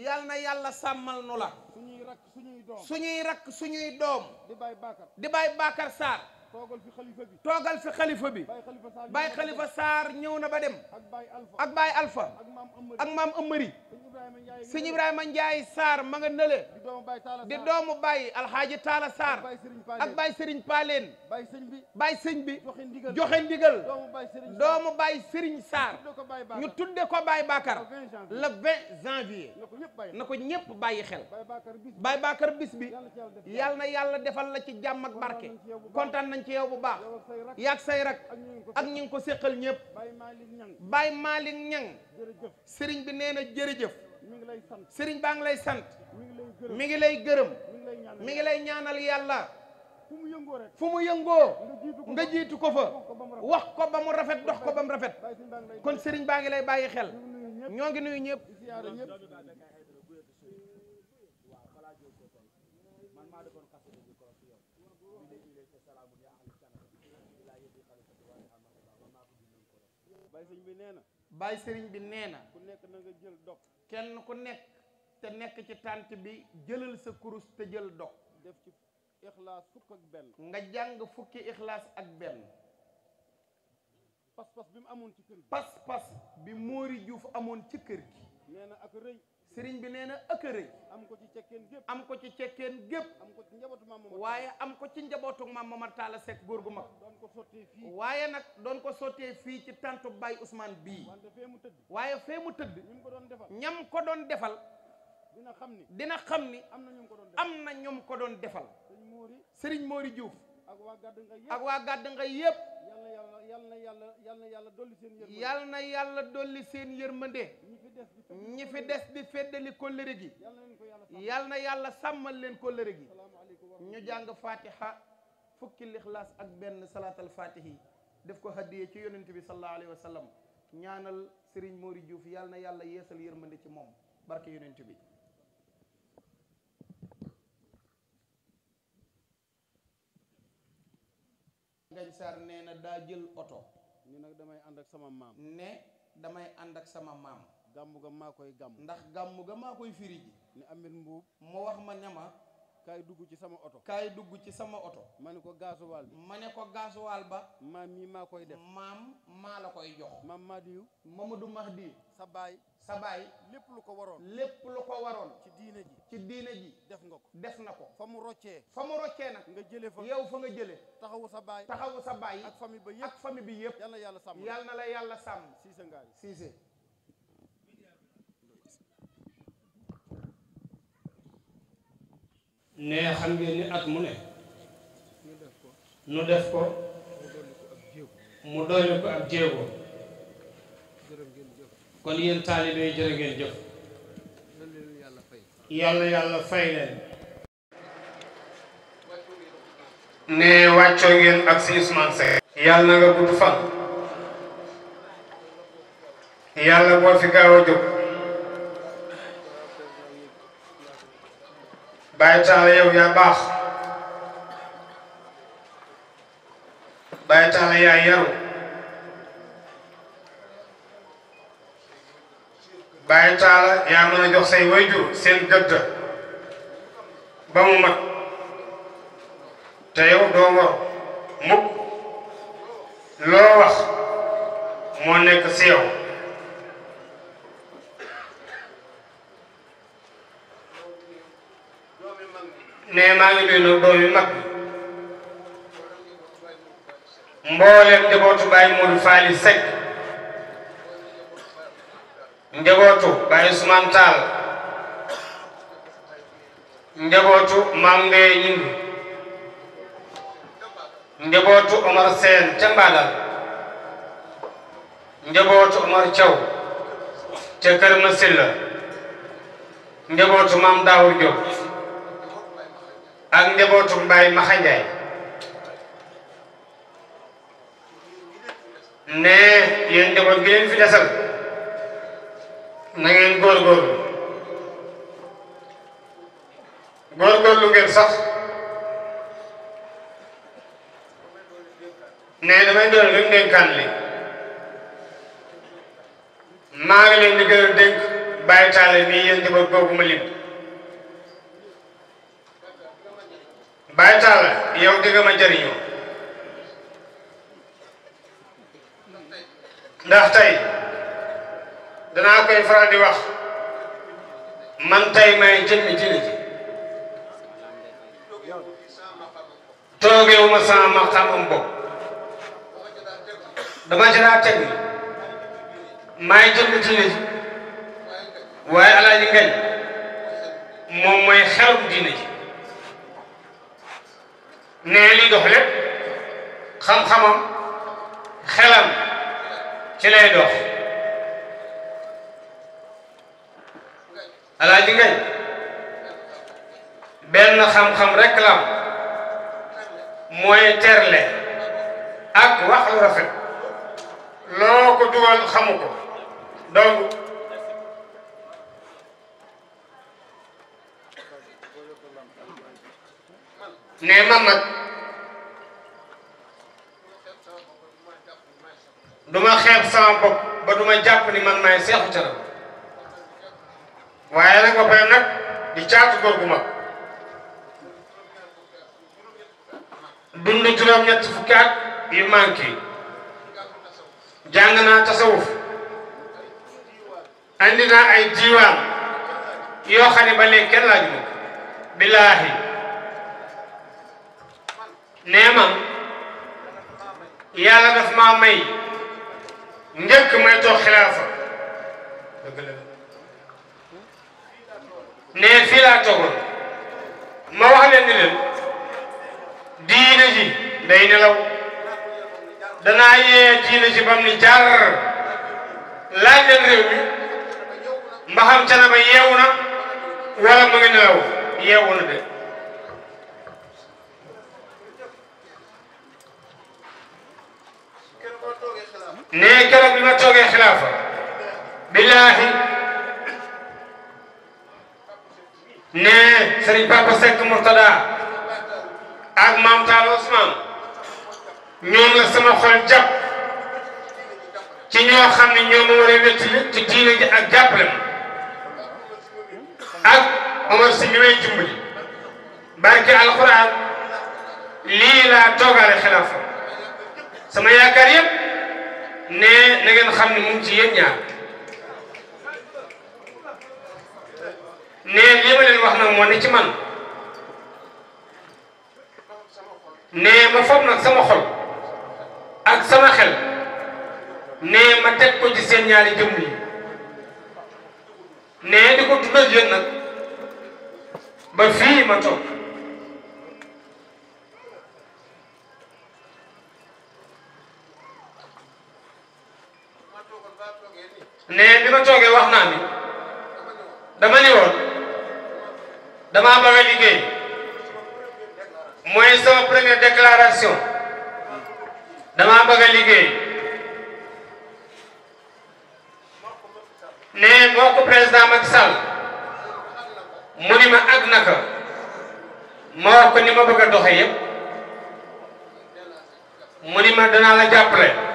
Speaker 12: yal na yàlla sàmmal nu la suñuy rakk suñuy doom di bay Bakar Sarr toogal fi xalifa bi toogal fi xalifa bi Baye Khalifa Sarr ñëw na ba dem ak Baye Alpha ak maam Amari sëñ Ibrahima Ndiaye Sarr ma nga nële di doomu Baye Alxaaji Taala Sarr ak Baye Serigne Paleen Baye sëñ bi joxe ndigal doomu Baye Serigne Sarr
Speaker 14: ñu tudde ko Baye Bakar le 20 janvier
Speaker 12: na ko ñépp bàyyi xel Baye Bakar bis bi yàlla na yàlla defal la ci jàmm ak barke kontaan nañ ci yow bu baax yaag say rak ak ñi ko séqal ñëpp Baye Malick Niang sëriñ bi nee na jërëjëf sëriñ baa ngi lay sant mi ngi lay gërëm mi ngi lay ñaanal yàlla fu mu yëngoo nga jiitu ko fa wax ko ba mu rafet dox ko ba mu rafet kon sëriñ baa ngi lay bàyyi xel
Speaker 4: ñoo ngi nuyu ñëpp
Speaker 12: bàyyi sëriñ bi nee na. baay sëriñ bi nee na. ku nekk na nga jël dog. kenn ku nekk te nekk ci tànt bi jëlal sa kurus te jël dog. def ci ixlaas fukk ak benn. nga jàng fukki ixlaas ak benn. pas-pas bi mu amoon ci kër gi. pas-pas bi Mori Diouf amoon ci kër gi. sëriñ bi nee na ëkk rëy am ko ci cekkeen gépp am ko ci cekkeen gépp ko ci njabootu maam waaye am ko ci njabootu ma Momar Talla Seck góor gu mag doon ko sottee fii waaye nag doon ko sottee fii ci tàntu Baye Ousmane bii waaye fee mu tëdd ñam ko doon defal ñam ko doon defal dina xam ni dina xam ni am na ñoom ko doon defal am na ñoom ko doon defal sëriñ Mori Diouf ak waa gàdd nga yëpp yal na yàlla
Speaker 14: na yàlla yal yàlla dolli seen yërmande yal na yàlla
Speaker 12: dolli seen yërmande ñi fi des di feddali kóllëre gi yal na yàlla sàmmal leen kóllëre gi ñu jàng fatiha fukki lixlaas ak benn salaatal fatihi def ko haddiye ci yonent bi sallallahu alayhi wa ñaanal Serigne Mori Diouf yal na yàlla yeesal yërmande ci moom barke yonent bi Ngañ Sarr nee na daa jël oto. ni nag damay ànd ak sama maam. ne damay ànd ak sama maam. gàmmu ga maa koy gàmm. ndax gàmmu ga maa koy firi ji. ni Ameth Mbuub. mu wax ma ne ma. kaay dugg ci sama oto kaay dugg ci sama oto ma ne ko gaasuwaal bi ma ne ko gaasuwaal ba maam mii maa koy def maam maa la koy jox maam du max Mahdi sa baay sa baay lépp lu ko waroon lépp lu ko waroon ci diine ji ci diine ji def nga ko def na ko fa mu roccee fa mu roccee nag nga jële fa yow fa nga jële taxawu sa baay taxawu sa baay ak famille ba yëpp ak famille bi yëpp yal na yàlla sàmm yal na la yàlla sàmm siise ngaari siise ne xam ngeen
Speaker 17: ni at mu ne nu def ko mu doole ko ab jéego kon yéen taalibe yi jërë ngeen jëf yàlla yàlla fay leen
Speaker 12: ne wàccoo ngeen ak si Ousmane Seck yàlla na nga gudd fan yàlla boo fi gaaw a jóg bàyyi taala yow yaa baax bàyyi taala yaa yaru bàyyi taala yaa mën a say wayjur seen gëdd ba mu mat te yow doo war mukk loo
Speaker 7: wax moo yow ne maa ngi doy doom yu mag mboolem njabootu
Speaker 12: Baye Modou Faly Seck njabootu Baye Ousmane Tall njabootu Mame Mbaye Gningue njabootu Omar Sène ca Mbadal njabootu Omar Thiaw ca Kër Masilla njabootu Mame Daour Diop ak
Speaker 17: njabootu Mbaye Maxa Njaay ne yéen njaboot gi leen fi na ngeen góorgóorlu góorgóorlu ngeen sax
Speaker 12: ne damay doon rek dénkaan li maa ngi leen di gën a dénk bàyyi taale bi yéen njaboot boobu ma lim bàyyi taala yow di nga ma jariñoo ndax tey danaa koy faral di wax man tey may jëmmi dina ji toogewu ma sama maqaamam bopp
Speaker 7: dama jëraa teg ni maay jëmmi ji waaye alaaji ngañ moom mooy xelum dina ji
Speaker 12: nee li dox lépp xam-xamam
Speaker 7: xelam ci lay dox alaaji ngay benn xam-xam rek lam mooy terle ak wax lu rafet
Speaker 12: loo ko dugal xamu ko donc nee man nag du ma xeeb sama bopp ba du ma jàpp ni man maay seexu caram waaye nag ba pare di caatu góor mag dund juróom-ñett fukki at yu manqué jàng naa tasawuf andi naa ay diiwaan yoo xam ba léegi kenn billaahi nee ma yàlla daf maa may njëkk may toog xilaafa nee fii ma wax leen ni leen diine ji day nelaw danaa yee diine ji bam ni jaar laaj leen réew mi mba xam yeewu na wala ma nga nelaw yeewu na de nee keroog bi ma toogee xilaafa billaahi nee Serigne Papa Seck Murtada ak maam Talla Ousmane ñoom la sama xol jàpp ci ñoo xam ne ñoom moo lay ak jàppale ak Omar si mi may dimbali barke alxuraan lii laa toogaale xilaafa sama yaakaar yëpp. ne na ngeen xam ne mu ci yéen ñaar
Speaker 7: ne li ma leen wax nag moo ne ci man ne ma foog nag sama xol ak sama xel
Speaker 12: ne ma teg ko ci seen ñaari jëmm yi ne di ko dundal yéen nag ba fii ma toog
Speaker 13: ne bi ma toogee wax naa ni dama ni woon damaa bëgg a liggéey
Speaker 8: mooy sama première déclaration damaa bëgg a liggéey ne moo ko président
Speaker 12: Macky Sall mu ni ma ak naka ma ko ni ma bëgg a doxe yëpp mu ni ma danaa la jàppale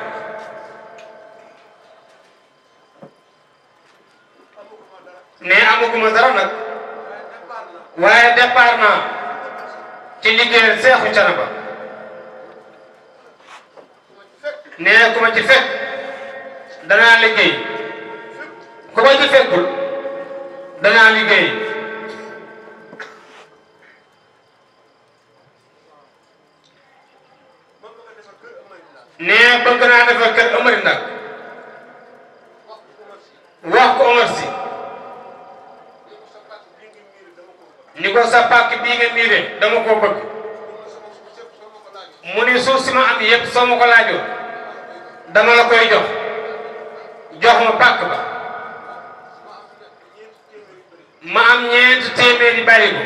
Speaker 12: ne amaguma dara nag waaye départ naa ci liggéeyal seexu Canaba ne ku ma ci fekk danaa liggéey ku ma ci fekkul danaa liggéey ne bëgg naa defar kër Amari nag wax ni ko sa pàkk bii nga niiree dama ko bëgg mu ni suuf si ma am yëpp soo ma ko laajoo dama la koy jox jox ma pàkk ba ma am ñeenti téeméeri bàyyi ko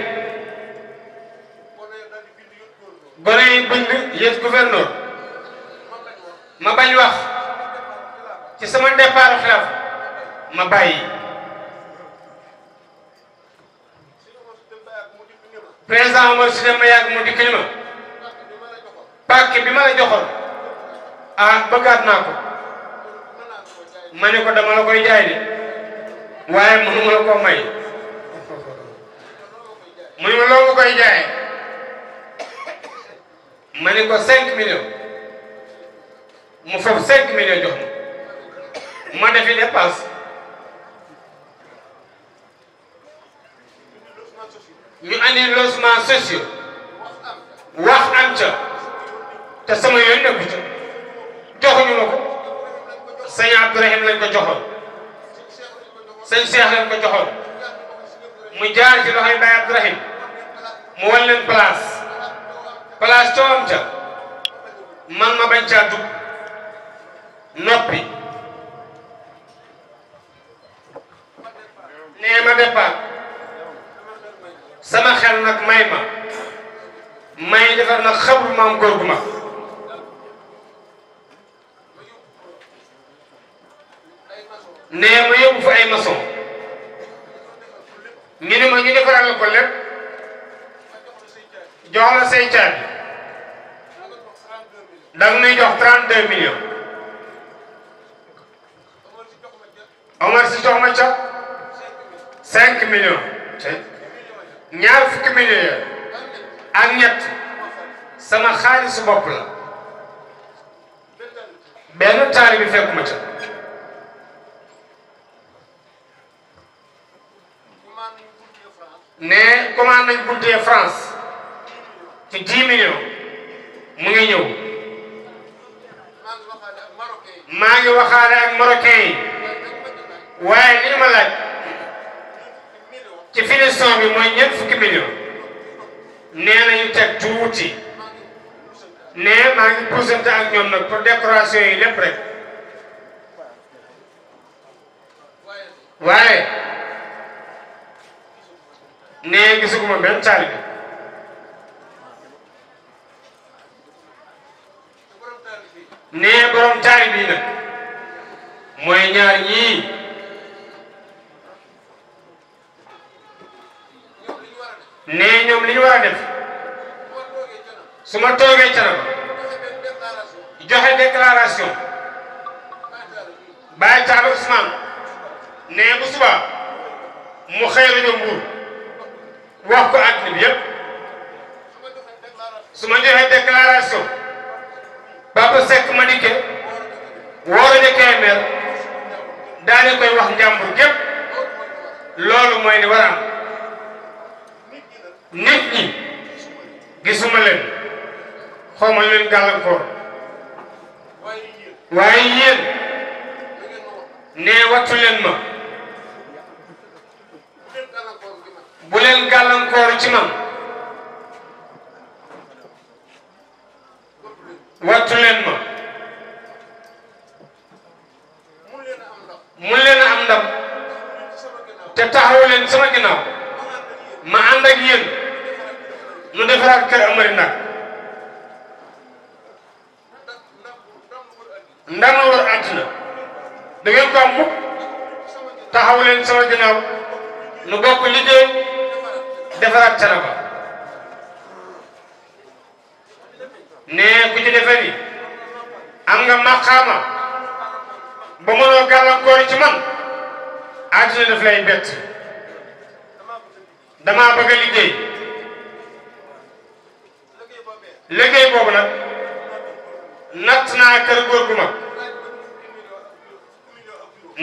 Speaker 12: gone yi bind yéen gouverneur ma bañ wax ci sama départ xilaf ma bàyyi président Omar si dama yàgg mu dikk ma pàkk bi ma la joxoon ah bëggaat
Speaker 7: naa ko ma dama la koy jaay de waaye mënuma la ko may
Speaker 12: mu ne ko koy jaayee ma ne mu foofu 5 millions jox ma ma defi dépense. ñu andi logement social wax am ca te sama yoon nekku ca joxuñu ma ko sëñ Abdourahim lañ ko joxoon sëñ Cheikh lañ ko joxoon mu jaar ci loxoy Baye Abdourahim mu wan leen place place coowam ca man ma bañ caa dugg noppi nee ma départ sama xel nag may ma may defar nag xabru maam góor gu mag nee ma yóbbu fa ay maçon ñu ne ma ñu defaral la ko lépp jox la say caabi danga may jox 32 millions Omar si jox ma ca 5 millions. ñaar fukki million ya ak ñett sama xaalisu bopp la benn taali bi fekkuma ca ne commande nañ bulletin France
Speaker 7: ci dix millions mu ngi ñëw maa ngi waxaale ak marocain yi waaye li ma laaj ci finition bi mooy ñeent fukki million nee na ñu teg
Speaker 12: tuuti nee maa ngi puusante ak ñoom nag pour décoration yi lépp rek waaye nee gisuguma benn taalibe nee borom taalibe yi nag mooy ñaar ñii nee ñoom li ñu war a ma toogee canam joxe déclaration bàyyi taal Ousmane nee bu suba mu xëy na wax ko àddina bi yëpp su ma joxe déclaration Baba Seck Madické wóor na Kébémer daane koy wax njàmbur gépp loolu mooy li war nit ñi gisuma leen ma leen gàllankoor waaye yéen nee wattu leen ma bu leen gàllankoor ci man ma mun a am ndam te taxaw leen sama ginnaaw ma ànd ak yéen. lu defaraat kër amari nag ndam la war àddina ko am mukk taxaw leen sama ginnaaw
Speaker 7: nu bokk liggéey defaraat Thiénaba ne ku ci defe ni am nga maqaama
Speaker 12: ba mënoo gàllankoor ci man àddina daf lay bett damaa bëgg liggéey liggéey boobu nag natt naa kër góor gu mag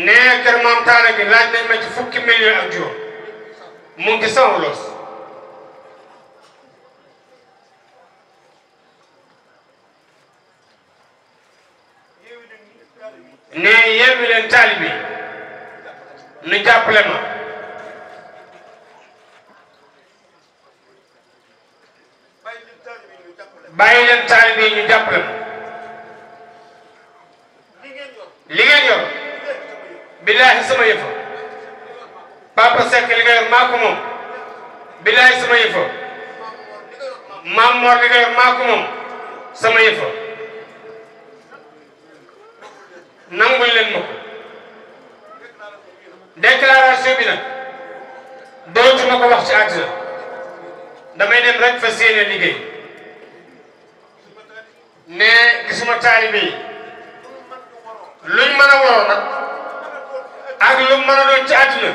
Speaker 12: nee kër maam taala bi laaj nañ ma fukki million
Speaker 4: ak mu ngi sama
Speaker 12: nee yeewi leen taalibi nu jàppale ma bàyyi leen taalibe yi ñu jàpp leen li ngeen yor billaahi sama yëfa papa Seck li nga yor maa ko moom billaahi sama yëfa maam Mor li nga yor maa ko moom sama yëfa nanguñ leen ma ko déclaration bi nag dootuma ko wax ci àddina damay dem rek fa séenee liggéey ne gisuma taalibe yi luñ mën a waroo nag ak lu mën ci àdduna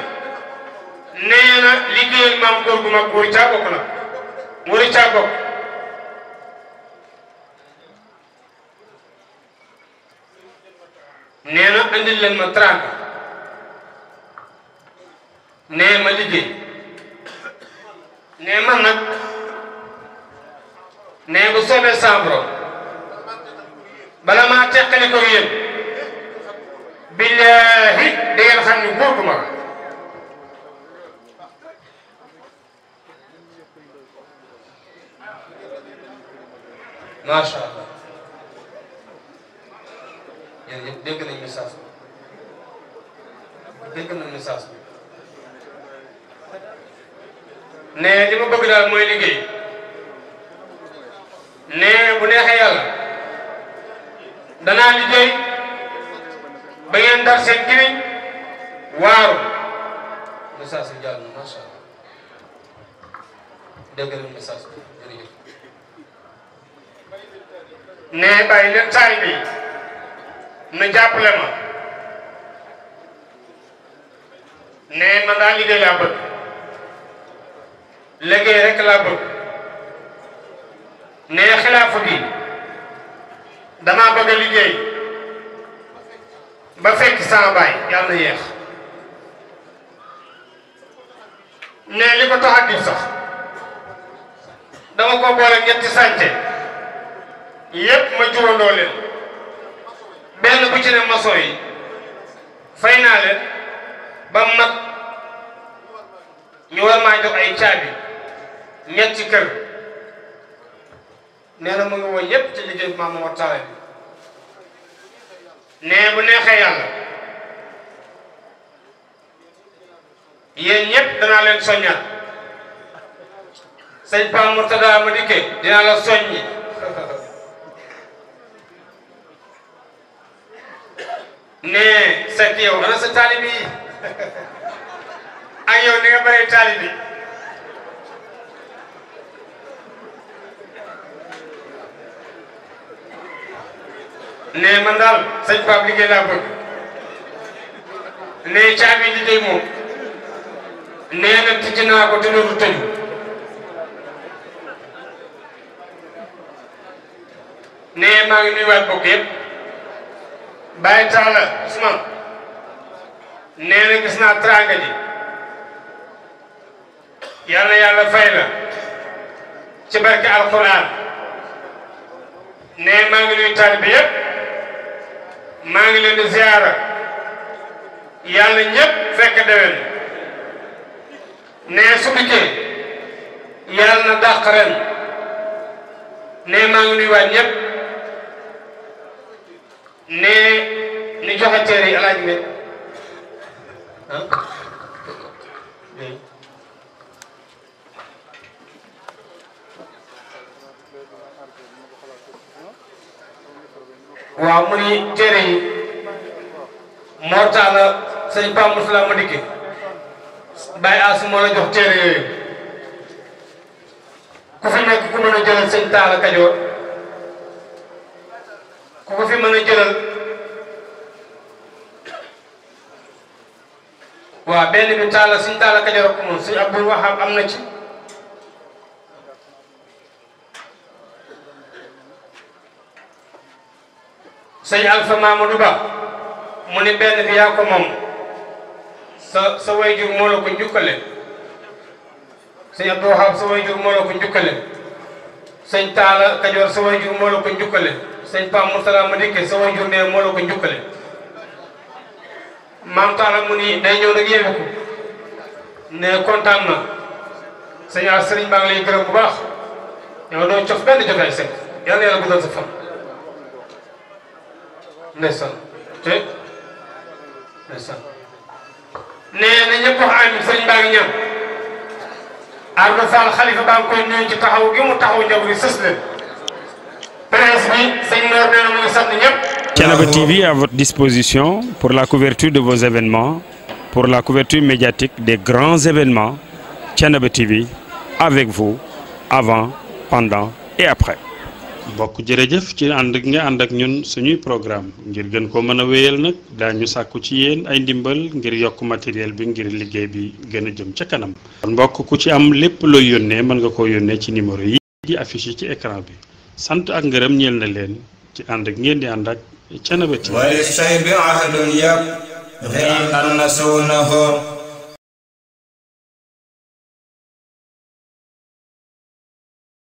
Speaker 12: nee na liggéeyal maam góor gu mag wari caa bokk la nee na andil leen ma tranga nee ma liggéey nee man nag nee bu soobee saa bala maa teqali ko yéen billahi da ngeen ni góor ma
Speaker 4: macha allah
Speaker 17: yéen ñëpp dégg nañ message bi dégg nañ message bi ne li ma bëgg daal mooy liggéey
Speaker 8: ne bu neexee yàlla danaa liggéey
Speaker 17: ba ngeen dar seen giriñ waaru message bi allah dégg nga message bi jërëjëf ne bàyyi leen taay bi
Speaker 12: na jàppale ma ne man daal liggéey laa bëgg liggéey rek laa bëgg ne xilaafa gi damaa bëgg a ba fekk sama baay yàlla na li ko tax a sax dama ko boole ñetti sànce yépp ma juróondoo benn bu ci ne maçon yi fay naa leen ba mat ñu war maa jox ay caabi ñetti kër nee na mu ngi woon ñëpp ci liggéey maam Momar Talle nee bu neexee yàlla yéen ñëpp danaa leen soññal sëñ Pape Mourtada ma dikkee dinaa la soññi
Speaker 4: nee seet yow ana sa taalibi yi
Speaker 7: ak yow ni nga bëree ne man daal sëñ
Speaker 12: Pape liggéey bëgg ne caabi li day nee na tijji naa ko te dootu tëju ne maa ngi nuyuwaat bokk yëpp bàyyi taala Ousmane nee na gis naa teraanga ji yàlla yàlla fay la ci barke alxuraan ne maa ngi nuyu yëpp maa ngi leen di ziara yàlla fekk dewen nee su dikkee na dàq ren nee maa ngi nuyuwaat ñëpp nee
Speaker 4: ñu joxe teere yi alaaj
Speaker 12: waaw mu téere yi
Speaker 17: moo tax la sëñ Pape Moussa ma dikkee moo la jox téere yooyu ku fi nekk ku mën a jëlal sëñ Talla Kajoor ku ko fi mën a jëlal waaw benn bi Talla suñ
Speaker 12: Talla Kajoor ak moom suñ Abdul Wahab am na ci
Speaker 7: sëñ Alpha Mamadou Ba
Speaker 17: mu ni benn bi yaa ko moom sa sa wayjur moo la ko njukkale sëñ Abdou Wahab sa wayjur moo la ko njukkale sëñ Taala Kajoor sa wayjur moo sa wayjur nee moo la njukkale maam Taala mu ni day ñëw nag yéeme ko ne kontaan na sëñ Al Sëriñ baa ngi lay gërëm bu baax yow doo cof benn jotaay sëñ yàlla na yàlla guddal ndeysaan
Speaker 8: te
Speaker 12: ndeysaan nee na ñëpp wax amiin sëñ baa ngi ñëw Arona Sall xalifa baa ngi koy nuyu ci taxaw gi mu taxaw njaw gi sës leen
Speaker 8: TV à votre
Speaker 7: disposition pour la couverture de vos événements pour la couverture médiatique des grands
Speaker 11: événements Thiénaba TV avec vous avant pendant et après mbokk jërëjëf ci ànd ak nga ànd ak ñun suñuy programme ngir gën ko mën a wéyal nag daañu sàkku ci yéen ay ndimbal ngir yokk matériel bi ngir liggéey bi gën a jëm ca kanam kon mbokk ku ci am lépp looy yónnee mën nga ko yónnee ci numéro yi di affiché ci écran bi sant ak ngërëm ñeel na leen ci ànd ak ngeen di ànd ak Thiénaba
Speaker 4: TV